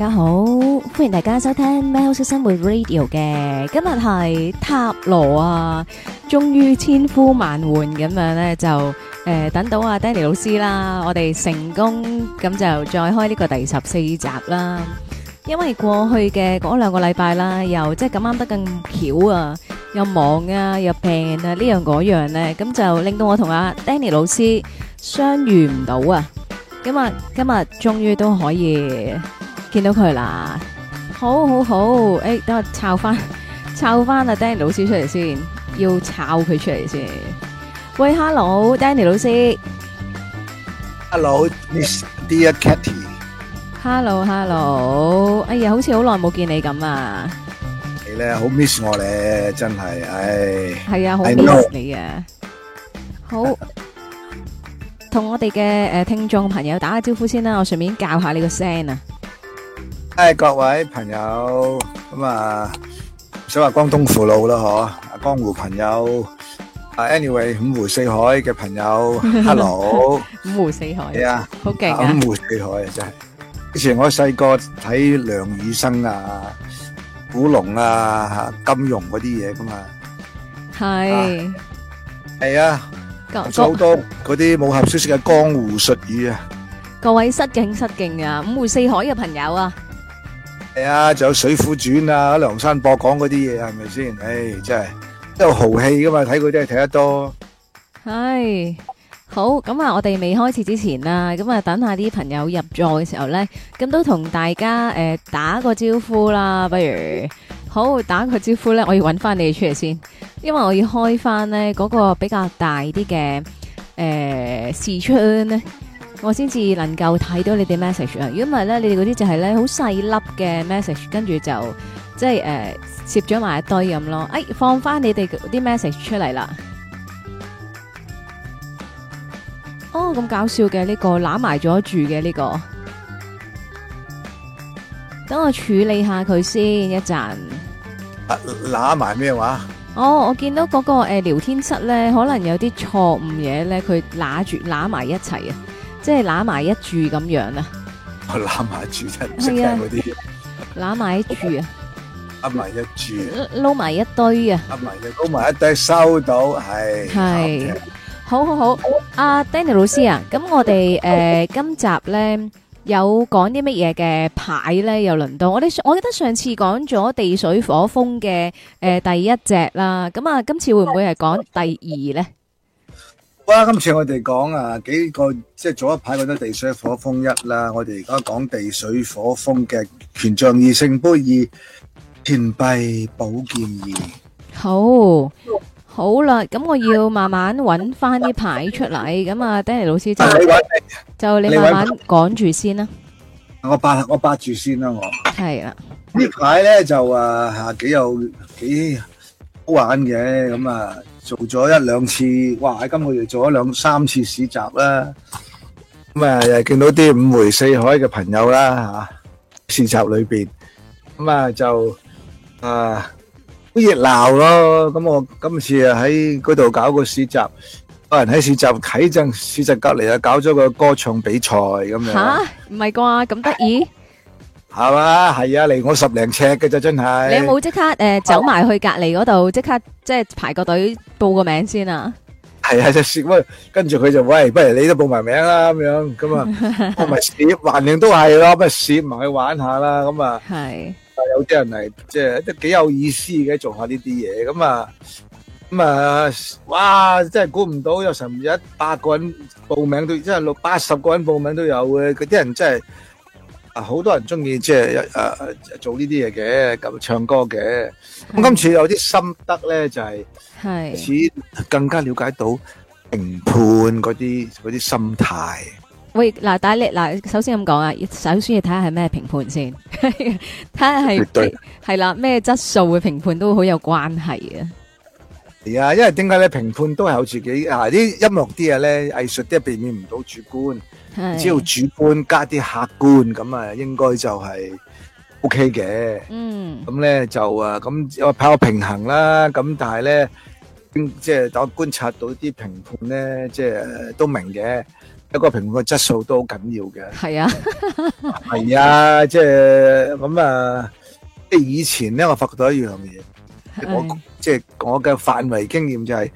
大家好，歡迎大家收聽《喵式生活 Radio》嘅。今日係塔羅啊，終於千呼萬喚咁樣咧，就誒等到阿 Danny 老師啦。我哋成功咁就再開呢個第十四集啦。因為過去嘅嗰兩個禮拜啦，又即係咁啱得咁巧啊，又忙啊，又病啊，呢樣嗰樣咧，咁就令到我同阿 Danny 老師相遇唔到啊。今日今日終於都可以。見到佢啦，好好好，好，誒、欸，等我抄翻，抄翻阿 Danny 老師出嚟先，要抄佢出嚟先。喂，Hello，Danny 老師。Hello，Miss、yeah. Dear Cathy hello。Hello，Hello，哎呀，好似好耐冇見你咁啊！你咧好 miss 我咧，真係，唉。係啊，好 miss 你啊！好，同 我哋嘅誒聽眾朋友打個招呼先啦，我順便教下你個聲啊。係各位朋友咁啊，想話江東父老咯嗬，江湖朋友啊，anyway 五湖四海嘅朋友，hello 五湖四海係啊，好勁啊，五湖四海啊，真係。以前我細個睇梁羽生啊、古龍啊、金庸嗰啲嘢噶嘛，係係啊，好多嗰啲武俠小說嘅江湖術語啊。各位失敬失敬啊，五湖四海嘅朋友啊。係、哎、啊，仲有《水滸傳》啊，梁山伯講嗰啲嘢係咪先？唉、哎，真係都有豪氣噶嘛，睇佢真係睇得多。係好咁啊！那我哋未開始之前啦，咁啊等下啲朋友入座嘅時候呢，咁都同大家誒、呃、打個招呼啦。不如好打個招呼呢，我要揾翻你哋出嚟先，因為我要開翻呢嗰個比較大啲嘅誒視窗咧。呃我先至能夠睇到你哋 message 啊！如果唔係咧，你哋嗰啲就係咧好細粒嘅 message，跟住就即係誒攝咗埋一堆咁咯。哎，放翻你哋啲 message 出嚟啦！哦，咁搞笑嘅呢個揦埋咗住嘅呢個，等我處理下佢先一陣。啊，揦埋咩話？哦，我見到嗰個聊天室咧，可能有啲錯誤嘢咧，佢揦住揦埋一齊啊！即係揦埋一注咁樣啊！我揦埋一注真係唔識嘅嗰啲，揦埋一注，揦埋一注，撈埋一堆啊！揦埋佢，撈埋一堆，收到係。係，好好好，阿 Danny 老師啊，咁我哋誒今集咧有講啲乜嘢嘅牌咧？又輪到我哋，我記得上次講咗地水火風嘅誒第一隻啦，咁啊今次會唔會係講第二咧？好啦，今次我哋講啊，幾個即係早一排嗰啲地水火風一啦，我哋而家講地水火風嘅權杖二聖杯二錢幣寶劍二，好好啦，咁我要慢慢揾翻啲牌出嚟，咁啊，Danny 老師就你揾，就你慢慢趕住先啦。我八我八住先啦，我係啦。呢排咧就啊，幾有幾好玩嘅，咁啊。做咗一兩次，哇！喺今個月做咗兩三次市集啦，咁啊又見到啲五湖四海嘅朋友啦嚇，市集裏邊，咁啊就啊好熱鬧咯。咁我今次啊喺嗰度搞個市集，有人喺市集啟正市集隔離啊搞咗個歌唱比賽咁樣。嚇，唔係啩？咁得意？係嘛，係啊，離我十零尺嘅啫，真係。你有冇即刻誒，走埋去隔籬嗰度，即刻即係排個隊報個名先啊？係啊，隻蛇，跟住佢就喂，不如你都報埋名啦，咁樣，咁啊，報埋蛇，環境都係咯，不如蛇埋去玩下啦，咁啊，係。啊，有啲人嚟，即係都幾有意思嘅，做下呢啲嘢，咁啊，咁啊，哇，真係估唔到，有成一百個人報名都，即係六八十個人報名都有嘅，嗰啲人真係。啊，好多人鍾意即係誒誒做呢啲嘢嘅，咁唱歌嘅。咁今次有啲心得咧，就係似更加瞭解到評判嗰啲嗰啲心態。喂，嗱，但係你嗱，首先咁講啊，首先要睇下係咩評判先，睇下係係啦咩質素嘅評判都好有關係嘅。係啊，因為點解咧？評判都係有自己啊！啲音樂啲嘢咧，藝術都避免唔到主觀，只要主觀加啲客觀咁啊，應該就係 OK 嘅。嗯，咁咧就啊，咁我擺個平衡啦。咁但係咧，即係當我觀察到啲評判咧，即係都明嘅。一個評判嘅質素都好緊要嘅。係啊，係啊，即係咁啊！即係以前咧，我發覺到一樣嘢，我。即係我嘅範圍經驗就係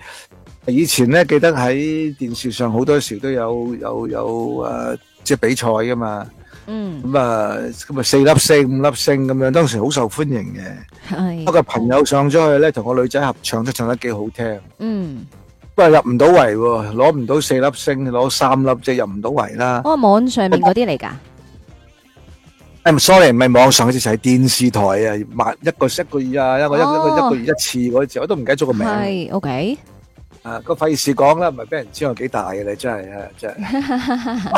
以前咧，記得喺電視上好多時都有有有誒，即係比賽㗎嘛。嗯。咁啊，咁啊四粒星五粒星咁樣，當時好受歡迎嘅。係。不過朋友上咗去咧，同個女仔合唱都唱得幾好聽。嗯。不過入唔到圍喎，攞唔到四粒星，攞三粒即係入唔到圍啦。哦，網上面嗰啲嚟㗎？誒，sorry，唔係網上嗰隻，就係電視台啊，萬一個一個月啊，一個一個一個月一次嗰隻，我都唔記得咗個名。係，OK。誒，個費事講啦，唔係俾人知我幾大嘅，你真係啊，真係。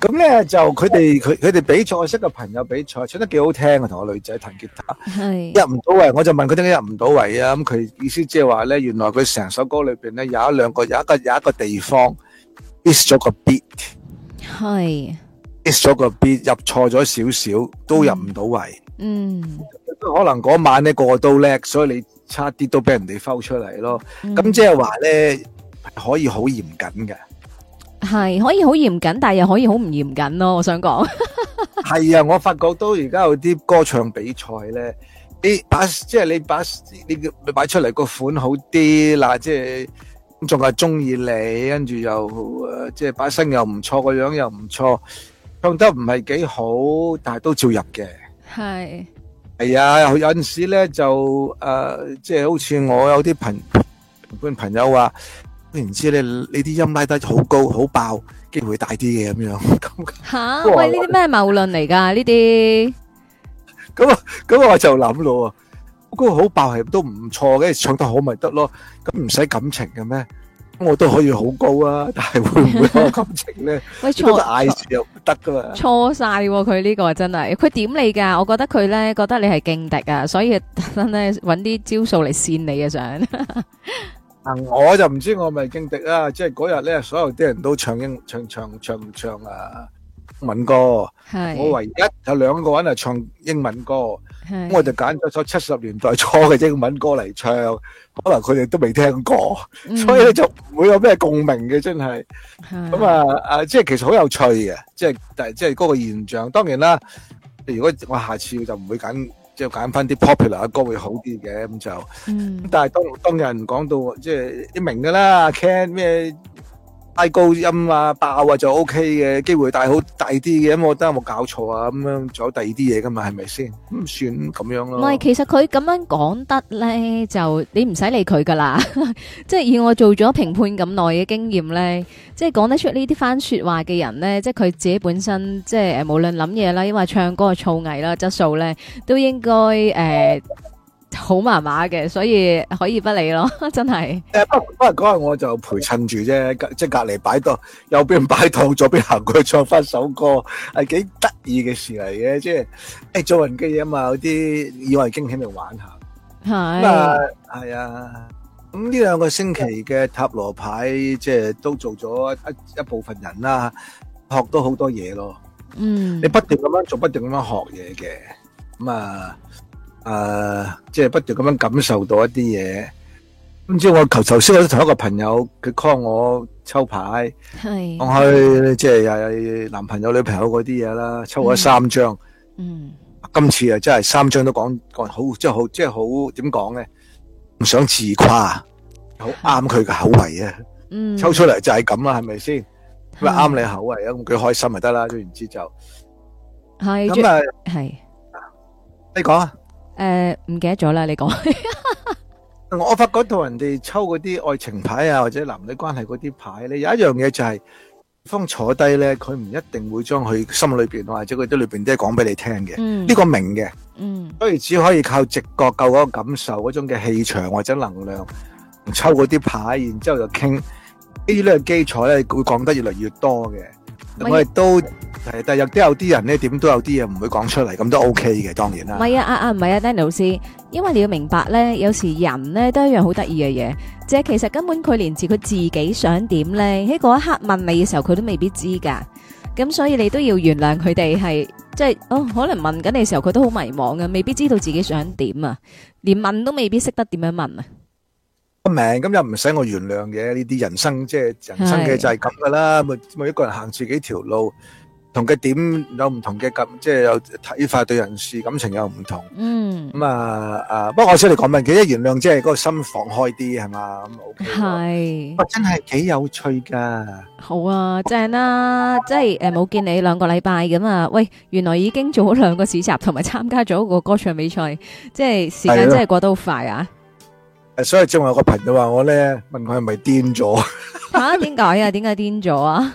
咁咧就佢哋佢佢哋比賽識個朋友比賽唱得幾好聽啊，同個女仔彈吉他。係。入唔到圍，我就問佢點解入唔到圍啊？咁佢意思即係話咧，原來佢成首歌裏邊咧有一兩個有一個有一個地方 miss 咗個 beat。係。咗個 B 入錯咗少少，都入唔到位。嗯，可能嗰晚咧個個都叻，所以你差啲都俾人哋拋出嚟咯。咁、嗯、即係話咧，可以好嚴謹嘅，係可以好嚴謹，但係又可以好唔嚴謹咯。我想講，係 啊，我發覺都而家有啲歌唱比賽咧，你把即係你把你擺出嚟個款好啲啦，即係仲係中意你，跟住又即係把聲又唔錯，個樣又唔錯。唱得唔係幾好，但係都照入嘅。係係、呃、啊，有陣時咧就誒，即係好似我有啲朋本朋友話，唔知你你啲音拉得好高，好爆，機會大啲嘅咁樣。吓，喂，呢啲咩謬論嚟噶？呢啲咁啊，咁我就諗咯。高、嗰個、好爆係都唔錯嘅，唱得好咪得咯。咁唔使感情嘅咩？我都可以好高啊，但係會唔會有感情咧？錯嗌住又唔得噶嘛，錯晒佢呢個真係，佢點你噶？我覺得佢咧，覺得你係勁敵啊，所以特登咧揾啲招數嚟扇你嘅相。啊，我就唔知我咪勁敵啊，即係嗰日咧，所有啲人都唱英唱唱唱唱啊，英文歌。係我唯一有兩個人啊，唱英文歌。我就揀咗咗七十年代初嘅英文歌嚟唱，可能佢哋都未聽過，嗯、所以咧就唔會有咩共鳴嘅，真係。咁啊啊，即、啊、係其實好有趣嘅，即係但係即係嗰個現象。當然啦，如果我下次就唔會揀，即係揀返啲 popular 嘅歌會好啲嘅咁就。嗯、但係當當有人講到即係你明㗎啦，Can 咩？Ken，什麼太高音啊，爆啊就 O K 嘅機會大好大啲嘅，因為我覺得有冇搞錯啊？咁樣仲有第二啲嘢噶嘛？係咪先唔算咁樣咯？唔係，其實佢咁樣講得咧，就你唔使理佢噶啦。即係以我做咗評判咁耐嘅經驗咧，即係講得出呢啲番說話嘅人咧，即係佢自己本身即係誒，無論諗嘢啦，因為唱歌嘅造詣啦、質素咧，都應該誒。好麻麻嘅，所以可以不理咯，真係。誒、欸，不不係嗰日我就陪襯住啫，即係隔籬擺檔，右邊擺檔，左邊行過去唱翻首歌，係幾得意嘅事嚟嘅，即係誒、欸，做人嘅嘢嘛，有啲意外驚喜嚟玩下。係。咁係啊。咁呢兩個星期嘅塔羅牌，即係都做咗一一部分人啦、啊，學到好多嘢咯。嗯。你不斷咁樣做，不斷咁樣學嘢嘅。咁啊。誒，即係不斷咁樣感受到一啲嘢。今朝我頭頭先我同一個朋友，佢 call 我抽牌，講開即係又男朋友女朋友嗰啲嘢啦，抽咗三張。嗯，今次啊真係三張都講講好，即係好即係好點講咧？唔想自誇，好啱佢嘅口味啊！抽出嚟就係咁啦，係咪先？咁啱你口味，咁佢開心咪得啦。總之就係咁啊，係你講啊。誒，唔記得咗啦，你講。我發覺同人哋抽嗰啲愛情牌啊，或者男女關係嗰啲牌咧，有一樣嘢就係，方坐低咧，佢唔一定會將佢心裏邊或者佢啲裏邊啲講俾你聽嘅。呢個明嘅，嗯，所以只可以靠直覺、夠嗰個感受、嗰種嘅氣場或者能量，抽嗰啲牌，然之後就傾呢啲嘅基礎咧，會講得越嚟越多嘅。咁我哋都。係，但係有啲有啲人咧，點都有啲嘢唔會講出嚟，咁都 OK 嘅，當然啦。唔係啊，啊啊唔係啊，Danny 老師，因為你要明白咧，有時人咧都係一樣好得意嘅嘢，即係其實根本佢連住佢自己想點咧，喺嗰一刻問你嘅時候，佢都未必知噶。咁所以你都要原諒佢哋，係即係哦，可能問緊你嘅時候，佢都好迷茫噶，未必知道自己想點啊，連問都未必識得點樣問啊。明，咁又唔使我原諒嘅呢啲人生，即係人生嘅就係咁噶啦，每每一個人行自己條路。同佢點有唔同嘅感，即係有睇法對人事感情有唔同。嗯，咁啊啊，不過我出嚟講問嘅，即係原諒，即係嗰個心放開啲，係嘛？係，真係幾有趣噶。好啊，正啦，即係誒，冇見你兩個禮拜咁啊，喂，原來已經做好兩個市集，同埋參加咗個歌唱比賽，即係時間真係過得好快啊！誒，所以仲有個朋友話我咧，問佢係咪癲咗？吓，點解啊？點解癲咗啊？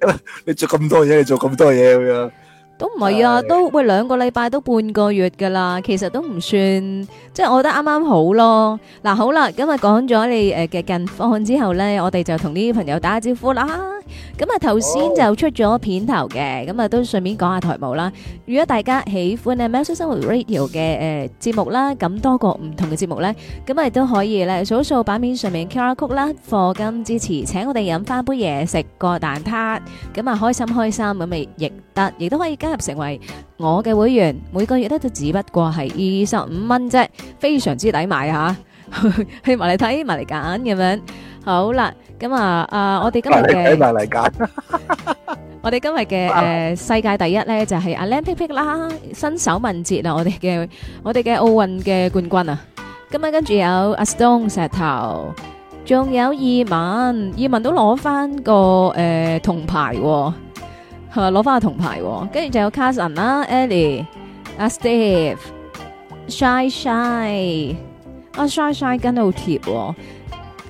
你做咁多嘢，你做咁多嘢咁樣，都唔係啊，都喂，兩個禮拜都半個月噶啦，其實都唔算，即係我覺得啱啱好咯。嗱、啊，好啦，今日講咗你誒嘅近況之後咧，我哋就同啲朋友打下招呼啦。咁啊，頭先就出咗片頭嘅，咁啊都順便講下台務啦。如果大家喜歡喵式生活 Radio》嘅誒節目啦，咁多個唔同嘅節目呢，咁啊都可以咧，掃掃版面上面 QR Code 啦，課金支持，請我哋飲翻杯嘢食個蛋撻，咁啊開心開心咁咪，亦得亦都可以加入成為我嘅會員，每個月都只不過係二十五蚊啫，非常之抵買吓，去埋嚟睇，埋嚟揀咁樣。好啦，咁、嗯、啊，啊，我哋今日嘅，唔 我哋今日嘅誒世界第一咧就係阿 Lam Picpic 啦，新手文捷啊，我哋嘅，我哋嘅奧運嘅冠軍啊。今日跟住有阿 Stone 石頭，仲有義文，義文都攞翻個誒銅牌、哦，吓攞翻個銅牌。跟住就有 Carson 啦，Ellie，阿、uh, Steve，Shy Shy，阿 Shy Shy 跟得好貼喎。Shy Shy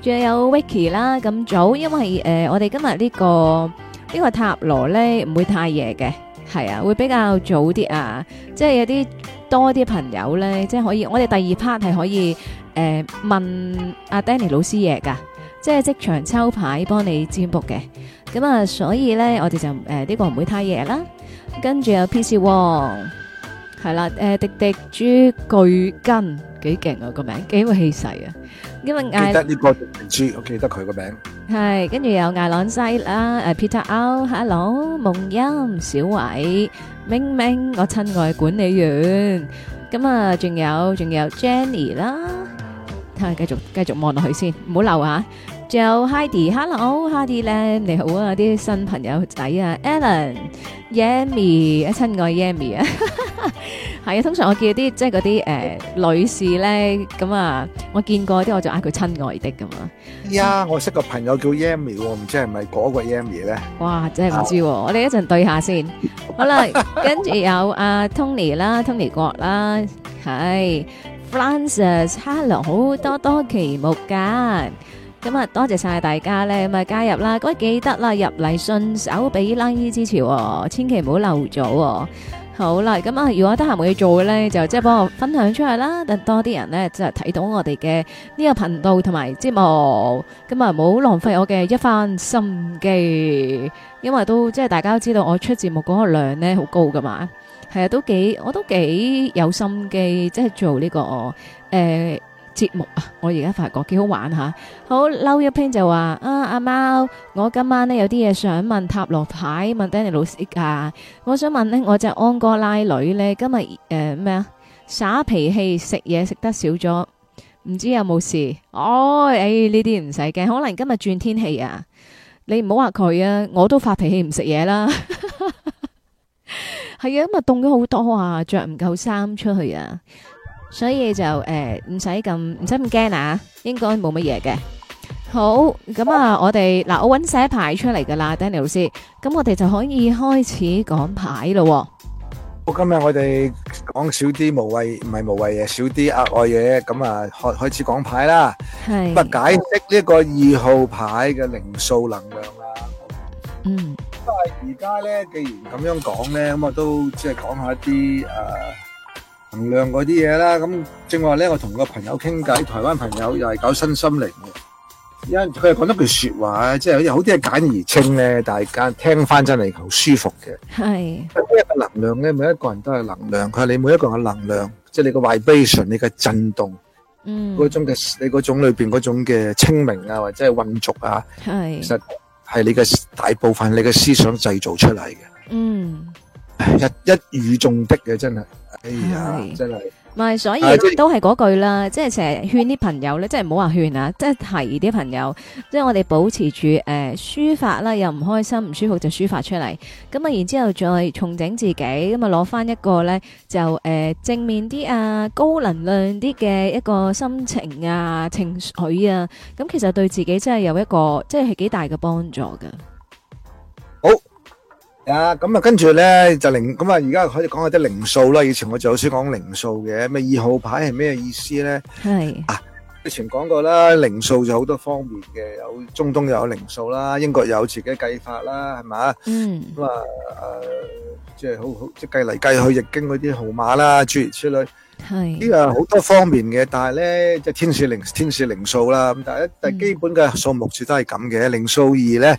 仲有 Vicky 啦，咁早，因為誒、呃、我哋今日呢、呢個呢、呢個塔羅咧唔會太夜嘅，係啊會比較早啲啊，即係有啲多啲朋友咧，即係可以，我哋第二 part 係可以誒、呃、問阿 Danny 老師嘢噶，即係即場抽牌幫你占卜嘅，咁啊所以咧我哋就誒呢、呃呢個唔會太夜啦，跟住有 P C 王係啦，誒迪迪豬巨根幾勁啊、個名，幾有氣勢啊！記得呢個唔知，我記得佢個名。係，跟住有艾朗西啦，誒，Peter Owl，Hello，夢音，小偉，明明，我親愛管理員，咁啊，仲有仲有 Jenny 啦，睇下繼續繼續望落去先，唔好漏吓。仲有 Heidi，Hello Heidi 咧，你好啊！啲新朋友仔啊，Alan，Yami，親愛 Yami 啊，係啊，通常我見啲即係嗰啲誒女士咧，咁啊，我見過啲我就嗌佢親愛的噶嘛。呀，我識個朋友叫 Yami，唔知係咪嗰個 Yami 咧？哇，真係唔知，我哋一陣對下先。好啦，跟住有阿 Tony 啦，Tony 國啦，係 Frances，Hello，多多期目噶。咁啊，多謝晒大家咧，咁啊加入啦，記得啦，入嚟順手俾 like 支持，千祈唔好漏咗。好啦，咁啊如果得閒冇嘢做嘅咧，就即係幫我分享出嚟啦，等多啲人咧即係睇到我哋嘅呢個頻道同埋節目。咁啊唔好浪費我嘅一番心機，因為都即係大家都知道我出節目嗰個量咧好高噶嘛，係啊，都幾我都幾有心機，即係做呢個誒。節目啊，我而家發覺幾好玩吓、啊。好嬲一篇就話啊，阿、啊、貓，我今晚咧有啲嘢想問塔羅牌，問 Danny 老師噶。我想問呢，我隻安哥拉女呢，今日誒咩啊耍脾氣，食嘢食得少咗，唔知有冇事？哦，誒呢啲唔使驚，可能今日轉天氣啊。你唔好話佢啊，我都發脾氣唔食嘢啦。係 啊，今日凍咗好多啊，着唔夠衫出去啊。所以就誒唔使咁唔使咁驚啊，應該冇乜嘢嘅。好咁啊，我哋嗱我揾寫牌出嚟噶啦，Danny 老師，咁我哋就可以開始講牌咯。我今日我哋講少啲無謂，唔係無謂嘢，少啲額外嘢，咁啊開開始講牌啦。係，咁啊解釋呢個二號牌嘅零數能量啦。嗯，但係而家咧，既然咁樣講咧，咁啊都即係講下一啲誒。能量嗰啲嘢啦，咁正話咧，我同個朋友傾偈，台灣朋友又係搞身心靈嘅，因佢又講一句說話，即係好啲係簡而清咧，大家聽翻真係好舒服嘅。係。每一個能量咧，每一個人都係能量。佢話你每一個人嘅能量，即係你個 vibration，你嘅震動，嗯，嗰種嘅，你嗰種裏邊嗰種嘅清明啊，或者係混濁啊，係，其實係你嘅大部分，你嘅思想製造出嚟嘅。嗯。一一語中的嘅真係，哎呀，真係，唔係所以都係嗰句啦，即係成日勸啲朋友咧，即係唔好話勸啊，即係提啲朋友，即係我哋保持住誒、呃、抒發啦，又唔開心唔舒服就抒發出嚟，咁啊，然之後再重整自己，咁、呃、啊，攞翻一個咧就誒正面啲啊高能量啲嘅一個心情啊情緒啊，咁其實對自己真係有一個即係係幾大嘅幫助㗎。啊，咁啊，跟住咧就零，咁啊，而家可以講下啲零數啦。以前我就好少講零數嘅，咩二號牌係咩意思咧？係啊，以前講過啦，零數就好多方面嘅，有中東又有零數啦，英國又有自己計法啦，係咪？嗯，咁啊，即係好好即係計嚟計去，易經嗰啲號碼啦，諸如此類。係呢個好多方面嘅，但係咧即係天使零天使零數啦，咁但係但係基本嘅數目字都係咁嘅，零數二咧。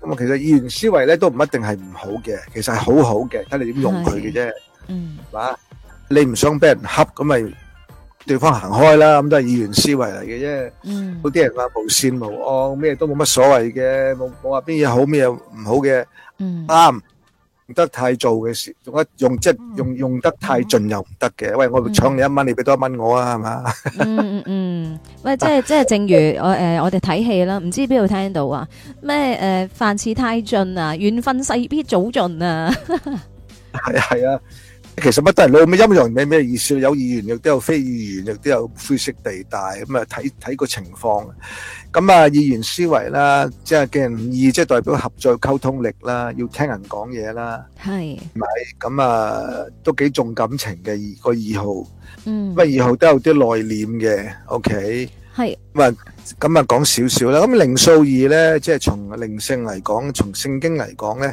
咁啊，其實二元思維咧都唔一定係唔好嘅，其實係好好嘅，睇你點用佢嘅啫。嗯，係嘛？你唔想俾人恰咁咪對方行開啦，咁都係二元思維嚟嘅啫。嗯，好啲人話無善無惡，咩都冇乜所謂嘅，冇冇話邊嘢好咩嘢唔好嘅。嗯，啱。不得用，用，用，用得太做嘅事，用得用即係用用得太盡又唔得嘅。喂，我搶你一蚊，嗯，你俾多一蚊我啊，係嘛？ 嗯嗯嗯，喂，即係即係，正如我誒、啊呃，我哋睇戲啦，唔知邊度聽到啊？咩誒、呃，凡事太盡啊，緣分勢必早盡啊。係啊係啊。其實乜都係兩味陰陽，咩咩意思？有二元亦都有非二元，亦都有灰色地帶咁啊！睇睇個情況。咁啊，二元思維啦，即係嘅二，即係代表合作、溝通力啦，要聽人講嘢啦，係咪？咁啊，都幾重感情嘅二個二號，嗯，乜二號都有啲內斂嘅。O.K. 係，咁啊，咁啊，講少少啦。咁靈數二咧，即係從靈性嚟講，從聖經嚟講咧。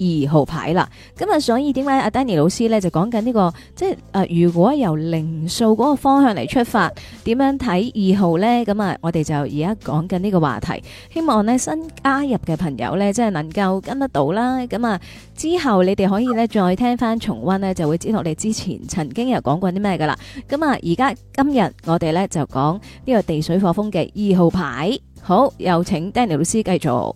二號牌啦，咁啊，所以點解阿 Danny 老師咧就講緊呢個，即係誒、呃，如果由零數嗰個方向嚟出發，點樣睇二號呢？咁啊，我哋就而家講緊呢個話題，希望呢新加入嘅朋友呢，即係能夠跟得到啦。咁啊，之後你哋可以呢再聽翻重温呢，就會知道你之前曾經又講過啲咩噶啦。咁啊，而家今日我哋呢就講呢個地水火風嘅二號牌，好，有請 Danny 老師繼續。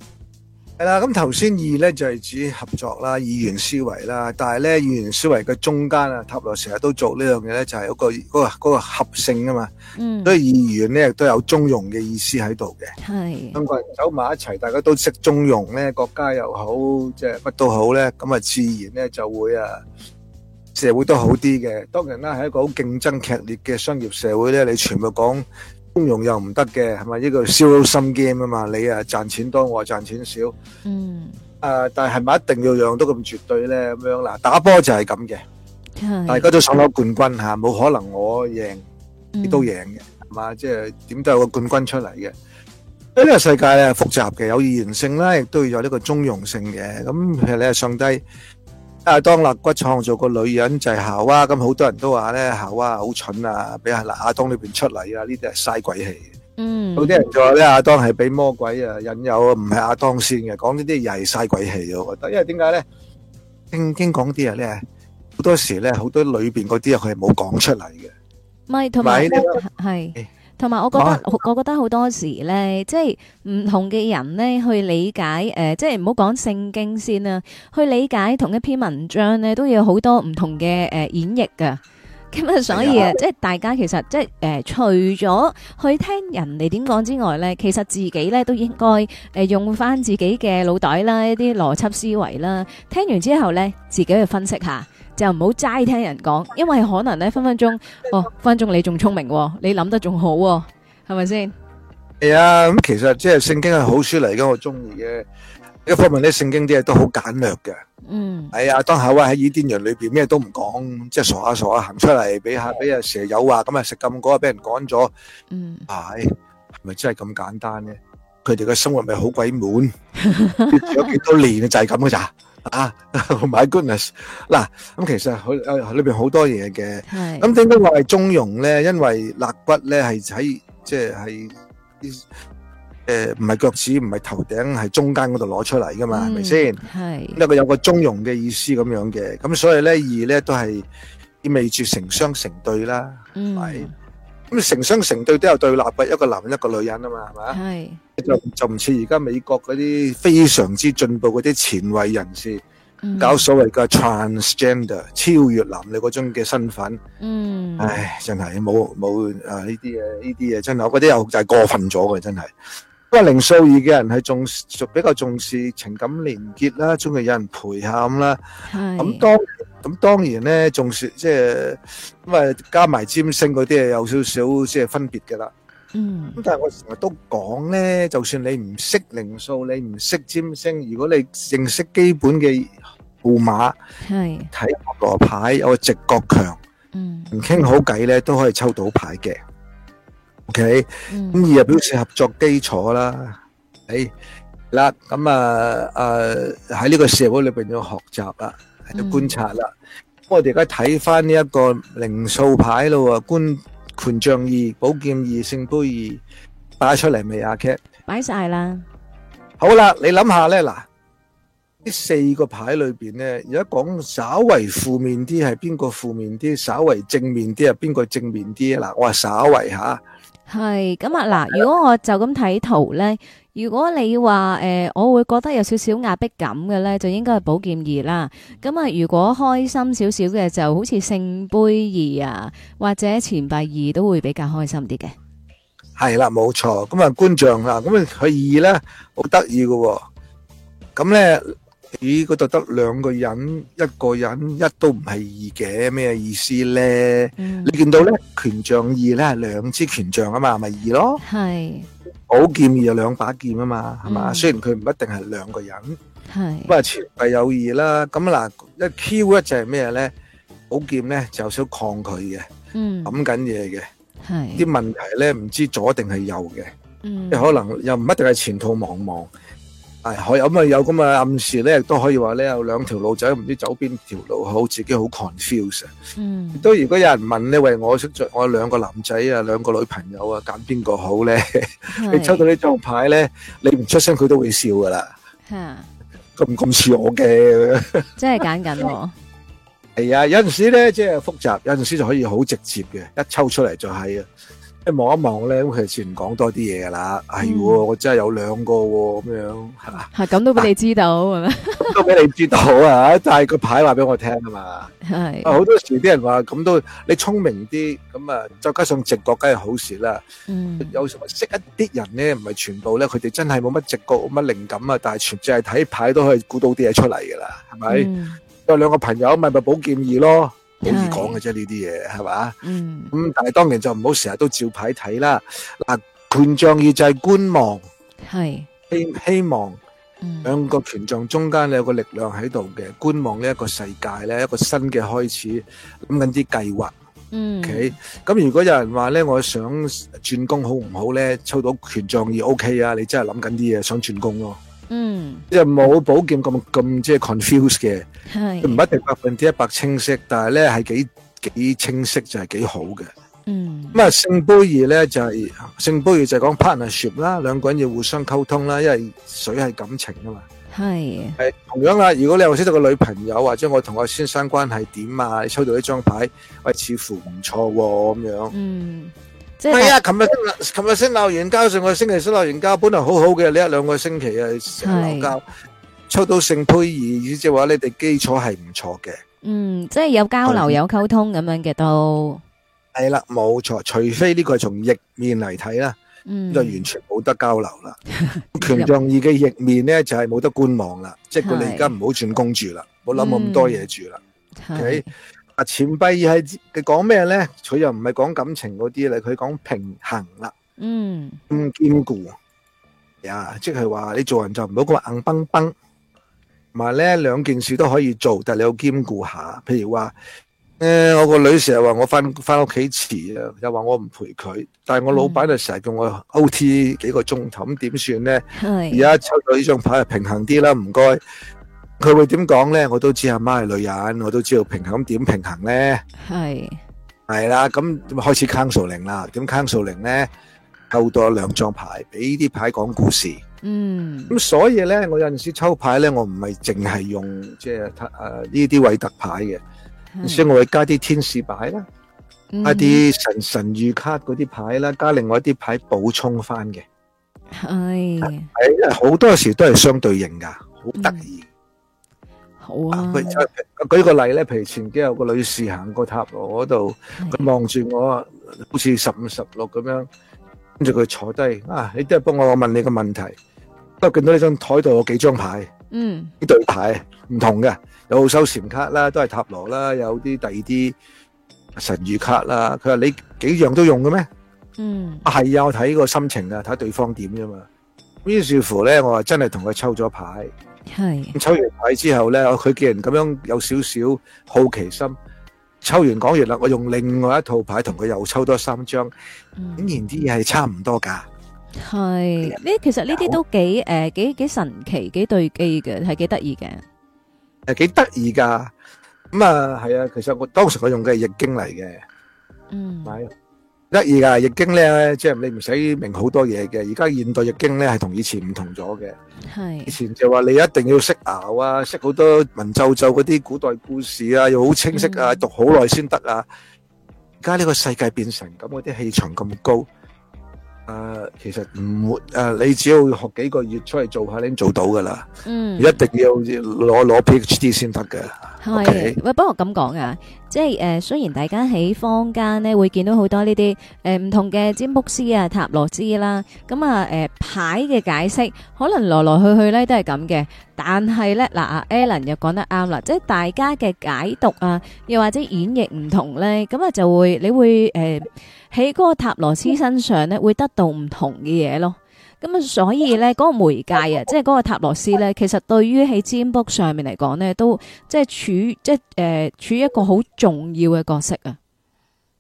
係啦，咁頭先二咧就係指合作啦、二元思維啦，但係咧二元思維嘅中間啊，塔羅成日都做呢樣嘢咧，就係一個嗰個嗰個合成啊嘛。嗯。所以二元咧亦都有中庸嘅意思喺度嘅。係。兩個人走埋一齊，大家都識中庸咧，國家又好，即係乜都好咧，咁啊，自然咧就會啊，社會都好啲嘅。當然啦，係一個好競爭劇烈嘅商業社會咧，你全部講。中庸又唔得嘅，係咪呢個 zero sum game 啊嘛？你啊賺錢多，我賺錢少。嗯。誒，但係係咪一定要樣都咁絕對咧？咁樣嗱，打波就係咁嘅，大家都想攞冠軍吓，冇可能我贏你都贏嘅，係嘛？即係點都有個冠軍出嚟嘅。所以呢個世界咧係複雜嘅，有二元性啦，亦都要有呢個中庸性嘅。咁其實你係上帝。阿當肋骨創造個女人就係夏娃，咁好多人都話咧，夏娃好蠢啊，俾阿阿當裏邊出嚟啊！呢啲係嘥鬼氣。嗯，有啲人就話咧，阿當係俾魔鬼啊引誘，唔係阿當先嘅。講呢啲又係嘥鬼氣，我覺得。因為點解咧？正經講啲啊咧，好多時咧，好多裏邊嗰啲佢係冇講出嚟嘅，咪同埋係。同埋、啊，我覺得我覺得好多時咧，即係唔同嘅人咧去理解，誒、呃，即係唔好講聖經先啦，去理解同一篇文章咧，都有好多唔同嘅誒、呃、演繹噶。咁啊，所以啊，即係大家其實即係誒、呃，除咗去聽人哋點講之外咧，其實自己咧都應該誒用翻自己嘅腦袋啦，一啲邏輯思維啦，聽完之後咧，自己去分析下。就唔好齋聽人講，因為可能咧分分鐘，嗯、哦，分分鐘你仲聰明、哦，你諗得仲好、哦，係咪先？係、哎、啊，咁其實即係聖經係好書嚟嘅，我中意嘅。一方面啲聖經啲嘢都好簡略嘅。嗯。係、哎就是、啊，啊，當夏娃喺伊甸園裏邊咩都唔講，即係傻下傻下行出嚟，俾下俾啊蛇友啊，咁啊食禁果啊，俾人趕咗。嗯。係、哎，係咪真係咁簡單咧？佢哋嘅生活咪好鬼悶，住咗幾多年就係咁噶咋？啊，My goodness！嗱，咁其實好誒，裏邊好多嘢嘅。係。咁點解話係中庸咧？因為肋骨咧係喺即係啲誒，唔係腳趾，唔係頭頂，係中間嗰度攞出嚟㗎嘛，係咪先？係。因為有個中庸嘅意思咁樣嘅，咁所以咧二咧都係意味住成雙成對啦。嗯。咁成雙成對都有對立嘅，一個男人一個女人啊嘛，係咪？係。就就唔似而家美國嗰啲非常之進步嗰啲前衞人士，搞所謂嘅 transgender 超越男女嗰種嘅身份。嗯。唉，真係冇冇啊！呢啲嘢呢啲嘢真係，我覺得又就係過分咗嘅，真係。不過零數二嘅人係重，比較重視情感連結啦，中意有人陪下咁啦。係。咁多。咁當然咧，仲是即係咁啊，加埋占星嗰啲啊，有少少即係分別嘅啦。嗯。咁但係我成日都講咧，就算你唔識零數，你唔識占星，如果你認識基本嘅號碼，係睇個牌，有個直覺強，嗯，唔傾好偈咧，都可以抽到牌嘅。OK。嗯。咁二啊，表示合作基礎啦。係。嗱，咁啊啊喺呢個社會裏邊要學習啊。喺度觀察啦，咁、嗯、我哋而家睇返呢一個零數牌咯喎，官權杖二、寶劍二、聖杯二擺出嚟未？阿 Cat 擺晒啦，好啦，你諗下咧嗱，呢四個牌裏邊咧，而家講稍微負面啲係邊個負面啲，稍微正面啲啊邊個正面啲啊？嗱，我話稍微吓，係咁啊嗱，如果我就咁睇圖咧。如果你話誒，我會覺得有少少壓迫感嘅咧，就應該係寶劍二啦。咁啊，如果開心少少嘅，就好似聖杯二啊，或者錢幣二都會比較開心啲嘅。係啦，冇錯。咁啊，官象啦，咁啊，佢二咧好得意嘅。咁咧，咦，嗰度得兩個人，一個人一都唔係二嘅，咩意思咧？你見到咧權杖二咧係兩支權杖啊嘛，係咪二咯。係。寶劍而有兩把劍啊嘛，係、嗯、嘛？雖然佢唔一定係兩個人，不啊，但是前備有二啦。咁嗱，一 Q 一就係咩咧？寶劍咧就有少少抗拒嘅，諗緊嘢嘅，啲問題咧唔知道左定係右嘅，即、嗯、可能又唔一定係前途茫茫。係可以咁啊，有咁啊暗示咧，亦都可以話咧，有兩條路仔唔知走邊條路好，自己好 confuse。嗯，亦都如果有人問你，喂，我出我兩個男仔啊，兩個女朋友啊，揀邊個好咧？你抽到呢張牌咧，你唔出聲，佢都會笑噶啦。嚇，咁咁似我嘅，真係揀緊喎。係啊，有陣時咧即係複雜，有陣時就可以好直接嘅，一抽出嚟就係啊。即望一望咧，咁其實全講多啲嘢噶啦。係、哎嗯，我真係有兩個咁、哦、樣，係、啊、嘛？咁都俾你知道，咁、啊啊、都俾你知道啊！但係 個牌話俾我聽啊嘛。係。好、啊、多時啲人話咁都，你聰明啲，咁啊，再加上直覺梗係好事啦。嗯。有時識一啲人咧，唔係全部咧，佢哋真係冇乜直覺，冇乜靈感啊。但係全只係睇牌都可以估到啲嘢出嚟噶啦，係咪、嗯？有兩個朋友，咪、就、咪、是、寶劍二咯。好易講嘅啫，呢啲嘢係嘛，咁、嗯嗯、但係當然就唔好成日都照牌睇啦。嗱、啊，權杖二就係觀望，係希希望兩個權杖中間有個力量喺度嘅，觀望呢一個世界咧，一個新嘅開始，諗緊啲計劃。嗯，OK，咁如果有人話咧，我想轉工好唔好咧，抽到權杖二 OK 啊，你真係諗緊啲嘢想轉工咯、哦。嗯，即係冇寶劍咁，咁即係 confuse 嘅，佢唔一定百分之一百清晰，但係咧，係幾幾清晰就係、是、幾好嘅。嗯，咁啊，聖杯二咧，就係聖杯二就係講 partnership 啦，兩個人要互相溝通啦，因為水係感情啊嘛。係，係同樣啦，如果你有識到個女朋友或者我同我先生關係點啊，你抽到呢張牌，喂，似乎唔錯咁、哦、樣。嗯。唔係啊，琴日先，琴日先鬧完交，上個星期先鬧完交，本來好好嘅呢一兩個星期啊，鬧交，出到聖杯二，即係話你哋基礎係唔錯嘅。嗯，即係有交流、嗯、有溝通咁樣嘅都係啦，冇錯、嗯嗯。除非呢個係從逆面嚟睇啦，就完全冇得交流啦。 權杖二嘅逆面咧就係冇得觀望啦，即係佢哋而家唔好轉工住啦，冇諗咁多嘢住啦。啊，錢幣二係佢講咩咧？佢又唔係講感情嗰啲啦，佢講平衡啦，嗯、mm.，咁兼顧啊，即係話你做人就唔好咁硬崩崩，同埋咧兩件事都可以做，但係你要兼顧下。譬如話，誒、呃，我個女成日話我翻翻屋企遲啊，又話我唔陪佢，但係我老闆就成日叫我 OT 幾個鐘頭，咁、mm. 點算咧？而、mm. 家抽到呢張牌係平衡啲啦，唔該。佢會點講咧？我都知阿媽係女人，我都知道平衡，咁點平衡咧？係係啦，咁咪開始 counseling 啦。點 counseling 咧？抽多兩張牌，俾呢啲牌講故事。嗯，咁所以咧，我有陣時抽牌咧，我唔係淨係用即係誒呢啲偉特牌嘅，所以我會加啲天使牌啦，加啲神神諭卡嗰啲牌啦，加另外一啲牌補充翻嘅。係係好多時都係相對應噶，好得意。嗯好啊！佢、啊、舉個例咧，譬如前幾日有個女士行過塔羅嗰度，佢望住我，好似十五十六咁樣，跟住佢坐低啊！你都係幫我，問你個問題，我見到呢張枱度有幾張牌，嗯，呢對牌唔同嘅，有收錢卡啦，都係塔羅啦，有啲第二啲神諭卡啦。佢話你幾樣都用嘅咩？嗯，係啊，我睇個心情啊，睇對方點啫嘛。於是乎咧，我話真係同佢抽咗牌。係咁抽完牌之後咧，佢既然咁樣有少少好奇心，抽完講完啦，我用另外一套牌同佢又抽多三張，竟然啲嘢係差唔多噶。係呢，其實呢啲都幾誒幾幾神奇，幾對機嘅，係幾得意嘅。誒，幾得意噶。咁啊，係啊。其實我當時我用嘅係易經嚟嘅。嗯，係。得意噶，《易經》咧，即係你唔使明好多嘢嘅。而家現代《易經》咧係同以前唔同咗嘅。係以前就話你一定要識咬啊，識好多文縐縐嗰啲古代故事啊，要好清晰啊，讀好耐先得啊。而家呢個世界變成咁，嗰啲氣場咁高。誒，其實唔會誒，你只要學幾個月出嚟做下，你已經做到噶啦。嗯，一定要攞攞 PhD 先得㗎。係，喂，不過咁講啊，即係誒，雖然大家喺坊間咧會見到好多呢啲誒唔同嘅占卜師啊、塔羅師啦，咁啊誒牌嘅解釋可能來來去去咧都係咁嘅，但係咧嗱，阿 Alan 又講得啱啦，即係大家嘅解讀啊，又或者演繹唔同咧，咁啊就會你會誒，喺嗰個塔羅斯身上咧，會得到唔同嘅嘢咯。咁啊，所以咧，嗰、嗰個媒介啊，即係嗰個塔羅斯咧、嗯，其實對於喺占卜上面嚟講咧，都即係處即係誒，處於一個好重要嘅角色啊。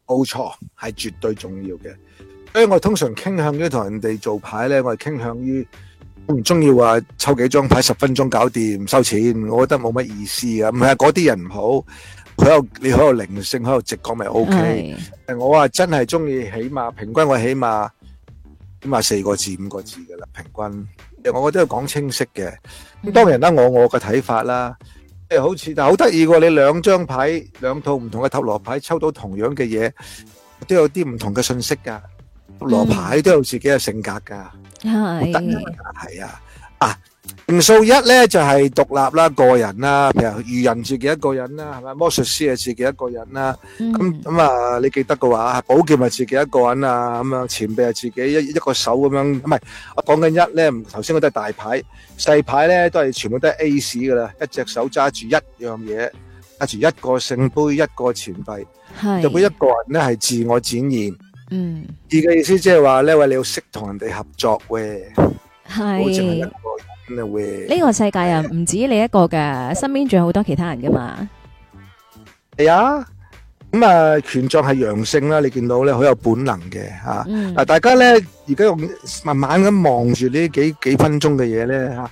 冇錯，係絕對重要嘅。所以我通常傾向於同人哋做牌咧，我係傾向於我唔中意話抽幾張牌，十分鐘搞掂唔收錢，我覺得冇乜意思啊。唔係嗰啲人唔好。佢有你喺度靈性，喺度直講咪 OK。誒，我話真係中意，起碼平均我起碼起碼四個字，五個字嘅啦。平均，我覺得要講清晰嘅。咁當然啦，我我嘅睇法啦，即係好似但係好得意喎！你兩張牌，兩套唔同嘅塔羅牌抽到同樣嘅嘢，都有啲唔同嘅信息㗎。塔羅牌都有自己嘅性格㗎，好得意㗎，係啊，啊！定數一咧就係、是、獨立啦，個人啦，譬如愚人自己一個人啦，係咪？魔術師係自己一個人啦，咁咁啊，你記得嘅話，寶劍咪自己一個人啊，咁樣錢幣係自己一一個手咁樣，唔係我講緊一咧，頭先嗰啲都係大牌，細牌咧都係全部都係 A 市噶啦，一隻手揸住一樣嘢，揸住一,一個聖杯，一個錢幣，代表一個人咧係自我展現。嗯，二嘅意思即係話呢，話你要識同人哋合作喂，係。呢個世界啊，唔止你一個嘅，身邊仲有好多其他人噶嘛，係啊。咁啊，權杖係陽性啦，你見到咧，好有本能嘅吓。嗱，大家咧而家用慢慢咁望住呢幾幾分鐘嘅嘢咧吓，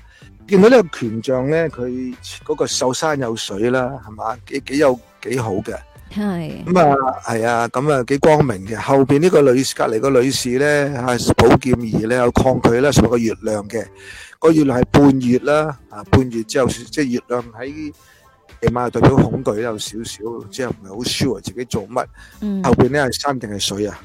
見到呢個權杖咧，佢嗰個壽山有水啦，係嘛幾幾有幾好嘅係。咁啊係啊，咁啊幾光明嘅。後邊呢個女士隔籬個女士咧吓，寶劍二咧有抗拒啦，屬個月亮嘅。嗰月亮係半月啦，啊半月之後，嗯、即係月亮喺起碼，代表恐懼有少少，即係唔係好 sure 自己做乜，嗯。後邊呢係山定係水啊，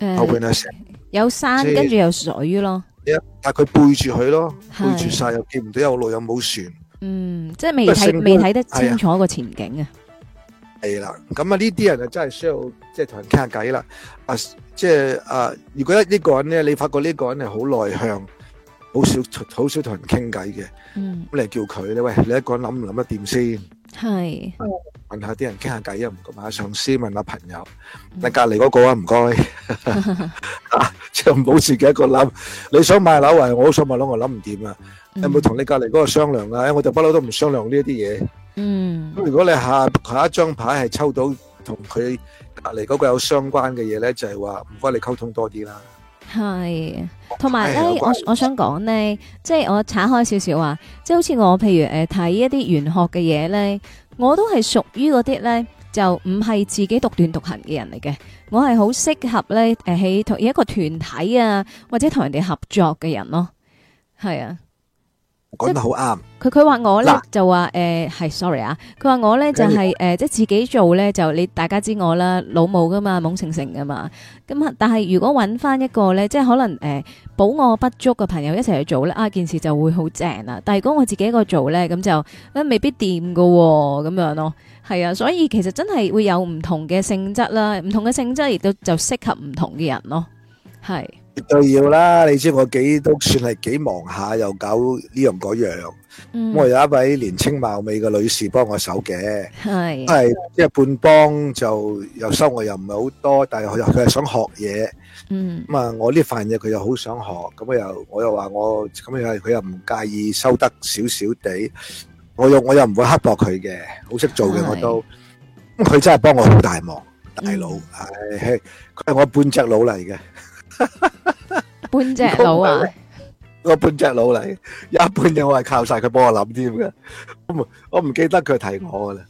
嗯？後邊係有山，跟住有水咯。一，嗯、但佢背住佢咯，背住晒又見唔到有路，又冇船。嗯，即係未睇未睇得清楚個前景啊。係啦，咁啊呢啲人啊真係需要即係同人傾下偈啦。啊，即係啊，如果呢一個人咧，你發覺呢個人係好內向，好少好少同人傾偈嘅，咁、嗯、你叫佢你喂，你一個人諗唔諗得掂先，係問下啲人傾下偈啊，問，問下上司問，下，問，下，問，下，問，下，問下朋友，你隔籬嗰個啊，唔該，啊，即係唔好自己一個諗，你想買樓啊，我好想買樓，我諗唔掂啊，有冇同你隔籬嗰個商量啊？哎、我就不嬲都唔商量呢一啲嘢，嗯，咁如果你下下一張牌係抽到同佢隔籬嗰個有相關嘅嘢咧，就係話唔該你溝通多啲啦。係，同埋咧，我我想講呢，即係我岔開少少啊，即係好似我譬如誒睇、呃、一啲玄學嘅嘢呢，我都係屬於嗰啲呢，就唔係自己獨斷獨行嘅人嚟嘅，我係好適合呢，誒喺同一個團體啊或者同人哋合作嘅人咯，係啊。講得好啱，佢佢話我咧就話誒係，sorry 啊，佢話我咧就係誒，即係自己做咧就你大家知我啦，老母噶嘛，懵成成噶嘛，咁啊，但係如果揾返一個咧，即係可能誒補我不足嘅朋友一齊去做咧，啊件事就會好正啊。但係如果我自己一個做咧，咁就誒未必掂噶喎，咁樣咯，係啊，所以其實真係會有唔同嘅性質啦，唔同嘅性質亦都就適合唔同嘅人咯，係。絕對要啦！你知我幾都算係幾忙下，又搞呢樣嗰樣。咁我有一位年青貌美嘅女士幫我手嘅，係即係半幫就又收我又唔係好多，但係佢又佢係想學嘢。嗯，咁啊，我呢份嘢佢又好想學，咁我又我又話我咁又係佢又唔介意收得少少地，我又我又唔會刻薄佢嘅，好識做嘅我都。咁佢真係幫我好大忙，大佬，係佢係我半隻佬嚟嘅。半隻腦啊！我半隻腦嚟，一半嘅我係靠晒佢幫我諗添嘅，我唔記得佢提我噶啦。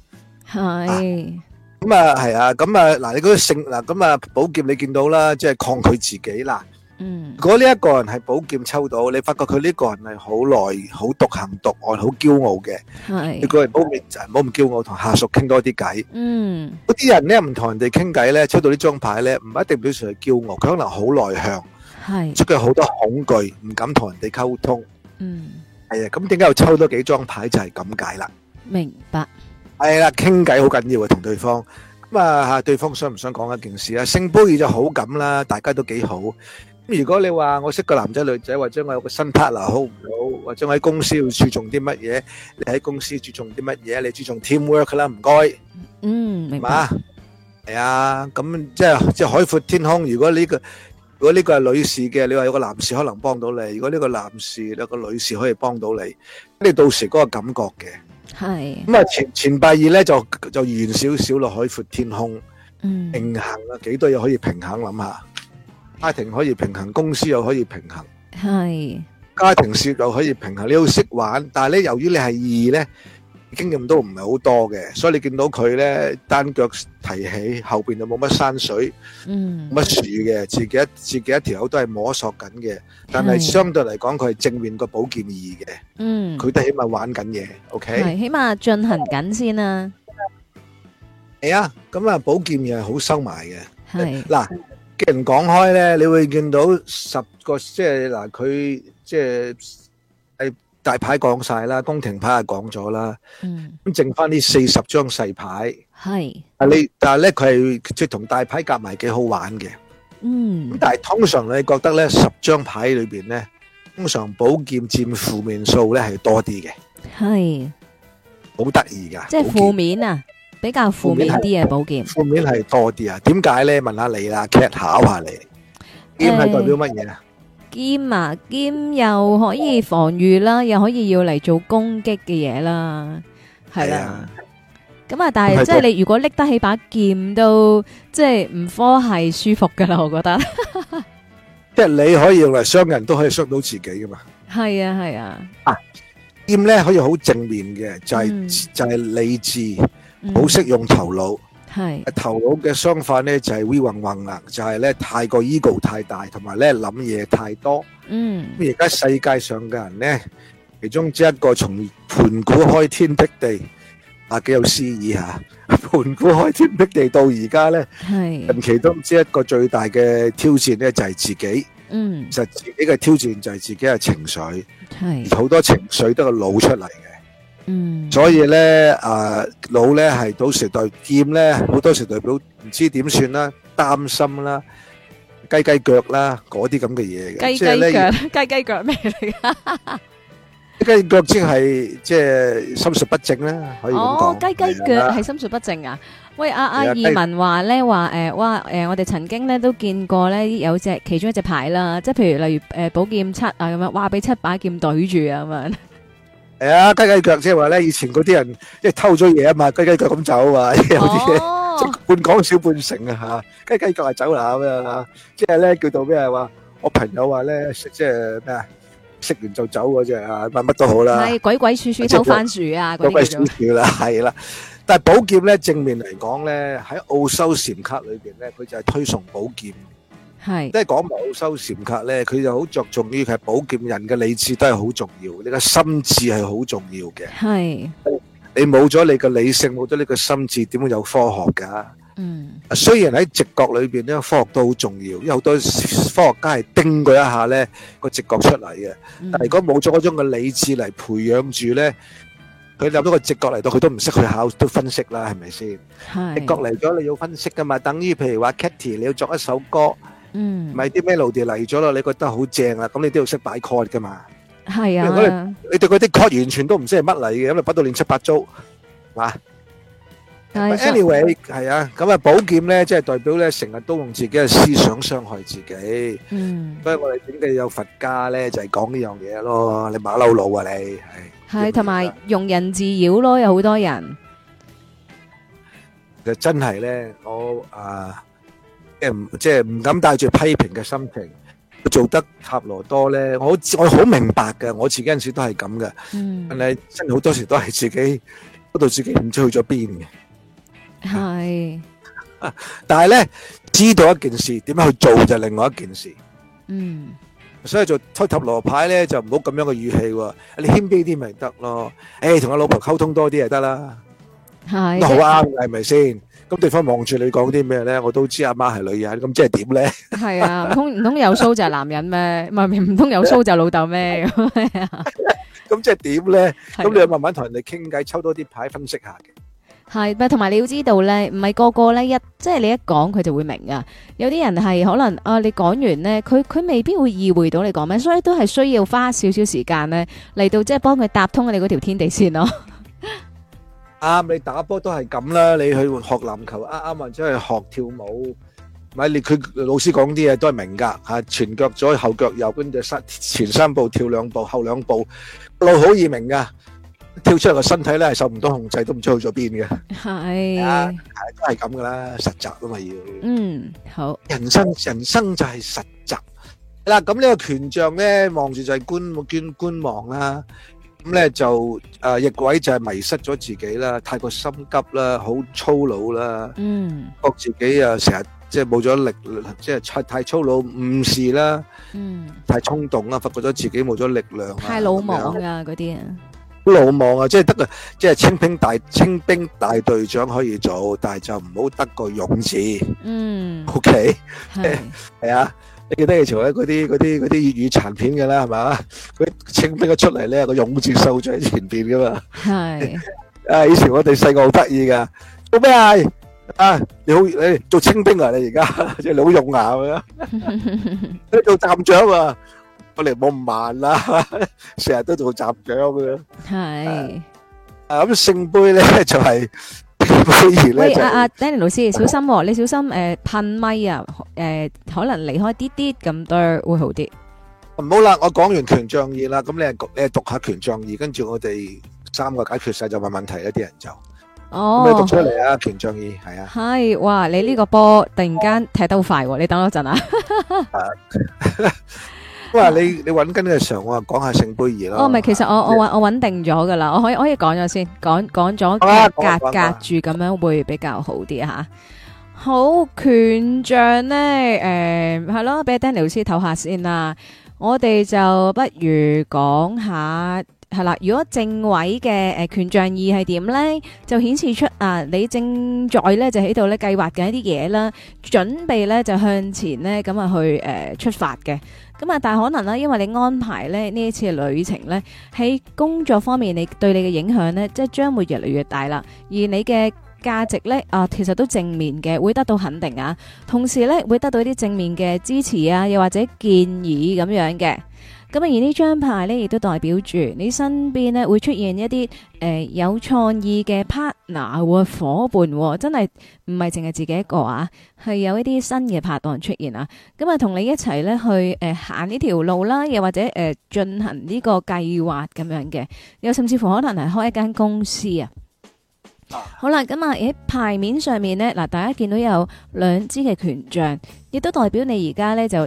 係咁啊，係啊，咁啊嗱，你嗰個性嗱，咁啊寶劍你見到啦，即係抗拒自己啦。嗯，如果呢一個人係寶劍抽到，你發覺佢呢個人係好內好獨行獨愛，好驕傲嘅。係，佢人好唔就唔好唔驕傲，同下屬傾多啲偈。嗯，嗰啲人咧唔同人哋傾偈咧，抽到這張呢張牌咧，唔一定表示佢驕傲，佢可能好內向。係，出嘅好多恐懼，唔敢同人哋溝通。嗯，係啊，咁點解又抽多幾張牌就係咁解啦？明白。係啦，傾偈好緊要啊，同對方咁啊，吓對方想唔想講一件事啊？聖杯二就好感啦，大家都幾好。如果你話我識個男仔女仔，或者我有個新 partner 好唔好？或者喺公司要注重啲乜嘢？你喺公司注重啲乜嘢？你注重 teamwork 啦，唔該。嗯，明嘛？係啊，咁即係即係海闊天空。如果呢個如果呢個係女士嘅，你話有個男士可能幫到你；如果呢個男士有個女士可以幫到你，你到時嗰個感覺嘅係。咁啊，前前八二咧，就就圓少少咯，海闊天空，嗯，平衡啊，幾多嘢可以平衡諗下。家庭可以平衡，公司又可以平衡，係家庭事又可以平衡。你好識玩，但係咧，由於你係二咧，經驗都唔係好多嘅，所以你見到佢咧單腳提起，後邊就冇乜山水，嗯，冇乜樹嘅，自己一自己一條友都係摸索緊嘅。但係相對嚟講，佢係正面個寶劍二嘅，嗯，佢都起碼玩緊嘢，OK，係起碼進行緊先啊。係啊，咁啊，寶劍嘢係好收埋嘅，係嗱。既然講開咧，你會見到十個即係嗱，佢即係係大牌講晒啦，宮廷牌又講咗啦，嗯，咁剩翻呢四十張細牌，係啊你，但係咧佢係即同大牌夾埋幾好玩嘅，嗯，咁但係通常你覺得咧十張牌裏邊咧，通常寶劍佔負面數咧係多啲嘅，係好得意㗎，即係負面啊！比較負面啲嘅寶劍，負面係多啲啊，點解咧？問下你啦，cut 考下你，劍係代表乜嘢啊？劍啊，劍又可以防御啦，又可以要嚟做攻擊嘅嘢啦，係啊。咁啊，但係即係你如果拎得起把劍都即係唔科係舒服噶啦，我覺得。即係你可以用嚟傷人都可以傷到自己噶嘛。係啊，係啊。啊，劍咧可以好正面嘅，就係就係理智。好識用頭腦，係、嗯、頭腦嘅相反咧就係會暈暈啦，就係、是、咧太過 ego 太大，同埋咧諗嘢太多。嗯，咁而家世界上嘅人咧，其中之一個從盤古開天闢地，啊幾有詩意吓，盤古開天闢地到而家咧，係近期都之一個最大嘅挑戰咧就係、是、自己，嗯，其實自己嘅挑戰就係自己嘅情緒，係好多情緒都係腦出嚟嘅。嗯，所以咧，啊老咧係到時代劍咧，好多時代表唔知點算啦，擔心啦，雞雞腳啦，嗰啲咁嘅嘢嘅。雞雞腳，雞雞腳咩嚟噶？雞雞腳先係即係心術不正啦，可以咁講。哦，雞雞腳係心術不正啊？喂，阿阿義文話咧話誒，哇，誒，我哋曾經咧都見過咧有隻其中一隻牌啦，即係譬如例如誒寶劍七啊咁樣，哇俾七把劍懟住啊咁樣。係啊，雞雞腳即係話咧，以前嗰啲人即係偷咗嘢啊嘛，雞雞腳咁走啊，有啲嘢即係半講少半成啊吓，雞雞腳係走啦咁樣啊，即係咧叫到咩話？我朋友話咧，即係咩啊？食完就走嗰隻啊，乜乜都好啦，係鬼鬼祟祟偷番薯啊，鬼鬼祟祟啦，係啦。但係寶劍咧，正面嚟講咧，喺奧修禪卡裏邊咧，佢就係推崇寶劍。係，即係講埋好修禪卡咧，佢就好着重於佢保健人嘅理智都係好重要，你個心智係好重要嘅。係，你冇咗你個理性，冇咗你個心智，點會有科學噶？嗯，雖然喺直覺裏邊咧，科學都好重要，因為好多科學家係叮佢一下咧個直覺出嚟嘅。但係如果冇咗嗰種嘅理智嚟培養住咧，佢立咗個直覺嚟到，佢都唔識去考，都分析啦，係咪先？直覺嚟咗，你要分析噶嘛？等於譬如話，Katie 你要作一首歌。嗯，唔係啲咩路碟嚟咗咯？你覺得好正啊？咁你都要識擺塊噶嘛？係啊，如果你你對嗰啲塊完全都唔知係乜嚟嘅，咁你擺到亂七八糟，係嘛？Anyway，係啊，咁啊，寶劍咧即係代表咧成日都用自己嘅思想傷害自己。嗯，不過我哋整體有佛家咧就係講呢樣嘢咯。你馬騮佬啊你，係，係同埋庸人自擾咯，有好多人。就真係咧，我啊。即係唔即係唔敢帶住批評嘅心情做得塔羅多咧，我我好明白嘅，我自己有陣時都係咁嘅，嗯，但係真係好多時都係自己嗰度自己唔知去咗邊嘅，係，但係咧知道一件事，點樣去做就另外一件事，嗯，所以做抽塔羅牌咧就唔好咁樣嘅語氣喎，你謙卑啲咪得咯，誒，同阿老婆溝通多啲就得啦，係，都好啱嘅係咪先？咁對方望住你講啲咩咧？我都知阿媽係女人，咁即係點咧？係啊，唔通唔通有鬚就係男人咩？唔係唔通有鬚就老豆咩？咁 即係點咧？咁你慢慢同人哋傾偈，抽多啲牌分析下嘅。係咪？同埋你要知道咧，唔係個個咧一即係、就是、你一講佢就會明㗎。有啲人係可能啊，你講完咧，佢佢未必會意會到你講咩，所以都係需要花少少時間咧嚟到即係幫佢搭通你嗰條天地綫咯。啱你打波都係咁啦，你去學籃球啊，啱啱或者去學跳舞，咪你佢老師講啲嘢，都係明噶，係前腳左後腳右，跟住三前三步跳兩步後兩步，都好易明噶。跳出嚟個身體咧係受唔到控制，都唔知去咗邊嘅。係啊，都係咁噶啦，實習啊嘛要。嗯，好。人生人生就係實習嗱，咁呢個權杖咧望住就係觀觀觀望啦。咁咧就誒逆位就係迷失咗自己啦，太過心急啦，好粗魯啦，嗯，覺自己啊成日即係冇咗力，即係太粗魯誤事啦，嗯，太衝動啦，發覺咗自己冇咗力量，太魯莽啊嗰啲，好魯莽啊，即係得個即係清兵大清兵大隊長可以做，但係就唔好得個勇士，嗯，OK，係係啊。你記得以前嗰啲嗰啲嗰啲粵語殘片㗎啦，係咪？嗰啲清兵一出嚟咧，個勇字收咗喺前邊㗎嘛。係。啊！以前我哋細個好得意㗎，做咩啊？你好，你做清兵啊？你而家你好用牙咁樣。你做站長啊？我哋冇咁慢啦，成日都做站長咁樣。係。啊咁聖杯咧就係。喂，阿阿 Danny 老師小心，你小心，誒噴咪啊，誒可能離開啲啲咁對會好啲。唔好啦，我講完權杖二啦，咁你係你係讀下權杖二，跟住我哋三個解決晒就問問題一啲人就。哦，咁你讀出嚟啦，權杖二係啊係哇，你呢個波突然間踢得好快，你等我一陣啊。咁啊！你你揾緊嘅時候，我啊講下聖杯二啦。哦，唔係，其實我我我穩定咗噶啦，我可以我可以講咗先，講講咗隔隔住咁樣會比較好啲吓。好權杖咧，誒係咯，俾 Danny 老師唞下先啦。我哋就不如講下係啦。如果正位嘅誒權杖二係點咧，就顯示出啊你正在咧就喺度咧計劃緊一啲嘢啦，準備咧就向前咧咁啊去誒、呃、出發嘅。咁啊，但可能啦，因為你安排咧呢一次嘅旅程咧，喺工作方面你對你嘅影響咧，即係將會越嚟越大啦。而你嘅價值咧，啊，其實都正面嘅，會得到肯定啊。同時咧，會得到一啲正面嘅支持啊，又或者建議咁樣嘅。咁而呢張牌呢，亦都代表住你身邊呢，會出現一啲誒、呃、有創意嘅 partner、哦、夥伴、哦，真係唔係淨係自己一個啊，係有一啲新嘅拍檔出現啊！咁啊，同你一齊呢，去誒行呢條路啦，又或者誒呃、進行呢個計劃咁樣嘅，又甚至乎可能係開一間公司啊！好啦，咁啊，喺牌面上面呢，嗱，大家見到有兩支嘅權杖，亦都代表你而家呢就。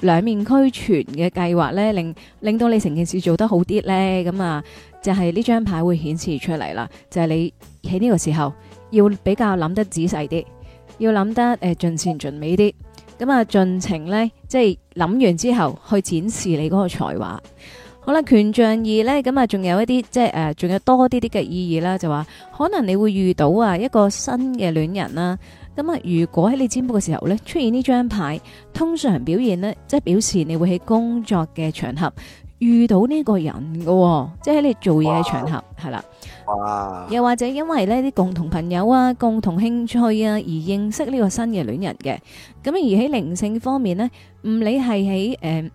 兩面俱全嘅計劃咧，令令到你成件事做得好啲呢，咁啊，就係呢張牌會顯示出嚟啦，就係、是、你喺呢個時候要比較諗得仔細啲，要諗得誒盡、呃、善盡美啲，咁啊盡情呢，即係諗完之後去展示你嗰個才華。好啦，權杖二呢，咁啊，仲有一啲即係、啊、誒，仲有多啲啲嘅意義啦，就話可能你會遇到啊一個新嘅戀人啦、啊。咁啊！如果喺你占卜嘅時候咧，出現呢張牌，通常表現咧，即係表示你會喺工作嘅場合遇到呢個人嘅、哦，即係喺你做嘢嘅場合係啦。哇！又或者因為呢啲共同朋友啊、共同興趣啊而認識呢個新嘅戀人嘅。咁而喺靈性方面呢，唔理係喺誒。呃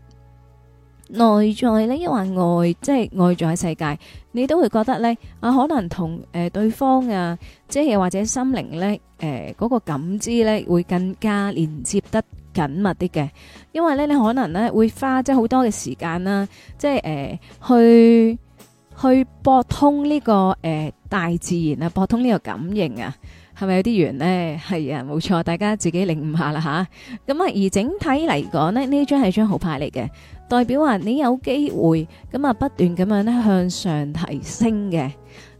內在呢，抑或外，即係外在世界，你都會覺得呢，啊，可能同誒、呃、對方啊，即係或者心靈呢，誒、呃、嗰、那個感知呢，會更加連接得緊密啲嘅。因為呢，你可能呢，會花即係好多嘅時間啦，即係誒、呃、去去駁通呢、這個誒、呃、大自然啊，駁通呢個感應啊，係咪有啲緣呢？係啊，冇錯，大家自己領悟下啦吓。咁啊，而整體嚟講呢，呢張係張好牌嚟嘅。代表話你有機會咁啊，不斷咁樣咧向上提升嘅，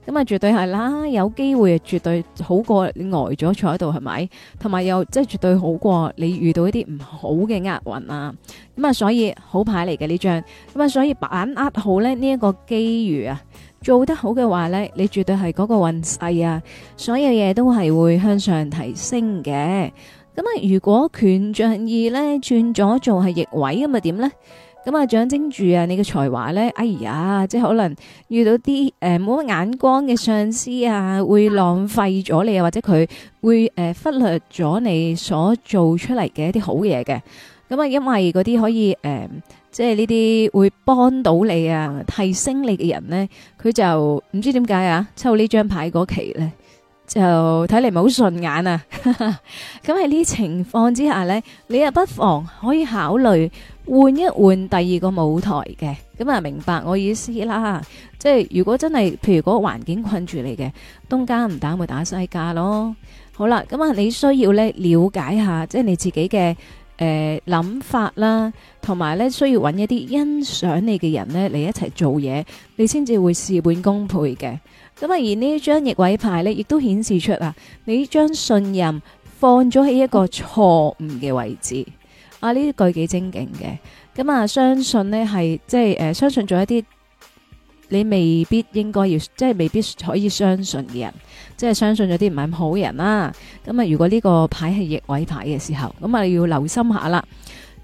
咁啊絕對係啦，有機會啊絕對好過你呆咗坐喺度係咪？同埋又即係、就是、絕對好過你遇到一啲唔好嘅厄運啊！咁啊，所以好牌嚟嘅呢張，咁啊，所以把握好咧呢一個機遇啊，做得好嘅話呢，你絕對係嗰個運勢啊，所有嘢都係會向上提升嘅。咁啊，如果權杖二呢轉咗做係逆位咁啊點呢？咁啊，象徵住啊，你嘅才華咧，哎呀，即係可能遇到啲誒冇乜眼光嘅上司啊，會浪費咗你，或者佢會誒、呃、忽略咗你所做出嚟嘅一啲好嘢嘅。咁啊，因為嗰啲可以誒、呃，即係呢啲會幫到你啊，提升你嘅人咧，佢就唔知點解啊，抽張呢張牌嗰期咧，就睇嚟唔係好順眼啊。咁喺呢情況之下咧，你又不妨可以考慮。換一換第二個舞台嘅，咁啊，明白我意思啦。即係如果真係，譬如嗰環境困住你嘅，東家唔打咪打西家咯。好啦，咁啊，你需要咧，了解下，即係你自己嘅誒諗法啦，同埋咧需要搵一啲欣賞你嘅人咧，嚟一齊做嘢，你先至會事半功倍嘅。咁啊，而呢張逆位牌咧，亦都顯示出啊，你將信任放咗喺一個錯誤嘅位置。啊！呢句幾精警嘅。咁啊，相信呢係即係誒、呃，相信咗一啲你未必應該要，即係未必可以相信嘅人，即係相信咗啲唔係咁好嘅人啦、啊。咁啊，如果呢個牌係逆位牌嘅時候，咁啊要留心下啦。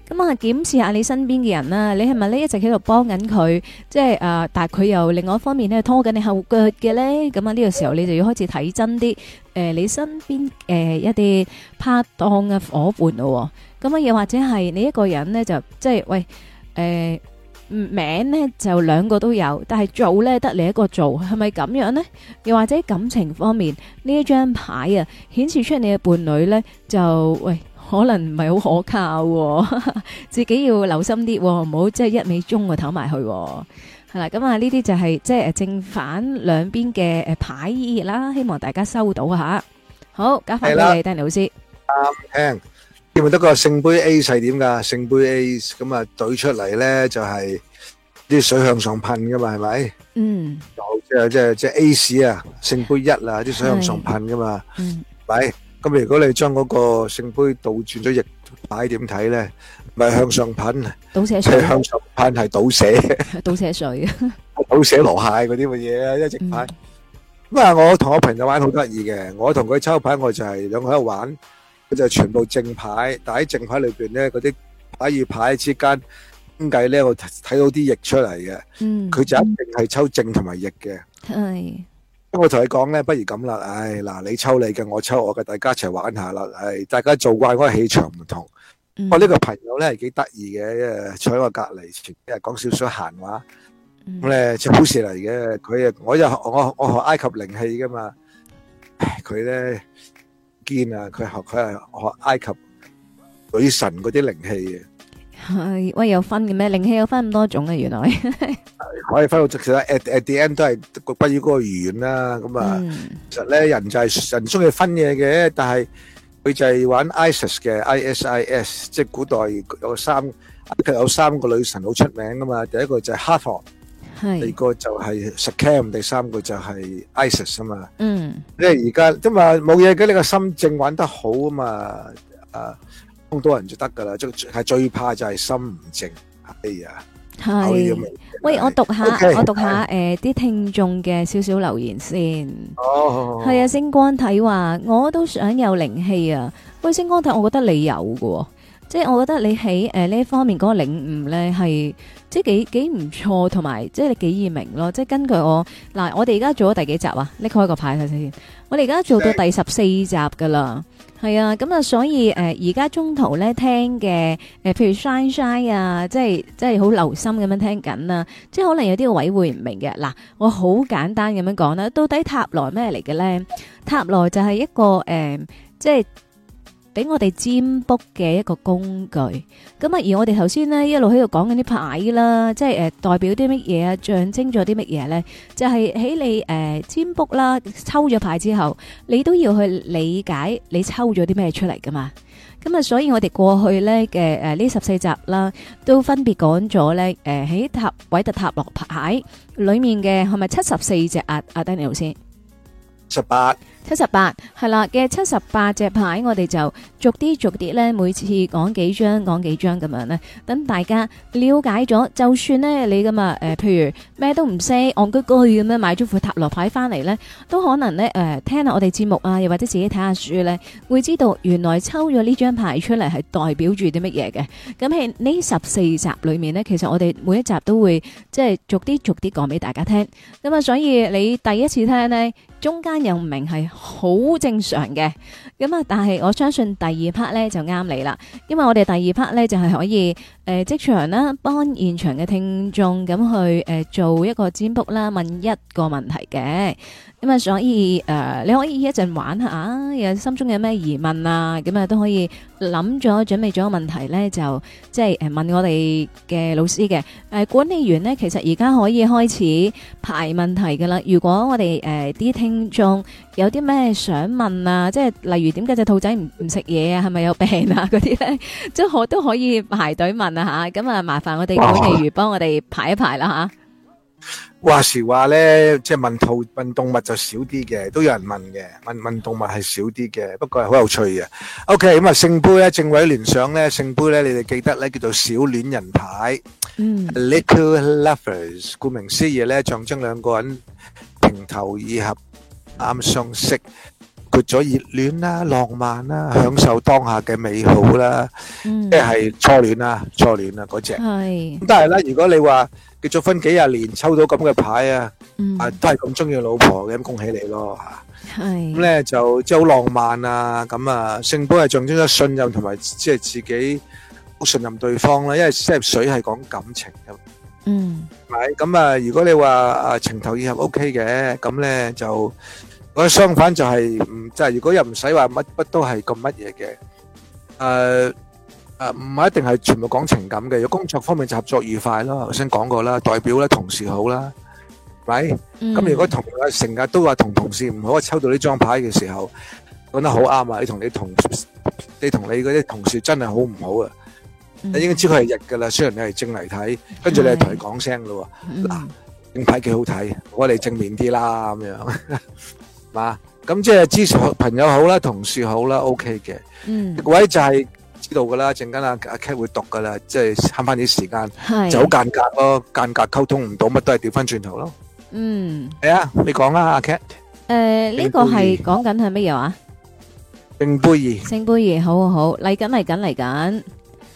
咁啊，檢視下你身邊嘅人啦、啊，你係咪呢一直喺度幫緊佢？即係誒、呃，但係佢又另外一方面咧拖緊你後腳嘅咧？咁啊，呢個時候你就要開始睇真啲誒、呃，你身邊誒、呃、一啲拍檔嘅伙伴咯、哦。咁啊，又或者係你一個人咧，就即係喂，誒、呃、名咧就兩個都有，但係做咧得你一個做，係咪咁樣呢？又或者感情方面呢一張牌啊，顯示出你嘅伴侶咧就喂，可能唔係好可靠、啊呵呵，自己要留心啲，唔好即係一味中個唞埋去，係啦。咁啊，呢啲就係、啊啊啊啊就是、即係誒正反兩邊嘅誒牌意啦、啊，希望大家收到吓。好，交翻俾你，Danny 老師。啊嗯點解得個聖杯 A 係點噶？聖杯 A 咁啊，對出嚟咧就係啲水向上噴噶嘛，係咪？嗯，有即係即係即係 Ace 啊，聖杯一啦，啲水向上噴噶嘛。嗯，喂，咁如果你將嗰個聖杯倒轉咗，逆牌點睇咧？咪向上噴啊？倒瀉水，向上噴係倒瀉，倒瀉水，倒瀉籮蟹嗰啲乜嘢啊？一正牌。咁啊，我同我朋友玩好得意嘅，我同佢抽牌，我就係兩個喺度玩。佢就全部正牌，但喺正牌裏邊咧，嗰啲牌與牌之間計咧，我睇到啲逆出嚟嘅。嗯，佢就一定係抽正同埋逆嘅。係，咁我同你講咧，不如咁啦，唉，嗱，你抽你嘅，我抽我嘅，大家一齊玩下啦。唉，大家做慣嗰個氣場唔同。嗯，我呢個朋友咧係幾得意嘅，誒，坐喺我隔籬前幾日講少少閒話，咁咧就好事嚟嘅。佢啊，我又我我學埃及靈氣噶嘛，佢咧。見啊！佢學佢係學埃及女神嗰啲靈氣嘅，喂，有分嘅咩？靈氣有分咁多種啊？原來，可以分到，其實 at at the end 都係歸於嗰個圓啦。咁啊，其實咧人就係人中意分嘢嘅，但係佢就係玩 ISIS 嘅 ISIS，即係古代有三佢有三個女神好出名噶嘛。第一個就係哈特。第二個就係 Scam，第三個就係 ISIS 啊嘛。嗯，因為而家都話冇嘢嘅，你個心靜玩得好啊嘛，啊，咁多人就得噶啦。最係最怕就係心唔靜。哎呀，係。喂，我讀下，我讀下誒啲聽眾嘅少少留言先。哦，係啊，星光體話，我都想有靈氣啊。喂，星光體，我覺得你有喎。即係我覺得你喺誒呢一方面嗰個領悟咧係即係幾幾唔錯，同埋即係你幾易明咯。即係根據我嗱，我哋而家做咗第幾集啊？拎開個牌睇睇先。我哋而家做到第十四集噶啦，係啊。咁啊，所以誒而家中途咧聽嘅誒、呃，譬如 shine shine 啊，即係即係好留心咁樣聽緊啊。即係可能有啲位會唔明嘅。嗱，我好簡單咁樣講啦，到底塔羅咩嚟嘅咧？塔羅就係一個誒、呃，即係。俾我哋占卜嘅一個工具，咁啊，而我哋頭先咧一路喺度講緊啲牌啦，即係誒代表啲乜嘢啊，象徵咗啲乜嘢咧？就係、是、喺你誒占卜啦，抽咗牌之後，你都要去理解你抽咗啲咩出嚟噶嘛。咁啊，所以我哋過去咧嘅誒呢十四集啦，都分別講咗咧誒喺塔韋特塔羅牌裏面嘅係咪七十四隻阿阿丹尼路先？十八。七十八係啦嘅，七十八隻牌，我哋就逐啲逐啲咧，每次講幾張，講幾張咁樣咧，等大家了解咗。就算呢你咁啊，誒、呃，譬如咩都唔識，戇居居咁樣買咗副塔羅牌翻嚟咧，都可能咧誒、呃，聽下我哋節目啊，又或者自己睇下書咧，會知道原來抽咗呢張牌出嚟係代表住啲乜嘢嘅。咁喺呢十四集裏面呢，其實我哋每一集都會即係逐啲逐啲講俾大家聽。咁啊，所以你第一次聽呢，中間又唔明係。好正常嘅，咁啊，但係我相信第二 part 呢就啱你啦，因為我哋第二 part 呢就係、是、可以誒、呃，即場啦，幫現場嘅聽眾咁去誒、呃、做一個占卜啦，問一個問題嘅。咁、嗯、啊，所以誒、呃，你可以一陣玩一下，有心中有咩疑問啊，咁啊都可以諗咗，準備咗個問題咧，就即係誒問我哋嘅老師嘅。誒、呃，管理員咧，其實而家可以開始排問題噶啦。如果我哋誒啲聽眾有啲咩想問啊，即係例如點解隻兔仔唔唔食嘢啊，係咪有病啊嗰啲，咧，即係我都可以排隊問啊吓。咁啊，麻煩我哋管理員幫我哋排一排啦吓。話時話呢，即係問兔問動物就少啲嘅，都有人問嘅。問問動物係少啲嘅，不過係好有趣嘅。O.K. 咁啊，聖杯呢，正位聯想呢，聖杯呢，你哋記得呢叫做小戀人牌，嗯，Little Lovers，顧名思義呢，象徵兩個人情投意合啱相識。決咗熱戀啦、浪漫啦、享受當下嘅美好啦，即係初戀啦、初戀啦嗰隻。係。咁但係咧，如果你話結咗婚幾廿年，抽到咁嘅牌啊，啊都係咁中意老婆嘅，咁恭喜你咯嚇。係。咁咧就即係好浪漫啊，咁啊，聖杯係象徵咗信任同埋，即係自己好信任對方啦。因為即係水係講感情嘅。嗯。係。咁啊，如果你話啊情投意合 OK 嘅，咁咧就。我相反就係唔即係，如果又唔使話乜乜都係咁乜嘢嘅，誒誒唔係一定係全部講情感嘅，有工作方面就合作愉快咯。頭先講過啦，代表咧同事好啦，係咪？咁如果同成日都話同同事唔好，抽到呢張牌嘅時候，講得好啱啊！你同你同你同你嗰啲同事真係好唔好啊？你應該知佢係逆㗎啦，雖然你係正嚟睇，跟住你係同佢講聲咯。嗱，正牌幾好睇，我哋正面啲啦，咁樣。嘛，咁即係知所朋友好啦，同事好啦，OK 嘅。嗯，各位就係知道噶啦，陣間阿阿 Cat 會讀噶啦，即係慳翻啲時間，走間隔咯，間隔溝通唔到，乜都係調翻轉頭咯。嗯，係啊，你講啦，阿 Cat。誒，呢個係講緊係乜嘢話？聖杯二。聖杯二，好好好，嚟緊嚟緊嚟緊。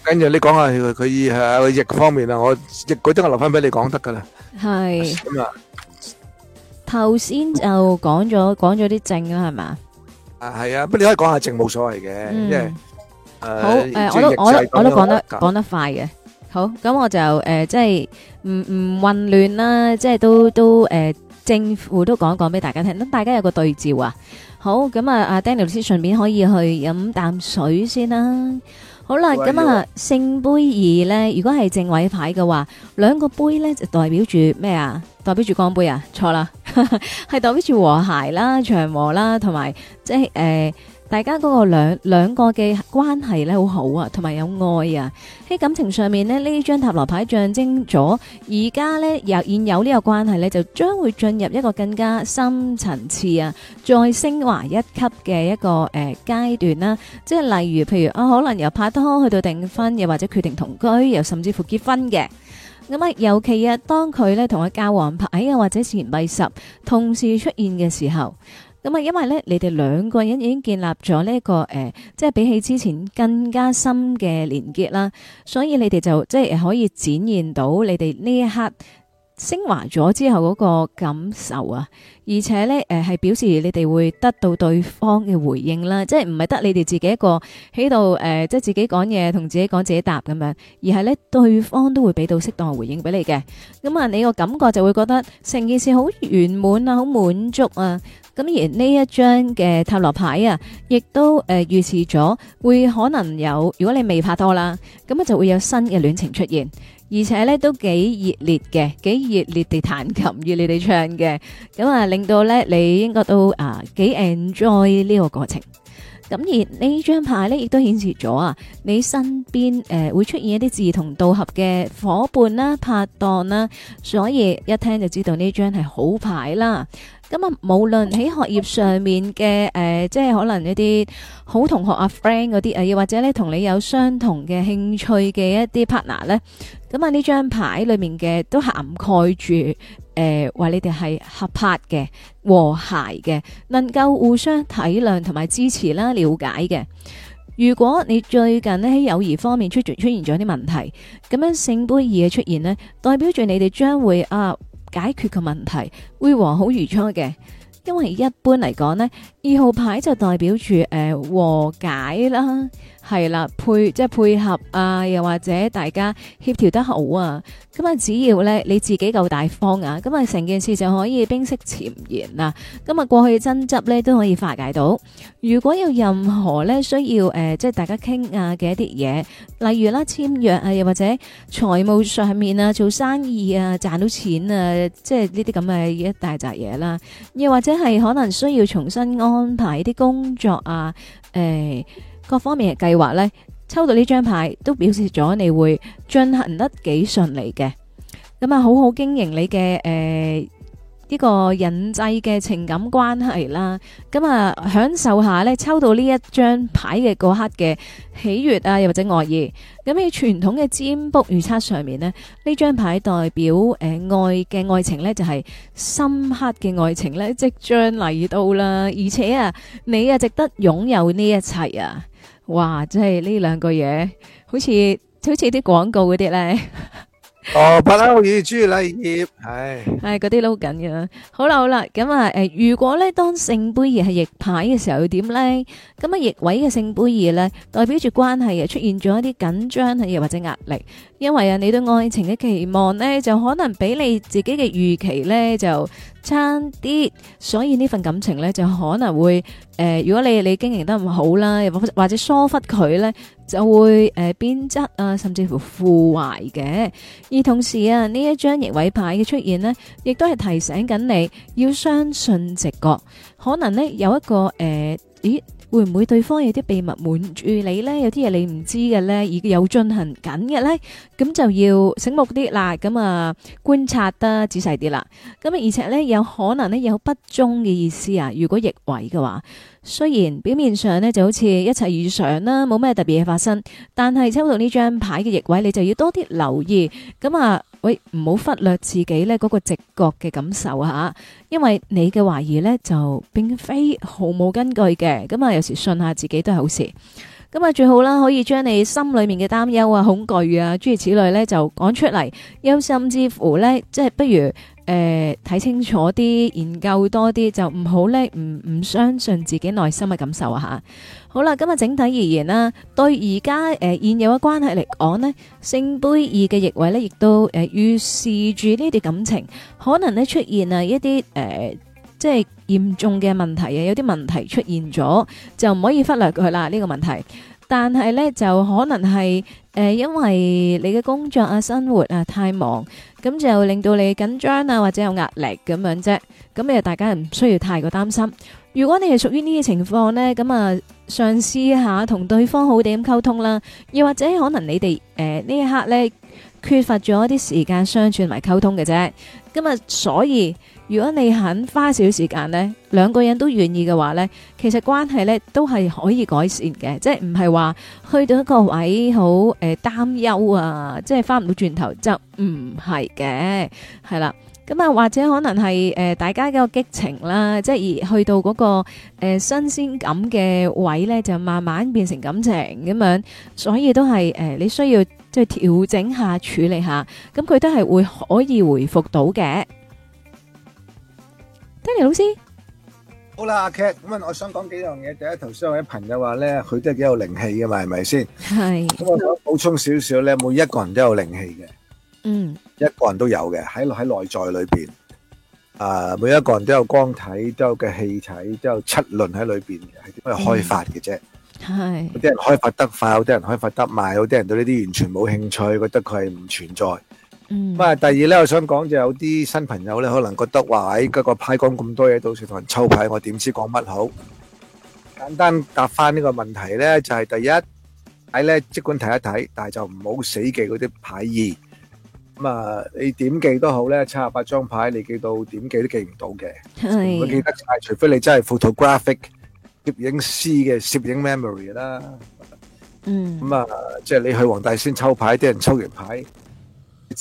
跟住你講下佢佢逆方面啊，我逆嗰啲我留翻俾你講得噶啦。係。咁啊。頭先就講咗講咗啲政啦，係嘛？啊，係啊，乜你可以講下政冇所謂嘅、嗯，因為誒，好誒、呃呃，我都我都我都，我都講得的講得快嘅。好，咁我就誒、呃，即係唔唔混亂啦，即係都都誒、呃，政府都講一講俾大家聽，咁大家有個對照啊。好，咁啊，阿 Danny 老師順便可以去飲啖水先啦。好啦，咁啊，聖杯二咧，如果係正位牌嘅話，兩個杯咧就代表住咩啊？代表住光杯啊？錯 啦，係代表住和諧啦、祥和啦，同埋即係誒。呃大家嗰個兩兩個嘅關係咧，好好啊，同埋有愛啊。喺感情上面呢，呢張塔羅牌象徵咗而家呢，由現有呢個關係呢，就將會進入一個更加深層次啊，再升華一級嘅一個誒階、呃、段啦、啊。即係例如，譬如啊，可能由拍拖去到訂婚，又或者決定同居，又甚至乎結婚嘅。咁啊，尤其啊，當佢呢同阿教皇牌啊，或者錢幣十同時出現嘅時候。咁啊，因為咧，你哋兩個人已經建立咗呢一個誒、呃，即係比起之前更加深嘅連結啦。所以你哋就即係可以展現到你哋呢一刻升華咗之後嗰個感受啊。而且咧，誒、呃、係表示你哋會得到對方嘅回應啦。即係唔係得你哋自己一個喺度誒，即係自己講嘢同自己講自己答咁樣，而係咧對方都會俾到適當嘅回應俾你嘅。咁啊，你個感覺就會覺得成件事好圓滿啊，好滿足啊。咁而呢一張嘅塔羅牌啊，亦都誒預示咗會可能有，如果你未拍拖啦，咁啊就會有新嘅戀情出現，而且咧都幾熱烈嘅，幾熱烈地彈琴與你哋唱嘅，咁啊令到咧你應該都啊幾 enjoy 呢個過程。咁而呢張牌咧亦都顯示咗啊，你身邊誒會出現一啲志同道合嘅伙伴啦、拍檔啦，所以一聽就知道呢張係好牌啦。咁啊，無論喺學業上面嘅誒，即係可能一啲好同學啊 friend 嗰啲，誒，又或者咧同你有相同嘅興趣嘅一啲 partner 呢。咁啊呢張牌裏面嘅都涵蓋住誒，話、呃、你哋係合拍嘅、和諧嘅，能夠互相體諒同埋支持啦、了解嘅。如果你最近呢喺友誼方面出出現咗啲問題，咁樣聖杯二嘅出現呢，代表住你哋將會啊。解決嘅問題會和好如初嘅，因為一般嚟講呢，二號牌就代表住誒、呃、和解啦。係啦，配即係配合啊，又或者大家協調得好啊，咁啊，只要咧你自己夠大方啊，咁啊，成件事就可以冰釋前嫌啦。咁啊過去爭執咧都可以化解到。如果有任何咧需要誒、呃，即係大家傾啊嘅一啲嘢，例如啦簽約啊，又或者財務上面啊，做生意啊，賺到錢啊，即係呢啲咁嘅一大扎嘢啦，又或者係可能需要重新安排啲工作啊，誒、呃。各方面嘅計劃呢，抽到呢張牌都表示咗你會進行得幾順利嘅。咁啊，好好經營你嘅誒呢個人際嘅情感關係啦。咁啊，享受下呢抽到呢一張牌嘅嗰刻嘅喜悅啊，又或者愛意。咁喺傳統嘅占卜預測上面呢，呢張牌代表誒、呃、愛嘅愛情呢，就係、是、深刻嘅愛情呢，即將嚟到啦。而且啊，你啊值得擁有呢一切啊！哇！真係呢兩個嘢，好似好似啲廣告嗰啲咧。 哦，八樓與朱麗葉，係係嗰啲撈緊嘅。好啦好啦，咁啊，誒、呃，如果咧當聖杯二係逆牌嘅時候要點咧？咁啊逆位嘅聖杯二咧，代表住關係啊出現咗一啲緊張啊，又或者壓力，因為啊你對愛情嘅期望咧就可能比你自己嘅預期咧就差啲，所以呢份感情咧就可能會誒、呃，如果你你經營得唔好啦，又或者疏忽佢咧。就會誒、呃、變質啊，甚至乎腐壞嘅。而同時啊，呢一張逆位牌嘅出現呢，亦都係提醒緊你要相信直覺，可能呢，有一個誒、呃，咦？會唔會對方有啲秘密瞞住你呢？有啲嘢你唔知嘅呢，已經有進行緊嘅呢，咁就要醒目啲啦，咁啊觀察得仔細啲啦。咁而且呢，有可能呢有不忠嘅意思啊。如果逆位嘅話，雖然表面上呢就好似一切如常啦，冇咩特別嘢發生，但係抽到呢張牌嘅逆位，你就要多啲留意，咁啊。喂，唔好忽略自己呢嗰個直覺嘅感受吓，因為你嘅懷疑呢就並非毫無根據嘅。咁啊有時信下自己都係好事，咁啊最好啦，可以將你心裏面嘅擔憂啊、恐懼啊諸如此類呢就講出嚟，又甚至乎呢，即係不如。誒、呃，睇清楚啲，研究多啲，就唔好呢，唔唔相信自己內心嘅感受啊！吓，好啦，今日整體而言啦，對而家誒現有嘅關係嚟講呢，聖杯二嘅逆位呢，亦都誒、呃、預示住呢啲感情可能呢出現啊一啲誒、呃，即係嚴重嘅問題啊，有啲問題出現咗，就唔可以忽略佢啦呢個問題。但係咧，就可能係誒，因為你嘅工作啊、生活啊太忙，咁就令到你緊張啊，或者有壓力咁樣啫。咁你，大家唔需要太過擔心。如果你係屬於呢啲情況呢，咁啊，嘗試下同對方好啲咁溝通啦。又或者可能你哋誒呢一刻呢缺乏咗一啲時間相處同埋溝通嘅啫。咁啊，所以。如果你肯花少少時間咧，兩個人都願意嘅話咧，其實關係咧都係可以改善嘅，即係唔係話去到一個位好誒擔憂啊，即係翻唔到轉頭就唔係嘅，係啦。咁啊，或者可能係誒、呃、大家嘅激情啦，即係去到嗰、那個誒、呃、新鮮感嘅位咧，就慢慢變成感情咁樣。所以都係誒、呃、你需要即係調整下處理下，咁佢都係會可以回復到嘅。Danny，老師好啦，阿 K，咁啊！我想講幾樣嘢。第一，頭先我啲朋友話咧，佢都係幾有靈氣嘅嘛，係咪先？係。咁我想補充少少咧，每一個人都有靈氣嘅。嗯，一個人都有嘅，喺喺內在裏邊，啊、呃，每一個人都有光體，都有嘅氣體，都有七輪喺裏邊，係點樣開發嘅啫？係、嗯。有啲人開發得快，有啲人開發得慢，有啲人對呢啲完全冇興趣，覺得佢係唔存在。咁啊，第二咧，我想講就有啲新朋友咧，可能覺得話呢個牌講咁多嘢，到時同人抽牌，我點知講乜好？簡單答翻呢個問題咧，就係第一，睇咧，即管睇一睇，但係就唔好死記嗰啲牌意。咁啊，你點記都好咧，七十八張牌，你記到點記都記唔到嘅。我記得就係，除非你真係 photographic 攝影師嘅攝影 memory 啦。嗯。咁啊，即係你去黃大仙抽牌，啲人抽完牌。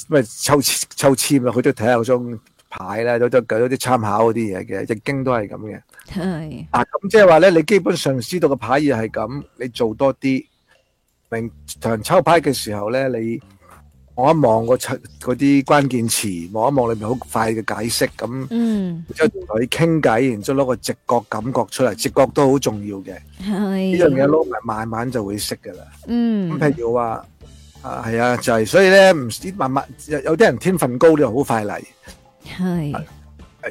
咪抽籤抽籤啊！佢都睇下嗰張牌咧，都都搞咗啲參考嗰啲嘢嘅，易經都係咁嘅。係啊，咁即係話咧，你基本上知道個牌嘢係咁，你做多啲明同人抽牌嘅時候咧，你望一望個出嗰啲關鍵詞，望一望裏面好快嘅解釋咁，嗯，然之後同佢傾偈，然之後攞個直覺感覺出嚟，直覺都好重要嘅。係呢樣嘢撈埋，慢慢就會識噶啦。嗯，咁譬如話。啊，係啊，就係，所以咧唔知萬物有有啲人天分高就，好快嚟。係。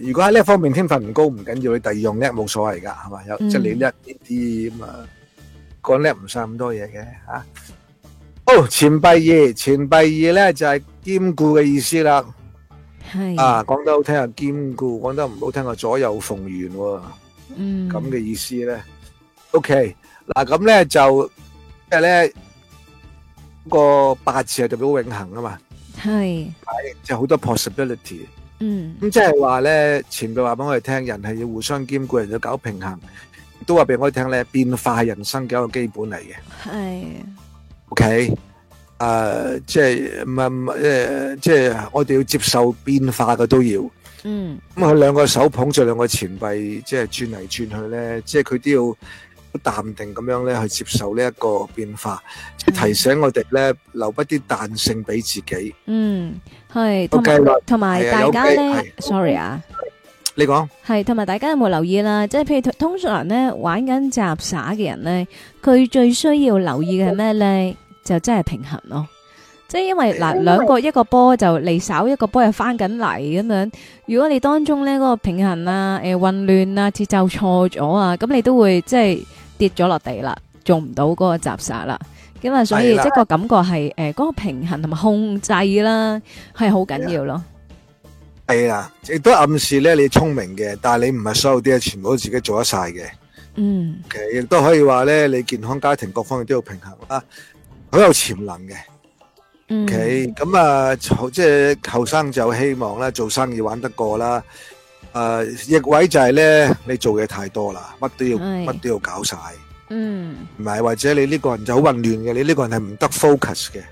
如果喺呢一方面天分唔高，唔緊要，你第二樣叻冇所謂噶，係嘛？有即係你叻啲啲咁啊，講叻唔晒咁多嘢嘅吓。哦，錢幣二，錢幣二咧就係兼顧嘅意思啦。係。啊，講得好聽係兼顧，講得唔好聽係左右逢源喎。嗯。咁嘅意思咧。OK，嗱咁咧就即係咧。個八字係代表永恒啊嘛，係，就係、是、好多 possibility，嗯，咁即係話咧，錢幣話俾我哋聽，人係要互相兼顧，人要搞平衡，都話俾我哋聽咧，變化係人生嘅一個基本嚟嘅，係，OK，誒、uh, 就是，即係唔係唔，誒、呃、即、就、係、是、我哋要接受變化嘅都要，嗯，咁佢兩個手捧住兩個錢幣，即係轉嚟轉去咧，即係佢都要。淡定咁樣咧去接受呢一個變化，提醒我哋咧留筆啲彈性俾自己。嗯，係。同埋、okay. 大家咧、yeah, okay.，sorry 啊，你講。係同埋大家有冇留意啦？即係譬如通常咧玩緊雜耍嘅人咧，佢最需要留意嘅係咩咧？就真係平衡咯。即係因為嗱，兩 個一個波就離手，一個波又翻緊嚟咁樣。如果你當中咧、嗰個平衡啊、誒、欸、混亂啊、節奏錯咗啊，咁你都會即係。跌咗落地啦，做唔到嗰個雜耍啦，咁啊，所以即個感覺係誒，嗰、呃嗰個平衡同埋控制啦，係好緊要咯。係啦，亦都暗示咧你聰明嘅，但係你唔係所有啲嘢全部都自己做得晒嘅。嗯，其實亦都可以話咧，你健康家庭各方面都要平衡啦，好有潛能嘅。嗯，OK，咁啊，即係後生就希望啦，做生意玩得過啦。誒逆位就係咧，你做嘢太多啦，乜都要，乜都要搞曬，嗯，唔係或者你呢個人就好混亂嘅，你呢個人係唔得 focus 嘅，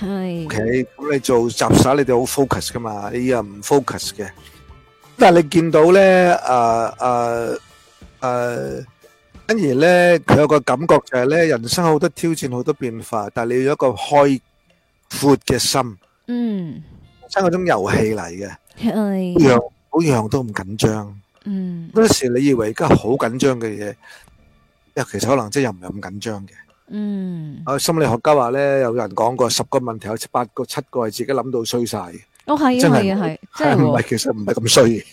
係，OK，咁你做雜耍你哋好 focus 噶嘛，你又唔 focus 嘅，但係你見到咧，誒誒誒，反而咧佢有個感覺就係咧，人生好多挑戰，好多變化，但係你要有一個開闊嘅心，嗯，即係嗰種遊戲嚟嘅，係。好樣都唔緊張，嗯，嗰時你以為而家好緊張嘅嘢，其實可能即係又唔係咁緊張嘅，嗯。啊，心理學家話咧，有人講過，十個問題有七八個七個係自己諗到衰晒。哦，係啊，係啊，係，唔係其實唔係咁衰。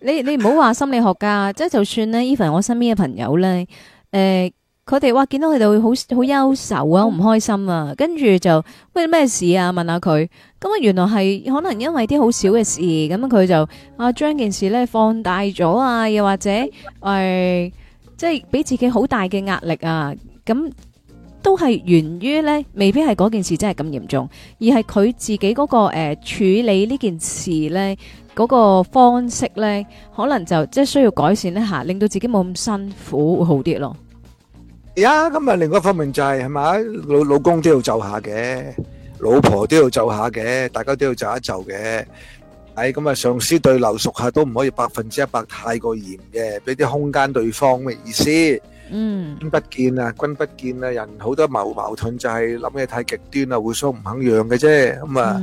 你你唔好話心理學家，即係就算咧，even 我身邊嘅朋友咧，呃佢哋話，見到佢哋會好好憂愁啊，好唔開心啊，跟住就喂咩事啊？問下佢咁啊，原來係可能因為啲好小嘅事，咁佢就啊將件事咧放大咗啊，又或者誒，即係俾自己好大嘅壓力啊。咁都係源於咧，未必係嗰件事真係咁嚴重，而係佢自己嗰個誒處理呢件事咧嗰個方式咧，可能就即係需要改善一下，令到自己冇咁辛苦，會好啲咯。呀，咁啊，另外一方面就係係咪，老老公都要就下嘅，老婆都要就下嘅，大家都要就一就嘅。喺咁啊，上司對留熟下都唔可以百分之一百太過嚴嘅，俾啲空間對方嘅意思。嗯，君不見啊，君不見啊，人好多矛矛盾就係諗嘢太極端啦，互相唔肯讓嘅啫。咁啊，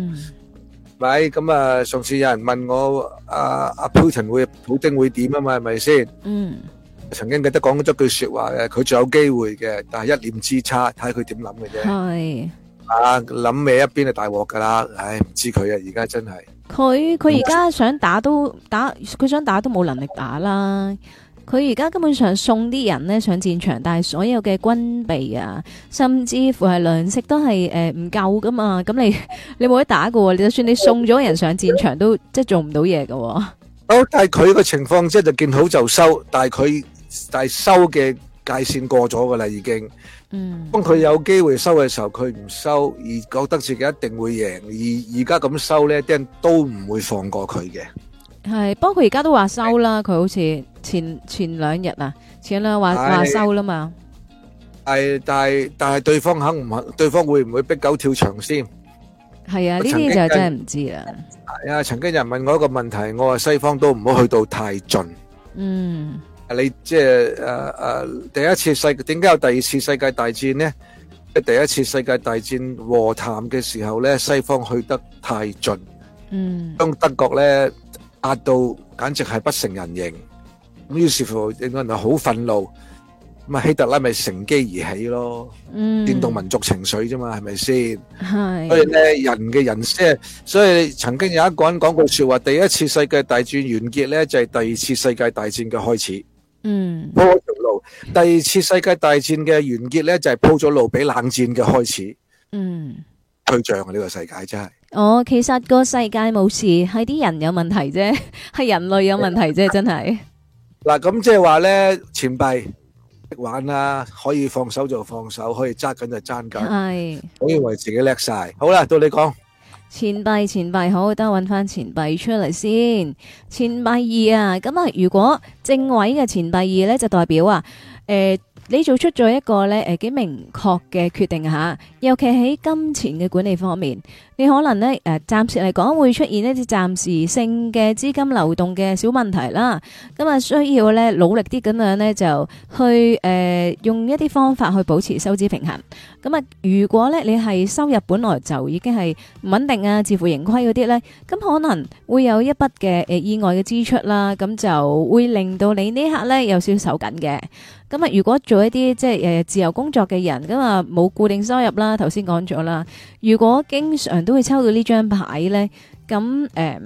咪咁啊，上次有人問我阿阿普京會普丁會點啊嘛，係咪先？嗯。曾經記得講咗句說話嘅，佢仲有機會嘅，但係一念之差，睇佢點諗嘅啫。係啊，諗咩一邊就大鑊噶啦！唉，唔知佢啊，而家真係佢佢而家想打都打，佢想打都冇能力打啦。佢而家根本上送啲人呢上戰場，但係所有嘅軍備啊，甚至乎係糧食都係誒唔夠噶嘛。咁你你冇得打噶，你就算你送咗人上戰場都即係做唔到嘢噶。好、哦，但係佢個情況即係就見好就收，但係佢。但係收嘅界線過咗噶啦，已經。嗯。當佢有機會收嘅時候，佢唔收而覺得自己一定會贏，而而家咁收咧，啲人都唔會放過佢嘅。係，包括而家都話收啦。佢好似前前兩日啊，前兩日話收啦嘛。係，但係但係對方肯唔肯？對方會唔會逼狗跳牆先？係啊，呢啲就真係唔知啊。係啊，曾經有人問我一個問題，我話西方都唔好去到太盡。嗯。你即係誒誒，第一次世點解有第二次世界大戰呢？第一次世界大戰和談嘅時候咧，西方去得太盡，嗯，當德國咧壓到簡直係不成人形。咁於是乎，應該人係好憤怒。咁啊，希特拉咪乘機而起咯，嗯，煽動民族情緒啫嘛，係咪先？係。所以咧，人嘅人即所以曾經有一個人講過說話：，第一次世界大戰完結咧，就係第二次世界大戰嘅開始。嗯，鋪條路。第二次世界大戰嘅完結咧，就係鋪咗路俾冷戰嘅開始。嗯，對象啊，呢、這個世界真係。哦，其實那個世界冇事，係啲人有問題啫，係人類有問題啫，真係。嗱、啊，咁即係話咧，錢幣玩啦、啊，可以放手就放手，可以揸緊就揸緊。係，我以為自己叻晒。好啦，到你講。錢幣錢幣好，等我搵翻錢幣出嚟先。錢幣二啊，咁啊，如果正位嘅錢幣二呢，就代表啊，誒、呃，你做出咗一個呢誒幾明確嘅決定吓，尤其喺金錢嘅管理方面。你可能咧，誒暫時嚟講會出現一啲暫時性嘅資金流動嘅小問題啦。咁啊，需要咧努力啲咁樣咧就去誒用一啲方法去保持收支平衡。咁啊，如果咧你係收入本來就已經係唔穩定啊，自負盈虧嗰啲咧，咁可能會有一筆嘅誒意外嘅支出啦，咁就會令到你呢一刻咧有少少手緊嘅。咁啊，如果做一啲即係誒自由工作嘅人，咁啊冇固定收入啦，頭先講咗啦，如果經常都會抽到呢張牌咧，咁誒、呃、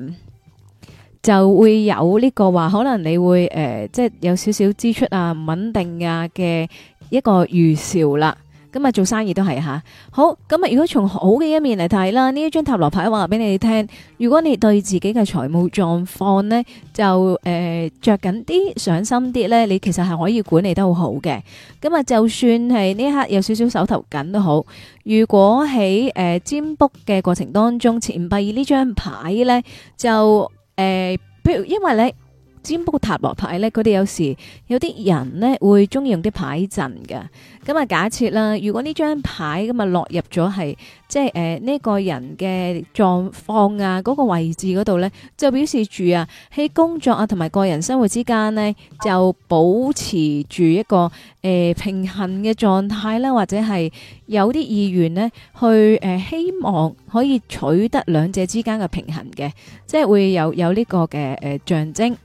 就會有這個話，可能你會誒、呃、即係有少少支出啊、穩定啊嘅一個預兆啦。今、嗯、日做生意都係吓好。咁、嗯、啊，如果從好嘅一面嚟睇啦，呢一張塔羅牌話俾你聽，如果你對自己嘅財務狀況呢，就誒着緊啲、上心啲呢，你其實係可以管理得好好嘅。咁、嗯、啊，就算係呢刻有少少手頭緊都好，如果喺誒、呃、占卜嘅過程當中，錢幣呢張牌呢，就誒、呃，譬如因為你。占卜塔羅牌咧，佢哋有時有啲人呢會中意用啲牌陣嘅。咁啊，假設啦，如果呢張牌咁啊落入咗係即係誒呢個人嘅狀況啊嗰個位置嗰度呢，就表示住啊喺工作啊同埋個人生活之間呢，就保持住一個誒平衡嘅狀態啦，或者係有啲意願呢去誒希望可以取得兩者之間嘅平衡嘅，即係會有有呢個嘅誒象徵。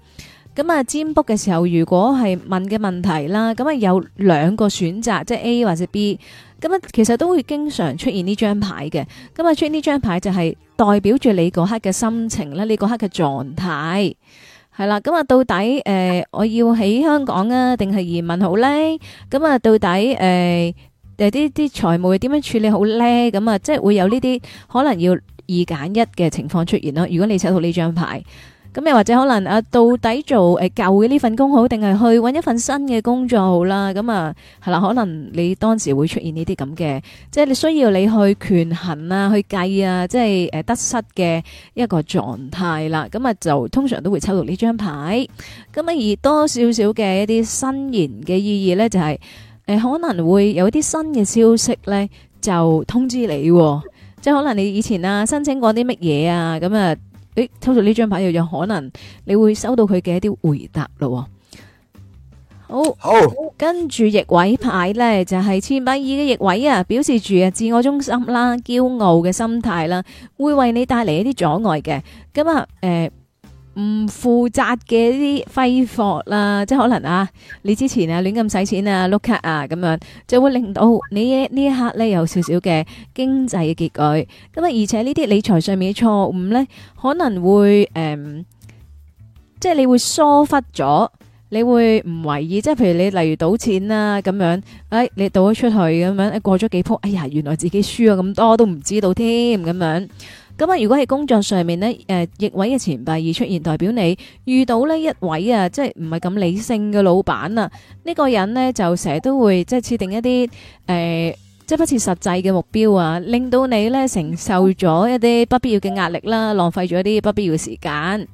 咁啊，占卜嘅時候，如果係問嘅問題啦，咁啊有兩個選擇，即係 A 或者 B，咁啊其實都會經常出現呢張牌嘅。咁啊出現呢張牌就係代表住你嗰刻嘅心情啦，你嗰刻嘅狀態係啦。咁啊到底誒、呃，我要喺香港啊，定係移民好呢？咁啊到底誒誒啲啲財務會點樣處理好呢？咁啊即係會有呢啲可能要二揀一嘅情況出現咯。如果你收到呢張牌。咁又或者可能啊，到底做誒舊嘅呢份工好，定係去搵一份新嘅工作好啦？咁啊，係啦，可能你當時會出現呢啲咁嘅，即係你需要你去權衡啊，去計啊，即係誒得失嘅一個狀態啦。咁啊，就通常都會抽到呢張牌。咁啊，而多少少嘅一啲新言嘅意義呢，就係誒可能會有啲新嘅消息呢，就通知你。即係可能你以前啊申請過啲乜嘢啊，咁啊～你、哎、抽到呢張牌又有可能你會收到佢嘅一啲回答咯。好，好，跟住逆位牌咧就係、是、錢幣二嘅逆位啊，表示住啊自我中心啦、驕傲嘅心態啦，會為你帶嚟一啲阻礙嘅。咁啊誒。呃唔負責嘅啲揮霍啦、啊，即係可能啊，你之前啊亂咁使錢啊碌卡啊咁樣，就會令到你呢一刻呢有少少嘅經濟嘅結局。咁啊，而且呢啲理財上面嘅錯誤呢，可能會誒、嗯，即係你會疏忽咗，你會唔為意。即係譬如你例如賭錢啊咁樣，誒、哎、你賭咗出去咁樣，過咗幾鋪，哎呀原來自己輸咗咁多都唔知道添咁樣。咁啊，如果喺工作上面呢，誒，逆位嘅錢幣而出現，代表你遇到呢一位啊，即係唔係咁理性嘅老闆啊。呢、呢個人呢，就成日都會即係設定一啲誒，即、呃、係不切實際嘅目標啊，令到你呢承受咗一啲不必要嘅壓力啦，浪費咗一啲不必要嘅時間。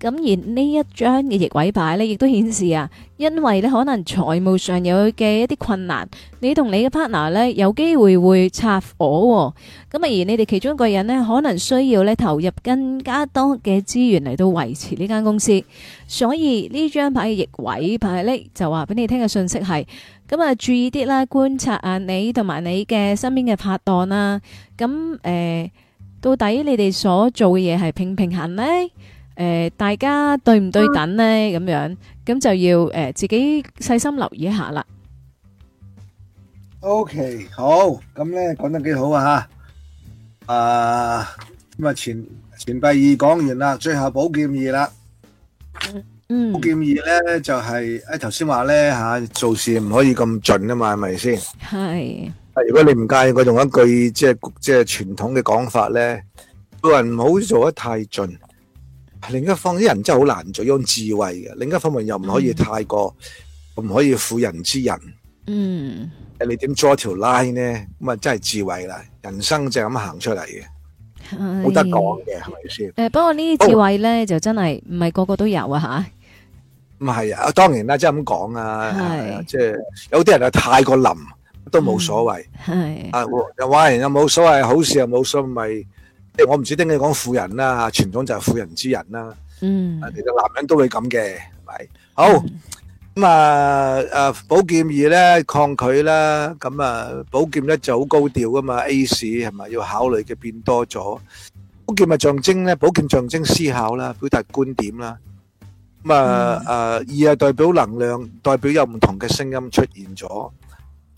咁而呢一張嘅逆位牌呢，亦都顯示啊，因為呢可能財務上有嘅一啲困難，你同你嘅 partner 呢，有機會會拆夥。咁啊，而你哋其中一個人呢，可能需要呢投入更加多嘅資源嚟到維持呢間公司。所以呢張牌嘅逆位牌呢，就話俾你聽嘅信息係咁啊，注意啲啦，觀察啊，你同埋你嘅身邊嘅拍檔啦。咁誒、呃，到底你哋所做嘅嘢係平平衡呢？誒，大家對唔對等咧？咁樣咁就要誒，自己細心留意一下啦。OK，好，咁咧講得幾好啊吓。啊，咁啊，錢錢幣二講完啦，最後寶劍二啦。寶劍二咧就係誒，頭先話咧吓，做事唔可以咁盡啊嘛，係咪先？係。如果你唔介意，我用一句即係即係傳統嘅講法咧，做人唔好做得太盡。另一方啲人真係好難做，用智慧嘅。另一方面又唔可以太過，唔、嗯、可以婦人之仁。嗯，誒，你點做條拉呢？咁啊，真係智慧啦。人生就係咁行出嚟嘅，冇得講嘅，係咪先？誒、呃，不過呢啲智慧咧、哦，就真係唔係個個都有啊吓。唔係啊，當然啦，即係咁講啊，即係、啊就是、有啲人啊太過林都冇所謂。係、嗯、啊，又話、啊、人又冇所謂，好事又冇所謂。我唔知點解講婦人啦，傳統就係婦人之仁啦。嗯，其實男人都會咁嘅，係咪？好咁啊，啊寶劍二咧，抗拒啦，咁啊寶劍一就好高調噶嘛。A 市係咪要考慮嘅變多咗？寶劍咪象徵咧？寶劍象徵思考啦，表達觀點啦。咁啊啊二係代表能量，代表有唔同嘅聲音出現咗，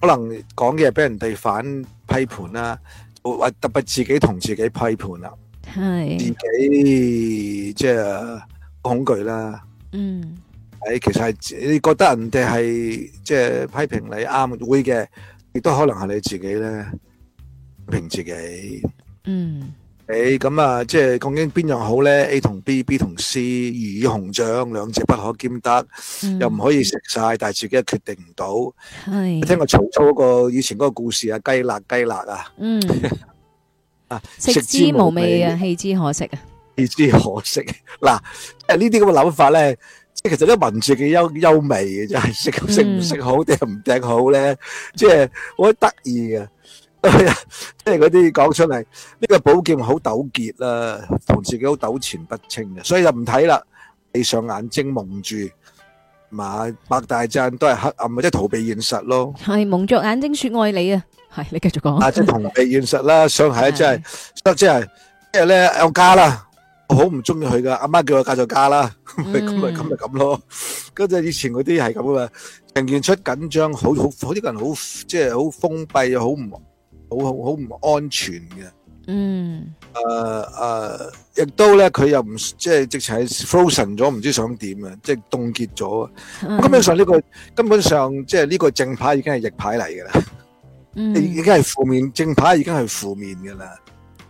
可能講嘢俾人哋反批判啦。或特別自己同自己批判啦，係自己即係恐懼啦。嗯，係其實係你覺得人哋係即係批評你啱會嘅，亦都可能係你自己咧，評自己。嗯。咁啊，即係究竟邊樣好咧？A 同 B，B 同 C，魚與熊掌，兩者不可兼得，又唔可以食晒，但係自己又決定唔到。係聽過曹操嗰個以前嗰個故事啊，雞肋雞肋啊，嗯，食之無味啊，棄之可惜啊，棄之可惜。嗱，即係呢啲咁嘅諗法咧，即係其實啲文字嘅優優美嘅，即係食食唔食好，定係唔掟好咧，即係好得意嘅。即係嗰啲講出嚟，呢個寶劍好糾結啦，同自己好糾纏不清嘅，所以就唔睇啦。你上眼睛蒙住，嘛，擘大讚都係黑暗，即係逃避現實咯。係蒙着眼睛說愛你啊，係你繼續講啊，即係逃避現實啦。上係即係，即係即係咧，我嫁啦，我好唔中意佢噶，阿媽叫我嫁就嫁啦，咪咁咪咁咪咁咯。跟住以前嗰啲係咁啊，呈現出緊張，好好好啲個人好即係好封閉，好唔。好好好唔安全嘅，嗯，誒誒，亦都咧佢又唔即係直情係 frozen 咗，唔知想點啊？即係凍結咗。根本上呢個根本上即係呢個正牌已經係逆牌嚟噶啦，嗯，已經係負面正牌已經係負面噶啦，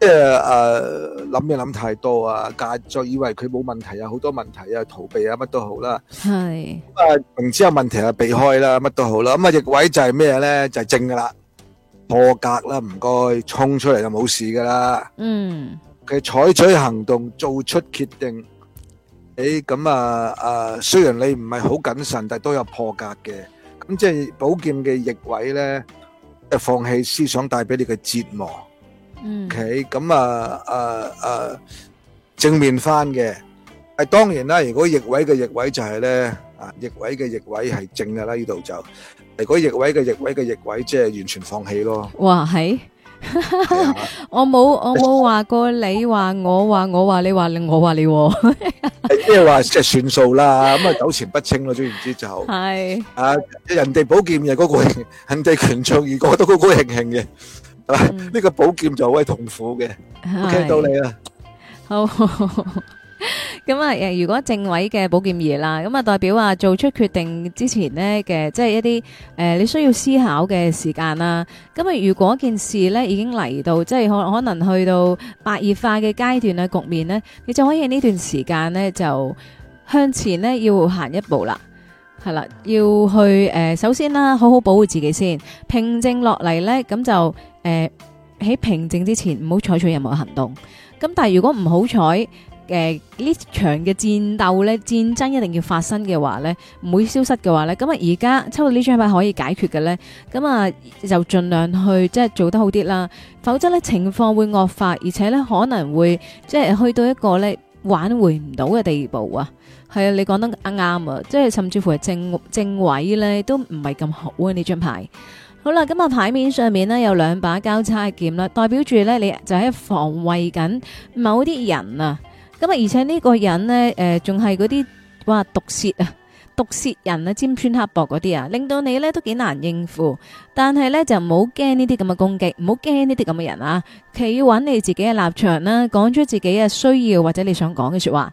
即係誒諗嘢諗太多啊，隔咗以為佢冇問題啊，好多問題啊，逃避啊乜都好啦，係咁啊明知有問題啊避開啦，乜都好啦，咁啊逆位就係咩咧？就係正噶啦。破格啦，唔該，衝出嚟就冇事噶啦。嗯，佢採取行動，做出決定。誒，咁啊啊，雖然你唔係好謹慎，但係都有破格嘅。咁即係寶劍嘅逆位咧，放棄思想帶俾你嘅折磨。嗯，OK，咁啊啊啊，正面翻嘅。誒，當然啦，如果逆位嘅逆位就係咧啊，逆位嘅逆位係正噶啦，呢度就。如果逆位嘅逆位嘅逆位，即係完全放棄咯。哇，係，我冇我冇話過你話我話我話你話你我話你，即係話即係算數啦。咁啊糾纏不清咯，總言之就係啊，人哋寶劍嘅嗰個人哋權杖而過都高高興興嘅，係嘛？呢個寶劍就好鬼痛苦嘅，聽到你啊，好。咁啊！如果正位嘅寶劍二啦，咁啊代表啊做出決定之前呢嘅，即係一啲誒你需要思考嘅時間啦。咁啊，如果件事呢已經嚟到，即係可可能去到白熱化嘅階段嘅局面呢，你就可以呢段時間呢就向前呢要行一步啦，係啦，要去誒首先啦，好好保護自己先，平靜落嚟呢，咁就誒喺平靜之前唔好採取任何行動。咁但係如果唔好彩。誒、呃，場呢場嘅戰鬥咧，戰爭一定要發生嘅話咧，唔會消失嘅話咧，咁啊，而家抽到呢張牌可以解決嘅咧，咁啊，就盡量去即係做得好啲啦，否則咧情況會惡化，而且咧可能會即係去到一個咧挽回唔到嘅地步啊。係啊，你講得啱啊，即係甚至乎係正正位咧都唔係咁好啊呢張牌。好啦，咁啊，牌面上面呢有兩把交叉嘅劍啦，代表住咧你就喺防衛緊某啲人啊。咁啊！而且呢個人呢，誒、呃，仲係嗰啲話毒舌啊、毒舌人啊、尖酸刻薄嗰啲啊，令到你呢都幾難應付。但係呢，就唔好驚呢啲咁嘅攻擊，唔好驚呢啲咁嘅人啊，企穩你自己嘅立場啦，講出自己嘅需要或者你想講嘅說話。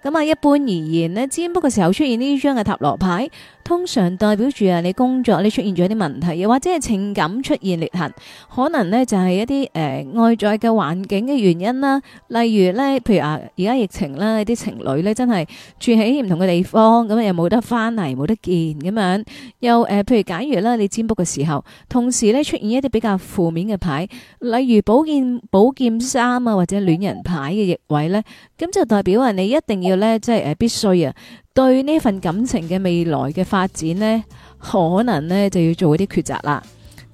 咁啊，一般而言咧，占卜嘅時候出現呢張嘅塔羅牌，通常代表住啊，你工作咧出現咗一啲問題，又或者係情感出現裂痕，可能咧就係一啲誒、呃、外在嘅環境嘅原因啦。例如咧，譬如啊，而家疫情啦，啲情侶咧真係住喺唔同嘅地方，咁又冇得返嚟，冇得見咁樣。又誒、呃，譬如假如啦，你占卜嘅時候，同時咧出現一啲比較負面嘅牌，例如寶劍寶劍三啊，或者戀人牌嘅逆位咧，咁就代表啊，你一定要。要咧，即係誒，必須啊，對呢份感情嘅未來嘅發展呢，可能呢就要做一啲抉擇啦。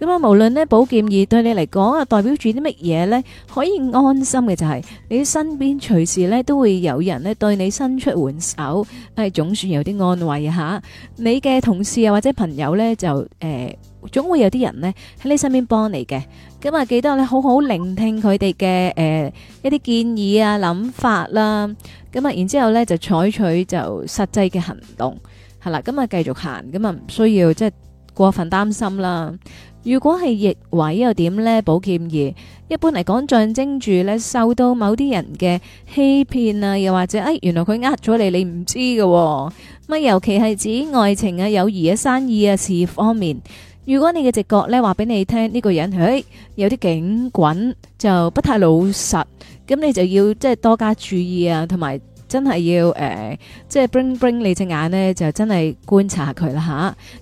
咁啊，無論呢寶劍二對你嚟講啊，代表住啲乜嘢呢？可以安心嘅就係、是、你身邊隨時呢都會有人呢對你伸出援手，係總算有啲安慰吓。你嘅同事又或者朋友呢，就、呃、誒，總會有啲人呢喺你身邊幫你嘅。咁啊，記得咧好好聆聽佢哋嘅誒一啲建議啊、諗法啦。咁啊，然之後咧就採取就實際嘅行動，係啦。咁、嗯、啊，繼續行，咁啊唔需要即係過分擔心啦。如果係逆位又點咧？寶劍二一般嚟講象徵住咧受到某啲人嘅欺騙啊，又或者誒、哎，原來佢呃咗你，你唔知嘅、哦。乜尤其係指愛情啊、友誼啊、生意啊、事業方面。如果你嘅直覺咧話俾你聽呢、這個人，誒、哎，有啲警滾，就不太老實，咁你就要即係多加注意啊，同埋真係要誒、呃，即係 bling bling 你隻眼呢，就真係觀察下佢啦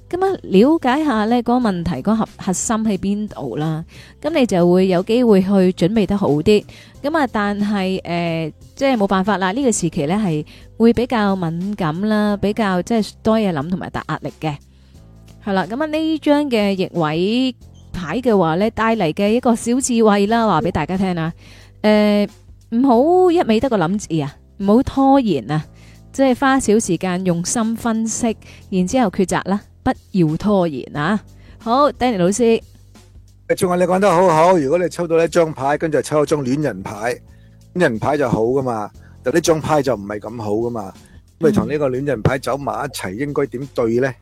吓，咁啊、嗯、了解下呢嗰、那個問題嗰、那個、核核心喺邊度啦，咁、嗯、你就會有機會去準備得好啲，咁、嗯、啊，但係誒、呃，即係冇辦法啦，呢、這個時期呢，係會比較敏感啦，比較即係多嘢諗同埋大壓力嘅。係啦，咁啊呢張嘅逆位牌嘅話咧，帶嚟嘅一個小智慧啦，話俾大家聽啦。誒，唔好一味得個諗字啊，唔好拖延啊，即係花少時間用心分析，然之後抉擇啦，不要拖延啊。好，Danny 老師，仲有你講得好好。如果你抽到呢張牌，跟住就抽咗張戀人牌，戀人牌就好噶嘛，但呢張牌就唔係咁好噶嘛。咁你同呢個戀人牌走埋一齊，應該點對咧？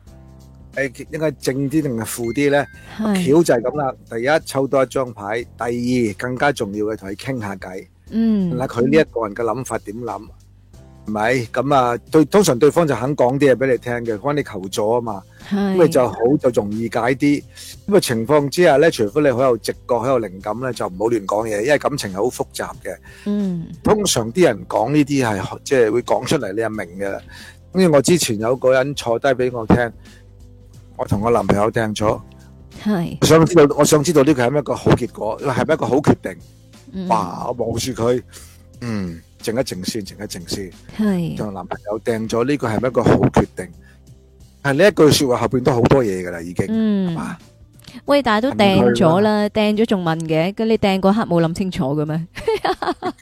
誒，應該正啲定係負啲咧？巧就係咁啦。第一抽多一張牌，第二更加重要嘅同佢傾下偈。嗯，嗱，佢呢一個人嘅諗法點諗？咪、嗯、咁啊？對，通常對方就肯講啲嘢俾你聽嘅，幫你求助啊嘛。係咁就好，就仲易容解啲。咁啊情況之下咧，除非你好有直覺、好有靈感咧，就唔好亂講嘢，因為感情係好複雜嘅。嗯，通常啲人講呢啲係即係會講出嚟，你就明嘅啦。因為我之前有個人坐低俾我聽。我同我男朋友訂咗，係，我想知，我想知道呢個係咪一個好結果，係咪一個好決定？哇！我望住佢，嗯，靜一靜先，靜一靜先。係，同男朋友訂咗呢個係咪一個好決定？係呢一句說話後邊都好多嘢噶啦，已經。嗯，喂，但係都訂咗啦，訂咗仲問嘅，咁你訂嗰刻冇諗清楚嘅咩？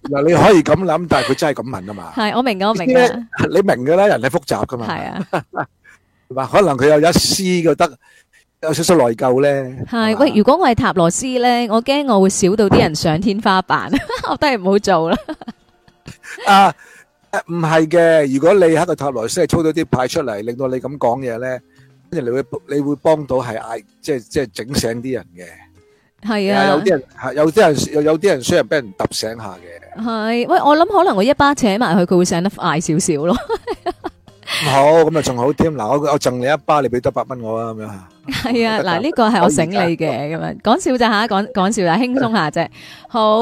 嗱，你可以咁諗，但係佢真係咁問噶嘛。係，我明噶，我明噶，你明噶啦，人係複雜噶嘛。係啊。.可能佢有一絲嘅得，有少少內疚咧。係喂、啊，如果我係塔羅斯咧，我驚我會少到啲人上天花板，嗯、 我都係唔好做啦、啊。啊，唔係嘅，如果你喺個塔羅斯係操到啲牌出嚟，令到你咁講嘢咧，跟住你會你會幫到係嗌，即係即係整醒啲人嘅。係啊，啊，有啲人有啲人有啲人，有人雖然俾人揼醒下嘅。係喂，我諗可能我一巴扯埋佢，佢會醒得嗌少少咯。 好咁啊，仲好添嗱，我我贈你一包，你俾多百蚊我啊，咁樣吓。係啊，嗱呢個係我醒你嘅咁啊，講笑咋吓，講講笑啊，輕鬆下啫。好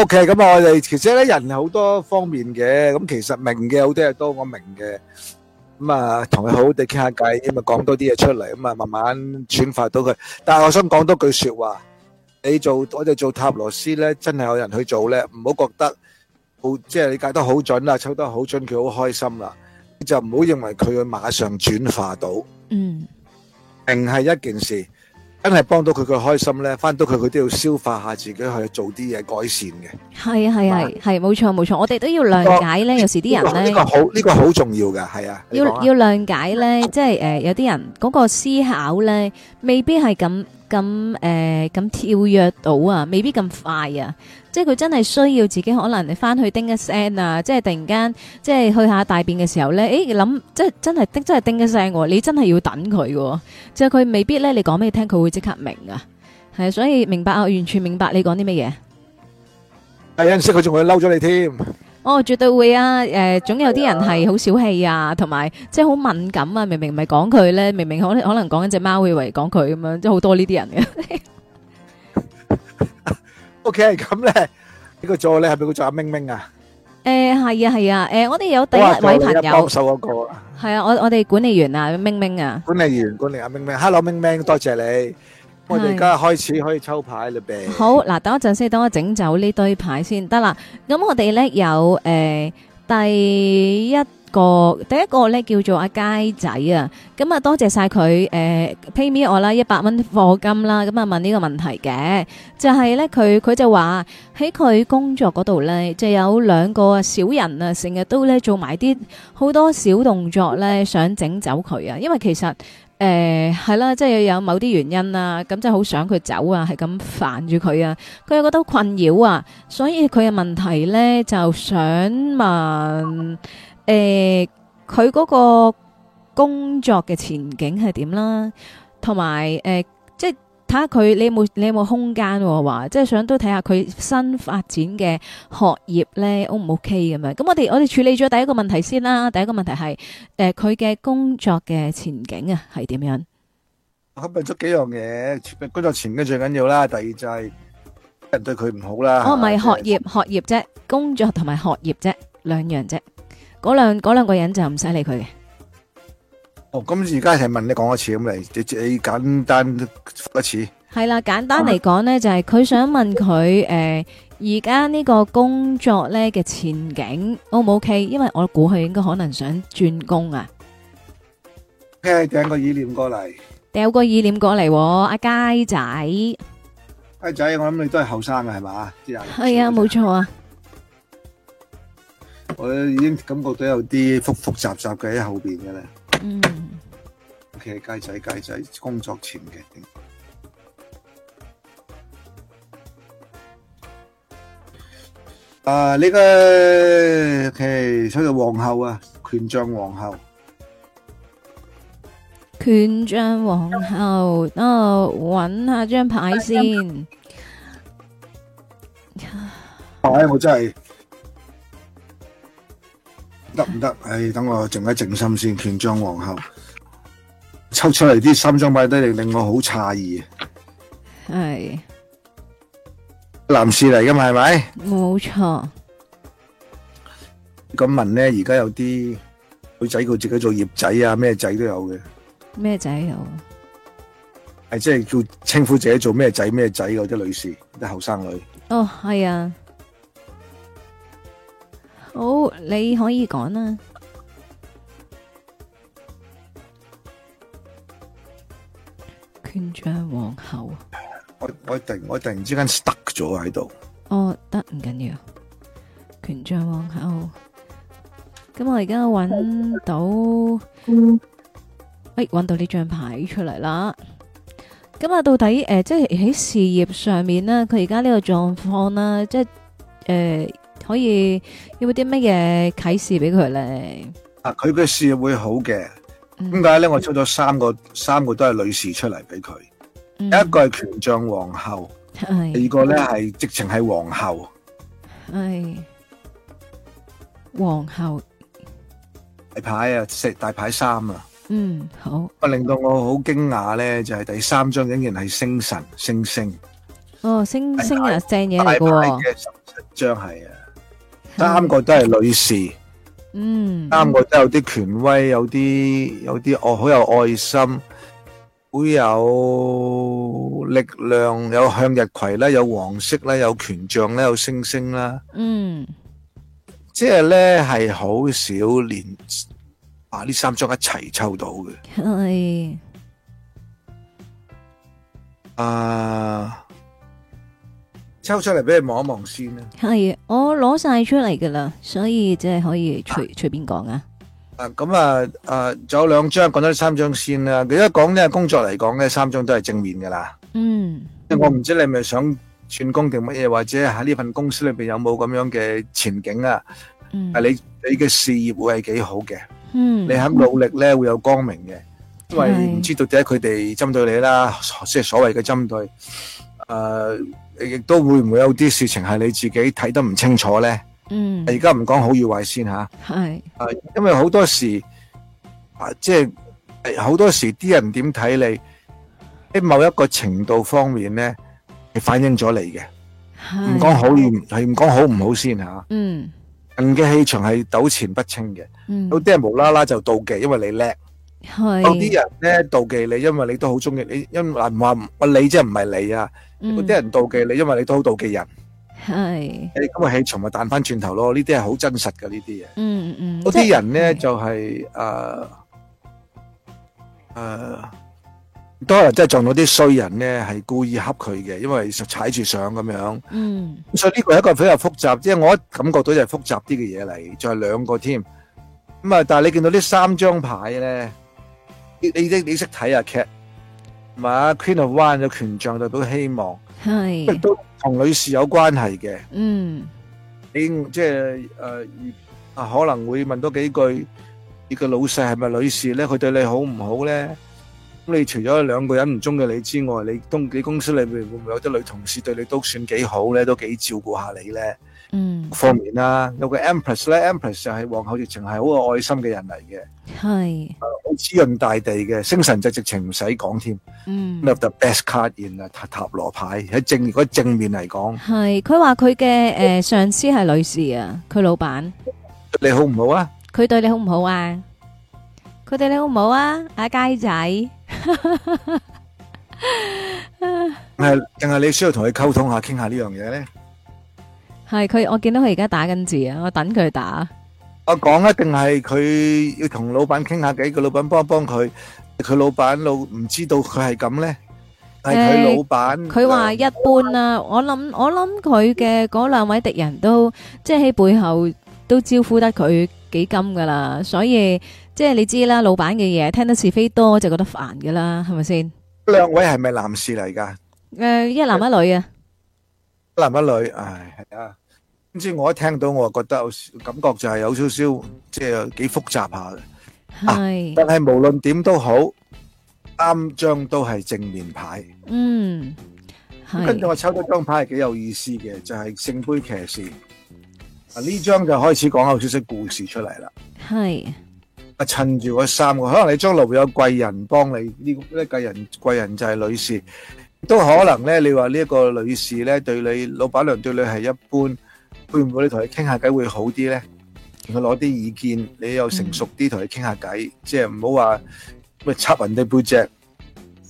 ，OK，咁啊，我哋其實咧人好多方面嘅，咁其實明嘅好多嘢都我明嘅，咁啊，同佢好好地傾下偈，咁啊，講多啲嘢出嚟，咁啊，慢慢轉發到佢。但係我想講多句說話，你做我哋做塔羅師咧，真係有人去做咧，唔好覺得好，即係你解得好準啦，抽得好準，佢好開心啦。就唔好認為佢會馬上轉化到，嗯，定係一件事，真係幫到佢佢開心咧，翻到佢佢都要消化下自己去做啲嘢改善嘅，係啊係啊係，冇錯冇錯，我哋都要諒解咧，有時啲人咧，呢個好呢個好重要嘅，係啊，要要諒解咧，即係誒有啲人嗰個思考咧，未必係咁咁誒咁跳躍到啊，未必咁快啊。即係佢真係需要自己，可能翻去叮一聲啊！即係突然間，即係去下大便嘅時候咧，誒諗，即係真係真係叮一聲喎，你真係要等佢嘅，即係佢未必咧，你講咩聽，佢會即刻明啊！係所以明白啊，完全明白你講啲乜嘢。係啊，唔識佢仲會嬲咗你添。哦，絕對會啊！誒，總有啲人係好小氣啊，同埋即係好敏感啊！明明唔係講佢咧，明明可可能講緊隻貓會以為講佢咁樣，即係好多呢啲人嘅。O.K.，咁咧呢個座咧係咪叫做阿明明啊？誒，係啊，係啊，誒，我哋有第一位朋友。幫手嗰個。係啊，我我哋管理員啊，明明啊。管理員，管理啊，明明，Hello，明明，多謝你。我哋而家開始可以抽牌啦，B。好，嗱，等一陣先，等我整走呢堆牌先得啦。咁我哋咧有誒第一。個第一個咧叫做阿佳仔啊，咁啊多謝晒佢誒 pay me 我啦一百蚊課金啦，咁啊問呢個問題嘅，就係咧佢佢就話喺佢工作嗰度咧就有兩個小人啊，成日都咧做埋啲好多小動作咧，想整走佢啊，因為其實誒係、呃、啦，即係有某啲原因啊，咁即係好想佢走啊，係咁煩住佢啊，佢又覺得困擾啊，所以佢嘅問題咧就想問。誒，佢嗰個工作嘅前景係點啦？同埋誒，即係睇下佢你有冇你有冇空間話，哦，即係想都睇下佢新發展嘅學業咧，O 唔 OK 咁樣？咁我哋我哋處理咗第一個問題先啦。第一個問題係誒，佢嘅工作嘅前景啊，係點樣？我諗出幾樣嘢，工作前景最緊要啦。第二就係、是、人對佢唔好啦。我唔係學業學業啫，工作同埋學業啫，兩樣啫。嗰兩嗰兩個人就唔使理佢嘅。哦，咁而家係問你講一次咁嚟，你你簡單覆一次。係啦，簡單嚟講咧，就係佢想問佢誒，而家呢個工作咧嘅前景 O 唔 OK？因為我估佢應該可能想轉工啊。OK，掟個意念過嚟，掟個意念過嚟，阿佳仔，佳仔，我諗你都係後生嘅係嘛？係啊，冇錯啊。我已經感覺到有啲複複雜雜嘅喺後邊嘅啦。嗯，OK，雞仔雞仔，工作前嘅。啊，呢個 OK，出咗皇后啊，權杖皇后。權杖皇后，我搵下張牌先。牌我真係。得唔得？唉，等我靜一靜心先。權杖皇后抽出嚟啲三張擺低，都令令我好詫異。係男士嚟㗎嘛？係咪？冇錯。咁問咧，而家有啲女仔佢自己做葉仔啊，咩仔都有嘅。咩仔有？係即係叫稱呼自己做咩仔咩仔？嗰啲女士，啲後生女。哦，係啊。好，你可以講啦。權杖皇后，我我突然我突然之間 stuck 咗喺度。哦，得唔緊要。權杖皇后，咁我而家搵到、嗯，哎，搵到呢張牌出嚟啦。咁啊，到底誒，即係喺事業上面呢，佢而家呢個狀況啦，即係誒。呃可以有冇啲乜嘢啟示俾佢咧？啊，佢嘅事業會好嘅。點解咧？我出咗三個，三個都係女士出嚟俾佢。一個係權杖皇后，哎、第二個咧係直情係皇后。係、哎、皇后大牌啊！食大牌衫啊！嗯，好。啊，令到我好驚訝咧，就係、是、第三張竟然係星神星星。哦，星星係正嘢嚟㗎。張係啊。三個都係女士，嗯，三個都有啲權威，有啲有啲愛，好有愛心，會有力量，有向日葵咧，有黃色咧，有權杖咧，有星星啦，嗯，即係呢係好少連啊呢三張一齊抽到嘅，係、嗯、啊。Uh, 抽出嚟俾你望一望先啦。係，我攞晒出嚟噶啦，所以即係可以隨隨便講啊。啊，咁啊，啊，仲有兩張，講咗三張先啦。你而家講咧，工作嚟講咧，三張都係正面噶啦。嗯，即係我唔知你係咪想轉工定乜嘢，或者喺呢份公司裏邊有冇咁樣嘅前景啊？嗯，啊，你你嘅事業會係幾好嘅。嗯，你肯努力咧，會有光明嘅。因為唔知道點解佢哋針對你啦，即係所謂嘅針對。誒。亦都會唔會有啲事情係你自己睇得唔清楚咧？嗯，而家唔講好與壞先吓，係，啊，因為好多時啊，即係好多時啲人點睇你喺某一個程度方面咧，係反映咗你嘅，唔講好與係唔講好唔好先吓、啊，嗯，人嘅氣場係糾纏不清嘅、嗯，有啲人無啦啦就妒忌，因為你叻。有啲人咧妒忌你，因為你都好中意你，因話唔話唔話你啫，即係唔係你啊。有啲人妒忌你，因為你都好妒忌人。係，你今日氣場咪彈翻轉頭咯？呢啲係好真實噶呢啲嘢。嗯嗯嗯。嗰啲人咧就係誒誒，都可能真係撞到啲衰人咧，係故意恰佢嘅，因為踩住上咁樣。嗯。所以呢個係一個比較複雜，即係我感覺到就係複雜啲嘅嘢嚟，仲係兩個添。咁啊，但係你見到呢三張牌咧。你你你識睇啊，劇，《Queen of One》嘅權杖代表希望，亦都同女士有關係嘅。嗯，你即係誒、呃，可能會問多幾句，你，個老細係咪女士咧？佢對你好唔好咧？咁你除咗兩個人唔中意你之外，你公公司裏邊會唔會有啲女同事對你都算幾好咧？都幾照顧下你咧？嗯，方面啦，有個 Empress 咧，Empress 就係皇后，直情係好有愛心嘅人嚟嘅，係，好，滋潤大地嘅，精神就直情唔使講添，嗯，有 The Best Card in 塔塔羅牌喺正如果正面嚟講，係，佢話佢嘅誒上司係女士啊，佢老板，你好唔好啊？佢對你好唔好啊？佢對你好唔好啊？阿佳仔，係，定係你需要同佢溝通下，傾下呢樣嘢咧？係佢，我見到佢而家打緊字啊！我等佢打。我講一定係佢要同老闆傾下偈，個老闆幫一幫佢。佢老闆老唔知道佢係咁咧，係佢老闆。佢話一般啊，我諗我諗佢嘅嗰兩位敵人都即係喺背後都招呼得佢幾勁噶啦，所以即係你知啦，老闆嘅嘢聽得是非多就覺得煩噶啦，係咪先？兩位係咪男士嚟噶？誒，一男一女啊。一男一女，唉，係啊。跟住，我一聽到我啊，覺得有感覺就係有少少，即係幾複雜下嘅。係，但係無論點都好，啱張都係正面牌。嗯，跟住我抽咗張牌係幾有意思嘅，就係聖杯騎士啊。呢張就開始講有少少故事出嚟啦。係啊，趁住嗰三個，可能你將來會有貴人幫你呢？呢個貴人貴人就係女士，都可能咧。你話呢一個女士咧，對你老闆娘對你係一般。會唔會你同佢傾下偈會好啲咧？佢攞啲意見，你又成熟啲同佢傾下偈，即係唔好話咪插人哋背脊，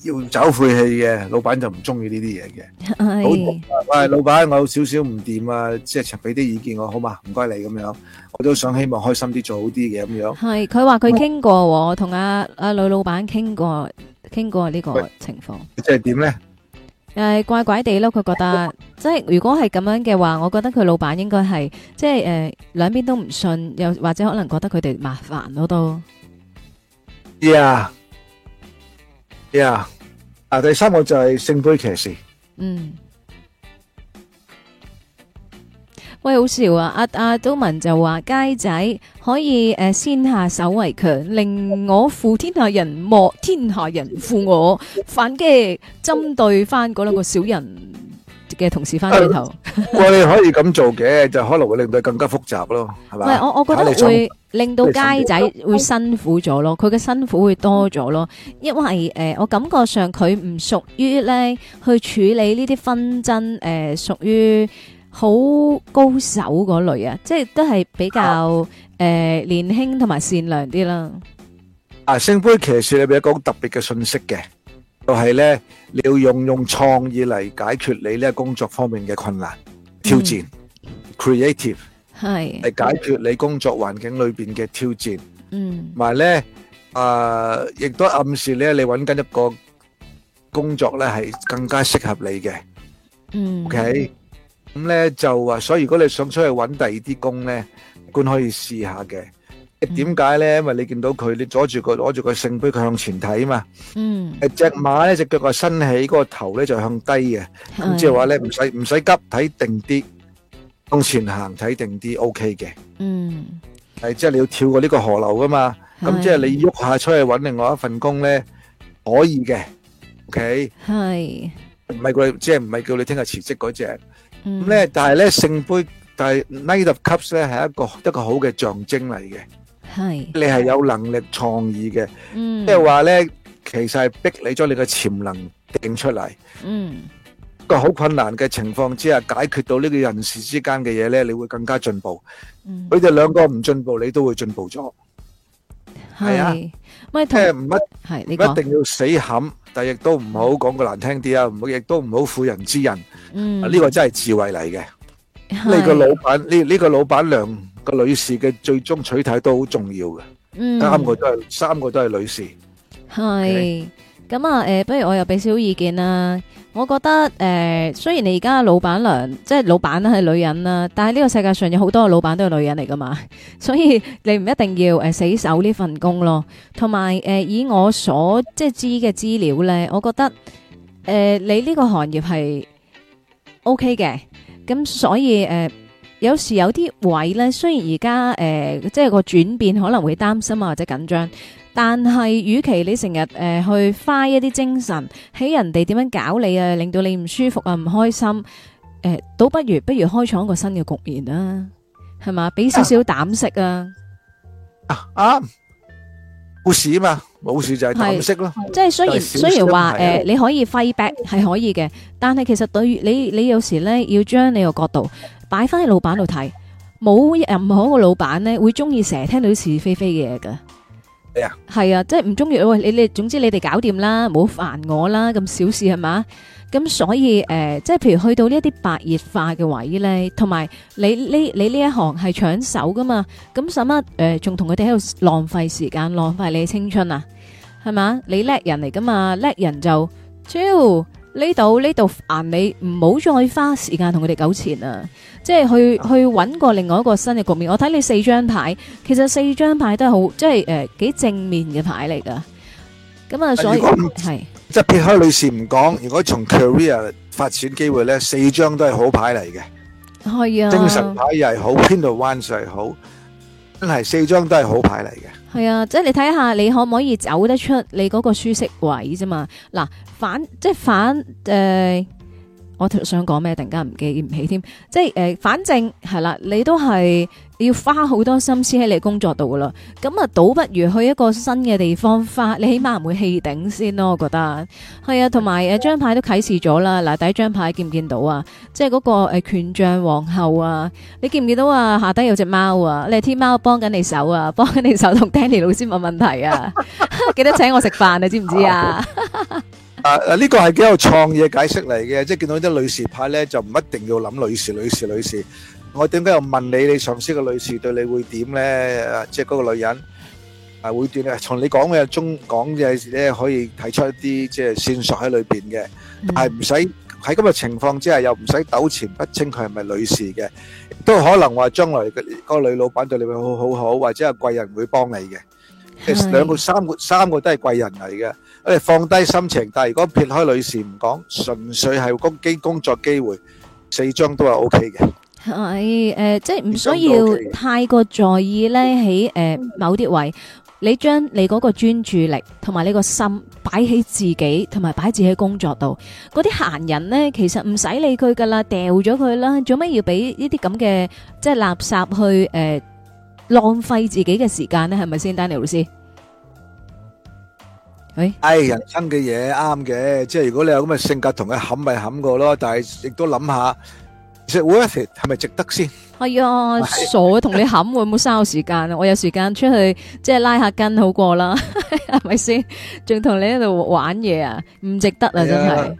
要走晦氣嘅，老闆就唔中意呢啲嘢嘅。係，係老闆，我有少少唔掂啊，即係俾啲意見我好嘛？唔該你咁樣，我都想希望開心啲，做好啲嘅咁樣。係，佢話佢傾過喎，同阿阿女老闆傾過，傾過呢個情況。即係點咧？誒，怪怪地咯，佢覺得即係如果係咁樣嘅話，我覺得佢老闆應該係即係誒、呃，兩邊都唔信，又或者可能覺得佢哋麻煩咯都，Yeah，yeah，啊，第三個就係聖杯騎士。嗯。喂，好笑啊！阿阿都文就話，街仔可以誒、呃，先下手為強，令我負天下人，莫天下人負我。反擊針對翻嗰兩個小人嘅同事翻轉頭，佢、哎、 可以咁做嘅，就可能會令到更加複雜咯，係咪？係，我我覺得會令到街仔會辛苦咗咯，佢嘅辛苦會多咗咯，因為誒、呃，我感覺上佢唔屬於咧去處理呢啲紛爭，誒、呃，屬於。好高手嗰類啊，即係都係比較誒年輕同埋善良啲啦。啊，聖杯騎士裏邊一個特別嘅信息嘅，就係咧你要用用創意嚟解決你呢個工作方面嘅困難挑戰，creative 係係解決你工作環境裏邊嘅挑戰。嗯，同埋咧啊，亦都暗示咧你揾緊一個工作咧係更加適合你嘅。嗯，OK。咁咧就話，所以如果你想出去揾第二啲工咧，官可以試下嘅。點解咧？因為你見到佢，你阻住佢，攞住個聖杯佢向前睇嘛。嗯。誒，隻馬咧隻腳係伸起，個頭咧就向低嘅。係。咁即係話咧，唔使唔使急睇定啲，向前行睇定啲，OK 嘅。嗯。係即係你要跳過呢個河流噶嘛？咁即係你喐下出去揾另外一份工咧，可以嘅。OK。係。唔係佢，即係唔係叫你聽日辭職嗰隻。咁、嗯、咧，但係咧，聖杯，但係 Knight of Cups 咧，係一個一個好嘅象徵嚟嘅。係，你係有能力創意嘅，即係話咧，其實係逼你將你嘅潛能掟出嚟。嗯，個好困難嘅情況之下，解決到呢個人事之間嘅嘢咧，你會更加進步。嗯，佢哋兩個唔進步，你都會進步咗。係啊。即係唔一，一定要死冚，這個，但亦都唔好講句難聽啲啊。唔好，亦都唔好婦人之仁。嗯，呢、啊，這個真係智慧嚟嘅。呢、這個老板，呢、這、呢個老板娘個女士嘅最終取態都好重要嘅。嗯，三個都係三個都係女士。係，咁、okay？啊，誒、呃，不如我又俾少少意見啦。我覺得誒、呃，雖然你而家老闆娘即係老闆係女人啦，但係呢個世界上有好多老闆都係女人嚟噶嘛，所以你唔一定要誒、呃、死守呢份工咯。同埋誒，以我所即係知嘅資料呢，我覺得誒、呃，你呢個行業係 O K 嘅。咁所以誒、呃，有時有啲位呢，雖然而家誒即係個轉變可能會擔心啊或者緊張。但係，與其你成日誒去花一啲精神喺人哋點樣搞你啊，令到你唔舒服啊、唔開心，啊，誒、呃，倒不如不如開創一個新嘅局面啦、啊，係嘛？俾少少膽色啊！啱、啊，冇、啊、事啊嘛，冇事就係膽色咯。即係、就是、雖然、就是、雖然話誒、呃，你可以 fight back 係可以嘅，但係其實對你你有時咧要將你個角度擺翻喺老闆度睇，冇任何一個老闆咧會中意成日聽到是非非嘅嘢㗎。係、yeah. 啊，即係唔中意喂，你你總之你哋搞掂啦，唔好煩我啦，咁小事係嘛？咁所以誒、呃，即係譬如去到呢一啲白熱化嘅位咧，同埋你呢你呢一行係搶手噶嘛？咁使乜誒，仲同佢哋喺度浪費時間，浪費你青春啊？係嘛？你叻人嚟噶嘛？叻人就，操！呢度呢度，行你唔好再花時間同佢哋糾纏啊！即係去去揾過另外一個新嘅局面。我睇你四張牌，其實四張牌都係好，即係誒幾正面嘅牌嚟噶。咁啊，所以係即係撇開女士唔講，如果從 career 發展機會咧，四張都係好牌嚟嘅。係啊，精神牌又係好，邊度彎水係好，真係四張都係好牌嚟嘅。係啊，即係你睇下，你可唔可以走得出你嗰個舒適位啫嘛？嗱，啊，反，即係反，誒。呃我想講咩，突然間唔記唔起添，即係誒，反正係啦，你都係要花好多心思喺你工作度噶啦，咁啊，倒不如去一個新嘅地方花，你起碼唔會氣頂先咯。我覺得係啊，同埋誒，張牌都啟示咗啦。嗱，第一張牌見唔見到啊？即係嗰個誒權杖皇后啊，你見唔見到啊？下低有隻貓啊，你係天貓幫緊你手啊，幫緊你手同 Danny 老師問問題啊，記得請我食飯，你知唔知啊？啊啊！呢個係幾有創意嘅解釋嚟嘅，即係見到啲女士牌呢，就唔一定要諗女士、女士、女士。我點解又問你，你上司個女士對你會點呢？即係嗰個女人啊，會點呢？從你講嘅中講嘅呢，可以睇出一啲即係線索喺裏邊嘅，但係唔使喺咁嘅情況之下，又唔使糾纏不清佢係咪女士嘅，都可能話將來個個女老闆對你會好好好，或者有貴人會幫你嘅。即係兩個、三個、三個都係貴人嚟嘅。我哋放低心情，但係如果撇開女士唔講，純粹係工機工作機會，四張都係 OK 嘅。係誒，即係唔需要太過在意咧，喺誒某啲位，你將你嗰個專注力同埋你個心擺喺自己，同埋擺住喺工作度。嗰啲閒人咧，其實唔使理佢噶啦，掉咗佢啦，做咩要俾呢啲咁嘅即係垃圾去誒浪費自己嘅時間咧？係咪先，Danny 老師？唉、哎哎，人生嘅嘢啱嘅，即係如果你有咁嘅性格，同佢冚咪冚過咯。但係亦都諗下，其實 worth it 係咪值得先？哎呀，傻同你冚會冇嘥時間啊！我有時間出去即係拉下筋好過啦，係咪先？仲同你喺度玩嘢啊？唔值得啊！哎、真係。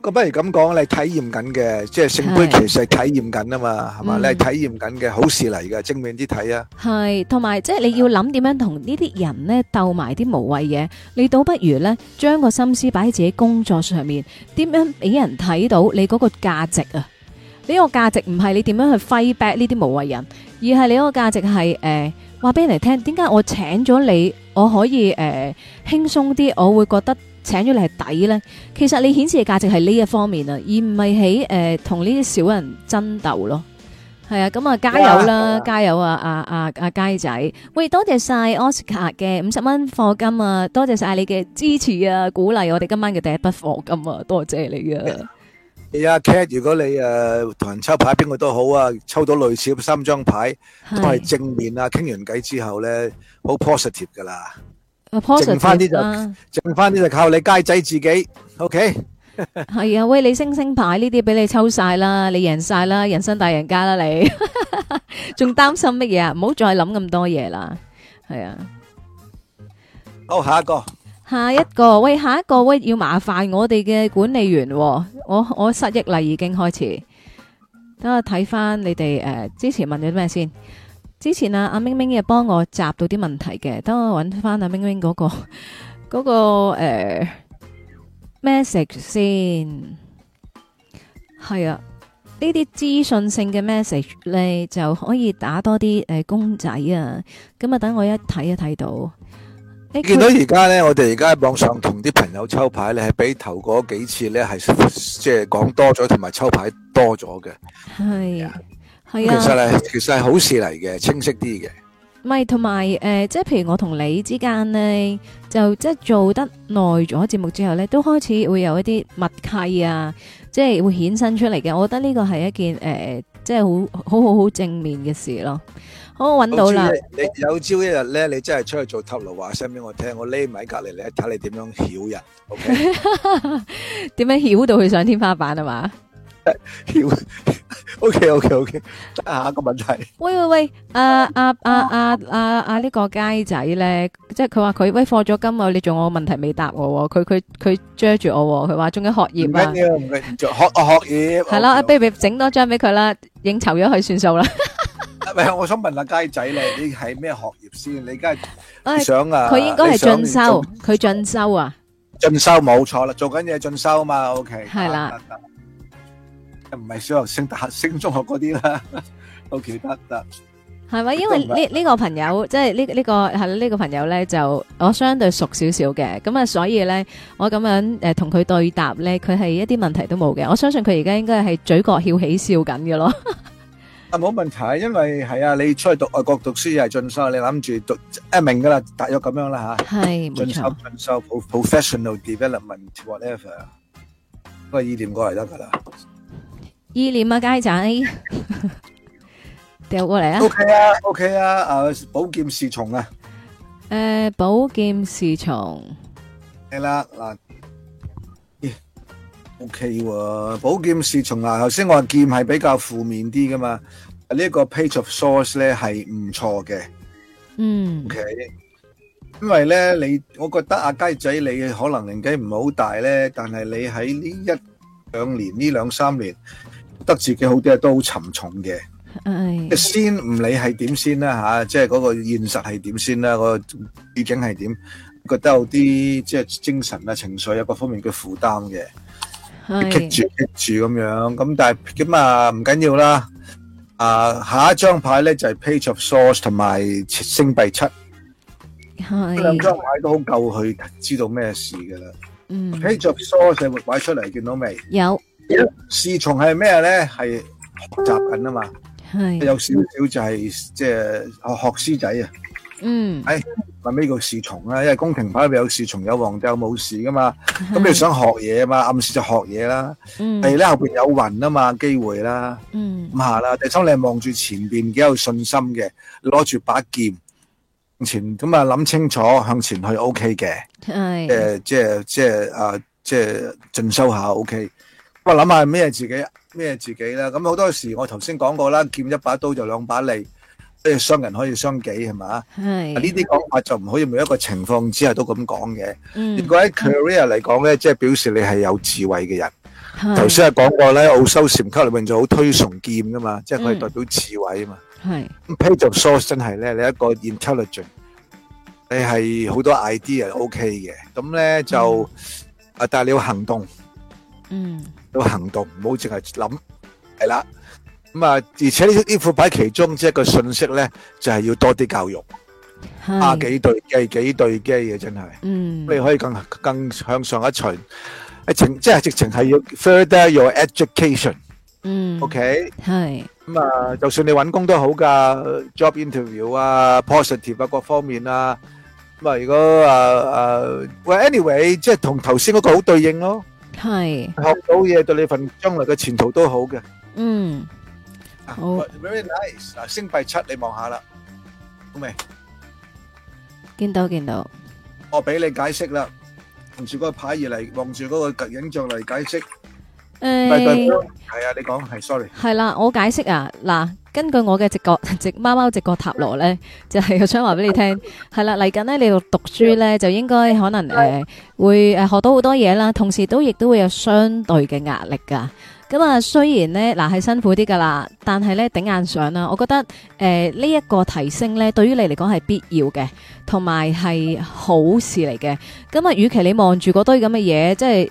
咁不如咁講，你係體驗緊嘅，即係聖杯其實體驗緊啊嘛，係嘛？你係體驗緊嘅好事嚟嘅，正面啲睇啊。係，同埋即係你要諗點樣同呢啲人咧鬥埋啲無謂嘢，你倒不如咧將個心思擺喺自己工作上面，點樣俾人睇到你嗰個價值啊？呢個價值唔係你點樣去 fight back 呢啲無謂人，而係你個價值係誒話俾人哋聽，點解我請咗你，我可以誒輕鬆啲，我會覺得。請咗你係抵咧，其實你顯示嘅價值係呢一方面啊，而唔係喺誒同呢啲小人爭鬥咯。係啊，咁、嗯、啊加油啦，加油啊啊啊啊，啊佳仔！喂，多謝晒 Oscar 嘅五十蚊課金啊，多謝晒你嘅支持啊，鼓勵我哋今晚嘅第一筆課金啊，多謝你啊！阿、yeah, Kat 如果你誒同、呃、人抽牌，邊個都好啊，抽到類似三張牌是都係正面啊，傾完偈之後咧，好 positive 噶啦～Positive、剩翻啲就剩翻啲就靠你街仔自己，OK 係啊，喂，你星星牌呢啲俾你抽晒啦，你贏晒啦，人生大贏家啦，你，仲 擔心乜嘢啊？唔好再諗咁多嘢啦，係啊。好，下一個。下一個，喂，下一個，喂，要麻煩我哋嘅管理員，我我失憶啦，已經開始。等我睇翻你哋誒、呃，之前問咗咩先？之前啊，阿明明亦幫我集到啲問題嘅，等我搵翻阿明明嗰、嗰個、嗰個誒、呃、message 先。係啊，呢啲資訊性嘅 message 咧，就可以打多啲誒、呃、公仔啊。咁啊，等我一睇啊，睇到。你、欸、見到而家咧，我哋而家喺網上同啲朋友抽牌咧，係比頭嗰幾次咧，係即係講多咗，同埋抽牌多咗嘅。係。係啊，其實咧，其實係好事嚟嘅，清晰啲嘅。唔係，同埋誒，即係譬如我同你之間咧，就即係做得耐咗節目之後咧，都開始會有一啲默契啊，即係會衍生出嚟嘅。我覺得呢個係一件誒、呃，即係好好好好正面嘅事咯。好，我揾到啦。你有朝一日咧，你真係出去做塔羅話，聲俾我聽，我匿埋喺隔籬嚟睇你點樣曉人，OK？點 樣曉到佢上天花板啊嘛？O K O K O K，下一個問題。喂喂喂，阿阿阿阿阿阿呢個佳仔咧，即係佢話佢喂放咗金啊，你仲我問題未答我喎？佢佢佢遮住我，佢話仲有學業啊，學學業係啦，baby 整多張俾佢啦，應酬咗佢算數啦。唔係，我想問下佳仔咧，你係咩學業先？你梗係想啊？佢應該係進修，佢進修啊？進修冇錯啦，做緊嘢進修啊嘛，O K 係啦。唔係小學升大學升中學嗰啲啦，OK 得得，係咪？因為呢呢個朋友即係呢呢個係呢個朋友咧，就我相對熟少少嘅，咁啊，所以咧，我咁樣誒同佢對答咧，佢係一啲問題都冇嘅。我相信佢而家應該係嘴角翹起笑緊嘅咯。啊，冇問題，因為係啊，你出去讀外國讀書係進修，你諗住讀誒明噶啦，大約咁樣啦吓。係，進修進修 professional development whatever，個意念過嚟得噶啦。依念啊，佳仔，掉 過嚟啊！O K 啊，O K 啊，okay、啊，寶劍侍從啊，誒、uh,，寶劍侍從係啦，嗱，O K 喎，寶劍侍從啊，頭先我話劍係比較負面啲噶嘛，呢、這個 Page of Swords 咧係唔錯嘅，嗯，O K，因為咧你，我覺得阿、啊、佳仔你可能年紀唔係好大咧，但係你喺呢一兩年呢兩三年。得自己好啲啊，都好沉重嘅。先唔理係點先啦，吓，即係嗰個現實係點先啦，個背景係點，覺得有啲即係精神啊、情緒啊各方面嘅負擔嘅，棘住棘住咁樣。咁但係咁啊唔緊要啦。啊，下一張牌咧就係 Page of Swords 同埋星幣七，呢兩張牌都好夠去知道咩事噶啦。嗯，Page of Swords 係咪擺出嚟，見到未？有。侍從係咩咧？係學習緊啊嘛，係有少少就係即係學學師仔啊。嗯，係呢個侍從啊，因為宮廷牌入邊有侍從有王就冇事噶嘛，咁你想學嘢啊嘛，暗示就學嘢啦。嗯，係咧，後邊有雲啊嘛，機會啦。嗯，咁下啦。第三你望住前邊，幾有信心嘅，攞住把劍向前咁啊，諗清楚向前去 OK 嘅。係誒、呃，即係即係、啊、即係進修下 OK。我諗下咩自己咩自己啦，咁好多時我頭先講過啦，劍一把刀就兩把利，即係傷人可以傷己，係咪？係呢啲講法就唔可以每一個情況之下都咁講嘅。如果喺 career 嚟講咧，即係表示你係有智慧嘅人。頭先係講過咧，奧修禪卡裏面就好推崇劍噶嘛，即係佢係代表智慧啊嘛。係。咁 Page of Swords 真係咧，你一個 intelligent，你係好多 idea OK 嘅，咁咧就啊，但係你要行動。嗯。都行動，唔好淨係諗係啦，咁啊，而且呢呢副牌其中一個信息咧，就係要多啲教育，幾對機幾對機嘅真係，嗯，你可以更更向上一層，情即係直情係要 further your education，嗯，OK，係，咁啊，就算你揾工都好㗎，job interview 啊，positive 啊，各方面啊，咁啊，如果啊啊，喂，anyway，即係同頭先嗰個好對應咯。係學到嘢對你份將來嘅前途都好嘅。嗯，好。Very nice 嗱，星幣七你望下啦，好未？見到見到，我俾你解釋啦，同住嗰個牌而嚟，望住嗰個格影像嚟解釋。係、哎、啊，你講係，sorry。係啦，我解釋啊，嗱，根據我嘅直覺，直貓貓直覺塔羅咧，就係、是、我想話俾你聽，係 啦，嚟緊呢，你要讀書咧就應該可能誒、呃、會誒、呃、學到好多嘢啦，同時都亦都會有相對嘅壓力噶。咁啊，雖然咧嗱係辛苦啲噶啦，但係咧頂硬上啦，我覺得誒呢一個提升咧對於你嚟講係必要嘅，同埋係好事嚟嘅。咁啊，與其你望住嗰堆咁嘅嘢，即係。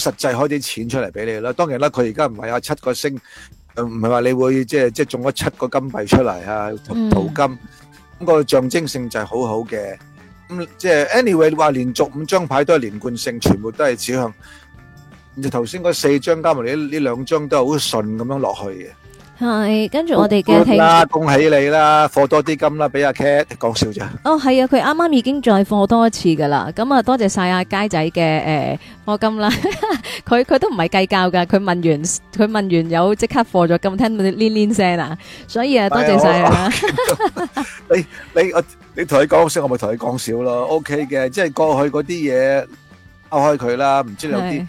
實際開啲錢出嚟俾你啦，當然啦，佢而家唔係有七個星，唔係話你會即係即係中咗七個金幣出嚟啊淘金，咁、嗯個象徵性就係好好嘅，咁即係 anyway 話連續五張牌都係連貫性，全部都係指向，就頭先嗰四張加埋呢呢兩張都係好順咁樣落去嘅。係，跟住我哋嘅聽，恭喜你啦！課多啲金啦，俾阿 Cat 講笑咋？哦，係啊，佢啱啱已經再課多一次噶啦。咁啊，多謝晒阿佳仔嘅，誒，課金啦。佢佢都唔係計較噶。佢問完，佢問完有即刻課咗咁聽，鈴鈴聲啊。所以啊，多謝晒。你你我你同佢講聲，我咪同佢講笑咯。OK 嘅，即係過去嗰啲嘢，拋開佢啦。唔知有啲。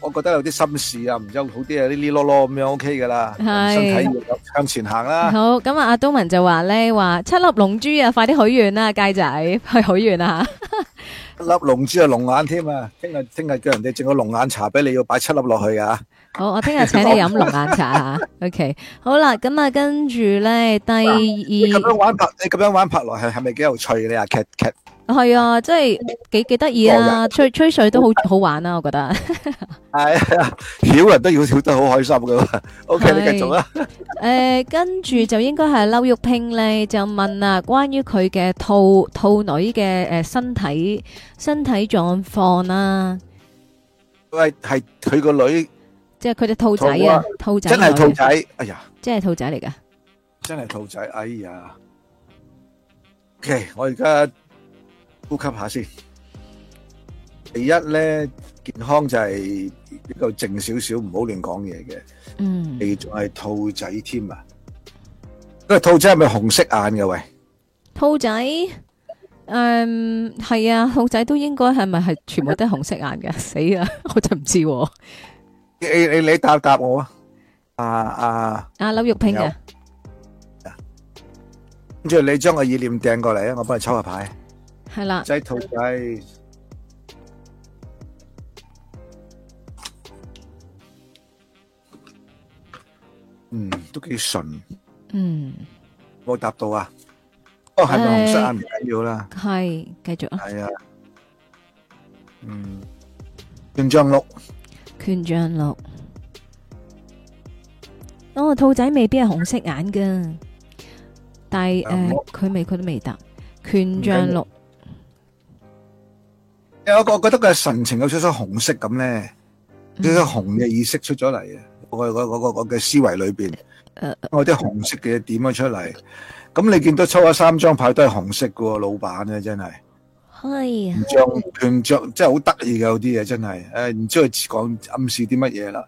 我覺得有啲心事啊，唔就好啲啊，啲呢囉囉咁樣 OK 噶啦，身體要向前行啦。好，咁啊，阿東文就話咧，話七粒龍珠啊，快啲許願啦，雞仔去許願啦吓。 一粒龍珠啊，龍眼添啊，聽日聽日叫人哋整個龍眼茶俾你，要擺七粒落去啊。好，我聽日請你飲龍眼茶吓。 OK，好啦，咁啊，跟住咧第二，咁樣玩拍，你咁樣玩拍落去係咪幾有趣你啊？劇劇。係 啊，即係幾幾得意啊！哦、吹吹水都好好玩啊，我覺得係啊，小、 哎、人都要跳得好開心噶。O K，你做啊誒，跟 住、嗯、就應該係劉玉拼咧，就問啊，關於佢嘅兔兔女嘅誒身體身體狀況啦、啊。喂，係佢個女，即係佢隻兔仔啊！兔仔真係兔仔，哎呀，真係兔仔嚟噶，真係兔仔，哎呀。O、okay, K，我而家。呼吸下先。第一咧，健康就係比較靜少少，唔好亂講嘢嘅。嗯，你仲係兔仔添啊？嗰個兔仔係咪紅色眼嘅喂？兔仔，嗯，係啊，兔仔都應該係咪係全部都係紅色眼嘅？死啊，我就唔知。你你你答答我啊！阿阿阿劉玉平啊！跟住你將個意念掟過嚟啊！我幫你抽下牌。係啦，隻兔仔，嗯，都幾純，嗯，冇答到啊，哦，係咪紅色眼唔緊要啦，係，繼續啊，係啊，嗯，權杖六，權杖六，哦，兔仔未必係紅色眼噶，但係誒，佢未，佢都未答，權杖六。我覺得佢神情有出出紅色咁咧，啲紅嘅意識出咗嚟啊！我、那個、那個、那個嘅思維裏邊，我啲紅色嘅點咗出嚟，咁你見到抽咗三張牌都係紅色喎，老闆咧真係，唔像，唔像，真係好得意嘅有啲嘢真係，誒唔知佢講暗示啲乜嘢啦。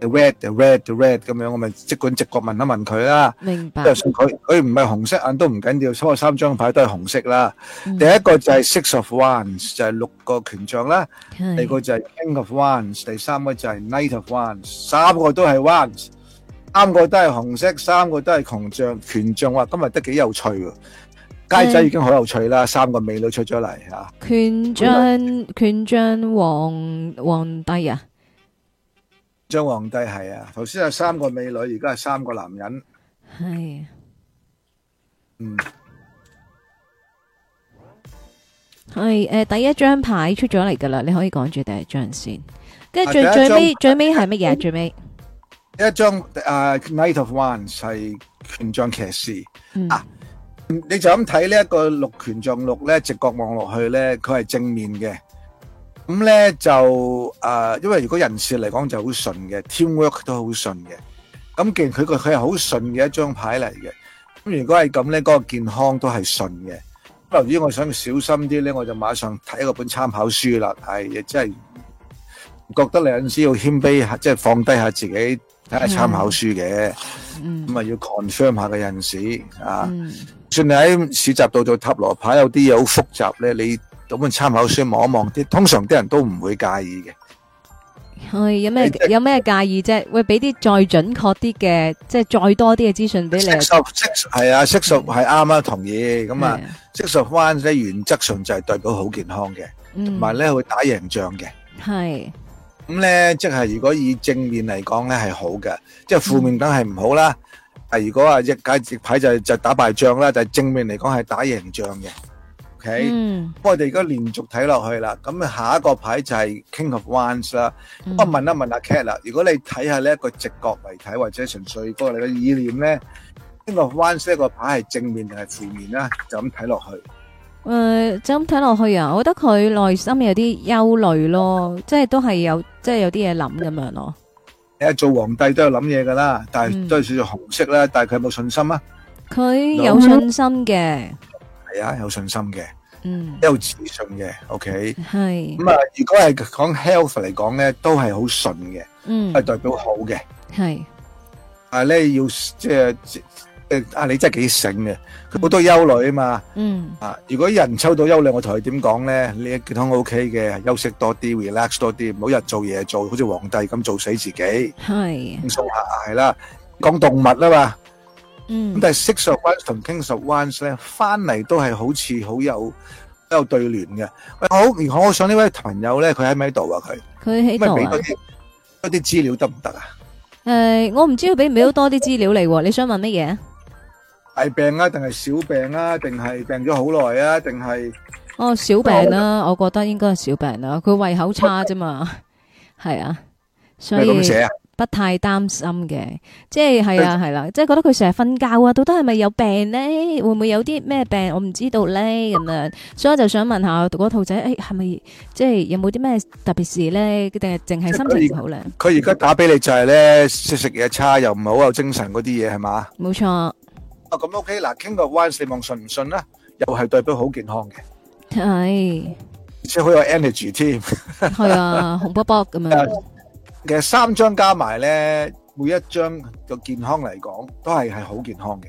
the red the red the red 咁樣，我咪即管直覺問一問佢啦。明白。佢佢唔係紅色眼，都唔緊要。所有三張牌都係紅色啦。第一個就係 Six of Wands，就係六個權杖啦。第二個就係 King of Wands，第三個就係 Knight of Wands，三個都係 Wands，三個都係紅色，三個都係權杖。權杖話今日得幾有趣，佳仔已經好有趣啦。三個美女出咗嚟啊！權杖權杖皇皇帝啊！張皇帝係啊，頭先係三個美女，而家係三個男人。係、啊，嗯，係誒、呃，第一張牌出咗嚟噶啦，你可以講住第一張先，跟住最最尾最尾係乜嘢？最尾、啊、一張誒、uh,，Knight of Wands 係權杖騎士、嗯、啊，你就咁睇呢一個六權杖六咧，直角望落去咧，佢係正面嘅。咁咧就誒、呃，因為如果人事嚟講就好順嘅，teamwork 都好順嘅。咁既然佢個佢係好順嘅一張牌嚟嘅，咁如果係咁咧，嗰、那個健康都係順嘅。由於我想小心啲咧，我就馬上睇個本參考書啦。係，亦即係覺得你有陣時要謙卑下，即、就、係、是、放低下，下自己睇下參考書嘅。咁、嗯、啊要 confirm 下嘅人士，啊，嗯、算你喺市集度做塔羅牌，有啲嘢好複雜咧，你。咁嘅參考書望一望啲，通常啲人都唔會介意嘅。喂，有咩有咩介意啫？會俾啲再準確啲嘅，即係再多啲嘅資訊俾你。色熟係啊，色熟係啱啊，同意咁啊。色熟彎咧，原則上就係代表好健康嘅，同埋咧會打贏仗嘅。係咁咧，即係如果以正面嚟講咧，係好嘅。即係負面梗係唔好啦。但係如果啊，逆解逆牌就就打敗仗啦，就正面嚟講係打贏仗嘅。Okay? 嗯，不過我哋而家連續睇落去啦，咁下一個牌就係 King of Wands 啦。咁、嗯、我問一問阿、啊、Cat 啦，如果你睇下呢一個直覺嚟睇或者純粹嗰個你嘅意念咧，King of Wands 呢個牌係正面定係負面咧？就咁睇落去。誒、呃，就咁睇落去啊！我覺得佢內心有啲憂慮咯，即係都係有，即係有啲嘢諗咁樣咯。誒、嗯，做皇帝都有諗嘢噶啦，但係都係少少紅色啦。但係佢有冇信心啊？佢有信心嘅。嗯係啊，有信心嘅，有自信嘅，OK，係咁啊。如果係講 health 嚟講咧，都係好順嘅，係代表好嘅。係，但係咧要即係誒，阿你真係幾醒嘅。佢好多憂慮啊嘛，嗯啊。如果有人抽到憂慮，我同你點講咧？你嘅健康 O K 嘅，休息多啲，relax 多啲，唔好日做嘢做，好似皇帝咁做死自己。係啊，係啦，講動物啊嘛。嗯，咁但係 six sword 同 king sword 咧，翻嚟都係好似好有、好有對聯嘅。好，然後我想呢位朋友咧，佢喺唔喺度啊？佢佢喺度啊？俾多啲多啲資料得唔得啊？誒、呃，我唔知道要俾唔俾多啲資料你喎？你想問乜嘢啊？係病啊，定係小病啊，定係病咗好耐啊，定係？哦，小病啊？病我覺得應該係小病啊。佢胃口差啫嘛，係 啊，所以。係咁寫啊？不太擔心嘅，即係係啊係啦，即係覺得佢成日瞓覺啊，到底係咪有病咧？會唔會有啲咩病？我唔知道咧咁樣，所以我就想問下嗰個兔仔，誒係咪即係有冇啲咩特別事咧？定係淨係心情唔好咧？佢而家打俾你就係咧食食嘢差，又唔係好有精神嗰啲嘢係嘛？冇錯。啊咁 OK，嗱傾過 once，你望信唔信啦？又係代表好健康嘅，係。即係好有 energy 添。係啊，紅卜卜咁樣。其實三張加埋咧，每一張個健康嚟講都係係好健康嘅，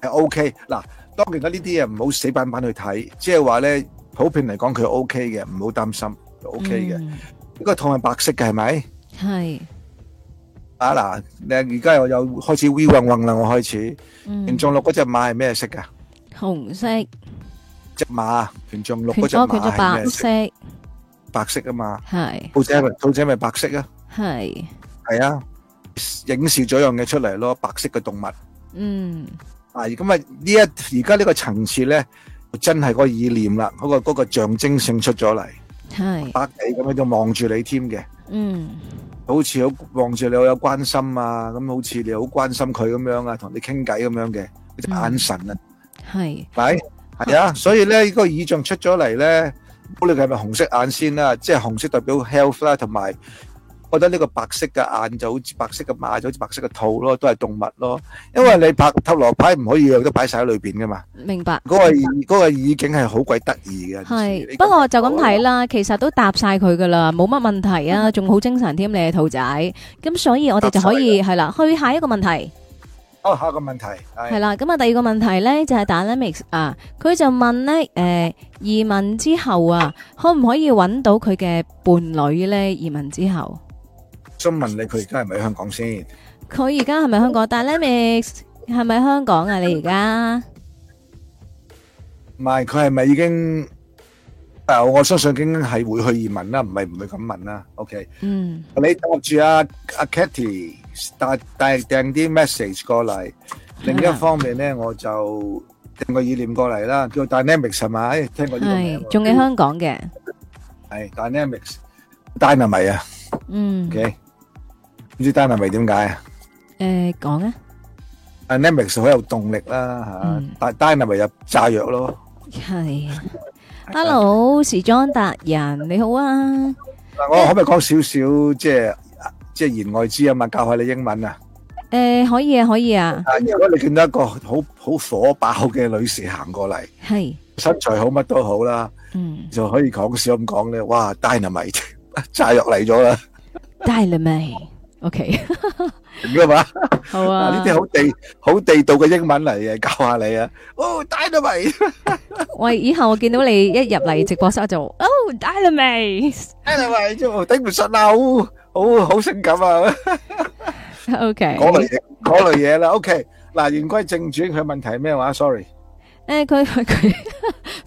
係 O K。嗱，當然啦呢啲嘢唔好死板板去睇，即係話咧，普遍嚟講佢 O K 嘅，唔好擔心，O K 嘅。呢個桶係白色嘅，係咪？係。啊嗱，你而家又又開始 V 運運啦，我開始。嗯。權杖六嗰隻馬係咩色㗎？紅色。隻馬權杖六嗰隻馬係咩色？白色啊嘛。係。兔仔，兔仔咪白色啊？係係 啊，影視咗樣嘢出嚟咯，白色嘅動物。嗯。啊，咁啊，呢一而家呢個層次咧，就真係個意念啦，嗰、嗰個、嗰個象徵性出咗嚟。係。白幾咁喺度望住你添嘅。嗯。好似好望住你好有關心啊，咁、嗯、好似你好關心佢咁樣啊，同你傾偈咁樣嘅，嗰隻眼神啊。係、嗯。係係啊、嗯，所以咧，呢、呢個意象出咗嚟咧，好你係咪紅色眼先啦、啊，即係紅色代表 health 啦、啊，同埋。覺得呢個白色嘅眼就好似白色嘅馬，就好似白色嘅兔咯，都係動物咯。因為你拍塔羅牌唔可以樣都擺曬喺裏邊噶嘛。明白，嗰個嗰個意境係好鬼得意嘅。係，不過就咁睇啦，其實都答曬佢噶啦，冇乜問題啊，仲好精神添你嘅兔仔。咁所以我哋就可以係啦，去下一個問題。哦，下一個問題係啦，咁啊，第二個問題咧就係 Dynamics 啊，佢就問咧誒移民之後啊，可唔可以揾到佢嘅伴侶咧？移民之後。想問你佢而家係咪喺香港先？佢而家係咪香港？Dynamics 係咪香港啊？你而家唔係佢係咪已經？誒，我相信已經係會去移民啦，唔係唔會咁問啦。OK，嗯，你等住阿阿 Katy，帶帶係訂啲 message 過嚟。另一方面咧，我就訂個意念過嚟啦，叫 Dynamics 係咪？聽過呢個名？係仲係香港嘅，係 Dynamics，Dynamics 啊。嗯。唔知 Dynamite 點解啊？誒，講啊！Anemix 好有動力啦，吓，但 Dynamite 有炸藥咯。係，Hello，時裝達人你好啊！嗱，我可唔可以講少少，即係即係言外之意啊？咪教下你英文啊？誒，可以啊，可以啊。啊，如果你見到一個好好火爆嘅女士行過嚟，係身材好，乜都好啦，嗯，就可以講笑咁講咧。哇，Dynamite 炸藥嚟咗啦！Dynamite。O K，明白。好啊，呢啲好地好地道嘅英文嚟嘅，教下你啊。Oh，dynamic！喂，以後我見到你一入嚟直播室就，Oh，dynamic！dynamic，做頂唔順啊，好好性感啊。O K，嗰類嘢，嗰類嘢啦。O K，嗱，言歸正傳，佢問題係咩話？Sorry，誒，佢佢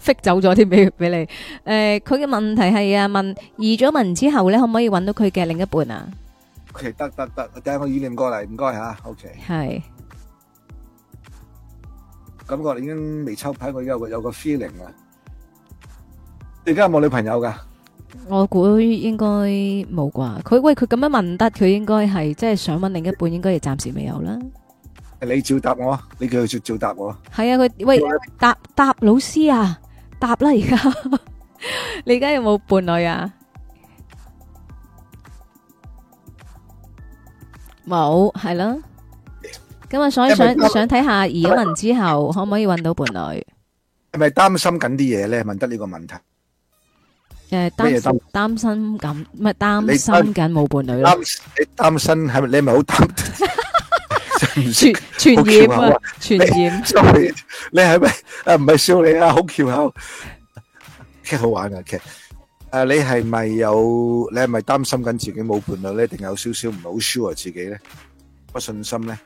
搣走咗啲俾俾你。誒，佢嘅問題係啊，問移咗民之後咧，可唔可以搵到佢嘅另一半啊？得得得，等下我意念過嚟，唔該吓。O K，係，感覺已經未抽牌，我有有個 feeling 啊。你而家有冇女朋友噶？我估應該冇啩。佢喂，佢咁樣問得，佢應該係即係想問另一半，應該係暫時未有啦。你照答我，你叫佢照照答我。係啊，佢喂，答答老師啊，答啦！而家你而家有冇伴侶啊？冇，係咯。咁啊，所以想想睇下移咗民之後可唔可以揾到伴侶？係咪擔心緊啲嘢咧？問得呢個問題。就係擔心擔心咁，唔係擔心緊冇伴侶咯。你擔心係咪？你咪好擔心？唔傳傳染啊！傳染。笑你，你係咪？啊，唔係笑你啊！好巧妙，幾好玩啊！幾。誒，你係咪有？你係咪擔心緊自己冇伴侶咧？定有少少唔係好 sure 自己咧？不信心咧？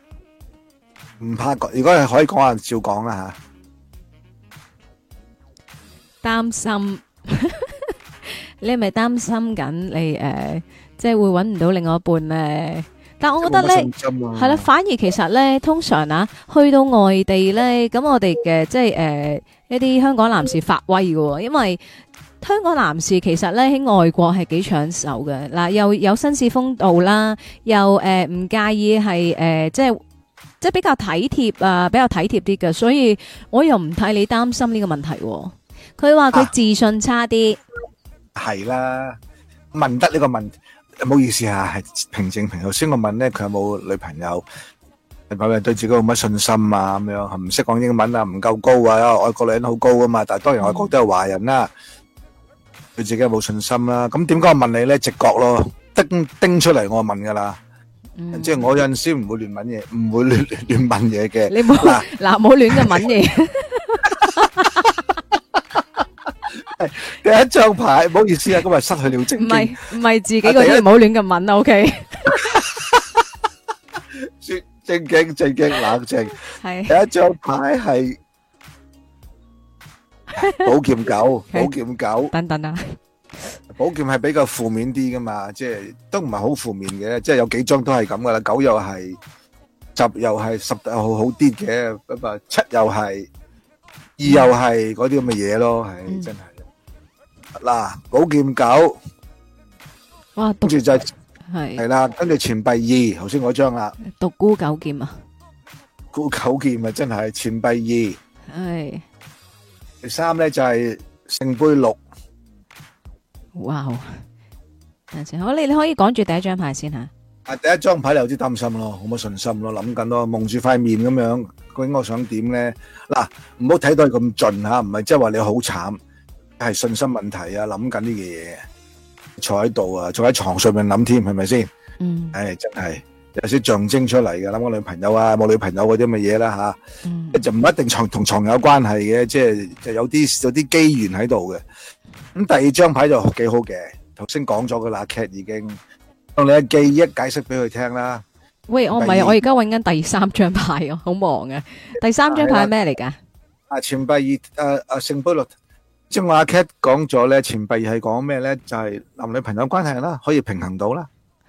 唔怕講，如果係可以講下，照講啦吓。擔心，你係咪擔心緊你誒，即係會搵唔到另外一半咧？但係我覺得咧，係啦，反而其實咧，通常啊，去到外地咧，咁我哋嘅即係誒，一啲香港男士發威嘅，因為。香港男士其實咧喺外國係幾搶手嘅，嗱又有紳士風度啦，又誒唔介意係誒即係即係比較體貼啊，比較體貼啲嘅，所以我又唔替你擔心呢個問題。佢話佢自信差啲，係啦，問得呢個問，唔好意思啊，平靜平頭先我問咧，佢有冇女朋友，係咪對自己有乜信心啊咁樣，唔識講英文啊，唔夠高啊，外國女人好高㗎嘛，但係當然外國都係華人啦。佢自己冇信心啦，咁點解我問你咧直覺咯，叮叮出嚟我問噶啦，即係我有陣時唔會亂問嘢，唔會亂亂問嘢嘅。你冇嗱冇亂咁問嘢。第一張牌，唔好意思啊，今日失去咗正義。唔係唔係自己嗰啲，唔好亂咁問啦。O K。說正經正經冷靜，係第一張牌係。寶劍九，寶劍九，等等啊！寶劍係比較負面啲噶嘛，即係都唔係好負面嘅，即係有幾張都係咁噶啦。九又係，十又係十又好啲嘅，咁啊七又係，二又係嗰啲咁嘅嘢咯，係真係。嗱，寶劍九，哇，跟住就係係啦，跟住錢幣二，頭先嗰張啊，獨孤九劍啊，孤九劍啊，真係錢幣二，係。第三咧就係聖杯六，哇好，陳好你你可以講住第一張牌先吓，啊第一張牌你有啲擔心咯，好冇信心咯，諗緊咯，蒙住塊面咁樣，究竟我想點咧？嗱，唔好睇到咁盡吓，唔係即係話你好慘，係信心問題啊，諗緊呢嘅嘢，坐喺度啊，坐喺床上面諗添，係咪先？嗯，唉，真係。有少象徵出嚟嘅，諗我女朋友啊，冇女朋友嗰啲咁嘅嘢啦，吓，就唔一定床同床有關係嘅，即係就有啲有啲機緣喺度嘅。咁第二張牌就幾好嘅，頭先講咗噶啦，cat 已經用你嘅記憶解釋俾佢聽啦。喂，我唔係，我而家揾緊第三張牌哦，好忙啊！第三張牌係咩嚟噶？錢幣二，啊，錢幣二，誒誒，聖杯六，即係我阿 cat 講咗咧，錢幣二係講咩咧？就係男女朋友關係啦，可以平衡到啦。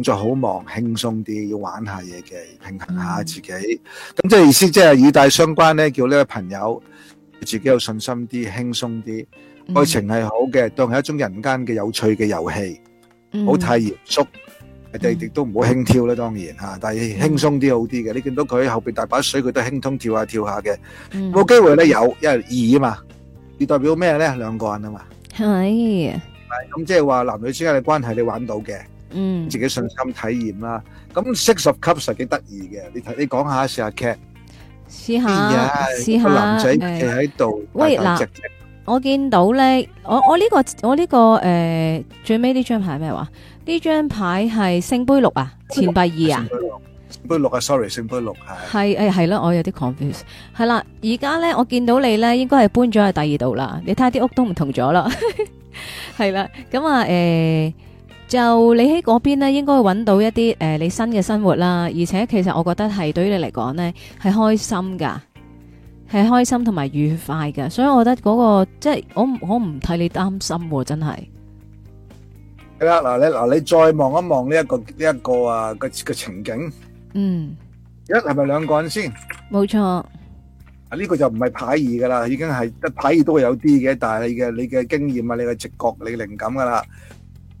工作好忙，輕鬆啲，要玩下嘢嘅，平衡下自己。咁即係意思，即係與大相關咧，叫呢個朋友自己有信心啲，輕鬆啲。愛情係好嘅，當係一種人間嘅有趣嘅遊戲，唔好太嚴肅。但係亦都唔好輕佻啦，當然吓，但係輕鬆啲好啲嘅。你見到佢後邊大把水，佢都輕鬆跳下跳下嘅。有機會咧，有因為二啊嘛，二代表咩咧？兩個人啊嘛，係咪？係咁，即係話男女之間嘅關係，你玩到嘅。嗯，自己信心體驗啦。咁 Six of Cups 實幾得意嘅，你睇你講下試下劇，試下試下。個、哎、男仔企喺度。喂嗱、呃，我見到咧，我我呢、這個我呢、這個誒、呃、最尾呢張牌咩話？呢張牌係聖杯六啊，錢幣二啊。聖杯六，啊，sorry，聖杯六係。係誒係咯，我有啲 confuse。係啦，而家咧我見到你咧，應該係搬咗去第二度啦。你睇下啲屋都唔同咗啦。係 啦，咁啊誒。呃就你喺嗰邊咧，應該會揾到一啲誒、呃，你新嘅生活啦。而且其實我覺得係對於你嚟講咧，係開心噶，係開心同埋愉快噶。所以我覺得嗰、嗰個即係我我唔替你擔心、啊，真係。係啦，嗱你嗱你再望一望呢一個呢一、呢個啊、呢個、呢個情景。嗯，一係咪兩個人先？冇錯。啊、呢、呢個就唔係牌意噶啦，已經係一牌意都會有啲嘅，但係嘅你嘅經驗啊，你嘅直覺，你嘅靈感噶啦。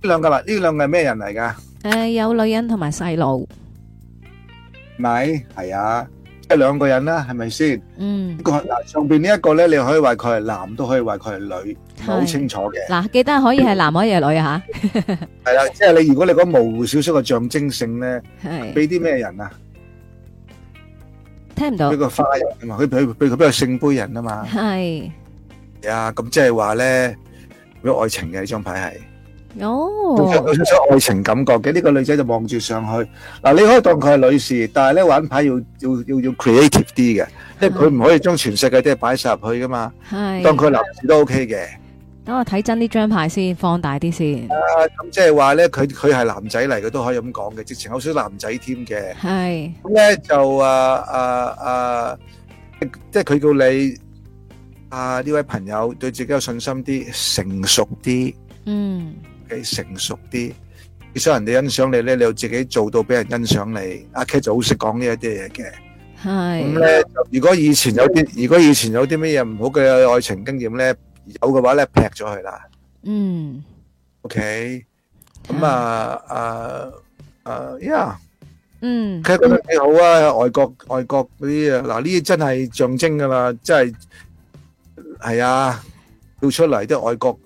呢兩個話呢兩個係咩人嚟噶？誒，有女人同埋細路，咪係啊，即係兩個人啦，係咪先？嗯，個嗱上邊呢一個咧，你可以話佢係男，都可以話佢係女，好清楚嘅。嗱，記得可以係男，可以係女吓。係啦，即係你如果你講模糊少少嘅象徵性咧，係俾啲咩人啊？聽唔到俾個花人啊嘛，佢佢俾佢俾個聖杯人啊嘛，係。係啊，咁即係話咧，俾愛情嘅呢張牌係。哦，仲有少少愛情感覺嘅呢個女仔就望住上去嗱，你可以當佢係女士，但係咧玩牌要要要要 creative 啲嘅，即係佢唔可以將全世界都擺晒入去噶嘛，係當佢男士都 OK 嘅。等我睇真呢張牌先，放大啲先。啊，咁即係話咧，佢佢係男仔嚟，佢都可以咁講嘅，直情好少男仔添嘅。係咁咧就啊啊啊，即係佢叫你啊呢位朋友對自己有信心啲，成熟啲，嗯。成熟啲，你想人哋欣賞你咧，你就自己做到俾人欣賞你。阿、啊、K 就好識講呢一啲嘢嘅，係咁咧。如果以前有啲，如果以前有啲乜嘢唔好嘅愛情經驗咧，有嘅話咧，劈咗佢啦。嗯，OK，咁啊，誒、嗯，誒、啊啊啊、y、yeah、嗯，K 覺得幾好啊、嗯，外國外國嗰啲啊，嗱呢啲真係象徵噶啦，真係係啊，叫出嚟都係外國。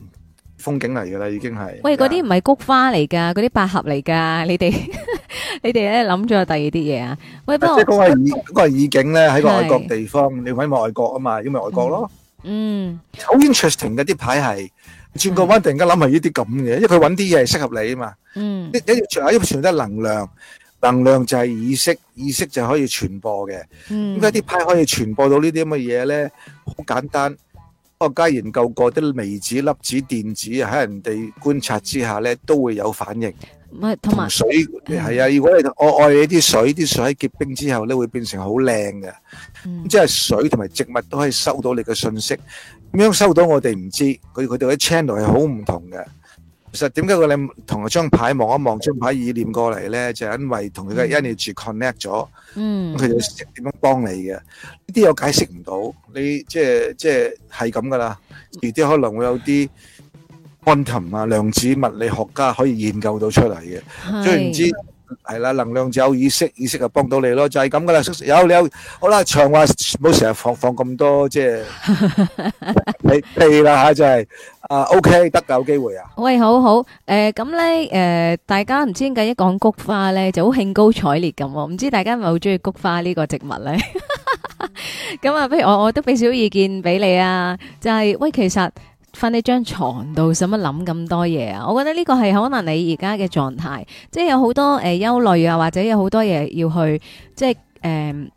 風景嚟㗎啦，已經係。喂，嗰啲唔係菊花嚟㗎，嗰啲百合嚟㗎。你哋你哋咧諗咗第二啲嘢啊？喂，不過即係嗰個意嗰個意境咧，喺個外國地方，你揾埋外國啊嘛，咁咪外國咯。嗯。好 interesting 㗎，啲牌係轉個彎，突然間諗下呢啲咁嘅，因為佢揾啲嘢適合你啊嘛。嗯。啲啲傳啊，因為傳得能量，能量就係意識，意識就可以傳播嘅。嗯。點解啲牌可以傳播到呢啲咁嘅嘢咧？好簡單。我加研究過啲微子、粒子、電子喺人哋觀察之下咧，都會有反應。唔係同埋水係啊！如果你我愛你啲水，啲水喺結冰之後咧，會變成好靚嘅。即係水同埋植物都可以收到你嘅信息。咁樣，收到我哋唔知佢佢哋嘅 channel 係好唔同嘅。其實點解我你同佢張牌望一望，張牌意念過嚟咧，就係、因為同佢嘅 energy connect 咗，嗯，佢、嗯、就識點樣幫你嘅？呢啲我解釋唔到，你即係即係係咁噶啦。而啲可能會有啲 quantum 啊，量子物理學家可以研究到出嚟嘅，所以唔知。係啦，能量就有意識，意識就幫到你咯，就係咁噶啦。叔叔有你有，好啦，長話唔好成日放放咁多，即係屁屁啦吓，就係啊，OK 得噶，有機會啊。喂，好好誒，咁咧誒，大家唔知點解一講菊花咧就好興高采烈咁，唔知大家係咪好中意菊花呢個植物咧？咁啊，不如我我都俾少少意見俾你啊，就係喂，其實。瞓喺張床度使乜諗咁多嘢啊？我覺得呢個係可能你而家嘅狀態，即係有好多誒、呃、憂慮啊，或者有好多嘢要去，即係、嗯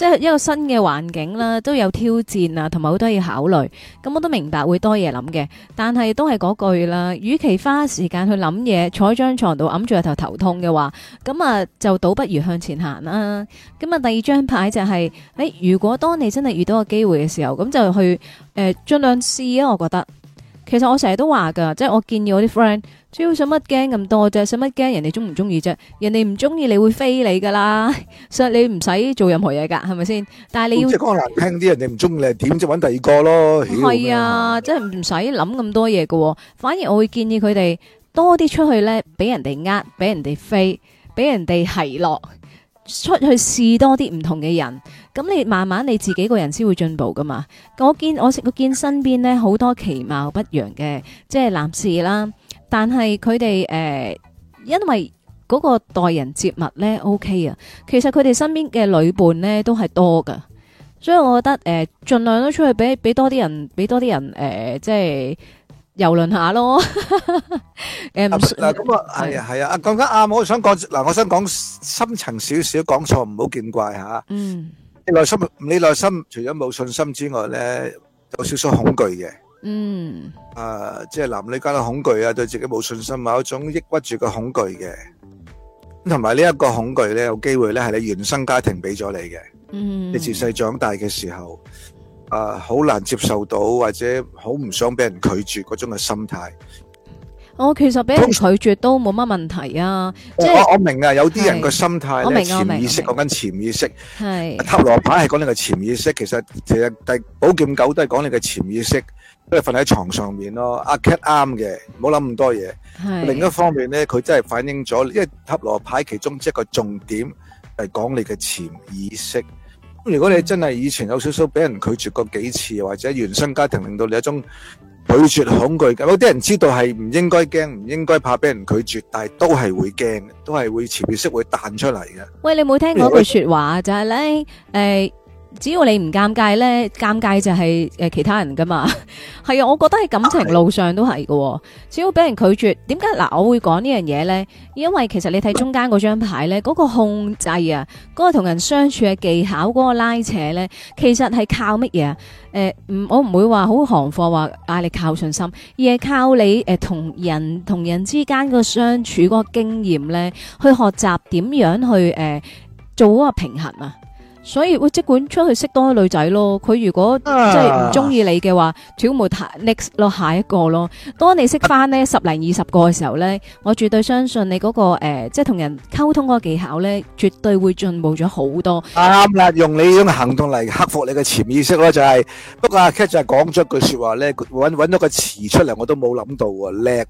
即係一個新嘅環境啦，都有挑戰啊，同埋好多嘢考慮。咁我都明白會多嘢諗嘅，但係都係嗰句啦。與其花時間去諗嘢，坐喺張床度揞住個頭頭痛嘅話，咁啊就倒不如向前行啦。咁啊，第二張牌就係，誒，如果當你真係遇到個機會嘅時候，咁就去誒盡、呃、量試啊，我覺得。其實我成日都話噶，即係我建議我啲 friend，要使乜驚咁多啫，使乜驚人哋中唔中意啫？人哋唔中意你會飛你噶啦，所以你唔使做任何嘢噶，係咪先？但係你要即係講難聽啲，人哋唔中意你點就搵第二個咯？係啊， 即係唔使諗咁多嘢噶，反而我會建議佢哋多啲出去咧，俾人哋呃，俾人哋飛，俾人哋奚落，出去試多啲唔同嘅人。咁你慢慢你自己個人先會進步噶嘛？我見我我見身邊咧好多其貌不揚嘅，即係男士啦，但係佢哋誒，因為嗰個待人接物咧 OK 啊。其實佢哋身邊嘅女伴咧都係多噶，所以我覺得誒、呃，盡量都出去俾俾多啲人，俾多啲人誒、呃，即係游輪下咯。誒、 呃，唔嗱咁啊，係啊係啊，講得啱，我想講嗱，我想講深層少少，講錯唔好見怪吓、啊。嗯。你內心，你內心除咗冇信心之外咧，有少少恐懼嘅。嗯、mm.。啊，即係男女間嘅恐懼啊，對自己冇信心，有一種抑鬱住嘅恐懼嘅。同埋呢一個恐懼咧，有機會咧係你原生家庭俾咗你嘅。嗯、mm.。你自細長大嘅時候，啊，好難接受到或者好唔想俾人拒絕嗰種嘅心態。我、哦、其實俾人拒絕都冇乜問題啊！即係、就是、我，我明白啊，有啲人個心態咧潛意識講緊潛意識，係塔羅牌係講你個潛意識。啊、的意識其實其實第寶劍九都係講你個潛意識，都係瞓喺床上面咯。阿 Cat 啱嘅，唔好諗咁多嘢。另一方面咧，佢真係反映咗，因為塔羅牌其中一個重點係講你嘅潛意識。咁如果你真係以前有少少俾人拒絕過幾次，或者原生家庭令到你一種。拒絕恐懼嘅，有啲人知道係唔應該驚，唔應該怕，俾人拒絕，但係都係會驚嘅，都係會潛意識會彈出嚟嘅。喂，你冇聽過句説話就係、是、咧、like, 哎，只要你唔尷尬呢，尷尬就係誒其他人噶嘛，係 啊，我覺得喺感情路上都係噶，只要俾人拒絕，點解嗱？我會講呢樣嘢呢，因為其實你睇中間嗰張牌呢，嗰個控制啊，嗰個同人相處嘅技巧，嗰個拉扯呢，其實係靠乜嘢？誒，唔，我唔會話好行貨話嗌你靠信心，而係靠你誒、呃、同人同人之間個相處個經驗呢，去學習點樣去誒、呃、做嗰個平衡啊。所以會即管出去識多啲女仔咯，佢如果即係唔中意你嘅話，啊、跳過下 next 下一個咯。當你識翻呢十零二十個嘅時候咧，啊、我絕對相信你嗰、那個誒、呃，即係同人溝通嗰個技巧咧，絕對會進步咗好多。啱、嗯、啦，用你呢種行動嚟克服你嘅潛意識咯，就係、是。不過阿 Cat 就係講咗句說話咧，搵搵到個詞出嚟，我都冇諗到喎，叻喎。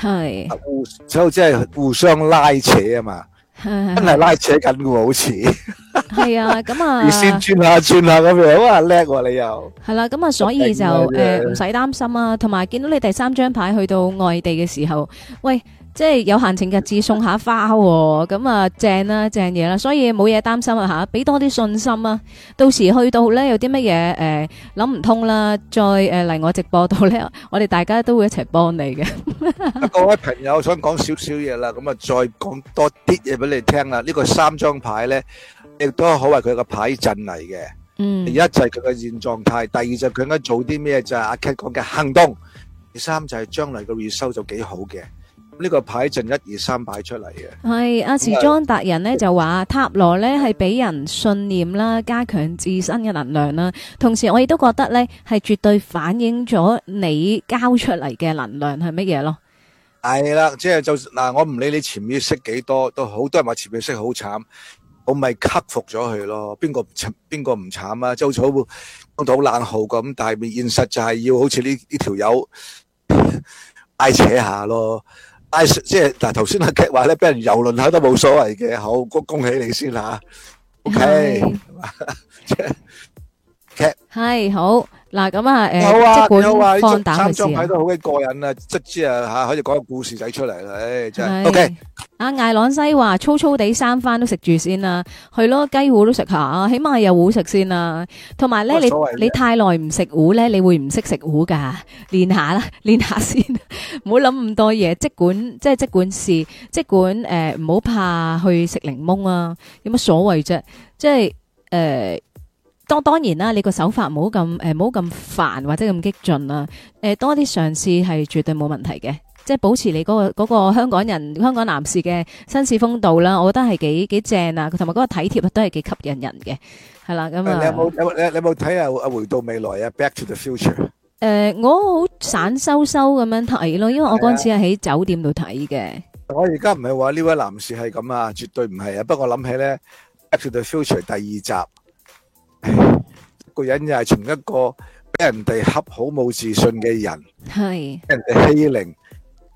係。之後即係互相拉扯啊嘛。真係拉扯緊㗎，好似係啊，咁啊，要先轉下轉下咁樣，哇叻喎，你又係啦，咁啊，所以就誒唔使擔心啊，同埋見到你第三張牌去到外地嘅時候，喂。即係有閒情逸致送下花，咁啊正啦，正嘢啦，所以冇嘢擔心啊吓，俾多啲信心啊！到時去到咧，有啲乜嘢誒諗唔通啦，再誒嚟我直播度咧，我哋大家都會一齊幫你嘅。各位朋友，想講少少嘢啦，咁啊，再講多啲嘢俾你聽啦。呢個三張牌咧，亦都可謂佢個牌陣嚟嘅。嗯，第一就係佢嘅現狀態，第二就佢應該做啲咩就係阿 Ken 講嘅行動，第三就係將來嘅回收就幾好嘅。呢、這個牌陣一二三擺出嚟嘅，係阿、啊、時裝達人咧，就話塔羅咧，係俾人信念啦，加強自身嘅能量啦。同時我亦都覺得咧，係絕對反映咗你交出嚟嘅能量係乜嘢咯。係、就是、啦，即係就嗱，我唔理你潛意識幾多，都好多人話潛意識好慘，我咪克服咗佢咯。邊個邊個唔慘啊？周草講到好爛號咁，但係現實就係要好似呢呢條友挨扯下咯。即係但係頭先阿劇話咧，俾人游輪下都冇所謂嘅，好，恭恭喜你先吓。OK 即係。劇、okay. 係好嗱咁、呃、啊，誒，即管放膽去試。睇到好鬼過癮啊，即知啊吓，可以講個故事仔出嚟啦、哎，真係。O K。阿、okay 啊、艾朗西話粗粗地三番都食住先啦、啊，去咯雞糊都食下，起碼、啊、有糊食先啦。同埋咧，你你太耐唔食糊咧，你會唔識食糊噶，練下啦，練下先、啊，唔好諗咁多嘢。即管即係即管試，即管誒，唔好、呃、怕去食檸檬啊，有乜所謂啫？即係誒。呃當當然啦，你個手法唔好咁誒，唔好咁煩或者咁激進啦、啊。誒、呃，多啲嘗試係絕對冇問題嘅，即係保持你嗰、那個嗰、那個香港人、香港男士嘅紳士風度啦。我覺得係幾幾正啊，同埋嗰個體貼都係幾吸引人嘅，係啦咁、嗯、啊。你有冇你有冇睇下回到未來啊，Back to the Future。誒、呃，我好散收收咁樣睇咯，因為我嗰次係喺酒店度睇嘅。我而家唔係話呢位男士係咁啊，絕對唔係啊。不過我諗起咧，Back to the Future 第二集。個人就係從一個俾人哋恰好冇自信嘅人，俾人哋欺凌，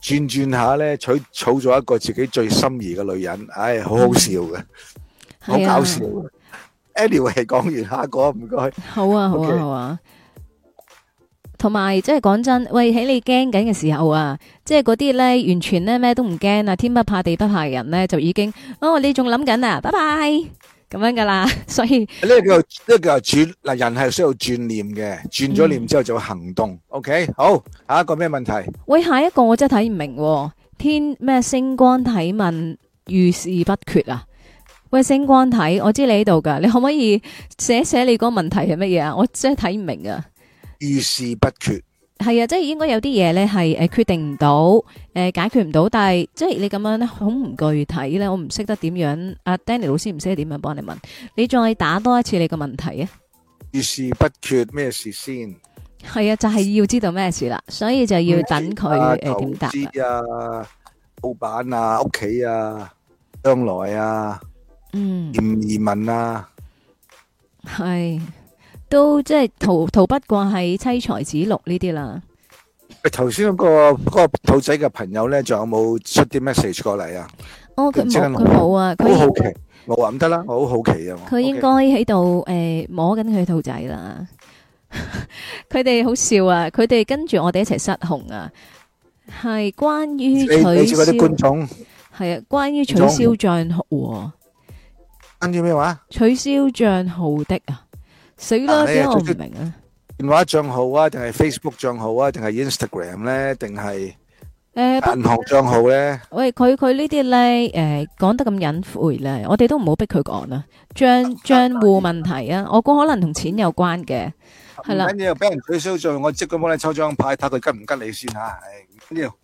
轉轉下咧，娶娶咗一個自己最心儀嘅女人，唉、哎，好好笑嘅，好搞笑嘅。Anyway，講完下一個唔該，好啊好啊好啊。同埋即係講真，喂喺你驚緊嘅時候啊，即係嗰啲咧完全咧咩都唔驚啊，天不怕地不怕嘅人咧就已經哦，你仲諗緊啊，拜拜。咁樣噶啦，所以呢、這個叫呢、這個轉嗱，人係需要轉念嘅，轉咗念之後就會行動。嗯、OK，好，下一個咩問題？喂，下一個我真係睇唔明、哦，天咩？星光體問遇事不決啊？喂，星光體，我知你喺度噶，你可唔可以寫寫你嗰個問題係乜嘢啊？我真係睇唔明啊！遇事不決。係啊，即係應該有啲嘢咧係誒決定唔到，誒解決唔到，但係即係你咁樣好唔具體咧，我唔識得點樣，阿 Danny 老師唔識得點樣幫你問，你再打多一次你個問題啊。遇事不決咩事先？係啊，就係要知道咩事啦，所以就要等佢誒點答。投資啊，老闆啊，屋企啊，將來啊，嗯，移民啊，係。都即係逃逃不過係妻財子禄呢啲啦。頭先嗰個、嗰個兔仔嘅朋友咧，仲有冇出啲 message 過嚟啊？哦，佢冇，佢冇啊！佢好好奇，冇啊，咁得啦，我好好奇啊！佢應該喺度誒摸緊佢兔仔啦。佢哋好笑啊！佢哋跟住我哋一齊失控啊！係關於取消，啲觀眾係啊，關於取消賬號，跟住咩話？取消賬號的啊！死啦！我唔明啊，電話賬號啊，定係 Facebook 賬號啊，定係 Instagram 咧，定係誒，銀行賬號咧？喂，佢佢呢啲咧，誒，講得咁隱晦咧，我哋都唔好逼佢講啦。賬賬戶問題啊，我估可能同錢有關嘅，係啦。唔緊要，又俾人取消咗，我即管幫你抽張牌，睇佢跟唔跟你先吓。唔緊要，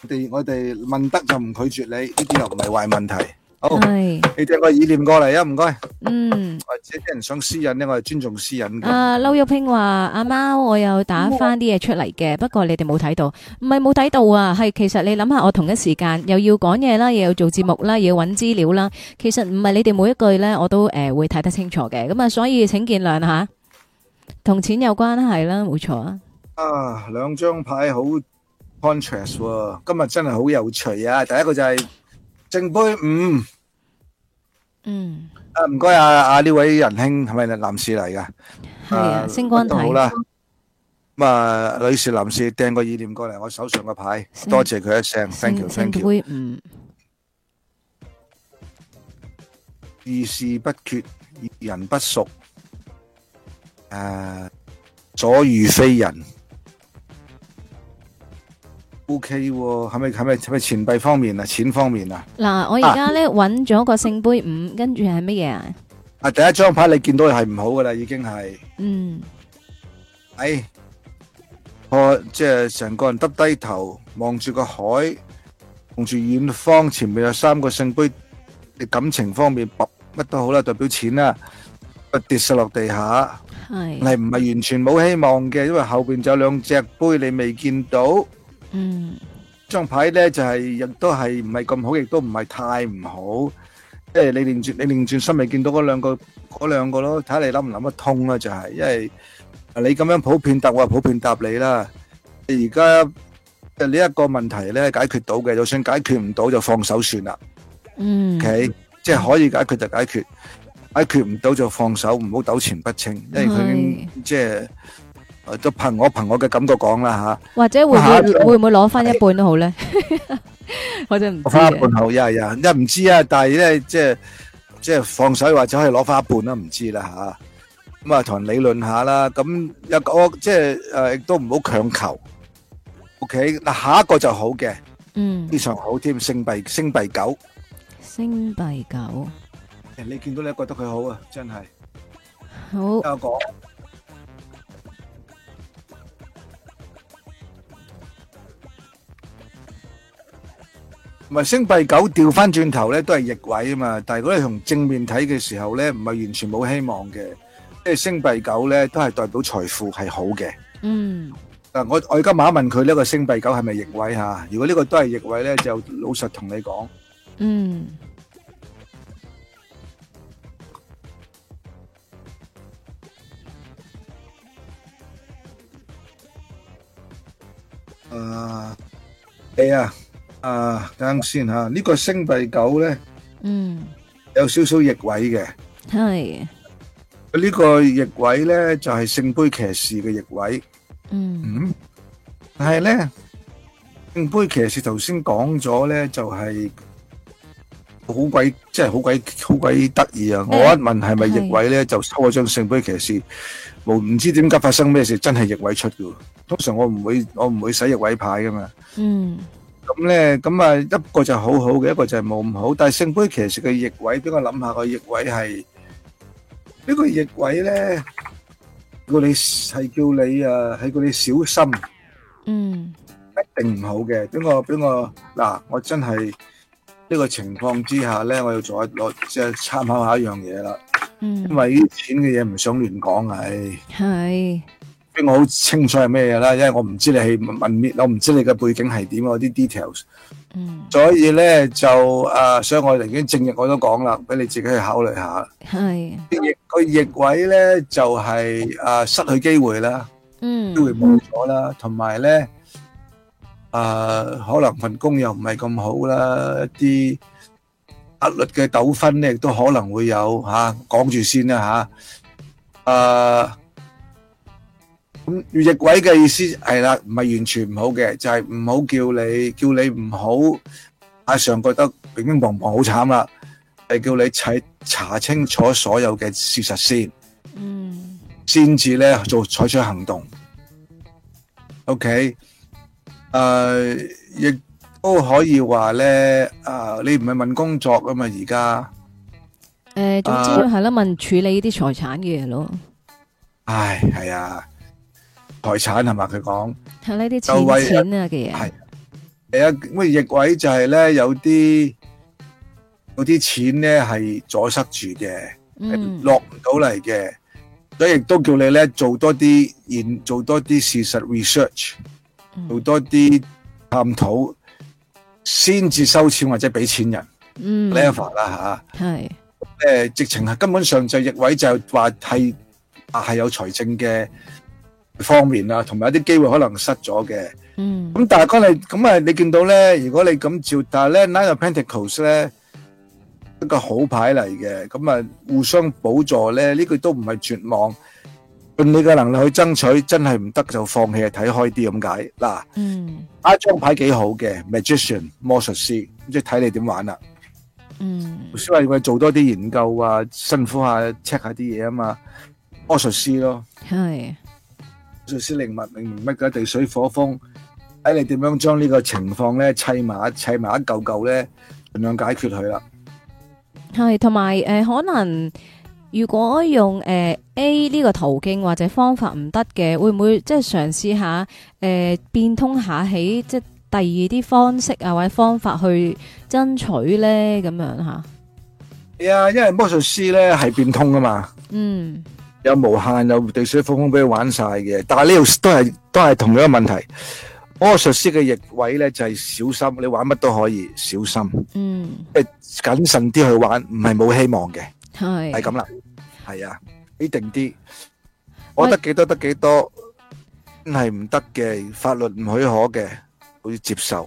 我哋我哋問得就唔拒絕你，呢啲又唔係壞問題。係，你帶個意念過嚟啊唔該。嗯，或者啲人想私隱咧，我係尊重私隱。啊，撈玉平話阿喵，我又打翻啲嘢出嚟嘅，不過你哋冇睇到，唔係冇睇到啊，係其實你諗下，我同一時間又要講嘢啦，又要做節目啦，又要揾資料啦，其實唔係你哋每一句咧，我都誒會睇得清楚嘅。咁啊，所以請見諒吓，同錢有關係啦，冇錯啊。啊，兩張牌好 contrast，今日真係好有趣啊！第一個就係正杯五。嗯，啊唔該啊啊呢位仁兄係咪男士嚟噶？係啊,啊，星光睇好啦。咁啊，女士男士掟個意念過嚟，我手上個牌，多謝佢一聲，thank you，thank you, thank you.。嗯，遇事不決，遇人不熟，誒、啊，所遇非人。O K，係咪係咪係咪錢幣方面啊？錢方面啊？嗱，我而家咧搵咗個聖杯五，跟住係乜嘢啊？啊，嗯、第一張牌你見到係唔好噶啦，已經係嗯，哎，我即係成個人耷低頭望住個海，望住遠方，前面有三個聖杯，你感情方面乜都好啦，代表錢啊，跌實落地下係，但係唔係完全冇希望嘅，因為後邊仲有兩隻杯你未見到。嗯，張牌咧就係、是、亦都係唔係咁好，亦都唔係太唔好，即係你擰轉，你擰轉心未見到嗰兩個嗰兩個咯，睇下你諗唔諗得通啦，就係，因為你咁、啊就是、樣普遍答，我就普遍答你啦。而家呢一個問題咧解決到嘅，就算解決唔到就放手算啦。嗯，OK，即係可以解決就解決，解決唔到就放手，唔好糾纏不清，因為佢已經即係。我都憑我憑我嘅感覺講啦吓，或者會會會唔會攞翻一半都好咧？我就唔知啦。半后呀呀，一唔知啊！但係咧，即係即係放水，或者可以攞翻一半啦，唔知啦吓。咁啊，同人理論下啦。咁又我即係誒，亦都唔好強求。O K，嗱下一個就好嘅，嗯，非常好添，星幣星幣九，星幣九。誒，你見到你都覺得佢好啊，真係好。聽我講。唔係星幣九掉翻轉頭咧，都係逆位啊嘛，但係如果你從正面睇嘅時候咧，唔係完全冇希望嘅，即係星幣九咧都係代表財富係好嘅。嗯。嗱，我我而家馬問佢呢個星幣九係咪逆位吓？如果呢個都係逆位咧，就老實同你講。嗯。啊、uh, yeah.，啊，等先吓，呢個星幣九咧，嗯，有少少逆位嘅，係，呢個逆位咧就係聖杯騎士嘅逆位，嗯，但係咧聖杯騎士頭先講咗咧就係好鬼，即係好鬼好鬼得意啊！我一問係咪逆位咧，就收咗張聖杯騎士，無唔知點解發生咩事，真係逆位出嘅。通常我唔會我唔會使逆位牌噶嘛，嗯。咁咧，咁啊一個就好好嘅，一個就係冇咁好。但係聖杯騎士嘅逆位，俾我諗下個逆位係呢個逆位咧，叫你係叫你啊，係叫你小心。嗯，一定唔好嘅。俾我俾我嗱，我真係呢個情況之下咧，我要再攞即係參考下一樣嘢啦。嗯，因為呢啲錢嘅嘢唔想亂講啊。唉。係。俾我好清楚係咩嘢啦，因為我唔知你係問咩，我唔知你嘅背景係點，我啲 details。嗯。所以咧就啊，所以我已經正日我都講啦，俾你自己去考慮下。係。逆佢逆位咧就係啊，失去機會啦，機會冇咗啦，同埋咧啊，可能份工又唔係咁好啦，一啲法律嘅糾紛咧亦都可能會有吓，講住先啦吓。啊。咁逆位嘅意思係啦，唔係完全唔好嘅，就係唔好叫你叫你唔好，阿、啊、常覺得乒乒乓乓好慘啦，係叫你砌查，查清楚所有嘅事實先，嗯，先至咧做採取行動。OK，誒亦都可以話咧，啊、呃、你唔係問工作啊嘛而家，誒、呃、總之係啦、呃，問處理呢啲財產嘅嘢咯，唉係啊。財產係嘛？佢講就為錢啊嘅嘢係。係啊，咩逆位就係咧有啲有啲錢咧係阻塞住嘅，落唔到嚟嘅，所以亦都叫你咧做多啲現，做多啲事實 research，做多啲探討，先至收錢或者俾錢人。嗯，lever 啦吓係。誒，直情係根本上就逆位就係話係係有財政嘅方面啦，啊，同埋一啲機會可能失咗嘅。嗯，咁但係哥你咁啊，你見到咧，如果你咁照呢，但係咧 Nine Pentacles 咧一個好牌嚟嘅，咁、嗯、啊互相補助咧，呢、這、句、個，都唔係絕望。用你嘅能力去爭取，真係唔得就放棄，睇開啲咁解。嗱，嗯，啊張牌幾好嘅 Magician 魔術師，即係睇你點玩啊。嗯，所以、啊嗯、要去做多啲研究啊，辛苦下 check 下啲嘢啊嘛，魔術師咯，係。魔術師靈物明明乜嘅地水火風，睇你點樣將呢個情況咧砌埋砌埋一嚿嚿咧，咁樣解決佢啦。係，同埋誒，可能如果用誒、呃、A 呢個途徑或者方法唔得嘅，會唔會即係嘗試下誒、呃、變通下起即係第二啲方式啊或者方法去爭取咧咁樣吓？係啊，因為魔術師咧係變通啊嘛。嗯。有無限有地水火風俾你玩晒嘅，但係呢度都係都係同樣問題。魔術師嘅逆位咧就係、是、小心，你玩乜都可以小心。嗯，誒謹慎啲去玩，唔係冇希望嘅，係係咁啦，係啊，依定啲，我得幾多得幾多，係唔得嘅，法律唔許可嘅，要接受。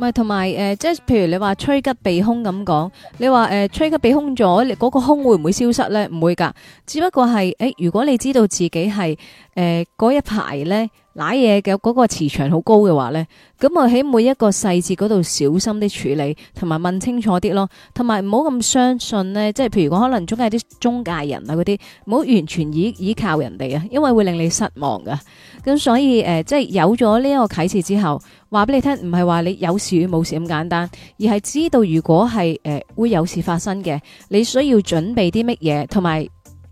咪同埋誒，即、呃、係譬如你話趨吉避凶咁講，你話誒趨吉避凶咗，嗰、那個凶會唔會消失呢？唔會㗎，只不過係誒、欸，如果你知道自己係誒嗰一排呢，瀨嘢嘅嗰個磁場好高嘅話呢，咁我喺每一個細節嗰度小心啲處理，同埋問清楚啲咯，同埋唔好咁相信呢，即係譬如講可能中間有啲中介人啊嗰啲，唔好完全倚倚靠人哋啊，因為會令你失望噶。咁所以誒、呃，即係有咗呢一個啟示之後，話俾你聽，唔係話你有事與冇事咁簡單，而係知道如果係誒、呃、會有事發生嘅，你需要準備啲乜嘢，同埋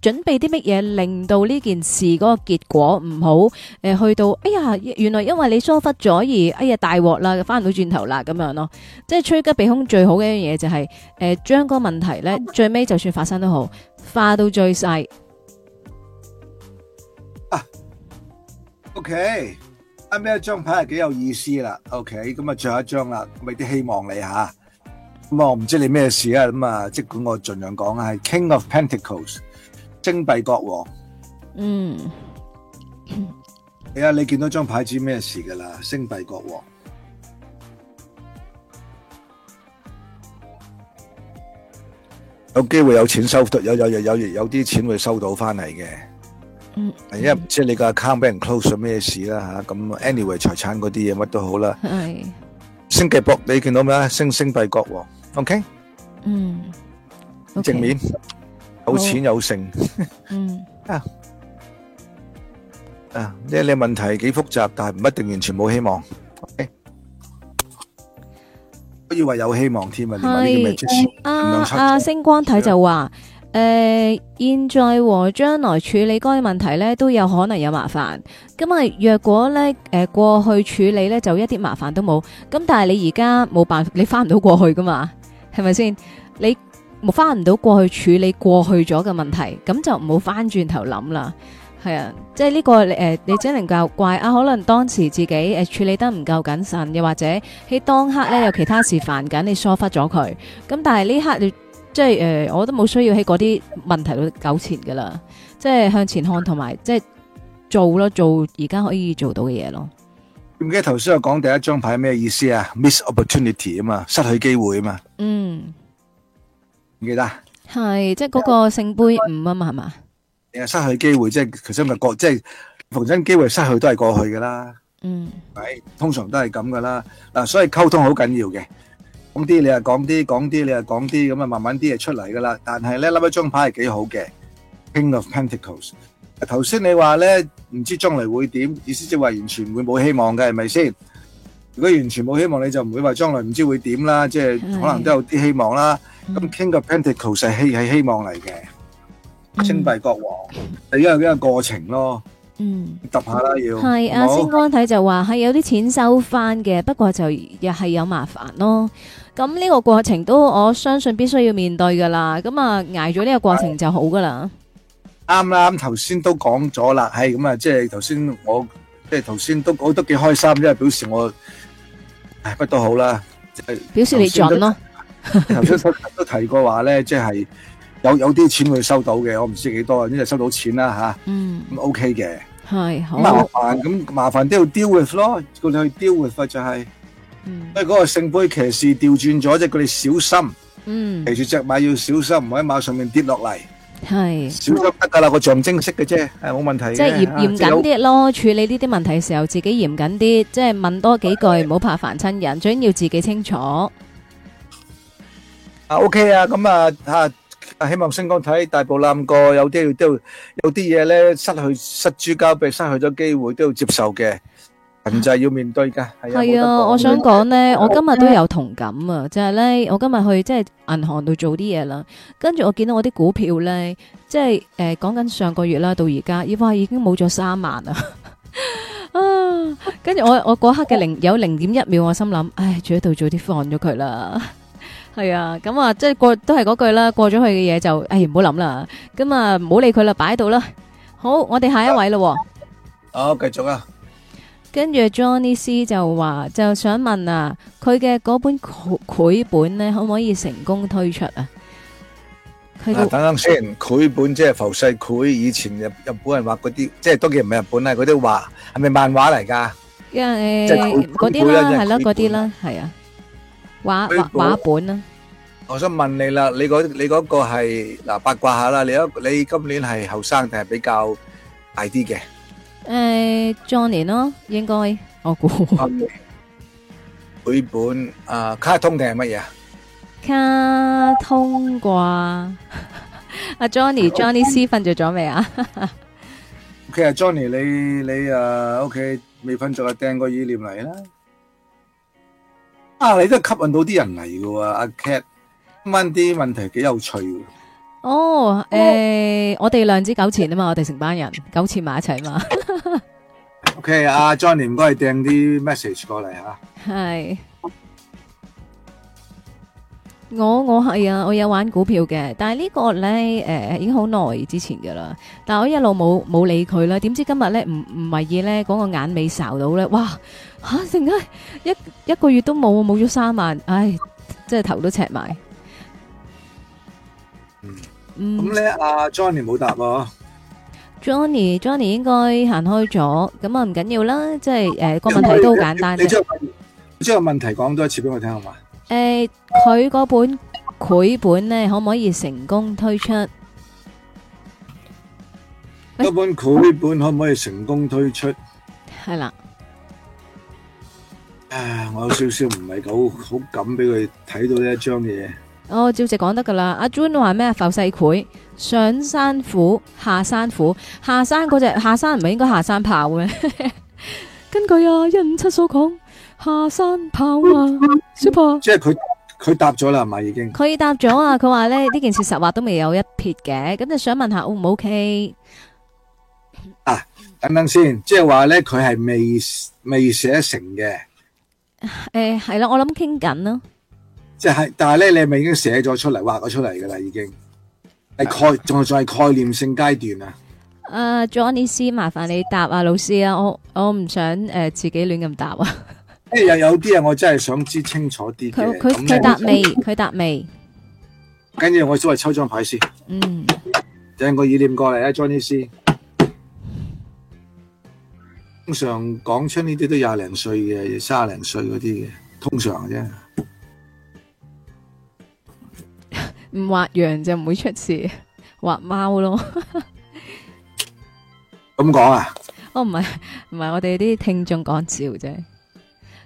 準備啲乜嘢令到呢件事嗰個結果唔好誒、呃，去到哎呀，原來因為你疏忽咗而哎呀大鑊啦，翻唔到轉頭啦咁樣咯、啊。即係趨吉避凶最好嘅一樣嘢就係、是、誒、呃、將個問題咧、啊、最尾就算發生都好，化到最細。啊、okay。啊！呢一張牌係幾有意思啦。OK，咁啊，最後一張啦，未啲希望你吓。咁啊，啊，我唔知你咩事啊。咁啊，儘管我盡量講係 King of Pentacles，星幣國王。嗯。你啊，你見到張牌知咩事噶啦？星幣國王，有機會有錢收到，有有有有有啲錢會收到翻嚟嘅。嗯，因為唔知你個 account 俾人 close 咗咩事啦吓，咁 anyway 財產嗰啲嘢，乜都好啦。係。星吉博，你見到咩啊？星星幣國王，OK。嗯。正面有錢有剩。嗯。啊。啊，呢啲問題幾複雜，但係唔一定完全冇希望。我以為有希望添啊！連埋啲咩？啊啊！星光體就話。誒、呃，現在和將來處理該問題咧都有可能有麻煩。咁啊，若果咧誒、呃、過去處理咧就一啲麻煩都冇。咁但係你而家冇辦法，你翻唔到過去噶嘛？係咪先？你冇翻唔到過去處理過去咗嘅問題，咁就唔好翻轉頭諗啦。係啊，即係呢、這個誒、呃，你只能夠怪啊。可能當時自己誒、呃、處理得唔夠謹慎，又或者喺當刻咧有其他事煩緊，你疏忽咗佢。咁但係呢刻你。即係誒，我都冇需要喺嗰啲問題度糾纏噶啦，即係向前看，同埋即係做咯，做而家可以做到嘅嘢咯。唔記得頭先我講第一張牌咩意思啊？Miss opportunity 啊嘛，失去機會啊嘛。嗯。唔記得。係，即係嗰個聖杯五啊嘛，係嘛。又失去機會，即係其實唔係過，即係逢親機會失去都係過去噶啦。嗯。係，通常都係咁噶啦。嗱，所以溝通好緊要嘅。講啲你又講啲，講啲你又講啲，咁啊慢慢啲就出嚟噶啦。但係咧諗一張牌係幾好嘅，King of Pentacles。頭先你話咧唔知將來會點，意思即係話完全會冇希望嘅係咪先？如果完全冇希望，你就唔會話將來唔知會點啦。即係可能都有啲希望啦。咁 King of Pentacles 係希係希望嚟嘅，錢幣國王。係因為因為過程咯，嗯，揼下啦要。係啊，星光睇就話係有啲錢收翻嘅，不過就又係有麻煩咯。咁呢個過程都我相信必須要面對噶啦，咁啊挨咗呢個過程就好噶啦。啱啦，啱頭先都講咗啦，係咁啊，即係頭先我即係頭先都我都幾開心，因為表示我唉不都好啦，表示你準咯。頭先都提過話咧，即係有有啲錢會收到嘅，我唔知幾多，因為收到錢啦吓，嗯，OK 嘅，係好麻煩咁麻煩都要 deal with 咯，叫你去 deal with 就係。不、嗯、個聖杯騎士調轉咗，即係佢哋小心，騎住隻馬要小心，唔喺馬上面跌落嚟，係小心得噶啦，個象徵式嘅啫，係冇問題。即係嚴嚴謹啲咯，處理呢啲問題嘅時候，自己嚴謹啲，即係問多幾句，唔好怕煩親人，是是最緊要自己清楚。啊，OK 啊，咁啊，吓、啊，希望星光睇大步躝過，有啲都，有啲嘢咧失去，失之交臂，失去咗機會都要接受嘅。人就係要面對噶，係啊！我想講咧，我今日都有同感啊！就係咧，我今日去即係銀行度做啲嘢啦，跟住我見到我啲股票咧，即係誒講緊上個月啦，到而家，哇已經冇咗三萬啊！啊，跟住我我嗰刻嘅零有零點一秒，我心諗，唉，住喺度早啲放咗佢啦，係啊，咁啊，即係過都係嗰句啦，過咗去嘅嘢就，哎唔好諗啦，咁啊唔好理佢啦，擺喺度啦。好，我哋下一位咯，好，繼續啊！跟住 Johnny C 就話就想問啊，佢嘅嗰本繪本咧可唔可以成功推出啊？等等先，繪本即係浮世繪，以前日日本人畫嗰啲，即係都叫唔係日本啊，嗰啲畫係咪漫畫嚟㗎？即係嗰啲啦，係咯，嗰啲啦，係啊，畫畫本啦。我想問你啦，你嗰你嗰個係嗱八卦下啦，你一你今年係後生定係比較大啲嘅？誒，Johnny 咯，應該我估、okay. 繪本啊，卡通定係乜嘢卡通啩。阿、 啊、Johnny，Johnny、 啊、C 瞓、啊、着咗未啊？OK 啊，Johnny，你你誒、uh，OK，未瞓着啊，掟個意念嚟啦。啊，你都吸引到啲人嚟嘅喎，阿、啊、Cat。啊、Kat，今晚啲問題幾有趣。哦，誒，我哋量子糾纏啊嘛， 我哋成班人糾纏埋一齊啊嘛。 O.K.，阿 Johnny 唔該，掟啲 message 過嚟啊。係，我我係啊，我有玩股票嘅，但係呢個咧，誒，已經好耐之前噶啦。但係我一路冇冇理佢啦。點知今日咧，唔唔為意咧，講個眼尾睄到咧，哇！吓，點解一一個月都冇，冇咗三萬，唉，真係頭都赤埋。嗯，咁咧，阿 Johnny 冇答喎。Johnny，Johnny 應該行開咗，咁啊唔緊要啦，即係誒個問題都好簡單。你將個問題講多一次俾我聽，好嘛？誒，佢嗰本繪本咧，可唔可以成功推出？嗰本繪本可唔可以成功推出？係啦。啊，我有少少唔係好好敢俾佢睇到呢一張嘢。哦，照直講得噶啦。阿 John 話咩？浮世繪。上山虎，下山虎，下山嗰隻下山唔係應該下山跑咩？ 根據啊一五七所講，下山跑啊，小婆。即係佢佢答咗啦，係咪已經。佢答咗啊！佢話咧呢件事實話都未有一撇嘅，咁就想問下 O 唔 OK？啊，等等先，即係話咧，佢係未未寫成嘅。誒、欸，係啦，我諗傾緊咯。即係，但係咧，你係咪已經寫咗出嚟，畫咗出嚟噶啦？已經。係概，仲係仲係概念性階段啊！誒、uh,，Johnny C，麻煩你答啊，老師啊，我我唔想誒、uh, 自己亂咁答啊。誒， 又有啲啊，我真係想知清楚啲嘅。佢佢佢答未？佢、就是、答， 答未？跟住我先去抽張牌先。嗯。掟個意念過嚟啊，Johnny C。通常講出呢啲都廿零歲嘅，卅零歲嗰啲嘅，通常啫。 唔畫羊就唔會出事，畫貓咯。咁 講啊？哦，唔係唔係，我哋啲聽眾講笑啫。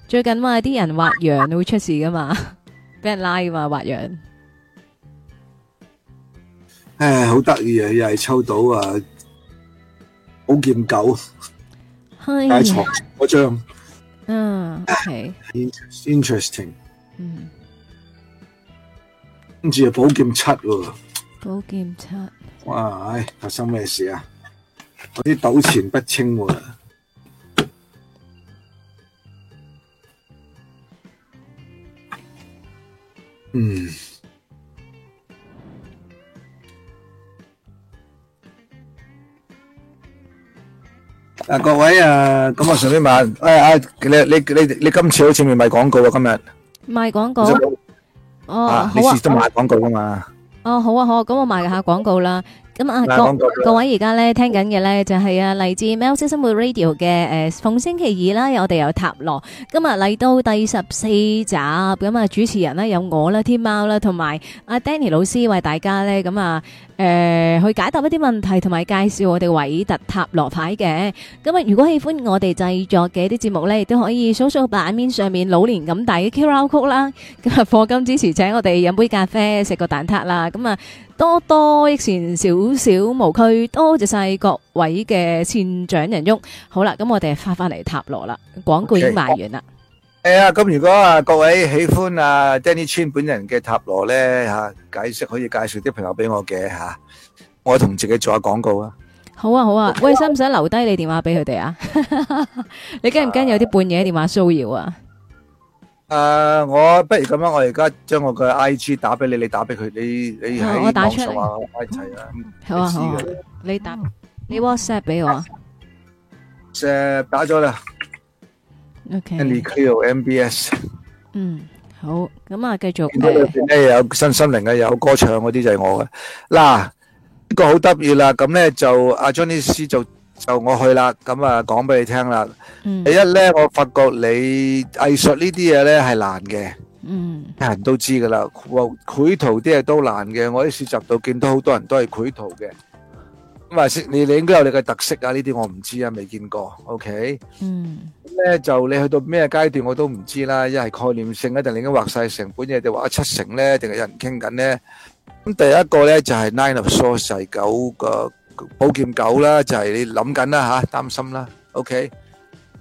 最近嘛，啲人畫羊會出事噶嘛，俾 人拉噶嘛畫羊。誒，好得意啊！又係抽到啊寶劍狗，加床嗰張。嗯。OK Interesting。嗯。跟住啊，寶劍七喎，寶劍七，哇，發生咩事啊？我啲糾纏不清喎，嗯，啊，各位啊，咁我順便賣，哎呀，你你你你今次好似未賣廣告啊，今日賣廣告。哦、啊，好啊，都賣廣告噶嘛？哦，好啊，好，啊，咁、啊、我賣下廣告啦。咁啊，各各位而家咧聽緊嘅咧就係啊，嚟自 Mel 生活 Radio 嘅誒，逢星期二啦，我哋有塔羅，今日嚟到第十四集，咁啊，主持人咧有我啦，天貓啦，同埋阿 Danny 老師為大家咧，咁、呃、啊，誒去解答一啲問題，同埋介紹我哋韋特塔羅牌嘅。咁啊，如果喜歡我哋製作嘅啲節目咧，都可以掃掃版面上面老年咁大嘅 QR 曲啦。咁啊，課金支持，請我哋飲杯咖啡，食個蛋撻啦。咁啊。多多益善，少少無拘。多謝晒各位嘅善長人翁。好啦，咁我哋翻返嚟塔羅啦。廣告已經賣完啦。誒、okay. 啊，咁、欸、如果啊各位喜歡啊 Danny Chan 本人嘅塔羅咧嚇、啊、解釋，可以介紹啲朋友俾我嘅嚇、啊，我同自己做下廣告啊。好啊好 啊，喂，使唔使留低你電話俾佢哋啊？你驚唔驚有啲半夜電話騷擾啊？誒，我不如咁啦，我而家將我個 IG 打俾你，你打俾佢，你你喺網速啊，一齊啦，你打，你 WhatsApp 俾我，即係打咗啦，OK，Clear MBS，嗯，好，咁啊，繼續講，咧有新心靈嘅，有歌唱嗰啲就係我嘅，嗱，呢個好得意啦，咁咧就阿 Johnny C 就。就我去啦，咁啊講俾你聽啦、嗯。第一咧，我發覺你藝術呢啲嘢咧係難嘅，嗯，人都知噶啦。繪圖啲嘢都難嘅，我喺市集度見到好多人都係繪圖嘅。咁啊，是，你你應該有你嘅特色啊，呢啲我唔知啊，未見過。OK，嗯，咁咧就你去到咩階段我都唔知啦。一係概念性啊，定你已經畫晒成本嘢就畫咗七成咧，定係有人傾緊咧。咁第一個咧就係、是、Nine of Source 九個。寶劍九啦，就係你諗緊啦吓，擔心啦。OK，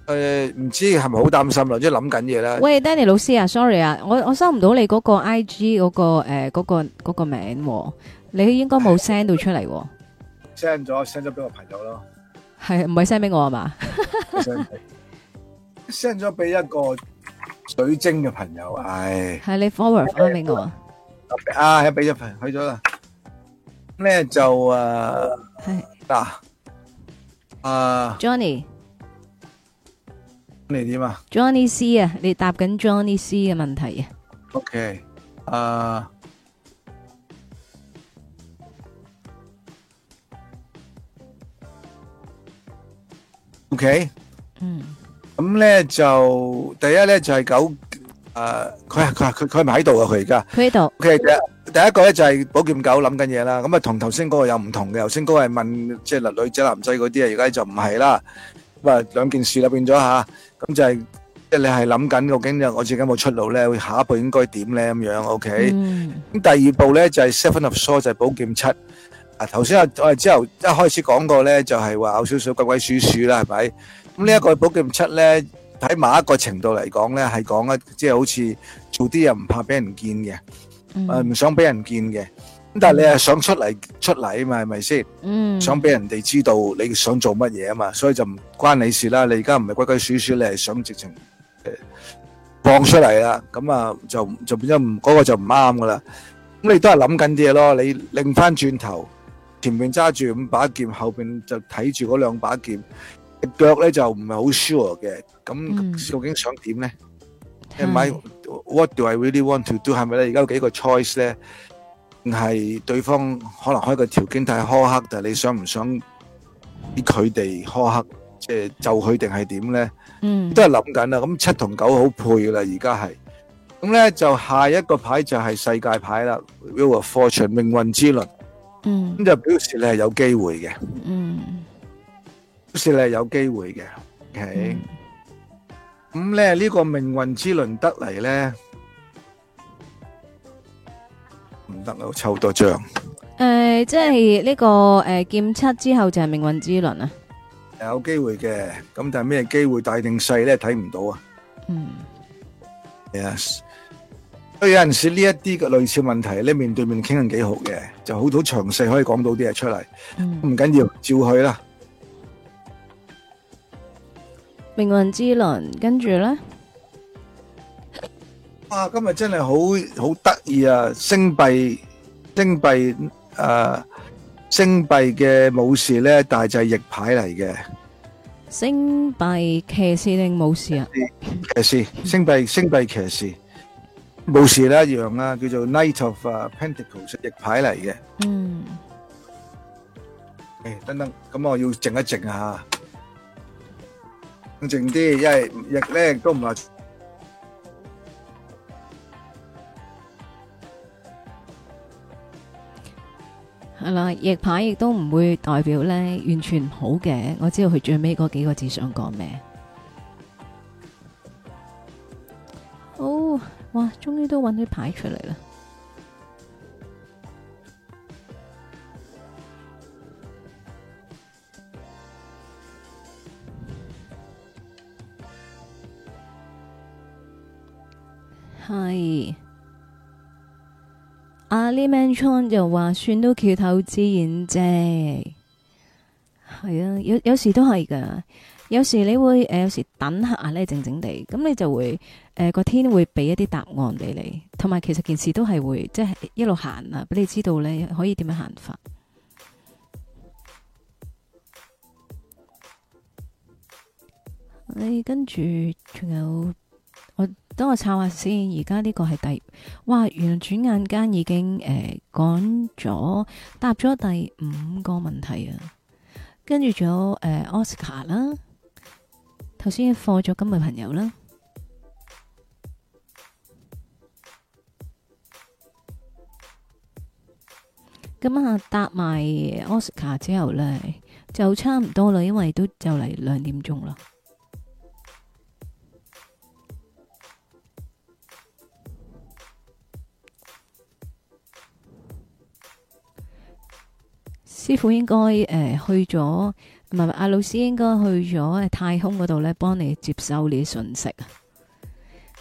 誒，唔知係咪好擔心咯，即係諗緊嘢啦。喂，Danny 老師啊，sorry 啊，我我收唔到你嗰個 IG 嗰個誒嗰個嗰個名，你應該冇 send 到出嚟。send 咗，send 咗俾個朋友咯。係唔係 send 俾我啊嘛？send 咗俾一個水晶嘅朋友，唉。係你 forward 翻俾我啊。啊，俾咗朋友去咗啦。咁咧就誒。係嗱，啊，Johnny，你點啊？Johnny C 啊，你答緊 Johnny C 嘅問題啊。OK，啊，OK，嗯，咁咧就第一咧就係九，誒，佢啊佢啊佢佢唔喺度啊，佢而家佢喺度。OK，第一。第一個咧就係寶劍九諗緊嘢啦，咁啊同頭先嗰個有唔同嘅，頭先嗰個係問即係嗱女仔男仔嗰啲啊，而家就唔係啦，咁啊兩件事咧變咗吓，咁就係即係你係諗緊究竟我自己有冇出路咧，會下一步應該點咧咁樣，OK？咁第二步咧就係 Seven of Swords 就係寶劍七啊，頭先我哋之後一開始講過咧，就係話有少少鬼鬼祟祟啦，係咪？咁呢一個寶劍七咧，喺某一個程度嚟講咧，係講咧即係好似做啲嘢唔怕俾人見嘅。誒，唔想俾人見嘅，咁但係你係想出嚟，出嚟啊嘛，係咪先？嗯，想俾人哋知道你想做乜嘢啊嘛，所以就唔關你事啦。你而家唔係鬼鬼鼠鼠，你係想直情誒放出嚟啦，咁啊就就變咗唔嗰個就唔啱噶啦。咁你都係諗緊啲嘢咯，你擰翻轉頭，前面揸住五把劍，後邊就睇住嗰兩把劍，隻腳咧就唔係好 sure 嘅，咁究竟想點咧？係咪？What do I really want to do？係咪咧？而家有幾個 choice 咧？定係對方可能開個條件太苛刻，但係你想唔想俾佢哋苛刻？即係就佢定係點咧？嗯，都係諗緊啦。咁七同九好配噶啦，而家係咁咧，就下一個牌就係世界牌啦。Wheel of Fortune，命運之輪。嗯，咁就表示你係有機會嘅。嗯，表示你係有機會嘅。OK。咁咧呢個命運之輪得嚟咧唔得喇，抽多張。誒，即係呢個誒劍七之後就係命運之輪啊？有機會嘅，咁但係咩機會大定細咧，睇唔到啊。嗯。係啊，所以有陣時呢一啲嘅類似問題咧，面對面傾係幾好嘅，就好好詳細可以講到啲嘢出嚟。嗯。唔緊要，照去啦。命運之輪，跟住咧，哇！今日真係好好得意啊！星幣，星幣，誒，星幣嘅武士咧，但係就係逆牌嚟嘅。星幣騎士定武士啊？騎士，星幣，星幣騎士，武士咧一樣啊，叫做 Knight of Pentacles，逆牌嚟嘅。嗯。誒，等等，咁我要靜一靜啊吓。靜啲，因為逆咧都唔係。係啦，逆牌亦都唔會代表咧完全好嘅。我知道佢最尾嗰幾個字想講咩。好，哦，哇，終於都揾到牌出嚟啦！係、哎，阿 Lee Man 就話算到橋頭自然啫，係啊，有有時都係噶，有時你會誒、呃，有時等下咧，靜靜地，咁你就會誒個、呃、天會俾一啲答案俾你，同埋其實件事都係會即係、就是、一路行啊，俾你知道你可以點樣行法。你、哎、跟住仲有。等我抄下先，而家呢個係第哇，原來轉眼間已經誒講咗答咗第五個問題啊，跟住仲有誒 Oscar 啦，頭先課咗今日朋友啦，咁啊答埋 Oscar 之後咧就差唔多啦，因為都就嚟兩點鐘啦。師傅應該誒、呃、去咗，唔係阿老師應該去咗太空嗰度咧，幫你接收你啲信息啊。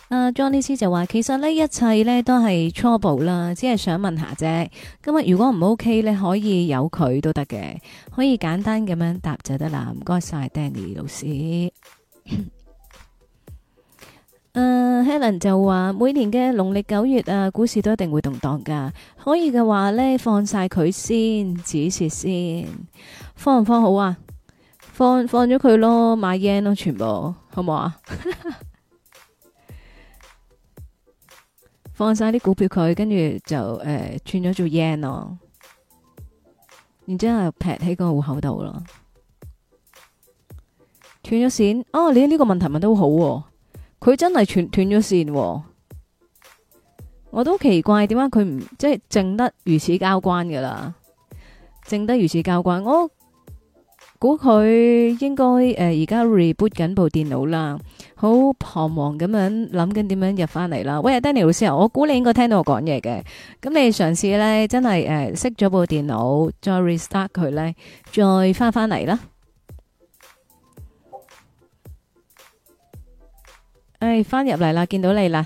阿、uh, Johnny 師就話，其實呢一切呢都係初步啦，只係想問下啫。今日如果唔 OK 咧，可以有佢都得嘅，可以簡單咁樣答就得啦。唔該晒，Danny 老師。 Uh, Helen 就話每年嘅農曆九月啊，股市都一定會動盪噶。可以嘅話呢，放晒佢先，止蝕先，放唔放好啊？放，放咗佢咯，買 yen 咯，全部好唔好啊？ 放晒啲股票佢，跟住就誒，轉、呃、咗做 yen 咯，然之後劈喺個戶口度啦，斷咗線。哦，你、這、呢個問題問得很好喎、啊。佢真係斷斷咗線。哦，我都奇怪點解佢唔即係靜得如此交關噶啦，靜得如此交關，我估佢應該誒而家 reboot 緊部電腦啦，好彷徨咁樣諗緊點樣入翻嚟啦。喂，Danny 老師啊，Daniel, 我估你應該聽到我講嘢嘅，咁你上次咧真係誒熄咗部電腦再 restart 佢咧，再翻翻嚟啦。誒，翻入嚟啦，見到你啦。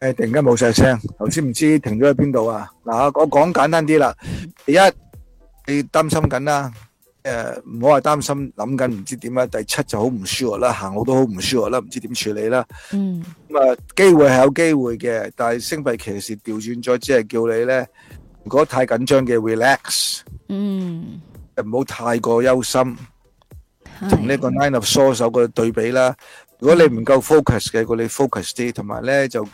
誒，突然間冇晒聲，頭先唔知停咗喺邊度啊。嗱，我講簡單啲啦。第一，你擔心緊啦，誒，唔好話擔心，諗緊唔知點啊。第七就好唔 sure 啦，行好多好唔 sure 啦，唔知點處理啦。嗯。咁啊，機會係有機會嘅，但係星幣騎士調轉咗，只係叫你咧，如果太緊張嘅，relax。嗯。誒，唔好太過憂心，同呢個 nine of swords 個對比啦。如果你唔夠 focus 嘅，咁你 focus 啲，同埋咧就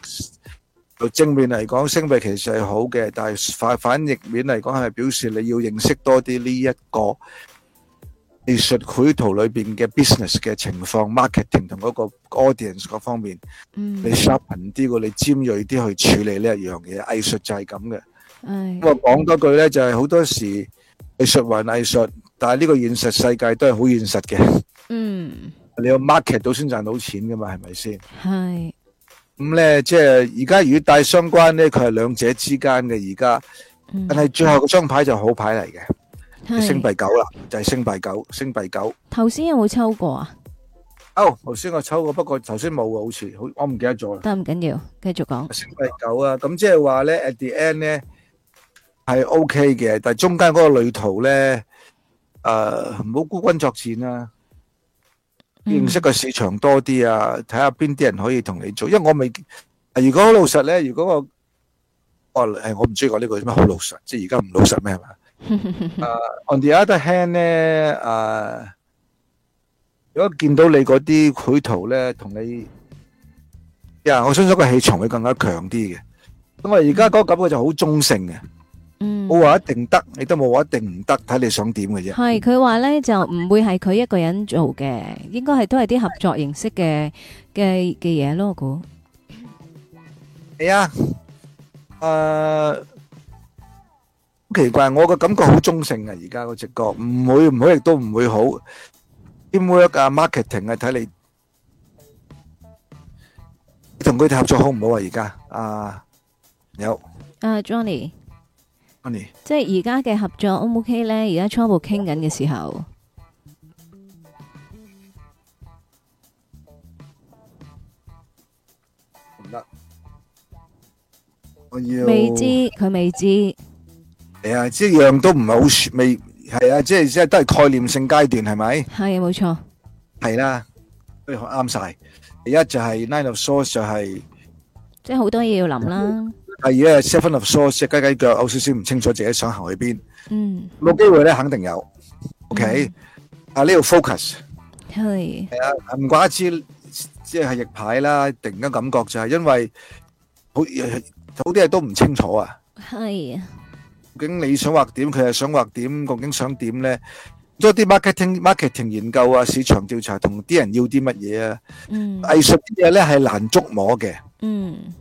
就正面嚟講，升幅其實係好嘅。但係反反逆面嚟講，係表示你要認識多啲呢一這個藝術繪圖裏邊嘅 business 嘅情況、marketing 同嗰個 audience 個方面，嗯、你 sharp 啲，咁你尖銳啲去處理一呢一樣嘢。藝術就係咁嘅。咁我講多句咧，就係、是、好多時藝術還藝術，但係呢個現實世界都係好現實嘅。嗯。你要 market 到先賺到錢噶嘛，係咪先？係咁咧，即係而家如果帶相關咧，佢係兩者之間嘅而家，但係最後嗰張牌就係好牌嚟嘅，星幣九啦，就係、是、星幣九，星幣九。頭先有冇抽過啊？哦，頭先我抽過，不過頭先冇好似好，我唔記得咗啦。都唔緊要，繼續講。星幣九啊，咁即係話咧，at the end 咧係 OK 嘅，但係中間嗰個旅途咧，誒、呃，唔好孤軍作戰啊。認識個市場多啲啊，睇下邊啲人可以同你做，因為我未。如果好老實咧，如果我、哦哎、我係我唔中意講呢句咩好老實，即係而家唔老實咩係嘛？啊、 uh,，on the other hand 咧，啊、uh,，如果見到你嗰啲繪圖咧，同你呀，我相信個氣場會更加強啲嘅。咁我而家嗰感覺就好中性嘅。我話一定得，你都冇話一定唔得，睇你想點嘅啫。係佢話咧就唔會係佢一個人做嘅，應該係都係啲合作形式嘅嘅嘅嘢咯。估係啊，誒，好奇怪，我嘅感覺好中性啊，而家個直覺，唔會唔會亦都唔會好。Teamwork 啊，marketing 啊，睇你同佢哋合作好唔好啊？而家啊，有啊，Johnny。即係而家嘅合作 O 唔 OK 咧？而家初步傾緊嘅時候，唔得，我未知佢未知。係啊，即係樣都唔係好熟，未係啊，即係即係都係概念性階段，係咪？係冇錯，係啦，啱晒、啊。而家就係 Nine of Swords，就係、是、即係好多嘢要諗啦。第二咧，seven of swords 隻雞雞腳有少少唔清楚自己想行去邊，嗯，冇機會咧，肯定有，OK，啊呢度 focus 係係啊，唔怪之即係逆牌啦，突然間感覺就係因為好好啲嘢都唔清楚啊，係，究竟你想畫點，佢係想畫點，究竟想點咧？即係啲 marketing marketing 研究啊，市場調查同啲人要啲乜嘢啊？嗯，藝術啲嘢咧係難捉摸嘅，嗯。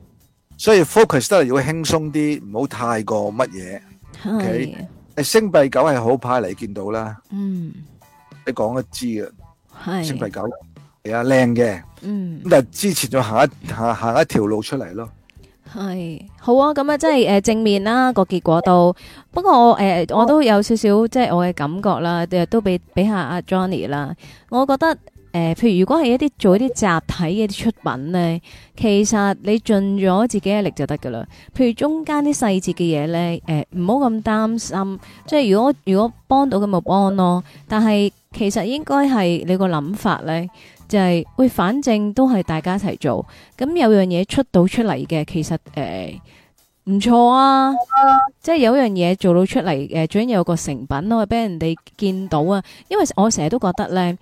所以 focus 都係要輕鬆啲，唔好太過乜嘢。O K，誒，星幣九係好派嚟見到啦。嗯，你講一知狗啊。係。星幣九係啊，靚嘅。嗯。咁但係支持咗仲行一行一條路出嚟咯。係，好啊。咁啊、就是，即係誒正面啦個結果都、嗯。不過誒、呃，我都有少少即係、就是、我嘅感覺啦。都俾俾下阿、啊、Johnny 啦。我覺得。誒、呃，譬如如果係一啲做一啲集體嘅出品呢，其實你盡咗自己嘅力就得噶啦。譬如中間啲細節嘅嘢呢，誒，唔好咁擔心。即係如果如果幫到嘅咪幫咯，但係其實應該係你個諗法呢，就係、是、喂，反正都係大家一齊做，咁有樣嘢出到出嚟嘅，其實誒唔錯啊，即係有樣嘢做到出嚟，誒，最緊要有個成品咯，俾人哋見到啊。因為我成日都覺得呢，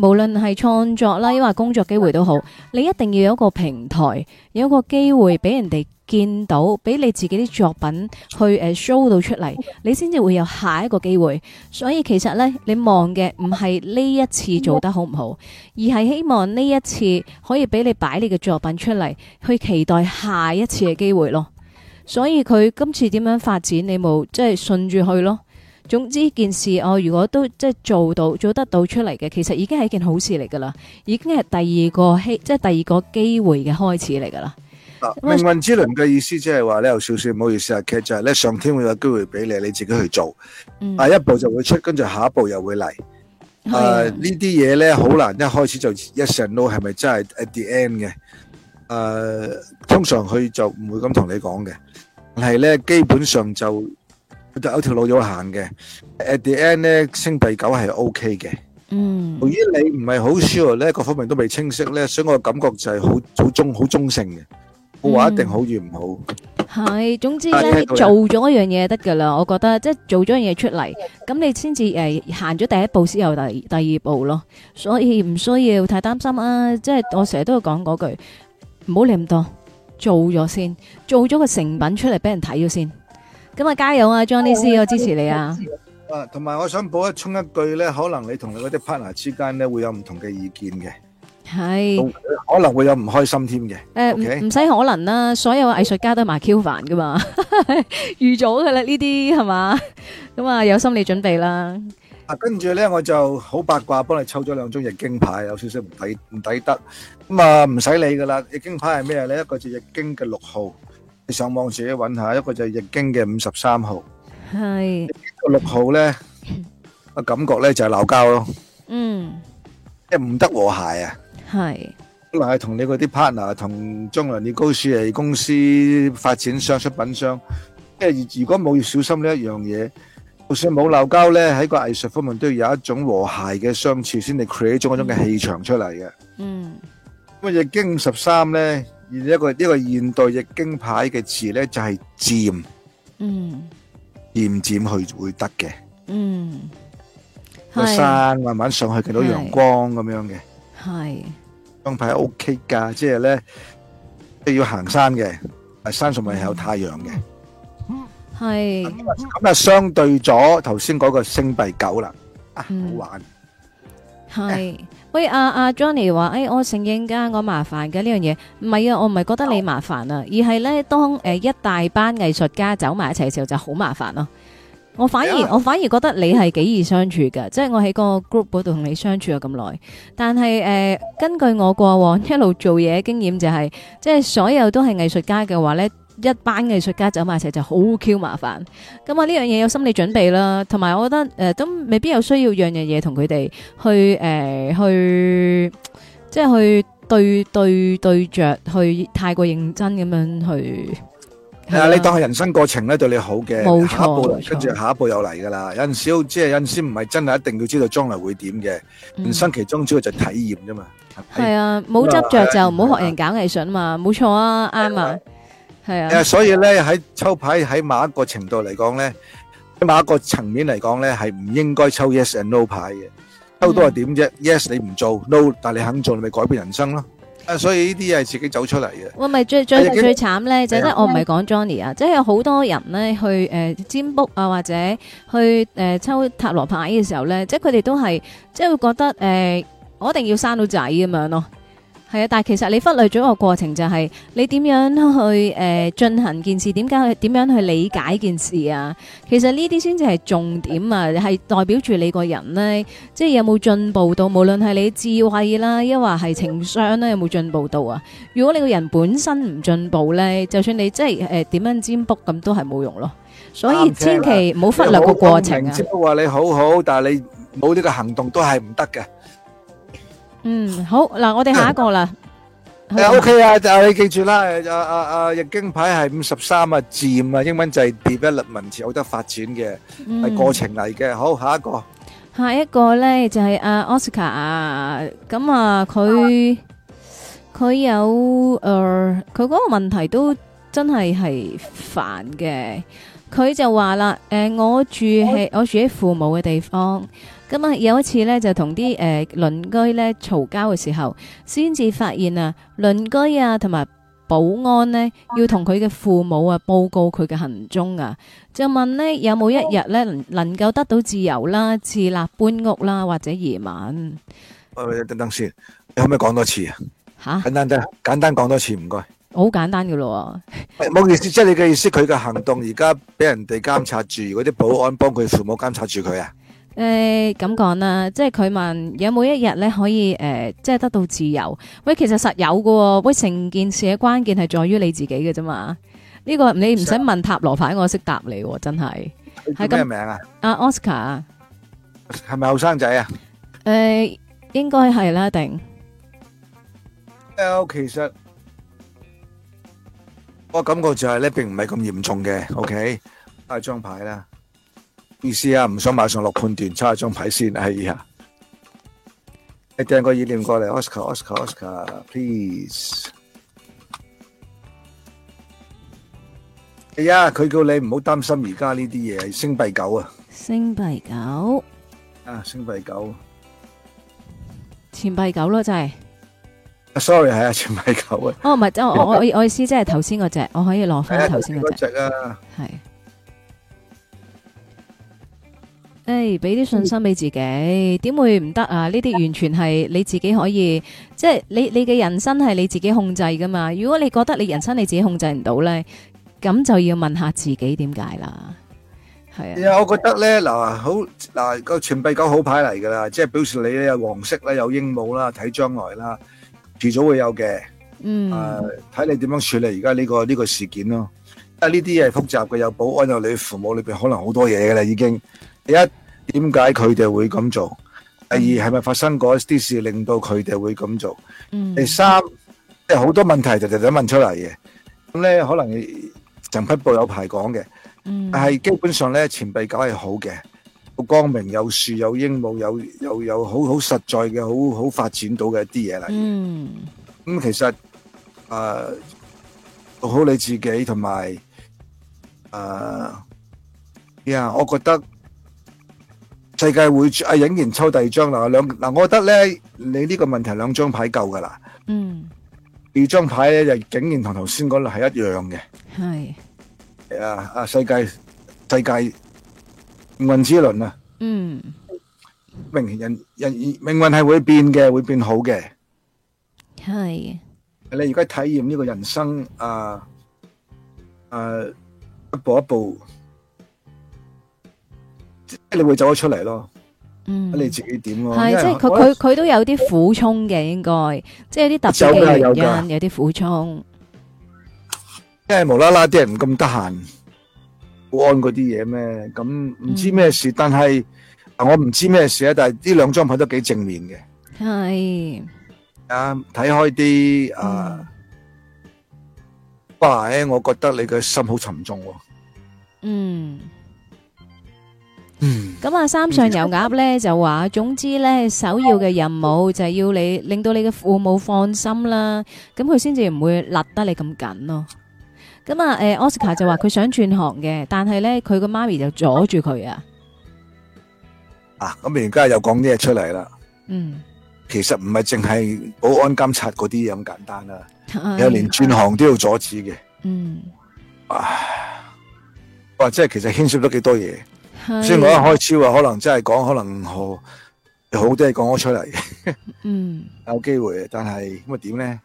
無論係創作啦，抑或工作機會都好，你一定要有個平台，有個機會俾人哋見到，俾你自己啲作品去誒 show 到出嚟，你先至會有下一個機會。所以其實呢，你望嘅唔係呢一次做得好唔好，而係希望呢一次可以俾你擺你嘅作品出嚟，去期待下一次嘅機會咯。所以佢今次點樣發展，你冇，即係順住去咯。總之呢件事我如果都即係做到做得到出嚟嘅，其實已經係一件好事嚟噶啦，已經係第二個希即係第二個機會嘅開始嚟噶啦。命運之輪嘅意思即係話咧，有少少唔好意思啊，其實就係咧上天會有機會俾你你自己去做，第一步就會出，跟住下一步又會嚟。誒呢啲嘢咧好難一開始就 yes and no 係咪真係 at the end 嘅？誒通常佢就唔會咁同你講嘅，係咧基本上就。有條路要行嘅，at the end 咧，星幣九係 OK 嘅。嗯，由於你唔係好 sure 咧，各方面都未清晰咧，所以我嘅感覺就係好好中好中性嘅，冇話一定好與唔好。係，總之咧，你做咗一樣嘢得噶啦。我覺得即係做咗樣嘢出嚟，咁你先至誒行咗第一步，先有第第二步咯。所以唔需要太擔心啊！即係我成日都會講嗰句，唔好理咁多，做咗先，做咗個成品出嚟俾人睇咗先。咁啊，加油啊，Johnny C，我支持你啊！啊，同埋我想補一充一句咧，可能你同你嗰啲 partner 之間咧會有唔同嘅意見嘅，係，可能會有唔開心添嘅。誒，唔唔使可能啦，所有藝術家都係埋 Q 凡噶嘛，預咗噶啦，呢啲係嘛？咁啊，有心理準備啦。啊，跟住咧，我就好八卦，幫你抽咗兩張易經牌，有少少唔抵唔抵得，咁啊，唔使理噶啦。易經牌係咩咧？一個字易經嘅六號。你上網自己搵下，一個就係《易經》嘅五十三號，係六號咧，我感覺咧就係鬧交咯，嗯，即係唔得和諧啊，係，可能係同你嗰啲 partner，同將來你高處嚟公司發展商、出品商，即係如果冇要小心呢一樣嘢，就算冇鬧交咧，喺個藝術方面都要有一種和諧嘅相處，先嚟 create 一種嗰種嘅氣場出嚟嘅，嗯，咁啊《易經》五十三咧。而一個一個現代嘅易經牌嘅字咧，就係漸，嗯，漸漸去會得嘅，嗯，個山慢慢上去見到陽光咁樣嘅，係，張牌 OK 㗎，即係咧，要行山嘅，係山上咪有太陽嘅，係，咁啊相對咗頭先嗰個星幣九啦，啊好玩，係。所以阿阿 Johnny 話，誒、哎，我承認噶，我麻煩嘅呢樣嘢。唔係啊，我唔係覺得你麻煩啊，而係咧，當誒、呃、一大班藝術家走埋一齊嘅時候，就好麻煩咯。我反而、yeah. 我反而覺得你係幾易相處噶，即係我喺個 group 嗰度同你相處咗咁耐，但係誒、呃，根據我過往一路做嘢經驗就係、是，即係所有都係藝術家嘅話咧。一班嘅藝術家走埋一齊就好 Q 麻煩，咁啊呢樣嘢有心理準備啦，同埋我覺得誒都、呃、未必有需要樣樣嘢同佢哋去誒、呃、去即係去對對對著去太過認真咁樣去。啊，你當係人生過程咧對你好嘅，冇錯，跟住下一步又嚟噶啦。有陣時即係有陣時唔係真係一定要知道將來會點嘅、嗯，人生其中主要就體驗啫嘛。係啊，冇執着就唔好學人搞藝術嘛，冇、嗯、錯啊，啱啊。誒，所以咧喺抽牌喺某一個程度嚟講咧，喺某一個層面嚟講咧，係唔應該抽 yes and no 牌嘅，抽到係點啫？Yes 你唔做，no 但你肯做，你咪改變人生咯。啊，所以呢啲嘢係自己走出嚟嘅。我咪最最最慘咧，就即係我唔係講 Johnny 啊，即係有好多人咧去誒占卜啊或者去誒抽塔羅牌嘅時候咧，即係佢哋都係即係會覺得誒我一定要生到仔咁樣咯。係啊，但係其實你忽略咗個過程，就係你點樣去誒、呃、進行件事，點解去點樣去理解件事啊？其實呢啲先至係重點啊，係代表住你個人呢、啊，即係有冇進步到，無論係你智慧啦，亦或係情商咧，有冇進步到啊？如果你個人本身唔進步呢，就算你即係呃、點樣占卜咁，都係冇用咯。所以千祈唔好忽略個過程啊！占卜話你好好，但係你冇呢個行動都係唔得嘅。嗯，好嗱，我哋下一個啦。Yeah. Uh, o、okay, k 啊，就、啊、你記住啦，啊啊啊易經牌係五十三啊，字，啊，啊啊牌 53, Gym, 英文就係 develop，文字有得發展嘅，係過程嚟嘅、嗯。好，下一個，下一個咧就係阿 Oscar 啊咁啊，佢佢、啊 uh. 有誒，佢、呃、嗰個問題都真係係煩嘅。佢就話啦，誒、呃，我住喺、uh. 我住喺父母嘅地方。咁、嗯、啊，有一次咧就同啲誒鄰居咧嘈交嘅時候，先至發現啊，鄰居啊同埋保安呢，要同佢嘅父母啊報告佢嘅行蹤啊，就問呢，有冇一日咧能夠得到自由啦、自立搬屋啦或者移民。喂，等等先，你可唔可以講多次啊？吓，簡單得，簡單講多次唔該。好簡單噶咯，冇意思，即係你嘅意思，佢嘅行動而家俾人哋監察住，如果啲保安幫佢父母監察住佢啊？誒，咁講啦，即係佢問有冇一日咧可以誒，即係得到自由？喂，其實實有噶，喂，成件事嘅關鍵係在於你自己嘅啫嘛。呢個你唔使問塔羅牌，我識答你，真係。係咁。咩名啊？阿 Oscar。係咪後生仔啊？誒，應該係啦，一定。誒，其實我感覺就係咧，並唔係咁嚴重嘅。OK，開張牌啦。意思啊，唔想馬上落判斷，揸張牌先哎呀，你掟個意念過嚟，Oscar，Oscar，Oscar，please！哎呀，佢叫你唔好擔心而家呢啲嘢，星幣九啊！星幣九啊，星幣九，錢幣九咯，真係。Sorry，係、哎、啊，錢幣九啊。哦，唔係，我我我意思，即係頭先嗰隻，我可以攞翻頭先嗰隻啊，係。誒、哎，俾啲信心俾自己，點會唔得啊？呢啲完全係你自己可以，即、就、係、是、你你嘅人生係你自己控制噶嘛。如果你覺得你人生你自己控制唔到咧，咁就要問下自己點解啦。係啊，我覺得咧嗱，好嗱個錢幣九好牌嚟噶啦，即係表示你咧有黃色啦，有鸚鵡啦，睇將來啦，遲早會有嘅。嗯，誒、嗯，睇你點樣處理而家呢個呢個事件咯。啊、嗯，呢啲係複雜嘅，有保安有你父母裏邊可能好多嘢噶啦，已經。第一，點解佢哋會咁做？第二，係咪發生過一啲事令到佢哋會咁做、嗯？第三，即係好多問題就直咁問出嚟嘅。咁咧，可能成批報有排講嘅，係、嗯、基本上咧前輩梗係好嘅，好光明有樹有鸚鵡有又有好好實在嘅好好發展到嘅一啲嘢嚟。嗯，咁、嗯、其實誒，呃、做好你自己同埋誒，呀，呃、yeah, 我覺得。世界會啊，影完抽第二張嗱，兩嗱我覺得咧，你呢個問題兩張牌夠㗎喇。嗯，第二張牌咧就竟然同頭先嗰度係一樣嘅。係。係啊啊！世界世界命運之輪啊。嗯。命人人命運係會變嘅，會變好嘅。係。你而家體驗呢個人生啊啊一步一步。即你會走得出嚟咯，嗯，你自己點咯，啊？係即係佢佢佢都有啲苦衷嘅，應該即係有啲特殊原因，就是，有啲苦衷。即係無啦啦啲人咁得閒，保安嗰啲嘢咩？咁唔知咩事，嗯、事，但係我唔知咩事啊！但係呢兩張牌都幾正面嘅。係、嗯、啊，睇開啲啊，不過咧，我覺得你嘅心好沉重，啊。嗯。嗯，咁啊，三上油鴨咧就話，總之咧，首要嘅任務就係要你令到你嘅父母放心啦，咁佢先至唔會勒得你咁緊咯。咁啊，誒、呃、，Oscar 就話佢想轉行嘅，但係咧佢個媽咪就阻住佢啊。啊，咁而家又講啲嘢出嚟啦。嗯，其實唔係淨係保安監察嗰啲咁簡單啦，有、哎、連轉行都要阻止嘅。嗯，哇、啊，哇，即係其實牽涉咗幾多嘢。雖然我一開超話，可能真係講，可能好，好啲係講咗出嚟。嗯，呵呵有機會，但係咁啊點咧？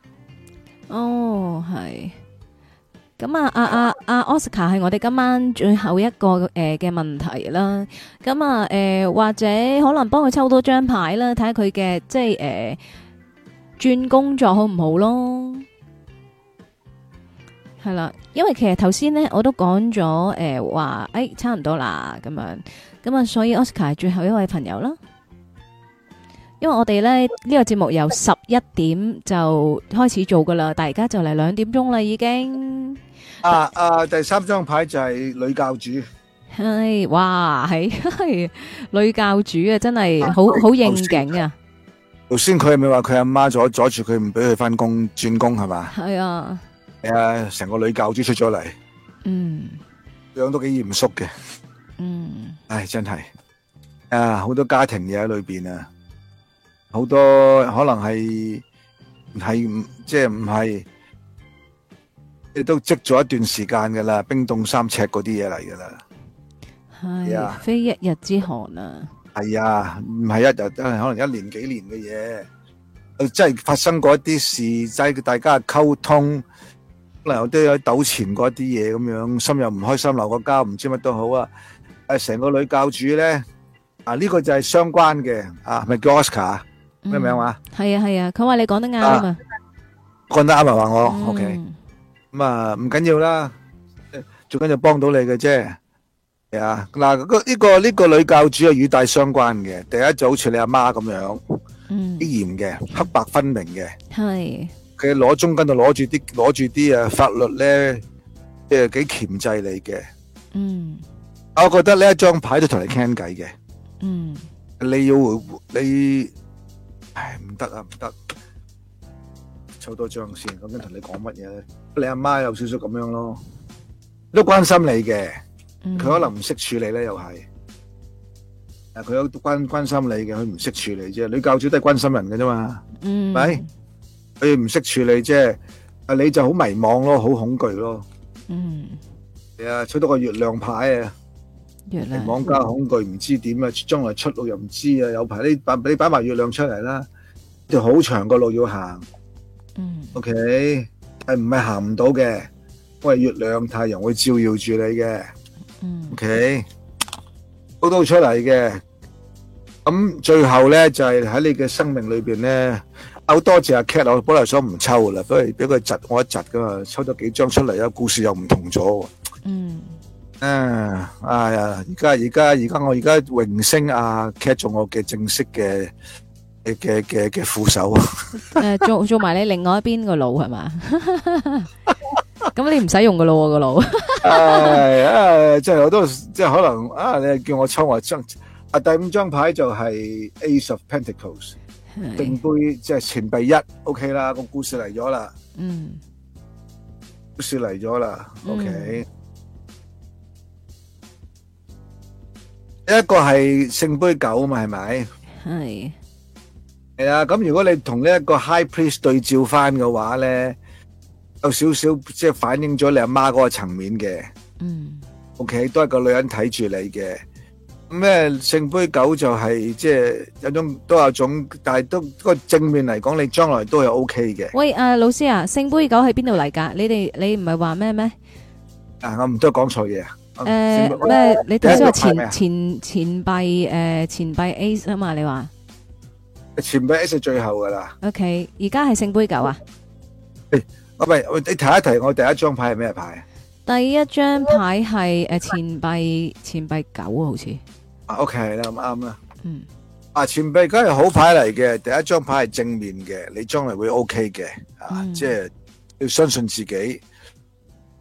哦，係。咁啊，阿阿阿 Oscar 係我哋今晚最後一個誒嘅、呃、問題啦。咁啊，誒、呃、或者可能幫佢抽多張牌啦，睇下佢嘅即係誒轉工作好唔好咯？係啦，因為其實頭先咧我都講咗誒話，誒、哎、差唔多啦咁樣，咁啊所以 Oscar 係最後一位朋友啦。因為我哋咧呢、呢個節目由十一點就開始做噶啦，但而家就嚟兩點鐘啦已經。啊啊，第三張牌就係女教主。係、哎、哇，係、哎哎、女教主啊，真係好、啊、好，好應景啊。頭先佢係咪話佢阿媽阻阻住佢唔俾佢返工轉工係嘛？係啊。係成個女教主出咗嚟，嗯，樣都幾嚴肅嘅，嗯，唉，真係，啊，好多家庭嘢喺裏邊啊，好多可能係係即係唔係，亦、就是、都積咗一段時間噶啦，冰凍三尺嗰啲嘢嚟噶啦，係非一日之寒啊，係啊，唔係一日，可能一年幾年嘅嘢、呃，即係發生過一啲事，即係大家溝通。可能都有喺糾纏嗰啲嘢咁樣，心又唔開心，鬧個交，唔知乜都好啊！誒，成個女教主咧，啊呢個就係相關嘅啊，咪叫 Oscar，咩名話？係啊係啊，佢話你講得啱啊嘛，講得啱啊話我，OK，咁啊唔緊要啦，最緊要幫到你嘅啫，係啊嗱，個呢個呢個女教主係與大相關嘅，第一就好似你阿媽咁樣，啲嚴嘅，黑白分明嘅，係。嘅攞中間度攞住啲攞住啲啊法律咧，即係幾鉗制你嘅。嗯，我覺得呢一張牌都同你傾偈嘅。嗯，你要回你，唉唔得啊唔得，抽多張先。咁樣同你講乜嘢咧？你阿媽有少少咁樣咯，都關心你嘅。佢可能唔識處理咧，又係。啊，佢都關關心你嘅，佢唔識處理啫。女教主都係關心人嘅啫嘛。嗯，喂。你唔識處理啫，啊你就好迷茫咯，好恐懼咯。嗯，係啊，取到個月亮牌啊，迷惘加恐懼，唔知點啊，將來出路又唔知啊，有排你擺你擺埋月亮出嚟啦，就好長個路要行。嗯，O K，係唔係行唔到嘅？我係月亮太陽會照耀住你嘅。嗯，O K，都都出嚟嘅。咁最後咧就係喺你嘅生命裏邊咧。好多謝阿 Cat，我本來想唔抽噶啦，不如俾佢窒我一窒噶嘛，抽咗幾張出嚟，個故事又唔同咗。嗯，啊，哎呀，而家而家而家我而家榮升阿 Cat 做我嘅正式嘅嘅嘅嘅副手。誒，做做埋你另外一邊個腦係嘛？咁你唔使用噶咯，個腦。誒，即係我都即係可能啊，你叫我抽我張啊，第五張牌就係 Ace of Pentacles。聖杯即係錢幣一，OK 啦，個故事嚟咗啦，嗯，故事嚟咗啦，OK，呢一個係聖杯九嘛，係咪？係，係啦，咁如果你同呢一個 High Priest 對照翻嘅話咧，有少少即係反映咗你阿媽嗰個層面嘅，嗯，OK，都係個女人睇住你嘅。咩聖杯九就係、是、即係有種都有種，但係都嗰個正面嚟講，你將來都係 O K 嘅。喂，誒、啊，老師啊，聖杯九喺邊度嚟㗎？你哋你唔係話咩咩？啊，我唔得講錯嘢啊。誒、呃，咩？你頭先話前前錢幣誒，錢幣 A 啊嘛？你話？錢幣 A 係最後㗎喇。O K，而家係聖杯九啊？喂，喂你提一提我第一張牌係咩牌？第一張牌係誒、呃、錢幣錢幣九啊，好似。啊，OK 啦，咁啱啦。嗯，啊前輩，梗係好牌嚟嘅，第一張牌係正面嘅，你將來會 OK 嘅，啊，即係要相信自己。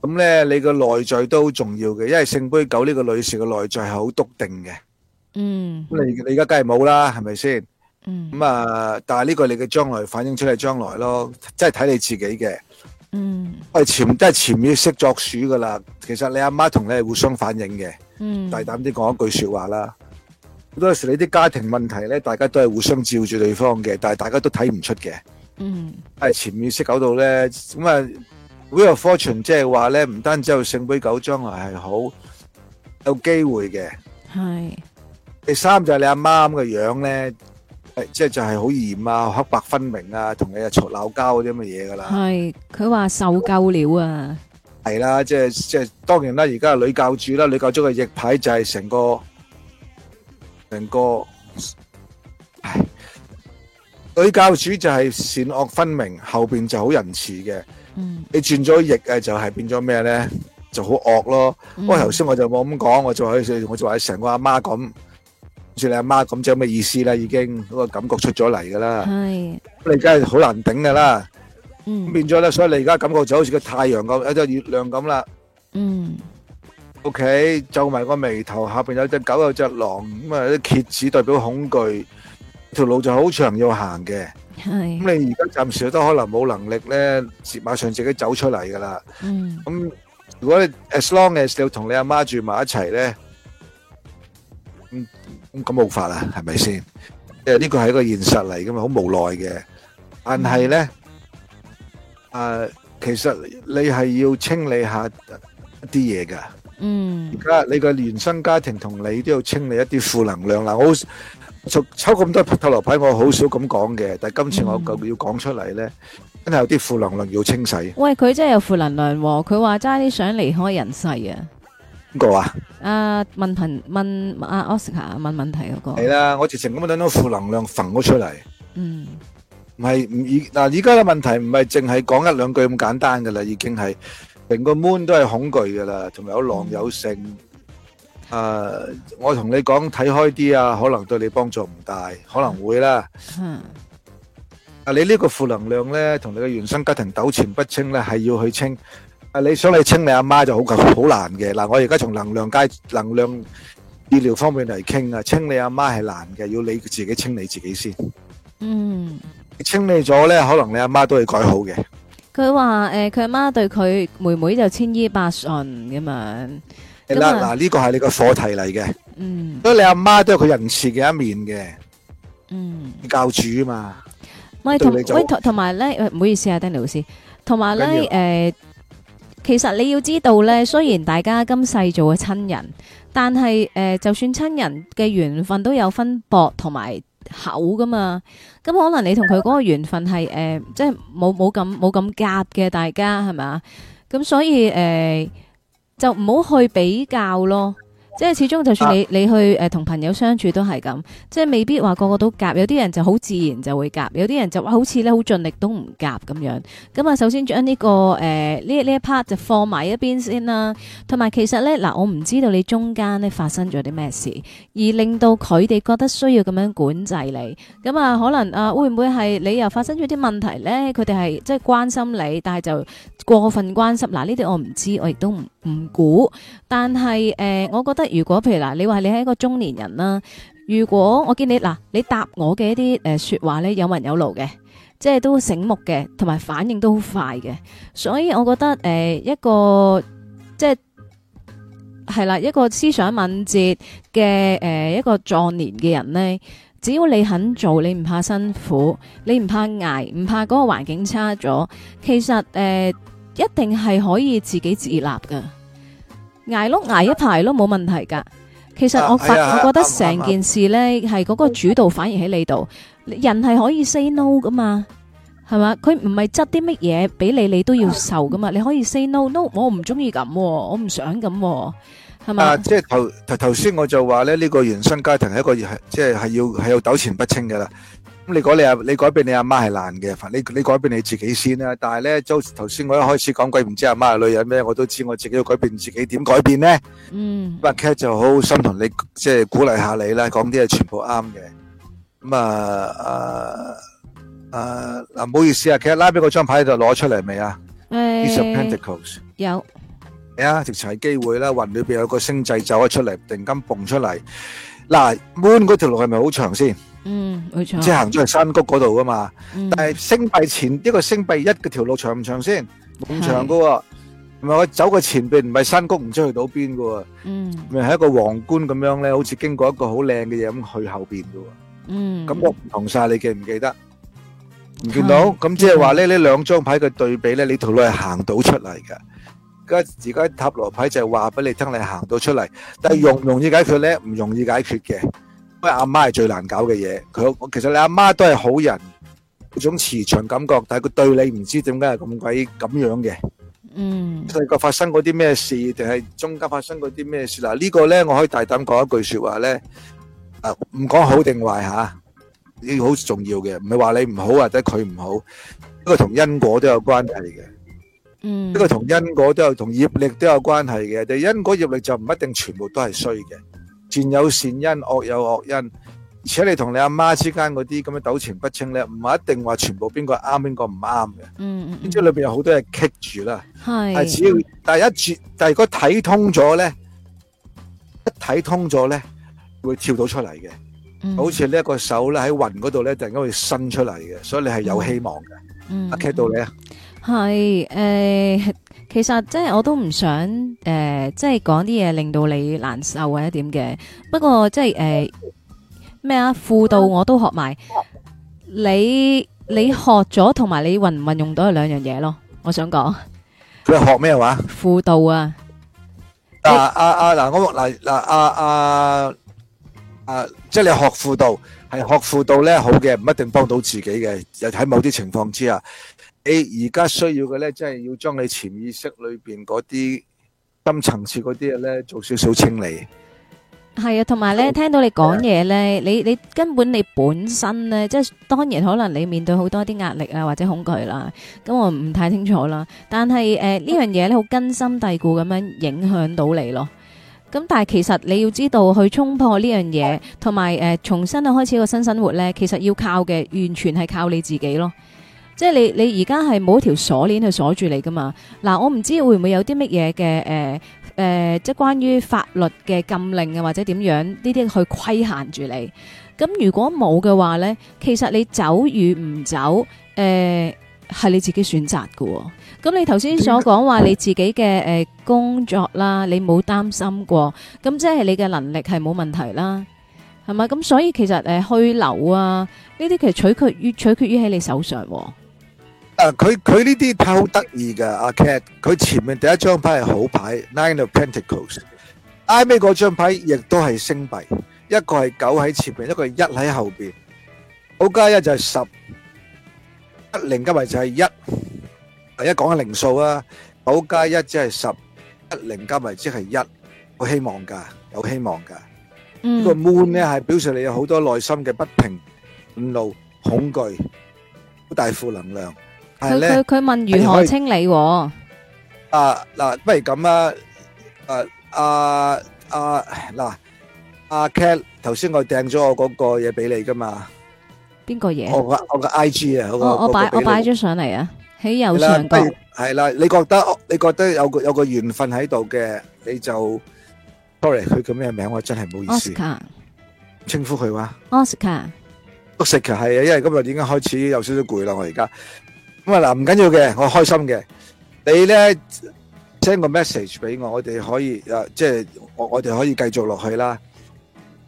咁咧，你個內在都好重要嘅，因為聖杯九呢個女士嘅內在係好篤定嘅。嗯，咁你你而家梗係冇啦，係咪先？嗯，咁啊，但係呢個你嘅將來反映出嚟將來咯，即係睇你自己嘅。嗯，啊，潛都係潛意識作主噶啦，其實你阿媽同你係互相反映嘅。嗯、大膽啲講一句說話啦！好多時你啲家庭問題咧，大家都係互相照住對方嘅，但係大家都睇唔出嘅。嗯，係潛意識度到咧，咁啊，Wheel of fortune 即係話咧，唔單止有聖杯九張牌係好有機會嘅。係第三就係你阿媽咁嘅樣咧，即係就係好嚴啊，很黑白分明啊，同你嘈鬧交嗰啲咁嘅嘢噶啦。係佢話受夠了啊！係啦，即係即係，當然啦。而家女教主啦，女教主嘅逆牌就係成個成個，女教主就係善惡分明，後邊就好仁慈嘅。嗯，你轉咗逆啊，就係變咗咩咧？就好惡咯。不過頭先我就冇咁講，我就話，我就話成個阿媽咁，似你阿媽咁，就有咩意思咧？已經嗰個感覺出咗嚟噶啦。係，你梗係好難頂噶啦。變咗咧，所以你而家感覺就好似個太陽咁，有隻月亮咁啦。嗯，OK，皺埋個眉頭，下邊有隻狗，有隻狼。咁啊，啲蠍子代表恐懼，條路就好長要行嘅。係咁，你而家暫時都可能冇能力咧，接馬上自己走出嚟噶啦。嗯，咁如果你 as long as 你同你阿媽住埋一齊咧，咁咁冇法喇，係咪先？即係呢個係一個現實嚟噶嘛，好無奈嘅。但係咧。誒、uh，其實你係要清理一下一啲嘢噶。嗯。而家你個原生家庭同你都要清理一啲負能量嗱、嗯。我抽抽咁多鋪塔羅牌，我好少咁講嘅，但係今次我要講出嚟咧，真係有啲負能量要清洗。喂，佢真係有負能量喎、哦！佢話齋想離開人世啊。邊、uh, 個啊？阿問題問阿奧斯卡問問題嗰、那個。係啦，我直情咁樣等到負能量焚咗出嚟。嗯。唔係唔以嗱，而家嘅問題唔係淨係講一兩句咁簡單噶啦，已經係成個 moon 都係恐懼噶啦，同埋有狼有性。誒，我同你講睇開啲啊，可能對你幫助唔大，可能會啦。嗯。啊，你呢個負能量咧，同你嘅原生家庭糾纏不清咧，係要去清。啊，你想你清你阿媽就好難，好難嘅。嗱，我而家從能量界、能量治療方面嚟傾啊，清你阿媽係難嘅，要你自己清你自己先。嗯。清理咗咧，可能你阿媽都會改好嘅。佢話誒，佢阿媽對佢妹妹就千依百順咁樣。嗱，呢個係你個課題嚟嘅。嗯。所以你阿媽都有佢仁慈嘅一面嘅。嗯。教主啊嘛。唔、嗯、同，同，埋咧，唔好意思啊，Danny 老師，同埋咧，誒、呃，其實你要知道咧，雖然大家今世做嘅親人，但係誒、呃，就算親人嘅緣分都有分薄同埋。厚噶嘛，咁可能你同佢嗰個緣分係誒、呃，即係冇冇咁冇咁夾嘅，大家係咪？咁所以誒、呃，就唔好去比較咯。即係始終，就算你你去誒同、呃、朋友相處都係咁，即係未必話個個都夾，有啲人就好自然就會夾，有啲人就哇好似咧好盡力都唔夾咁樣。咁、嗯、啊，首先將呢、這個誒呢呢一 part 就放埋一邊先啦。同埋其實咧嗱、呃，我唔知道你中間咧發生咗啲咩事，而令到佢哋覺得需要咁樣管制你。咁、嗯、啊、呃，可能啊、呃、會唔會係你又發生咗啲問題咧？佢哋係即係關心你，但係就過分關心。嗱呢啲我唔知，我亦都唔估。但係誒、呃，我覺得。如果譬如嗱，你話你係一個中年人啦，如果我見你嗱，你答我嘅一啲誒、呃、說話咧有文有路嘅，即係都醒目嘅，同埋反應都好快嘅，所以我覺得誒、呃、一個即係係啦，一個思想敏捷嘅誒、呃、一個壯年嘅人咧，只要你肯做，你唔怕辛苦，你唔怕挨，唔怕嗰個環境差咗，其實誒、呃、一定係可以自己自立嘅。挨碌挨一排咯，冇問題噶。其實我發、啊啊、我覺得成件事咧，係、嗯、嗰、嗯、個主導反而喺你度。人係可以 say no 噶嘛，係嘛？佢唔係執啲乜嘢俾你，你都要受噶嘛？你可以 say no，no，我 no 唔中意咁，我唔、啊、想咁、啊，係嘛、啊？即係頭頭頭先我就話咧，呢、呢個原生家庭係一個，即係係要係要糾纏不清噶啦。咁你改你阿你改變你阿媽係難嘅，凡你你改變你自己先啦。但係咧，就頭先我一開始講鬼唔知阿媽係女人咩，我都知我自己要改變自己，點改變咧？嗯，咁啊，cat 就好心同你即係鼓勵下你啦。講啲嘢全部啱嘅。咁啊，誒誒，嗱，唔好意思啊，cat 拉俾嗰張牌就攞出嚟未啊？Pentacles。誒，有係啊，直頭係機會啦。雲裏邊有個星仔走咗出嚟，突然間蹦出嚟。嗱，moon 嗰條路係咪好長先？嗯，即係行咗去山谷嗰度噶嘛，嗯、但係星幣前一、這個星幣一嘅條路長唔長先？咁長噶、哦，唔係我走個前邊，唔係山谷，唔知去到邊噶，咪、嗯、係一個皇冠咁樣咧，好似經過一個好靚嘅嘢咁去後邊噶、哦。嗯，咁、嗯、我唔同晒你記唔記得？唔見到，咁即係話咧，那呢兩張牌嘅對比咧，你條路係行到出嚟噶。而家而家塔羅牌就係話俾你聽，你行到出嚟，但係容唔容易解決咧？唔容易解決嘅。因為阿媽係最難搞嘅嘢，佢其實你阿媽都係好人，嗰種磁場感覺，但係佢對你唔知點解係咁鬼咁樣嘅。嗯，細個發生過啲咩事，定係中間發生過啲咩事？嗱呢個咧，我可以大膽講一句說話咧，啊唔講好定壞吓，呢個好重要嘅，唔係話你唔好或者佢唔好，呢個同因果都有關係嘅。嗯，呢個同因果都有同業力都有關係嘅，但係因果業力就唔一定全部都係衰嘅。善有善因，惡有惡因，而且你同你阿媽之間嗰啲咁嘅糾纏不清咧，唔係一定話全部邊個啱，邊個唔啱嘅。嗯嗯，即係裏邊有好多嘢棘住啦。係，但只要第一住，但係如果睇通咗咧，一睇通咗咧，會跳到出嚟嘅。嗯，好似呢一個手咧喺雲嗰度咧，突然間會伸出嚟嘅，所以你係有希望嘅。嗯，一棘到你啊，係誒。其實即係我都唔想誒、呃，即係講啲嘢，令到你難受或者點嘅。不過即係誒咩啊？輔導我都學埋、啊，你你學咗同埋你運唔運用到係兩樣嘢咯。我想講，佢學咩話？輔導啊？嗱，阿、啊、嗱、啊啊，我嗱嗱阿阿阿，即係你學輔導係學輔導咧好嘅，唔一定幫到自己嘅，又喺某啲情況之下。你而家需要嘅呢，即係要將你潛意識裏邊嗰啲深層次嗰啲嘢呢，做少少清理。係啊，同埋呢，聽到你講嘢呢，嗯、你你根本你本身呢，即係當然可能你面對好多啲壓力啦，或者恐懼啦，咁我唔太清楚啦。但係誒呢樣嘢呢，好根深蒂固咁樣影響到你咯。咁但係其實你要知道去衝破呢樣嘢，同埋誒重新開始個新生活呢，其實要靠嘅完全係靠你自己咯。即係你你而家係冇條鎖鏈去鎖住你噶嘛？嗱，我唔知會唔會有啲乜嘢嘅，誒誒，即係關於法律嘅禁令啊，或者點樣呢啲去規限住你？咁如果冇嘅話咧，其實你走與唔走誒係、呃、你自己選擇噶。咁你頭先所講話你自己嘅誒工作啦，你冇擔心過，咁即係你嘅能力係冇問題啦，係嘛？咁所以其實誒去留啊呢啲其實取決於取決於喺你手上。啊！佢佢呢啲牌好得意噶，阿 Cat，佢前面第一張牌係好牌 Nine of Pentacles，挨尾嗰張牌亦都係星幣，一個係九喺前面，一個係一喺後邊，九加一就係十，一零加埋就係一。第一講下零數啊，九加一即係十，一零加埋即係一，好希望噶，有希望噶。呢個 Moon 咧係表示你有好多內心嘅不平、怒、恐懼，好大負能量。佢佢佢問如何清理？啊嗱，不如咁啊！啊啊啊嗱，阿 Cat，頭先我訂咗我嗰個嘢俾你噶嘛？邊個嘢？我個我個 IG、哦、我個 IG 啊！我我擺我擺咗上嚟啊！喺右上角。係啦，你覺得你覺得有個有個緣分喺度嘅，你就 sorry，佢叫咩名我真係唔好意思。Oscar 稱呼佢話：「Oscar，Oscar 係啊，因為今日已經開始有少少攰啦，我而家。咁啊嗱，唔緊要嘅，我開心嘅。你咧 send 個 message 俾我，我哋可以，即係我我哋可以繼續落去啦。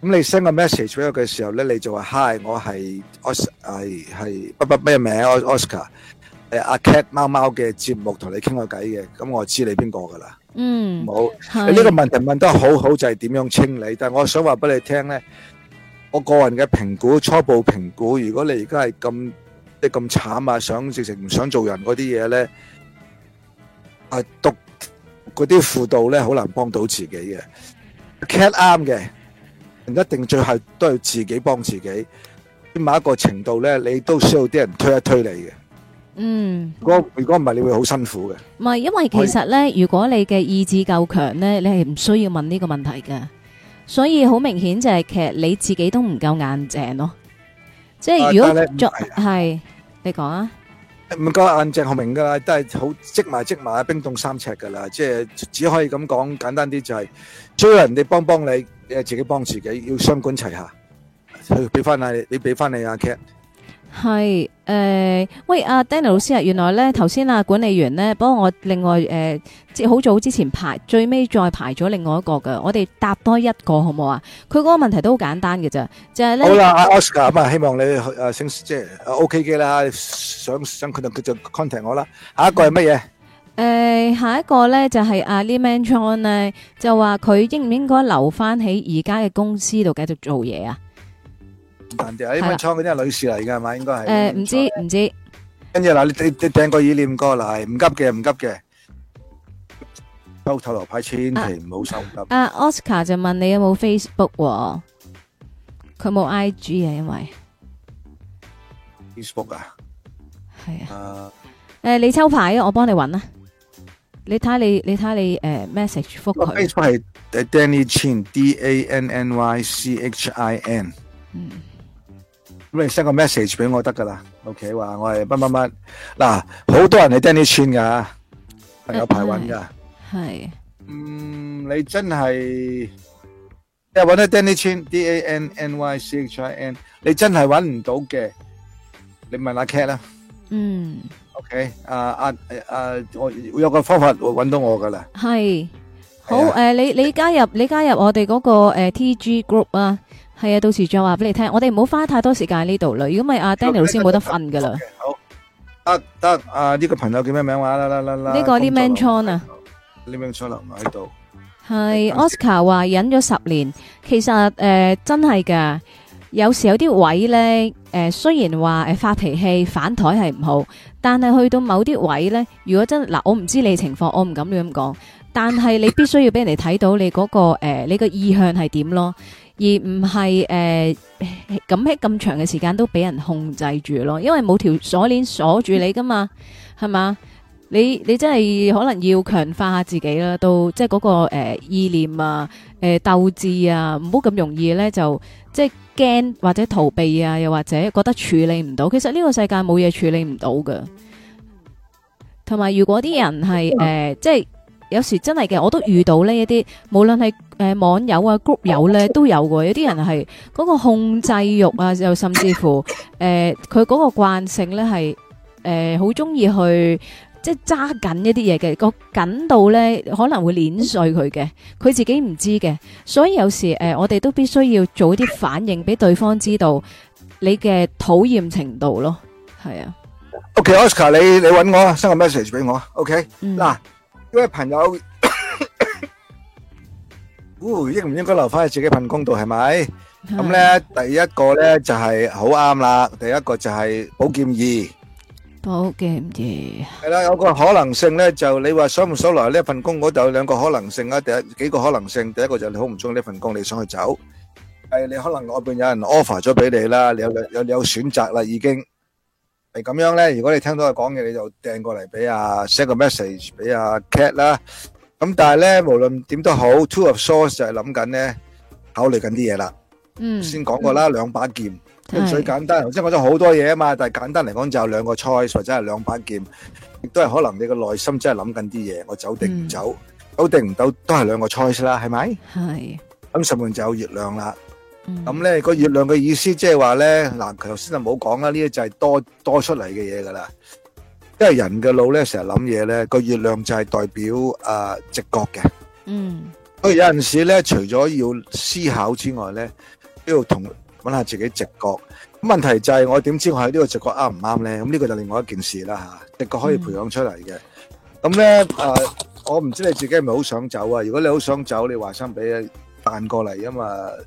咁你 send 個 message 俾我嘅時候咧，你就話 hi，我係 Oscar，係咩名 Oscar，誒阿 Cat 貓貓嘅節目同你傾個偈嘅，咁我知你邊個噶啦。嗯，好。呢個問題問得好好就係、是、點樣清理？但係我想話俾你聽咧，我個人嘅評估初步評估，如果你而家係咁。即咁慘啊，想直情唔想做人嗰啲嘢咧，啊讀嗰啲輔導咧，好難幫到自己嘅。cat 啱嘅，一定最後都係自己幫自己。某一個程度咧，你都需要啲人推一推你嘅。嗯。如果如果唔係，你會好辛苦嘅。唔係，因為其實咧，如果你嘅意志夠強咧，你係唔需要問呢個問題㗎。所以好明顯就係，其實你自己都唔夠硬淨咯。即係如果係。你講啊，唔該眼睛學明噶啦，都係好積埋積埋，冰凍三尺噶啦，即係只可以咁講，簡單啲就係，需要人哋幫幫你，你係自己幫自己，要雙管齊下，去俾翻你，你俾翻你阿 Cat。係，誒、呃，喂，阿、啊、Danny 老師啊，原來咧頭先啊管理員咧，幫我另外誒，即係好早之前排，最尾再排咗另外一個噶，我哋答多一個好唔好啊？佢嗰個問題都好簡單嘅咋，就係、是、咧。好啦，阿 Oscar，咁啊，Oscar，希望你誒，即、啊、係、啊、OK 嘅啦，上上佢度佢就 contact 我啦。下一個係乜嘢？誒、呃，下一個咧就係、是、阿、啊、Lee Man Chong 就話佢應唔應該留翻喺而家嘅公司度繼續做嘢啊？因為倉嗰啲係女士嚟㗎係咪？應該係，誒唔知，唔知。跟住嗱，你你定個意念過嚟，唔急嘅，唔急嘅。收塔羅牌，千祈唔好收急。阿、啊啊、Oscar 就問你有冇 Facebook，佢、啊、冇 IG 啊，因為 Facebook 啊，係啊。誒、啊呃，你抽牌，我幫你揾啦。你睇下你，你睇下你誒 Message 覆佢，Facebook 係 Danny Chin，D A N N Y C H I N。嗯。咁你 send 個 message 俾我得噶啦，OK？話我係乜乜乜。嗱，好多人係 Danny Chan 噶，有排揾噶。係，嗯，你真係即係揾到 Danny Chan，D A N N Y C H I N，你真係揾唔到嘅。你問阿 Cat 啦。嗯。OK，阿阿阿，我有個方法會搵到我噶啦。係，好誒，你你加入你加入我哋嗰個誒 TG group 啊。係啊，到時再話俾你聽。我哋唔好花太多時間喺呢度啦。如果唔係，阿 Daniel 老師冇得瞓噶啦。好，得得，呢、啊啊啊這個朋友叫咩名話？呢個啲 Man c h o n 啊，呢名 c h u a 喺度。係 Oscar 話忍咗十年，其實誒、呃、真係噶。有時有啲位咧，誒、呃、雖然話誒發脾氣反台係唔好，但係去到某啲位咧，如果真嗱，我唔知你情況，我唔敢亂咁講。但係你必須要俾人哋睇到你嗰、那個誒、呃，你個意向係點咯。而唔係誒咁喺咁長嘅時間都俾人控制住咯，因為冇條鎖鏈鎖住你噶嘛，係嘛？你你真係可能要強化下自己啦，到即係嗰、那個誒、呃、意念啊，誒、呃、鬥志啊，唔好咁容易咧就即係驚或者逃避啊，又或者覺得處理唔到。其實呢個世界冇嘢處理唔到噶，同埋如果啲人係誒、呃、即係。有時真係嘅，我都遇到呢一啲，無論係誒網友啊、group 友咧都有嘅，有啲人係嗰、嗰個控制欲啊，又甚至乎誒，佢、呃、嗰個慣性咧係誒，好中意去即係揸緊一啲嘢嘅，個緊到咧可能會碾碎佢嘅，佢自己唔知嘅，所以有時誒、呃，我哋都必須要做啲反應俾對方知道你嘅討厭程度咯。係啊。O、okay, K，Oscar，你你搵我啊，send 個 message 俾我啊。O K，嗱。Okay? 嗯呢位朋友，嗚應唔應該留翻喺自己份工度係咪？咁咧，第一個咧就係好啱啦。第一個就係寶劍二，寶劍二係啦。有個可能性咧，就你話想唔想來呢一份工？嗰度有兩個可能性啊，第一幾個可能性？第一個就你好唔中意呢一份工，你想去走。誒，你可能外邊有人 offer 咗俾你啦，你有有有選擇啦，已經。係咁樣咧，如果你聽到佢講嘢，你就掟過嚟俾阿 send 個 message 俾阿 cat 啦。咁但係咧，無論點都好，two of swords 就諗緊咧，考慮緊啲嘢啦。嗯，先講過啦，兩把劍最簡單。頭先講咗好多嘢啊嘛，但係簡單嚟講就有兩個 choice 或者係兩把劍，亦都係可能你個內心真係諗緊啲嘢。我走定唔走，走定唔走都係兩個 choice 啦，係咪？係。咁上面就有月亮啦。咁咧，個月亮嘅意思即係話咧，嗱，頭先就冇講啦，呢啲就係多多出嚟嘅嘢噶啦，因為人嘅腦咧成日諗嘢咧，個月亮就係代表啊、呃、直覺嘅，嗯，所以有陣時咧除咗要思考之外咧，都要同揾下自己直覺。咁問題就係我點知我喺呢個直覺啱唔啱咧？咁呢個就是另外一件事啦吓，直覺可以培養出嚟嘅。咁咧誒，我唔知你自己係咪好想走啊？如果你好想走，你話想俾啊彈過嚟啊嘛～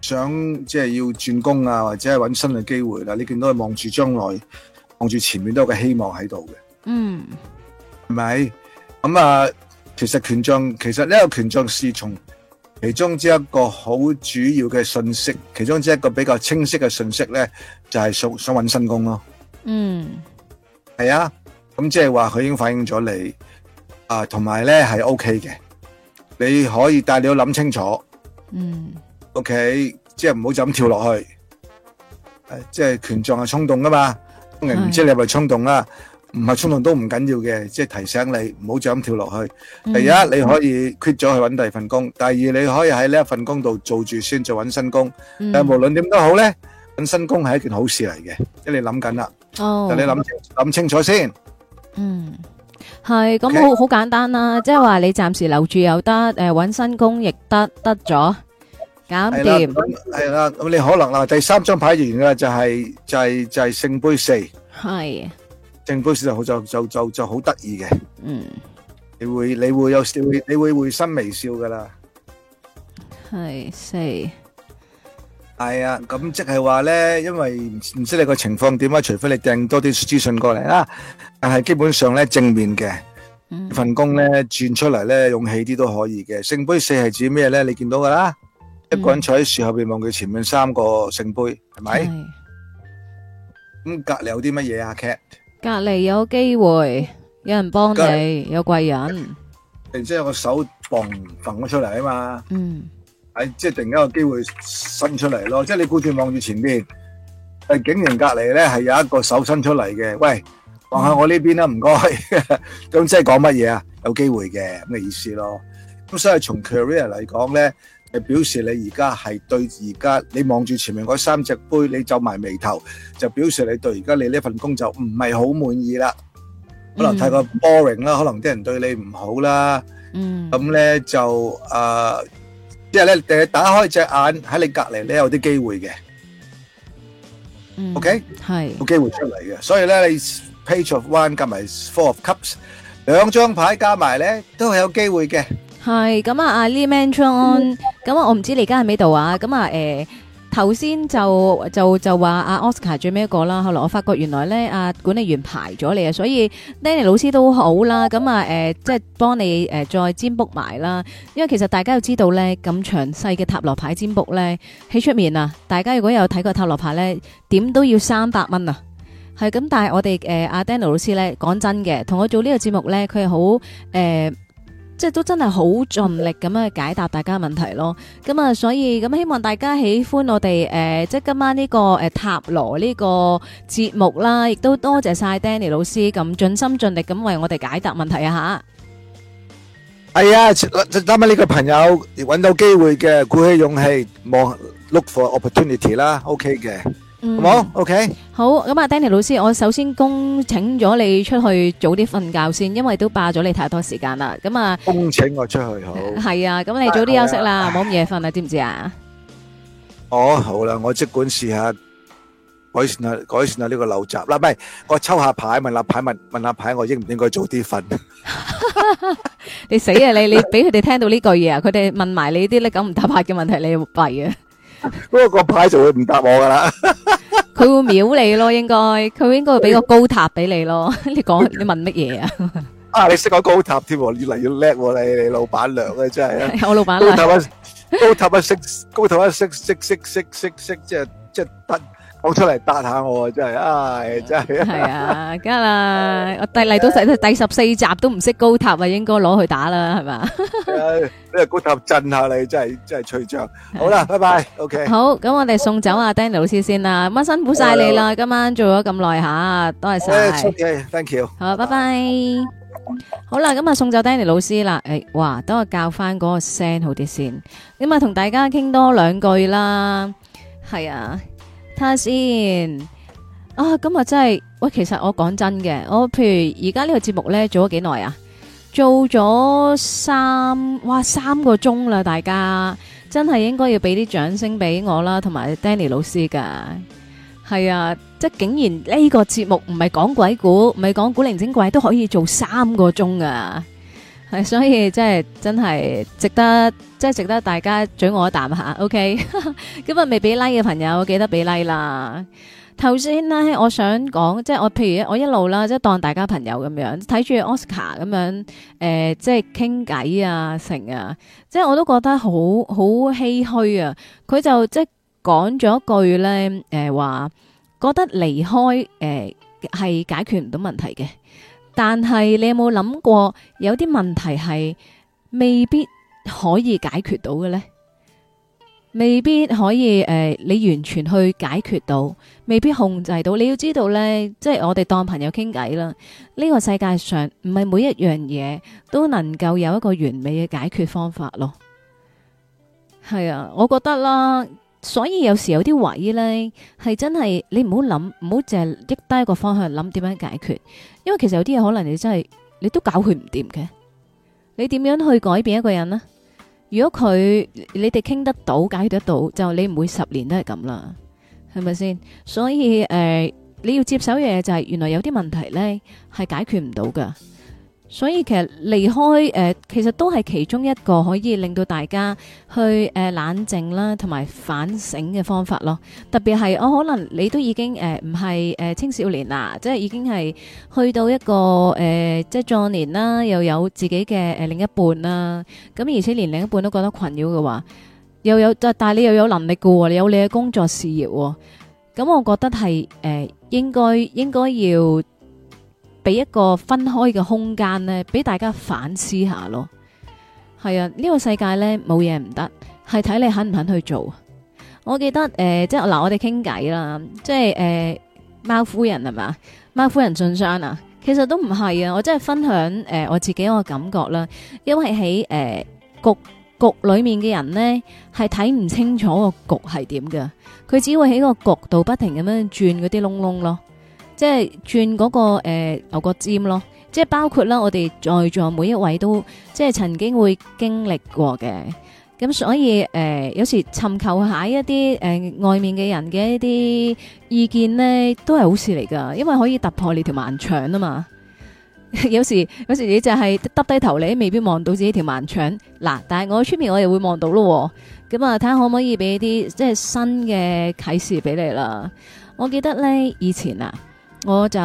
想即係要轉工啊，或者係揾新嘅機會啦。你見到佢望住將來，望住前面都有一個希望喺度嘅。嗯，係咪？咁、嗯、啊，其實權杖，其實呢個權杖是從其中之一個好主要嘅信息，其中之一個比較清晰嘅信息咧，就係、是、想想揾新工咯。嗯，係啊。咁即係話佢已經反映咗你啊，同埋咧係 O K 嘅。你可以，但你要諗清楚。嗯。OK，即係唔好就咁跳落去，誒，即係權杖係衝動噶嘛，唔知你係咪衝動啦？唔係衝動都唔緊要嘅，即係提醒你唔好就咁跳落去。第一，你可以缺咗去搵第二份工；第二，你可以喺呢一份工度做住先，再搵新工。但無論點都好咧，搵新工係一件好事嚟嘅，即係你諗緊啦。哦，但你諗諗清楚先。嗯，係咁，好好簡單啦，即係話你暫時留住又得，誒，搵新工亦得，得咗。搞掂係啦，咁你可能啦，第三張牌完啦，就係就係就係聖杯四，係聖杯四就就就就就好得意嘅，嗯，你會你會有會你會會心微笑噶啦，係四，係啊，咁即係話咧，因為唔唔知你個情況點啊，除非你掟多啲資訊過嚟啦，但係基本上咧正面嘅份工咧轉出嚟咧，勇氣啲都可以嘅，聖杯四係指咩咧？你見到噶啦。一個人坐喺樹後邊望佢前面三個聖杯，係咪？咁隔籬有啲乜嘢啊？cat 隔籬有機會，有人幫你，有貴人。即係有個手傍伸咗出嚟啊！嘛，嗯，係即係突然一個機會伸出嚟咯。即係你顧住望住前邊，誒，竟然隔籬咧係有一個手伸出嚟嘅。喂，望下我呢邊啦，唔該。咁即係講乜嘢啊？有機會嘅咁嘅意思咯。咁所以從 career 嚟講咧。就表示你而家係對而家你望住前面嗰三隻杯，你皺埋眉頭，就表示你對而家你呢份工就唔係好滿意啦。可能太過 boring 啦，可能啲人對你唔好啦。嗯，咁咧就、誒，即係咧誒，打開隻眼喺你隔籬，你有啲機會嘅。嗯，OK，係個機會出嚟嘅。所以咧，你 Page of Wands 加埋 Four of Cups 兩張牌加埋咧，都係有機會嘅。係、嗯、咁、嗯嗯嗯嗯嗯嗯嗯、啊，阿 Lee Man r o n 咁啊，我唔知你而家喺邊度啊？咁啊，誒，頭先就就就話阿 Oscar 最尾一個啦，後來我發覺原來咧，阿管理員排咗你啊，所以 Danny 老師都好啦，咁、嗯、啊，誒、嗯，即係幫你誒再占卜埋啦，因為其實大家要知道咧，咁詳細嘅塔羅牌占卜咧喺出面啊，大家如果有睇過塔羅牌咧，點都要三百蚊啊，係咁，但係我哋誒阿 Danny 老師咧，講真嘅，同我做個節呢個節目咧，佢係好誒。呃即係都真係好盡力咁樣去解答大家問題咯，咁、嗯、啊，所以咁、嗯、希望大家喜歡我哋誒、呃，即係今晚呢、這個誒、呃、塔羅呢個節目啦，亦都多謝晒 Danny 老師咁盡心盡力咁為我哋解答問題啊吓！係、哎、啊，啱啱呢個朋友搵到機會嘅，鼓起勇氣望 look for opportunity 啦，OK 嘅。好 OK，好咁啊，Danny 老師，我首先恭請咗你出去早啲瞓覺先，因為都霸咗你太多時間啦。咁啊，恭請我出去好係啊，咁你早啲休息啦，冇咁夜瞓啦，知唔知啊？哦，好啦，我即管試下改善下，改善下呢個陋習啦。唔係，我抽下牌，問下牌，問問下牌，我應唔應該早啲瞓？你死啊！你你俾佢哋聽到呢句嘢啊！佢哋問埋你啲呢九唔搭八嘅問題，你弊啊！不嗰個牌就會唔答我噶啦，佢會秒你咯，應該佢應該俾個高塔俾你咯，你講你問乜嘢啊？啊，你識講高塔添，越嚟越叻喎，你老闆娘啊，真係啊，我老闆。高塔啊，高塔啊，識高塔啊，識識識識識識，即即特。攞出嚟答下我，真係，唉，真係。係啊，梗啦，我第嚟到第第十四集都唔識高塔啊，應該攞去打啦，係嘛？呢個高塔震下你，真係真係脆著。好啦，拜拜。OK。好，咁我哋送走阿 Danny 老師先啦，乜辛苦晒你啦，今晚做咗咁耐下，多謝晒。O K，Thank you。好，拜拜。好啦，咁啊送走 Danny 老師啦。誒，哇，等我教翻嗰個聲好啲先，咁啊同大家傾多兩句啦。係啊。睇下先啊！咁啊真係喂，其實我講真嘅，我譬如而家呢個節目呢做咗幾耐啊？做咗三哇三個鐘啦！大家真係應該要俾啲掌聲俾我啦，同埋 Danny 老師噶，係啊！即係竟然呢個節目唔係講鬼故，唔係講古靈精怪，都可以做三個鐘噶！係所以真係真係值得。即係值得大家嘴我一啖吓，OK？咁啊，未俾 like 嘅朋友我記得俾 like 啦。頭先咧，我想講，即係我譬如我一路啦，即係當大家朋友咁樣睇住 Oscar 咁樣，誒，即係傾偈啊，成啊，即係我都覺得好好唏嘘啊。佢就即係講咗一句咧，誒、呃，話覺得離開誒係、呃、解決唔到問題嘅。但係你有冇諗過，有啲問題係未必？可以解決到嘅呢，未必可以誒、呃，你完全去解決到，未必控制到。你要知道呢，即係我哋當朋友傾偈啦。呢個世界上唔係每一樣嘢都能夠有一個完美嘅解決方法咯。係啊，我覺得啦，所以有時有啲位呢，係真係你唔好諗，唔好淨係一低個方向諗點樣解決，因為其實有啲嘢可能你真係你都搞佢唔掂嘅。你點樣去改變一個人呢？如果佢你哋傾得到解決得到，就你唔會十年都係咁啦，係咪先？所以誒、呃，你要接手嘅嘢就係、是、原來有啲問題咧係解決唔到噶。所以其實離開誒、呃，其實都係其中一個可以令到大家去誒、呃、冷靜啦，同埋反省嘅方法咯。特別係我可能你都已經誒唔係誒青少年啦，即係已經係去到一個誒、呃、即係壯年啦，又有自己嘅誒、呃、另一半啦。咁而且連另一半都覺得困擾嘅話，又有但係你又有能力嘅，你有你嘅工作事業。咁我覺得係誒、呃、應該應該要。俾一個分開嘅空間咧，俾大家反思下咯。係啊，呢個世界咧冇嘢唔得，係睇你肯唔肯去做。我記得誒、呃，即係嗱，我哋傾偈啦，即係誒，貓夫人係嘛？貓夫人進山啊，其實都唔係啊。我真係分享誒、呃，我自己一個感覺啦。因為喺誒、呃、局局裏面嘅人咧，係睇唔清楚個局係點噶，佢只會喺個局度不停咁樣轉嗰啲窿窿咯。即係轉嗰個誒、呃、牛角尖咯，即係包括啦，我哋在座每一位都即係曾經會經歷過嘅，咁所以誒、呃、有時尋求一下一啲誒、呃、外面嘅人嘅一啲意見呢，都係好事嚟噶，因為可以突破你條盲腸啊嘛。 有時有時你就係耷低頭，你未必望到自己條盲腸嗱，但係我出面我又會望到咯。咁啊，睇下可唔可以俾啲即係新嘅啟示俾你啦。我記得呢，以前啊。我就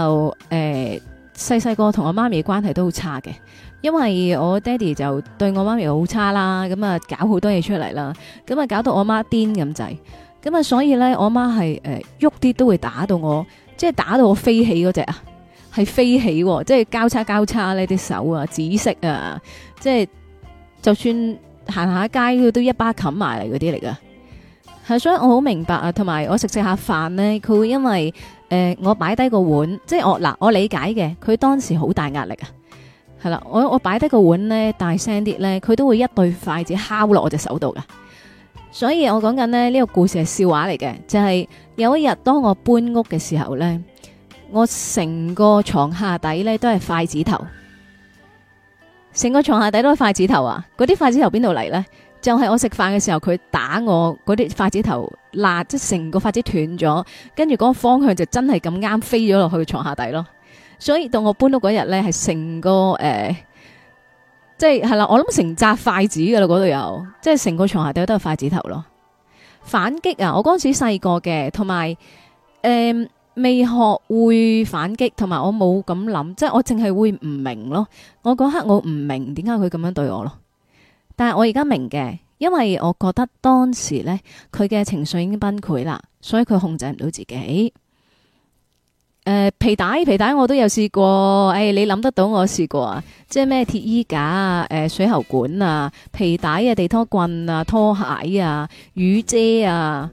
誒，細細個同我媽咪嘅關係都好差嘅，因為我爹哋就對我媽咪好差啦，咁啊搞好多嘢出嚟啦，咁啊搞到我媽癲咁滯，咁啊所以咧我媽係誒喐啲都會打到我，即係打到我飛起嗰隻啊，係飛起，即係交叉交叉呢啲手啊，紫色啊，即係就算行下街都一巴冚埋嚟嗰啲嚟噶，係所以我好明白啊，同埋我食食下飯咧，佢會因為。誒、呃，我擺低個碗，即係我嗱，我理解嘅。佢當時好大壓力啊，係啦。我我擺低個碗呢，大聲啲呢，佢都會一對筷子敲落我隻手度噶。所以我講緊咧呢、呢個故事係笑話嚟嘅，就係、是、有一日當我搬屋嘅時候呢，我成個床下底呢都係筷子頭，成個床下底都係筷子頭啊！嗰啲筷子頭邊度嚟呢？就係我食飯嘅時候，佢打我嗰啲筷子頭，嗱，即成個筷子斷咗，跟住嗰個方向就真係咁啱飛咗落去床下底咯。所以到我搬屋嗰日呢，係成個誒，即係，係啦，我諗成紮筷子噶啦，嗰度有，即係成個床下底都係筷子頭咯。反擊啊！我嗰陣時細個嘅，同埋誒未學會反擊，同埋我冇咁諗，即係我淨係會唔明咯。我嗰刻我唔明點解佢咁樣對我咯。但係我而家明嘅，因為我覺得當時咧，佢嘅情緒已經崩潰啦，所以佢控制唔到自己。誒、呃，皮帶皮帶我都有試過，誒、哎、你諗得到我試過啊，即係咩鐵衣架啊，誒、呃、水喉管啊，皮帶啊，地拖棍啊，拖鞋啊，雨遮啊，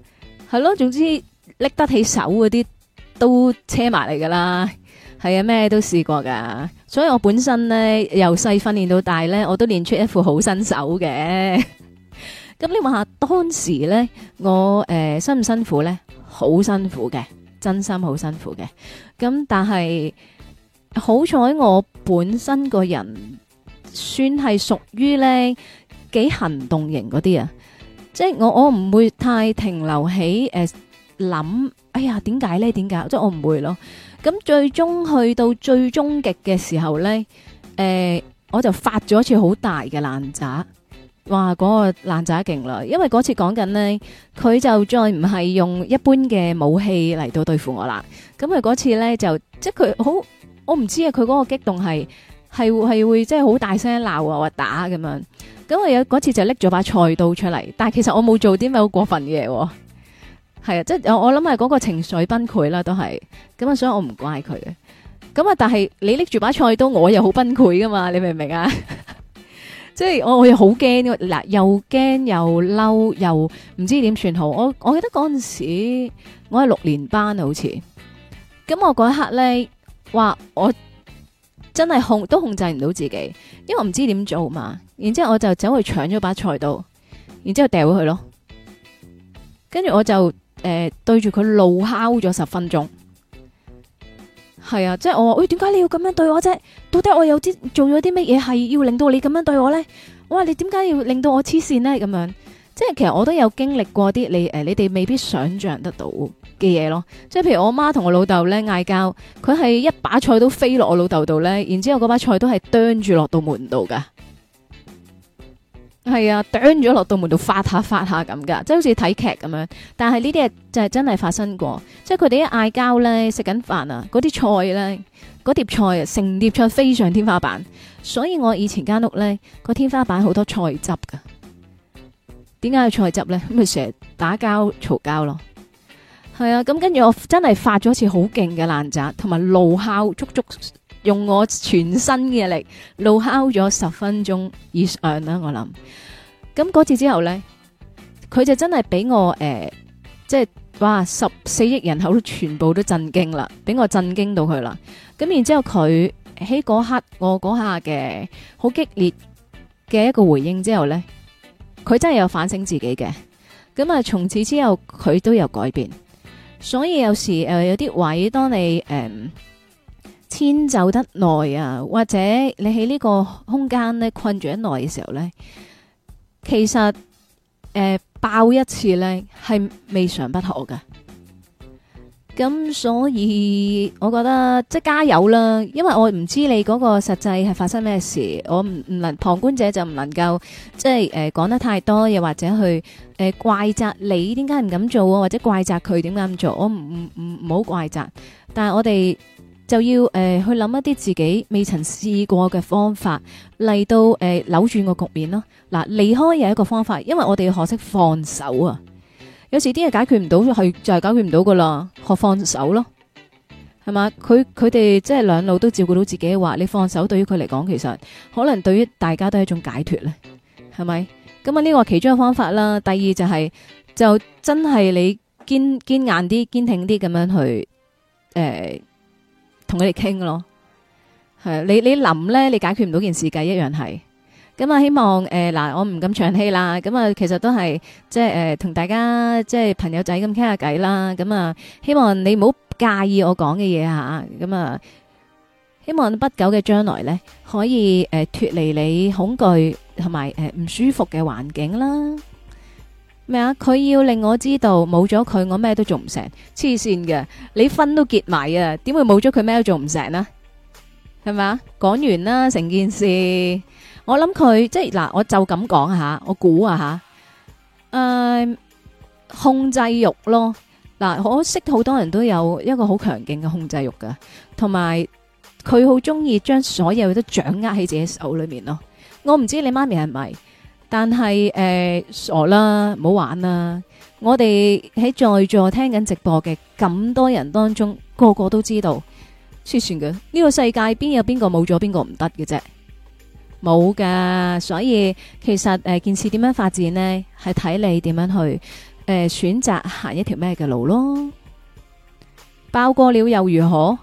係咯，總之拎得起手嗰啲都車埋嚟噶啦。係啊，咩都試過噶，所以我本身呢，由細訓練到大呢，我都練出一副好身手嘅。咁 你問下當時呢，我誒辛唔辛苦呢？好辛苦嘅，真心好辛苦嘅。咁但係好彩，我本身個人算係屬於呢幾行動型嗰啲啊，即係我我唔會太停留喺誒諗。呃想哎呀，點解咧？點解？即係我唔會咯。咁最終去到最終極嘅時候咧，誒、呃，我就發咗一次好大嘅爛渣，嘩，嗰、那個爛渣勁啦。因為嗰次講緊咧，佢就再唔係用一般嘅武器嚟到對付我啦。咁佢嗰次咧就，即係佢好，我唔知啊。佢嗰個激動係係係會即係好大聲鬧啊或打咁樣。咁我有嗰次就拎咗把菜刀出嚟，但係其實我冇做啲咩好過分嘅嘢。係啊，即係我諗係嗰個情緒崩潰啦，都係咁啊，所以我唔怪佢嘅。咁啊，但係你拎住把菜刀，我又好崩潰噶嘛，你明唔明啊？ 即係我我又好驚，嗱，又驚又嬲，又唔知點算好。我我記得嗰陣時，我係六年班好似。咁我嗰一刻咧，哇，我真係控都控制唔到自己，因為我唔知點做嘛。然之後我就走去搶咗把菜刀，然之後掉咗去咯，跟住我就。誒、呃，對住佢怒敲咗十分鐘，係啊，即係我話，喂、欸，點解你要咁樣對我啫？到底我有啲做咗啲乜嘢係要令到你咁樣對我呢？我話你點解要令到我黐線呢？咁樣，即係其實我都有經歷過啲你誒、呃，你哋未必想象得到嘅嘢咯。即係譬如我媽同我老豆呢，嗌交，佢係一把菜刀飛落我老豆度呢，然之後嗰把菜刀係啄住落到門度噶。係啊，啄咗落到門度發下發下咁噶，即係好似睇劇咁樣。但係呢啲嘢，就係真係發生過，即係佢哋一嗌交咧，食緊飯啊，嗰啲菜咧，嗰碟菜啊，成碟菜飛上天花板。所以我以前間屋咧，個天花板好多菜汁噶。點解有菜汁咧？咁咪成日打交嘈交咯。係啊，咁跟住我真係發咗次好勁嘅爛渣，同埋怒吼，足足。用我全身嘅力，怒敲咗十分鐘以上啦，我諗。咁嗰次之後呢，佢就真係俾我誒，即、呃、係、就是、哇十四億人口都全部都震驚啦，俾我震驚到佢啦。咁然之後佢喺嗰刻我嗰下嘅好激烈嘅一個回應之後呢，佢真係有反省自己嘅。咁啊、呃，從此之後佢都有改變。所以有時誒、呃、有啲位，當你誒。呃遷就得耐啊，或者你喺呢個空間咧困住得耐嘅時候咧，其實誒爆一次咧係未嘗不可㗎。咁所以我覺得即係加油啦，因為我唔知你嗰個實際係發生咩事，我唔唔能旁觀者就唔能夠即係誒講得太多，又或者去誒怪責你點解唔敢做，或者怪責佢點解咁做，我唔唔唔好怪責，但係我哋，就要誒、呃、去諗一啲自己未曾試過嘅方法嚟到誒、呃、扭轉個局面咯。嗱，離開又係一個方法，因為我哋要學識放手啊。有時啲嘢解決唔到，係就係、係、解決唔到噶啦，學放手咯，係嘛？佢佢哋即係兩路都照顧到自己嘅話，你放手對於佢嚟講，其實可能對於大家都係一種解脫咧，係咪？咁啊，呢個其中嘅方法啦。第二就係、係、就真係你堅堅硬啲、堅挺啲咁樣去誒。呃同佢哋傾咯，係你你諗咧，你解決唔到件事計，一樣係。咁啊，希望誒嗱，我唔敢唱戲啦。咁啊，其實都係即係誒，同大家即係朋友仔咁傾下偈啦。咁啊，希望你唔好介意我講嘅嘢吓。咁啊，希望不久嘅將來咧，可以誒脱離你恐懼同埋誒唔舒服嘅環境啦。咩啊？佢要令我知道冇咗佢，我咩都做唔成。黐線嘅，你分都結埋啊！點會冇咗佢咩都做唔成呢？係咪啊？講完啦，成件事，我諗佢即係嗱，我就咁講下，我估啊吓，誒、嗯，控制欲咯。嗱，我識好多人都有一個好強勁嘅控制欲噶，同埋佢好中意將所有嘢都掌握喺自己手裏面咯。我唔知你媽咪係咪。但係誒、呃，傻啦，唔好玩啦！我哋喺在，在座聽緊直播嘅咁多人當中，個個都知道，算算嘅呢個世界邊有邊個冇咗邊個唔得嘅啫，冇㗎。所以其實誒、呃，件事點樣發展呢？係睇你點樣去誒、呃、選擇行一條咩嘅路咯。爆過了又如何？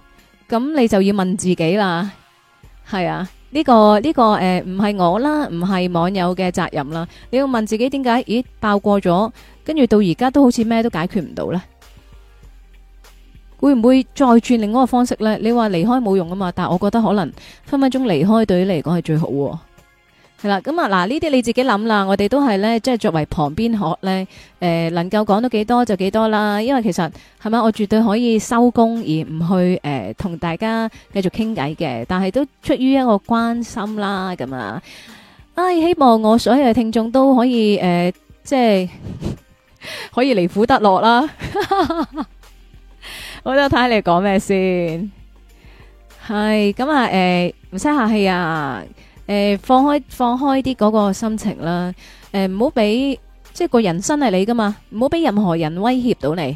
咁你就要問自己啦，係啊。呢、這個呢、這個誒，唔、呃、係我啦，唔係網友嘅責任啦。你要問自己點解？咦，爆過咗，跟住到而家都好似咩都解決唔到呢？會唔會再轉另外一個方式呢？你話離開冇用啊嘛，但係我覺得可能分分鐘離開對於你嚟講係最好。係啦，咁啊，嗱呢啲你自己諗啦，我哋都係咧，即係作為旁邊學咧，誒、呃，能夠講到幾多就幾多啦，因為其實係咪我絕對可以收工而唔去誒、呃、同大家繼續傾偈嘅，但係都出於一個關心啦，咁啊，唉，希望我所有嘅聽眾都可以誒、呃，即係 可以離苦得樂啦， 我都睇下你講咩先，係咁、呃、啊，誒，唔使客氣啊。誒、呃，放開放開啲嗰個心情啦，誒、呃，唔好俾即係個人生係你噶嘛，唔好俾任何人威脅到你，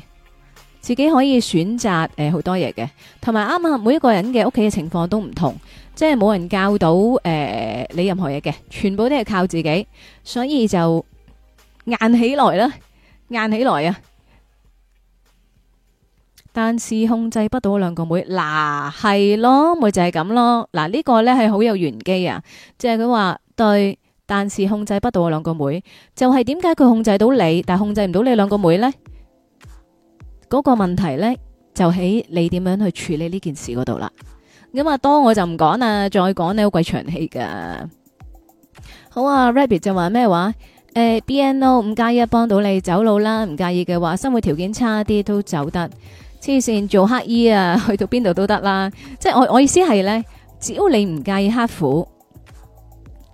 自己可以選擇誒好、呃、多嘢嘅，同埋啱啱每一個人嘅屋企嘅情況都唔同，即係冇人教到誒、呃、你任何嘢嘅，全部都係靠自己，所以就硬起來啦，硬起來啊！但是控制不到我兩個妹嗱，係、啊、咯，咪就係咁咯。嗱呢、啊，這個呢係好有玄機啊，即係佢話對，但是控制不到我兩個妹，就係點解佢控制到你，但控制唔到你兩個妹呢？嗰、那個問題呢，就喺你點樣去處理呢件事嗰度啦。咁啊多我就唔講啦，再講你好鬼長氣噶好啊。Rabbit 就話咩話誒？B N O 五加一幫到你走路啦，唔介意嘅話，生活條件差啲都走得。黐線，做乞衣啊，去到邊度都得啦。即係我我意思係咧，只要你唔介意刻苦，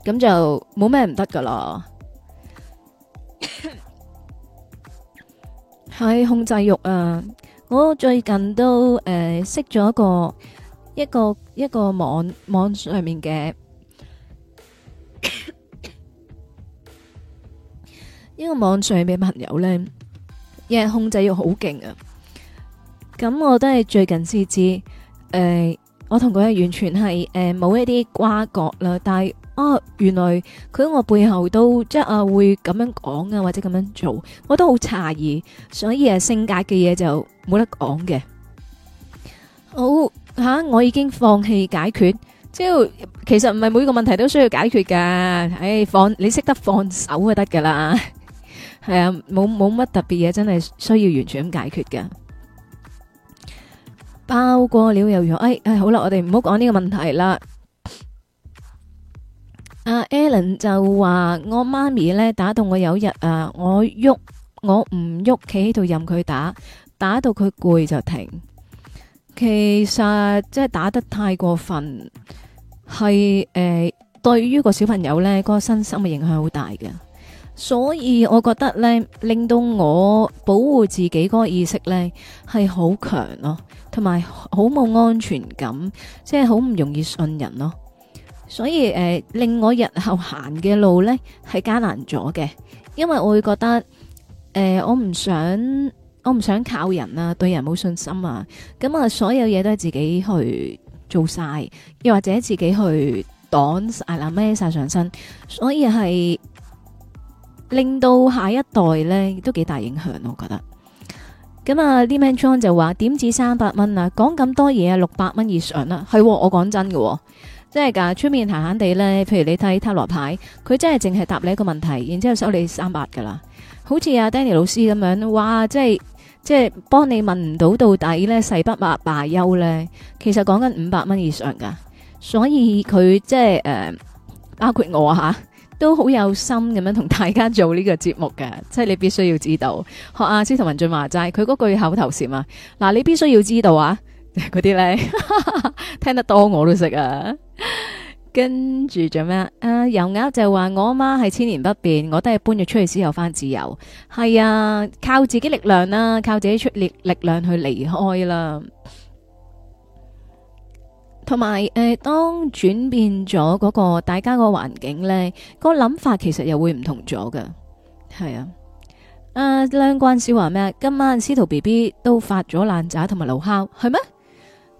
咁就冇咩唔得噶啦。喺、 哎、控制欲啊，我最近都誒、呃、識咗一個一個一個網網上面嘅 一個網上面嘅朋友咧，日控制欲好勁啊！咁我都係最近先知，誒、呃，我同佢係完全係誒冇一啲瓜葛啦。但係哦，原來佢喺我背後都即係啊，會咁樣講啊，或者咁樣做，我都好詫異。所以誒、啊，性格嘅嘢就冇得講嘅。好吓、啊，我已經放棄解決，即係其實唔係每個問題都需要解決噶。唉、哎，放你識得放手就得噶啦。係 啊，冇冇乜特別嘢，真係需要完全咁解決噶。包過了又如何？哎，哎好啦，我哋唔好講呢個問題啦。阿、啊、Alan 就話我媽咪咧打到我有一日啊，我喐我唔喐，企喺度任佢打，打到佢攰就停。其實即係打得太過分，係誒、呃、對於個小朋友咧，嗰個身心嘅影響好大嘅。所以我覺得咧，令到我保護自己嗰個意識咧係好強咯、啊，同埋好冇安全感，即係好唔容易信人咯、啊。所以誒、呃，令我日後行嘅路咧係艱難咗嘅，因為我會覺得誒、呃，我唔想我唔想靠人啊，對人冇信心啊，咁啊，所有嘢都係自己去做晒，又或者自己去擋晒、啦孭晒上身，所以係。令到下一代咧都幾大影響，我覺得。咁啊，Li Man John 就話點止三百蚊啊，講咁多嘢啊，六百蚊以上啦、啊。係、哦、我講真嘅、哦，即係、啊、噶。出面閒閒地咧，譬如你睇塔羅牌，佢真係淨係答你一個問題，然之後收你三百噶啦。好似阿、啊、Danny 老師咁樣，哇，即係即係幫你問唔到到底咧，誓不罷罷休咧。其實講緊五百蚊以上噶，所以佢即係誒、呃，包括我吓。都好有心咁樣同大家做呢個節目嘅，即係你必須要知道學阿司徒文進話齋，佢嗰句口頭禪啊嗱，你必須要知道啊，嗰啲呢 聽得多我都識啊。跟住做咩啊？油鴨就話我阿媽係千年不變，我都係搬咗出去，先有返自由係啊，靠自己力量啦，靠自己出力力量去離開啦。同埋誒，當轉變咗嗰個大家個環境呢，個諗法其實又會唔同咗㗎。係啊。啊、呃，梁關小話咩？今晚司徒 B B 都發咗爛渣，同埋怒哮，係咩？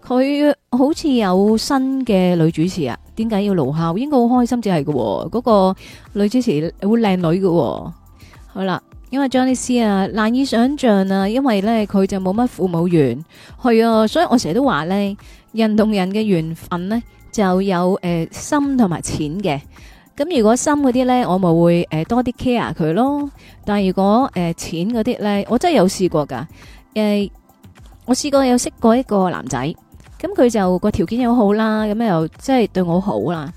佢好似有新嘅女主持啊？點解要怒哮？應該好開心至係喎。嗰、嗰個女主持好靚女喎，啊。好啦，因為張 e 斯啊，難以想象啊，因為呢，佢就冇乜父母緣。係啊，所以我成日都話呢。人同人嘅緣分呢，就有誒、呃、深同埋淺嘅。咁如果深嗰啲呢，我咪會誒、呃、多啲 care 佢咯。但係如果誒淺嗰啲呢，我真係有試過噶。誒、呃，我試過有識過一個男仔，咁佢就個條件又好啦，咁又即係對我好啦。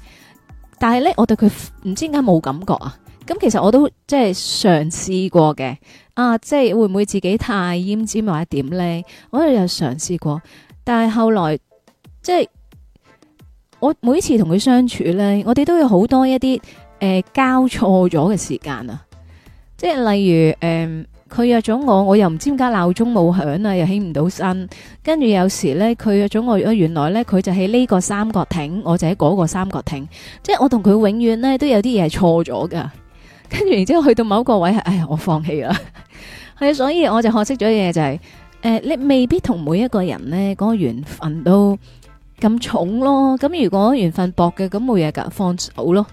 但係呢，我對佢唔知點解冇感覺啊。咁其實我都即係嘗試過嘅。啊，即係會唔會自己太腌尖或者點呢？我都有嘗試過，但係後來。即係我每次同佢相處呢，我哋都有好多一啲誒、呃、交錯咗嘅時間啊！即係例如誒，佢、呃、約咗我，我又唔知點解鬧鐘冇響啊，又起唔到身。跟住有時呢，佢約咗我，原來呢，佢就喺呢個三角亭，我就喺嗰個三角亭。即係我同佢永遠呢都有啲嘢錯咗噶。跟住然之後去到某個位係，哎呀，我放棄啦。係 所以我就學識咗嘢就係、係，誒、呃，你未必同每一個人呢嗰、嗰個緣分都。咁重咯，咁如果緣分薄嘅，咁冇嘢噶，放手咯，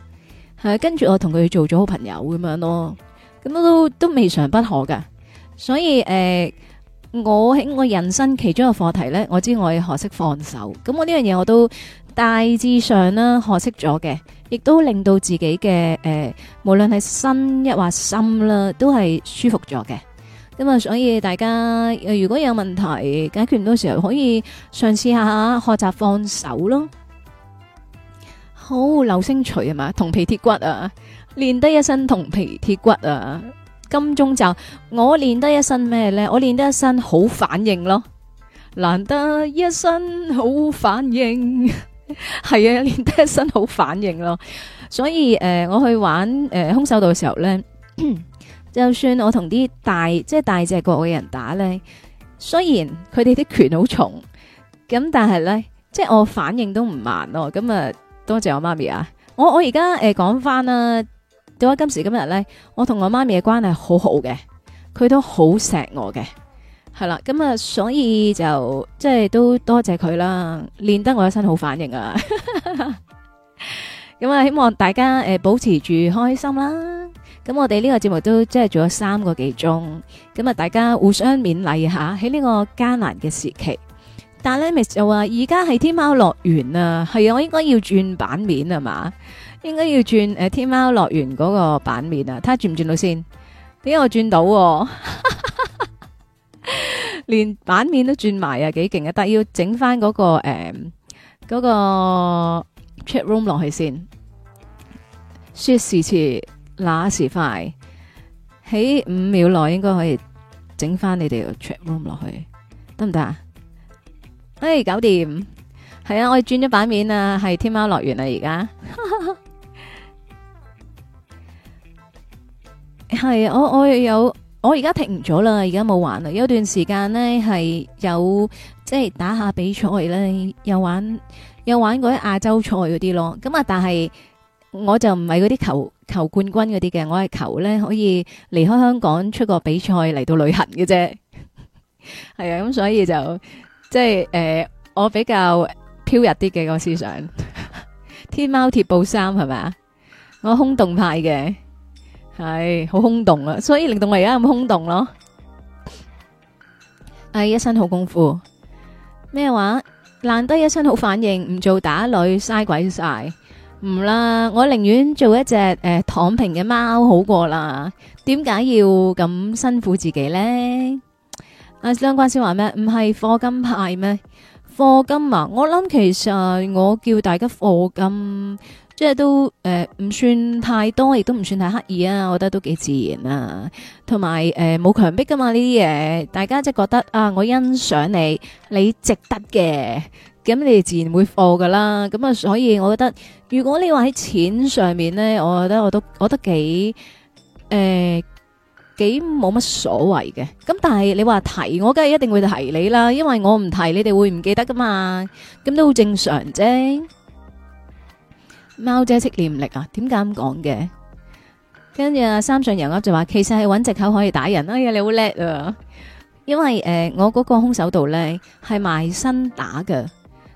係。跟住我同佢做咗好朋友咁樣咯，咁都都未嘗不可噶。所以誒、呃，我喺我人生其中一個課題呢，我知我要學識放手。咁我呢樣嘢我都大致上啦學識咗嘅，亦都令到自己嘅誒、呃，無論係身抑或心啦，都係舒服咗嘅。咁、嗯、啊，所以大家如果有問題解決唔到時候，可以嘗試下學習放手咯。好，流星錘係嘛？銅皮鐵骨啊，練得一身銅皮鐵骨啊，金鐘罩。我練得一身咩咧？我練得一身好反應咯，難得一身好反應。係 啊，練得一身好反應咯。所以誒、呃，我去玩誒、呃、空手道嘅時候咧。 就算我同啲大即係大隻過嘅人打咧，雖然佢哋啲拳好重，咁但係咧，即係我反應都唔慢咯。咁啊，多謝我媽咪啊！我我而家誒講翻啦，到咗今時今日咧，我同我媽咪嘅關係好好嘅，佢都好錫我嘅，係啦。咁啊，所以就即係都多謝佢啦，練得我一身好反應啊！咁啊，希望大家誒、呃、保持住開心啦～咁、嗯、我哋呢個節目都即係做咗三個幾鐘，咁啊，大家互相勉勵一下，喺呢個艱難嘅時期，但咧 Miss 又話而家係天貓樂園啊，係啊，我應該要轉版面呀嘛？應該要轉誒、呃、天貓樂園嗰個版面啊，睇下轉唔轉到先。點解我轉到、啊？ 連版面都轉埋啊，幾勁啊！但要整翻嗰個誒嗰、呃那個 chat room 落去先，說時嗱，那時快喺五秒內應該可以整翻你哋個 chat room 落去，得唔得啊？哎、hey,，搞掂係啊！我哋轉咗版面了是了 是啊，係天貓樂園啊。而家係我我又有我而家停唔咗啦，而家冇玩啦。有段時間呢，係有即係打下比賽咧，有玩有玩嗰啲亞洲賽嗰啲咯。咁啊，但係。我就唔係嗰啲求求冠軍嗰啲嘅，我係求咧可以離開香港出個比賽嚟到旅行嘅啫。係 啊，咁所以就即係誒、呃，我比較飄逸啲嘅、嗰個思想。 天貓鐵布衫係咪？我空洞派嘅係好空洞啊，所以令到我而家咁空洞咯。係、哎、一身好功夫咩話？難得一身好反應，唔做打女嘥鬼晒。唔啦，我寧願做一隻誒、呃、躺平嘅貓好過啦。點解要咁辛苦自己呢？阿、啊、相關先話咩？唔係課金派咩？課金啊，我諗其實我叫大家課金，即係都誒唔、呃、算太多，亦都唔算太刻意啊。我覺得都幾自然啊，同埋誒冇強迫噶嘛。呢啲嘢大家即係覺得啊，我欣賞你，你值得嘅。咁你哋自然會負噶啦，咁啊，所以我覺得如果你話喺錢上面咧，我覺得我都，我都幾誒、呃、幾冇乜所謂嘅。咁但係你話提我，梗係一定會提你啦，因為我唔提你哋會唔記得噶嘛，咁都好正常啫。貓姐識念力啊，點解咁講嘅？跟住啊，三上悠亞就話，其實係揾借口可以打人、哎、呀你好叻啊，因為誒、呃，我嗰個空手道咧係埋身打㗎。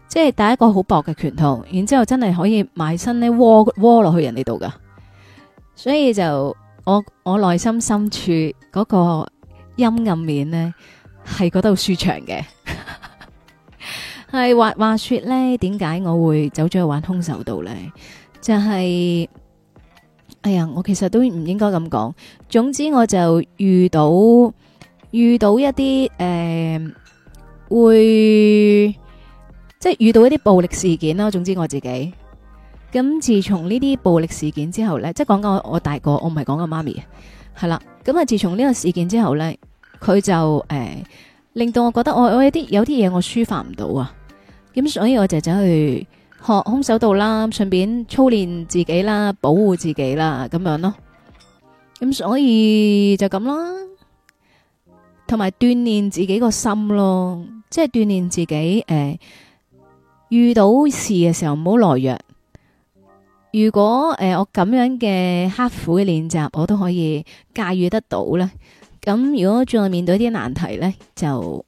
即係第一個好薄嘅拳套，然之後真係可以埋身咧窩窩落去人哋度噶，所以就我我內心深處嗰、那個陰暗面呢，係覺得好舒暢嘅。係 話話說咧，點解我會走咗去玩空手道咧？就係、是，哎呀，我其實都唔應該咁講。總之我就遇到遇到一啲誒、呃、會。即係遇到一啲暴力事件啦，總之我自己，咁自從呢啲暴力事件之後呢，即係講緊我我大個，我唔係講緊媽咪，係啦，咁啊自從呢個事件之後呢，佢就誒、呃、令到我覺得我我有啲有啲嘢我抒發唔到啊，咁所以我就走去學空手道啦，順便操練自己啦，保護自己啦，咁樣咯，咁所以就咁咯，同埋鍛煉自己個心咯，即係鍛煉自己誒。呃遇到事嘅時候唔好懦弱。如果誒、呃、我咁樣嘅刻苦嘅練習，我都可以駕馭得到咧。咁如果再面對啲難題咧，就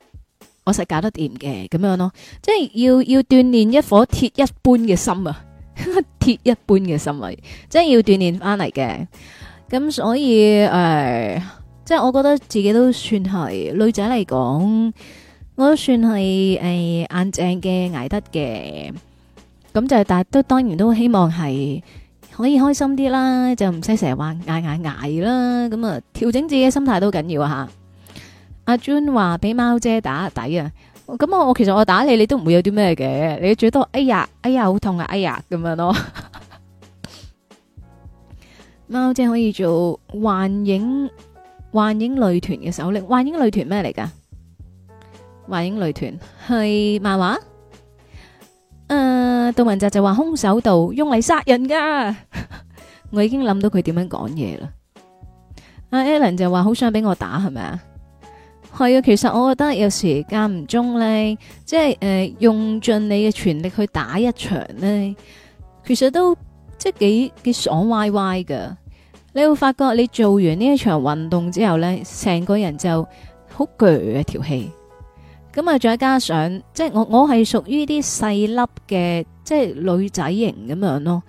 我實搞得掂嘅咁樣咯。即係要要鍛煉一顆鐵一般嘅心啊，鐵 一般嘅心啊，即係要鍛煉翻嚟嘅。咁所以誒、呃，即係我覺得自己都算係女仔嚟講。我都算係誒、哎，硬正嘅挨得嘅，咁就但都當然都希望係可以開心啲啦，就唔使成日話挨挨挨啦。咁啊，調整自己嘅心態都緊要啊！吓、啊，阿 Jun 話俾貓姐打底啊，咁我其實我打你，你都唔會有啲咩嘅，你最多哎呀哎呀好痛啊哎呀咁樣咯、哦。貓 姐可以做幻影幻影女團嘅首領，幻影女團咩嚟噶？華影旅團係漫畫，誒、呃，杜文澤就話空手道用嚟殺人噶 我已經諗到佢點樣講嘢啦。阿、啊、Alan 就話好想俾我打，係咪啊？係、嗯、啊，其實我覺得有時間唔中咧，即係誒、呃，用盡你嘅全力去打一場咧，其實都即係幾幾爽歪歪噶。你會發覺你做完呢一場運動之後咧，成個人就好攰一條氣。咁啊，再加上即係我，我係屬於啲細粒嘅，即係女仔型咁樣咯。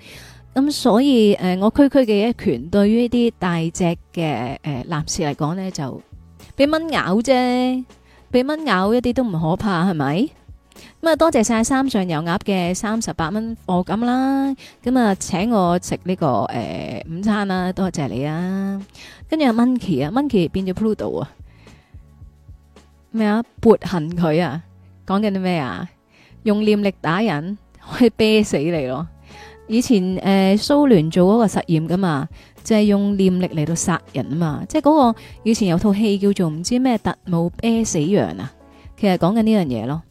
咁、嗯、所以誒、呃，我區區嘅一拳對於啲大隻嘅誒男士嚟講咧，就俾蚊咬啫，俾蚊咬一啲都唔可怕，係咪？咁、嗯、啊，多謝晒三上油鴨嘅三十八蚊課金啦。咁、嗯、啊，請我食呢、這個誒、呃、午餐啦，多謝你啊。跟住阿 Monkey 啊，Monkey 變咗 Pluto 啊。咩啊？撥恨佢啊！講緊啲咩啊？用念力打人，可以啤死你咯！以前誒，蘇聯做嗰個實驗噶嘛，就係用念力嚟到殺人啊嘛，即係嗰個以前有套戲叫做唔知咩特務啤死羊啊，其實講緊呢樣嘢咯。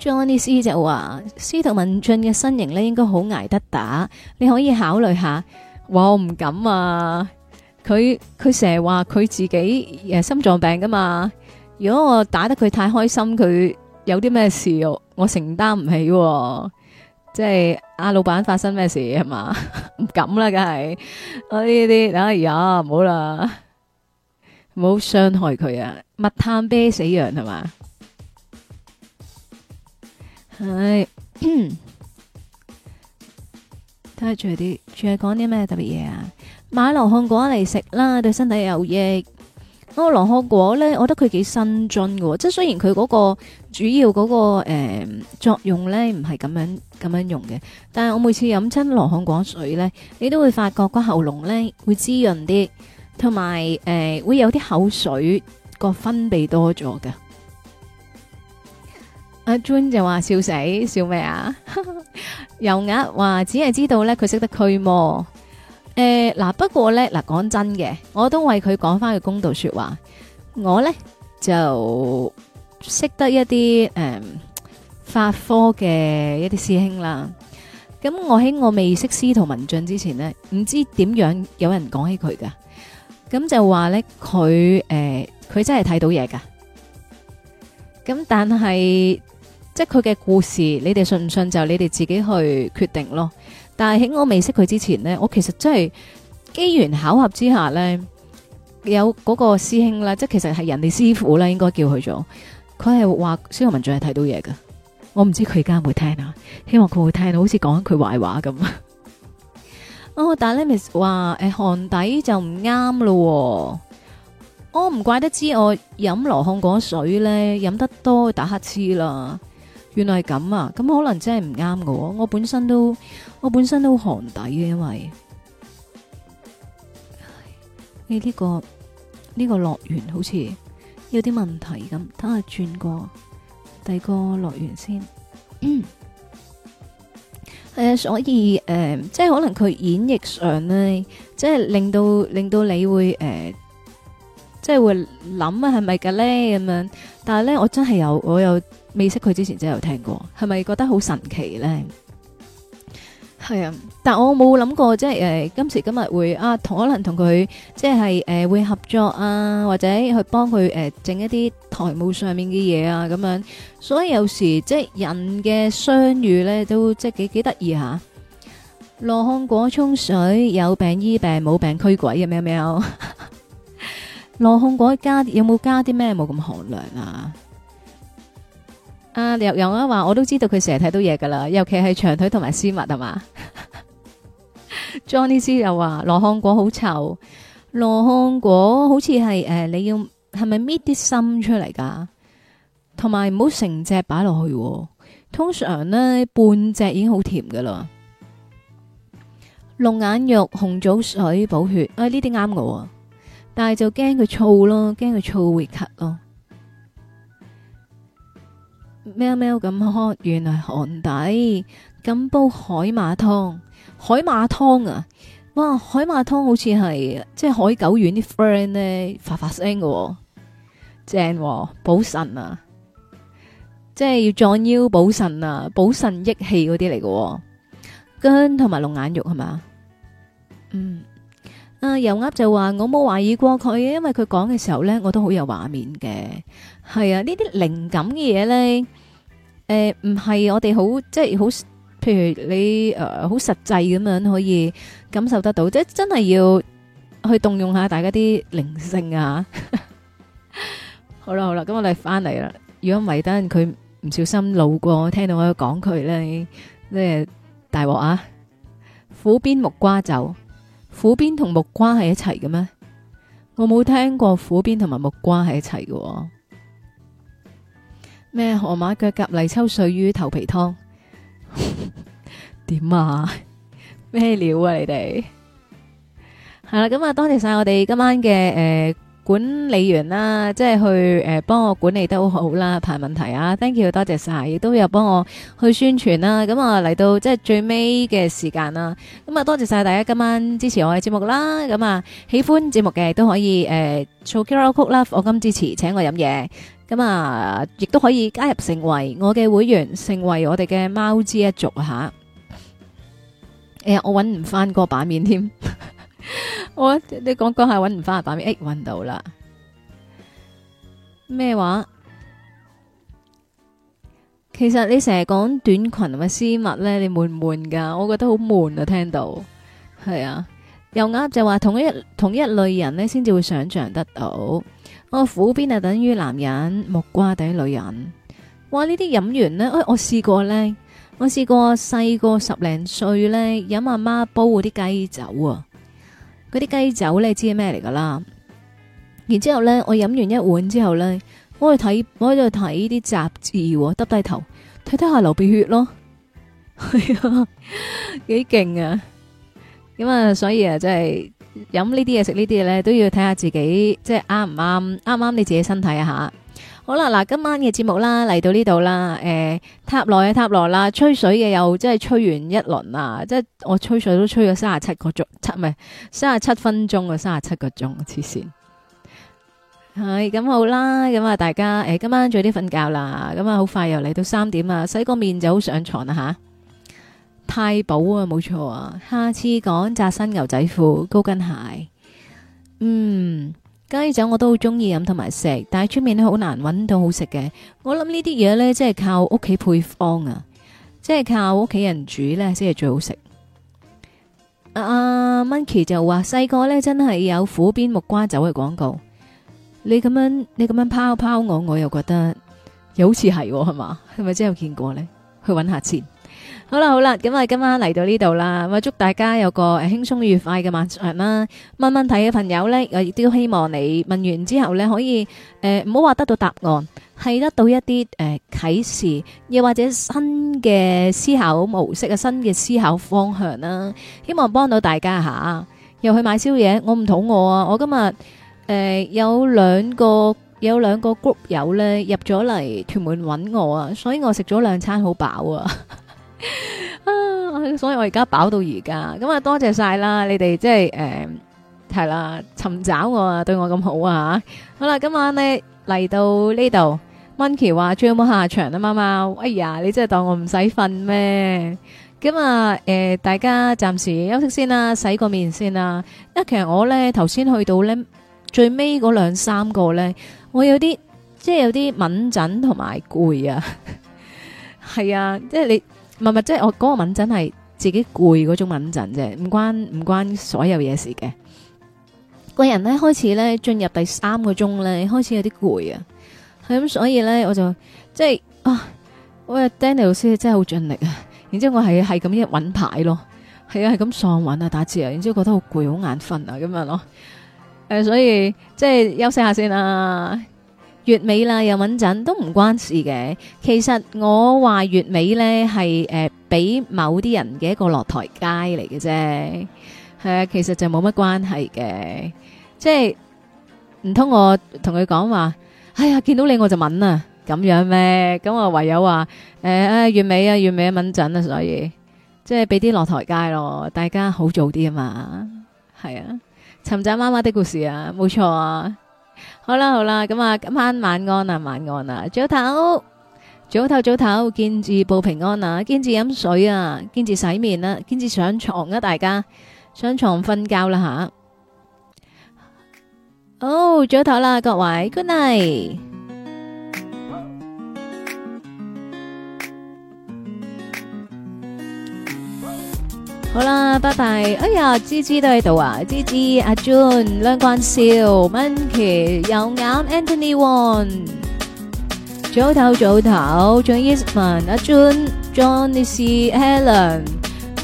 Johnny C 就話：司徒文進嘅身形咧，應該好捱得打，你可以考慮下。哇我唔敢啊！佢佢成日話佢自己誒心臟病㗎嘛？如果我打得佢太開心，佢有啲咩事我，我承擔唔起。哦，即係阿老闆發生咩事係嘛？唔 敢啦，梗係我呢啲哎呀，唔好啦，唔好傷害佢啊！物探啤死羊係嘛？係，睇住啲仲係講啲咩特別嘢啊？買羅漢果嚟食啦，對身體有益。我羅漢果咧，我覺得佢幾新淨嘅，即係雖然佢嗰、那個主要嗰、那個誒、呃、作用咧唔係咁樣咁樣用嘅，但係我每次飲親羅漢果水咧，你都會發覺個喉嚨咧會滋潤啲，同埋誒會有啲口水個分泌多咗嘅。阿 June 就話笑死，笑咩啊？有額話只係知道咧，佢識得驅魔。誒，嗱，不過咧，嗱，講真嘅，我都為佢講翻個公道說話。我咧就識得一啲誒法科嘅一啲師兄啦。咁我喺我未識司徒文進之前呢，唔知點樣有人講起佢噶。咁就話咧，佢誒，佢、呃、真係睇到嘢噶。咁但係，即係佢嘅故事，你哋信唔信就你哋自己去決定咯。但係喺我未識佢之前咧，我其實真係機緣巧合之下咧，有嗰個師兄啦，即係其實係人哋師傅啦，應該叫佢做。佢係話小文仲，係睇到嘢噶，我唔知佢而家會聽啊。希望佢會聽到，好似講佢壞話咁。 哦，但係 Miss 話誒，寒底就唔啱咯。哦，不我唔怪得知我飲羅漢果水咧，飲得多打乞嗤啦。原來係咁啊！咁可能真係唔啱噶我。我本身都我本身都寒底嘅，因為你呢個呢個樂園好似有啲問題咁。等下轉個第二個樂園先。係啊，所以誒，即係可能佢演繹上咧，即係令到令到你會誒，即係會諗啊，係咪噶咧咁樣？但係咧，我真係有，我有。未識佢之前真係有聽過，係咪覺得好神奇咧？係啊，但我冇諗過即係誒今時今日會啊同可能同佢即係誒會合作啊，或者去幫佢誒整一啲台務上面嘅嘢啊咁樣。所以有時即係人嘅相遇咧，都即係幾幾得意吓。羅漢果沖水，有病醫病，冇病驅鬼啊！喵喵，羅漢果加有冇加啲咩冇咁寒涼啊？阿洋洋啊，話我都知道佢成日睇到嘢噶啦，尤其係長腿同埋絲襪係嘛？ Johnny C 又話羅漢果好臭，羅漢果好似係誒，你要係咪搣啲心出嚟噶？同埋唔好成隻擺落去，通常呢半隻已經好甜噶啦。龍眼肉、紅棗水補血，哎呢啲啱我，啊。但係就驚佢燥咯，驚佢燥會咳咯。喵喵咁喝，原來寒底咁煲海馬湯。海馬湯啊，哇！海馬湯好似係即係海狗丸啲 friend 咧，發發聲嘅。哦，正、哦，補腎啊，即係要壯腰補腎啊，補腎益氣嗰啲嚟喎。跟同埋龍眼肉係嘛？嗯，啊油鴨就話我冇懷疑過佢，因為佢講嘅時候咧，我都好有畫面嘅。係啊，靈呢啲靈感嘅嘢咧。誒、呃，唔係我哋好，即係好，譬如你誒，好、呃、實際咁樣可以感受得到，即係真係要去動用下大家啲靈性啊！ 好啦好啦，咁我哋翻嚟啦。如果維等佢唔小心路過，聽到我講佢咧，即係大鑊啊！苦邊木瓜酒，苦邊同木瓜係一齊嘅咩？我冇聽過苦邊同埋木瓜係一齊嘅，哦。咩河馬腳夾泥鰍水魚頭皮湯？點 樣啊？咩 料啊？你哋係啦，咁 啊樂、嗯，多謝晒我哋今晚嘅誒、呃、管理員啦，即係去誒幫、呃、我管理得好好啦，排問題啊，thank you，多謝晒，亦都有幫我去宣傳、啊嗯、啦，咁啊嚟到即係最尾嘅時間啦，咁啊多謝晒大家今晚支持我嘅節目啦，咁、嗯、啊喜歡節目嘅都可以誒做 QR code 啦，黃金支持，我請我飲嘢。咁、嗯、啊，亦都可以加入成為我嘅會員，成為我哋嘅貓之一族啊！吓，誒，我搵唔翻個版面添， 我你講講下搵唔翻個版面，誒、哎，搵到啦，咩話？其實你成日講短裙同埋絲襪咧，你悶唔悶噶？我覺得好悶啊！聽到係啊，又啱就話同一同一類人呢，先至會想象得到。我苦邊就等於男人，木瓜抵女人。哇！呢啲飲完呢，誒、哎，我試過呢，我試過細個十零歲呢，飲阿媽煲嗰啲雞酒啊，嗰啲雞酒你知係咩嚟噶啦。然之後呢，我飲完一碗之後呢，我去睇，我去睇啲雜誌，耷低，低頭睇睇下流鼻血咯。係 啊，幾勁啊！咁啊，所以啊，真係。飲呢啲嘢食呢啲嘢咧，都要睇下自己即係啱唔啱，啱唔啱你自己身體啊吓。好啦，嗱，今晚嘅節目啦，嚟到呢度啦，誒、呃，塔羅啊塔羅啦，吹水嘅又即係吹完一輪啦，即係我吹水都吹咗三十七個鐘，七唔係三十七分鐘啊，三十七個鐘，黐線。係咁好啦，咁啊大家誒、呃，今晚早啲瞓覺啦，咁啊好快又嚟到三點啊，洗個面就好上床啦吓。太薄啊，冇錯啊！下次講紮身牛仔褲、高跟鞋。嗯，雞酒我都好中意飲同埋食，但係出面咧好難搵到好食嘅。我諗呢啲嘢呢，即係靠屋企配方啊，即係靠屋企人煮呢，先係最好食。阿、啊、阿 Monkey 就話細個呢，真係有虎鞭木瓜酒嘅廣告，你咁樣你咁樣拋拋我，我又覺得又好似係，係嘛，係咪真係有見過呢？去搵下先。好啦好啦，咁啊，今晚嚟到呢度啦，咁啊，祝大家有個誒輕鬆愉快嘅晚上啦。問問題嘅朋友咧，我亦都希望你問完之後咧，可以誒唔好話得到答案，係得到一啲誒啟示，又或者新嘅思考模式啊、新嘅思考方向啦。希望幫到大家吓。又去買宵夜，我唔肚餓啊！我今日誒有兩個有兩個 group 友咧入咗嚟屯門揾我啊，所以我食咗兩餐好飽啊。 啊，所以我而家飽到而家，咁啊多謝晒，呃、啦，你哋即係誒係啦，尋找我啊，對我咁好啊，好啦，今晚呢，嚟到呢度，Monkey 話 仲有冇下場啊？貓貓，哎呀，你真係當我唔使瞓咩？咁啊誒，大家暫時休息先啦，洗個面先啦。因為其實我咧頭先去到咧最尾嗰兩三個咧，我有啲即係有啲敏疹同埋攰啊，係 啊，即係你。唔係唔係，即係我嗰個敏陣係自己攰嗰種敏陣啫，唔關唔關所有嘢事嘅。個人咧開始咧進入第三個鐘咧，開始有啲攰啊。係咁，所以咧我就即係啊，喂 Danny 老師真係好盡力啊。然之後我係係咁一揾牌咯，係啊係咁上揾啊打字啊。然之後覺得好攰好眼瞓啊咁樣咯。誒，所以即係休息一下先啦。月尾啦，又穩陣，都唔關事嘅。其實我話月尾咧係誒俾某啲人嘅一個落台階嚟嘅啫，係啊，其實就冇乜關係嘅，即係唔通我同佢講話，哎呀見到你我就吻啊，咁樣咩？咁我唯有話誒啊月尾啊月尾啊穩陣啊，所以即係俾啲落台階咯，大家好做啲啊嘛，係啊，尋找媽媽的故事啊，冇錯啊。好啦好啦，咁啊，今晚晚安啊，晚安啊，早唞，早唞，早唞，堅持報平安啊，堅持飲水啊，堅持洗面啊，堅持上床啊，大家上床瞓覺啦吓，哦、啊，oh, 早唞啦，各位，good night。好啦，拜拜。哎呀，芝芝都喺度啊，芝芝阿 June 梁冠少 monkey 有眼 Anthony One 早唞早唞，仲有 Ethan 阿 June Johnnie C Helen，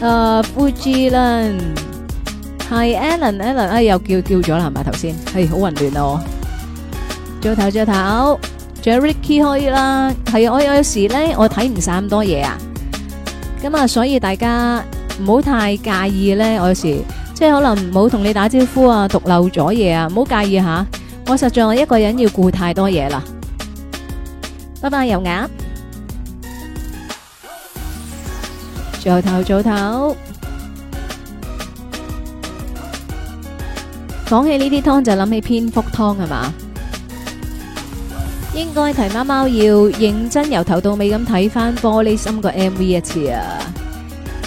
誒富志倫係 Allen Allen 啊，又叫叫咗啦，係咪頭先？係好混亂哦。早唞早唞，仲有 Ricky 可以啦。係我有有時咧，我睇唔晒咁多嘢啊。咁啊，所以大家。唔好太介意咧，我有時即係可能唔好同你打招呼啊，獨漏咗嘢，啊唔好介意吓。我實在我一個人要顧太多嘢啦。拜拜，油鴨。早唞，早唞。講起呢啲湯就諗起蝙蝠湯係嘛？應該提翻貓貓要認真由頭到尾咁睇翻玻璃心個 MV 一次啊！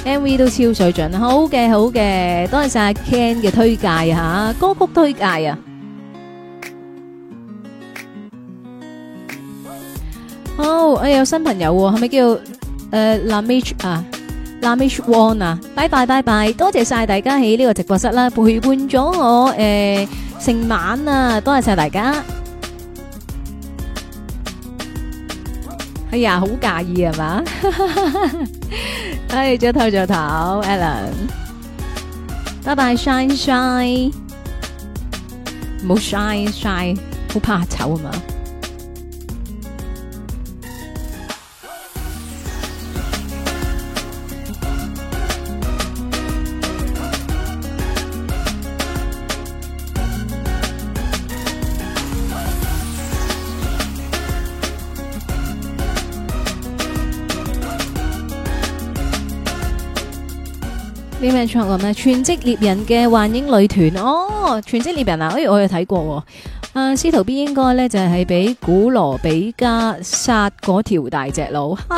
MV 都超水準啦，好嘅好嘅，多謝晒 Ken 嘅推介吓，歌曲推介啊，好，我有新朋友，係咪叫誒 Lamage 啊 Lamage One 啊，拜拜拜拜，多謝晒大家喺呢個直播室啦，陪伴咗我誒成晚啊，多謝晒大家。哎呀，好介意係嘛？哎，着頭就頭，Alan，拜拜，shine shine，唔好 shine shine，好怕醜啊嘛。唱個咩？全職獵人嘅幻影旅團哦，全職獵人啊，哎，我有睇過啊。啊，司徒 B 應該咧就係、是、俾古羅比加殺嗰條大隻佬。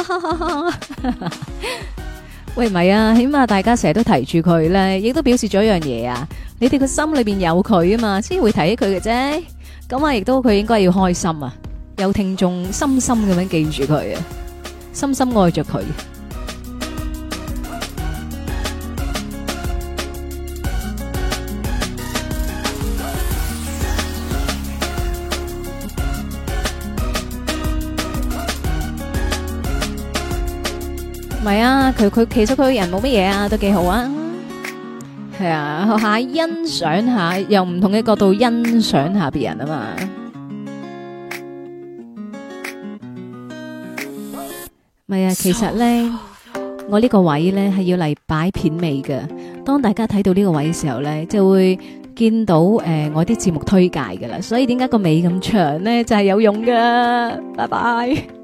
喂，唔係啊，起碼大家成日都提住佢咧，亦都表示咗一件事樣嘢啊。你哋個心裏邊有佢啊嘛，先會提起佢嘅啫。咁啊，亦都佢應該要開心啊，有聽眾深深咁樣記住佢，啊，深深愛着佢。唔係啊，佢佢其實佢個人冇乜嘢啊，都幾好啊，係啊，學下欣賞下，由唔同嘅角度欣賞下別人啊嘛。唔係啊，其實咧，我呢個位咧係要嚟擺片尾嘅。當大家睇到呢個位嘅時候咧，就會見到誒我啲節目推介噶啦。所以點解個尾咁長咧，就係有用噶。拜拜。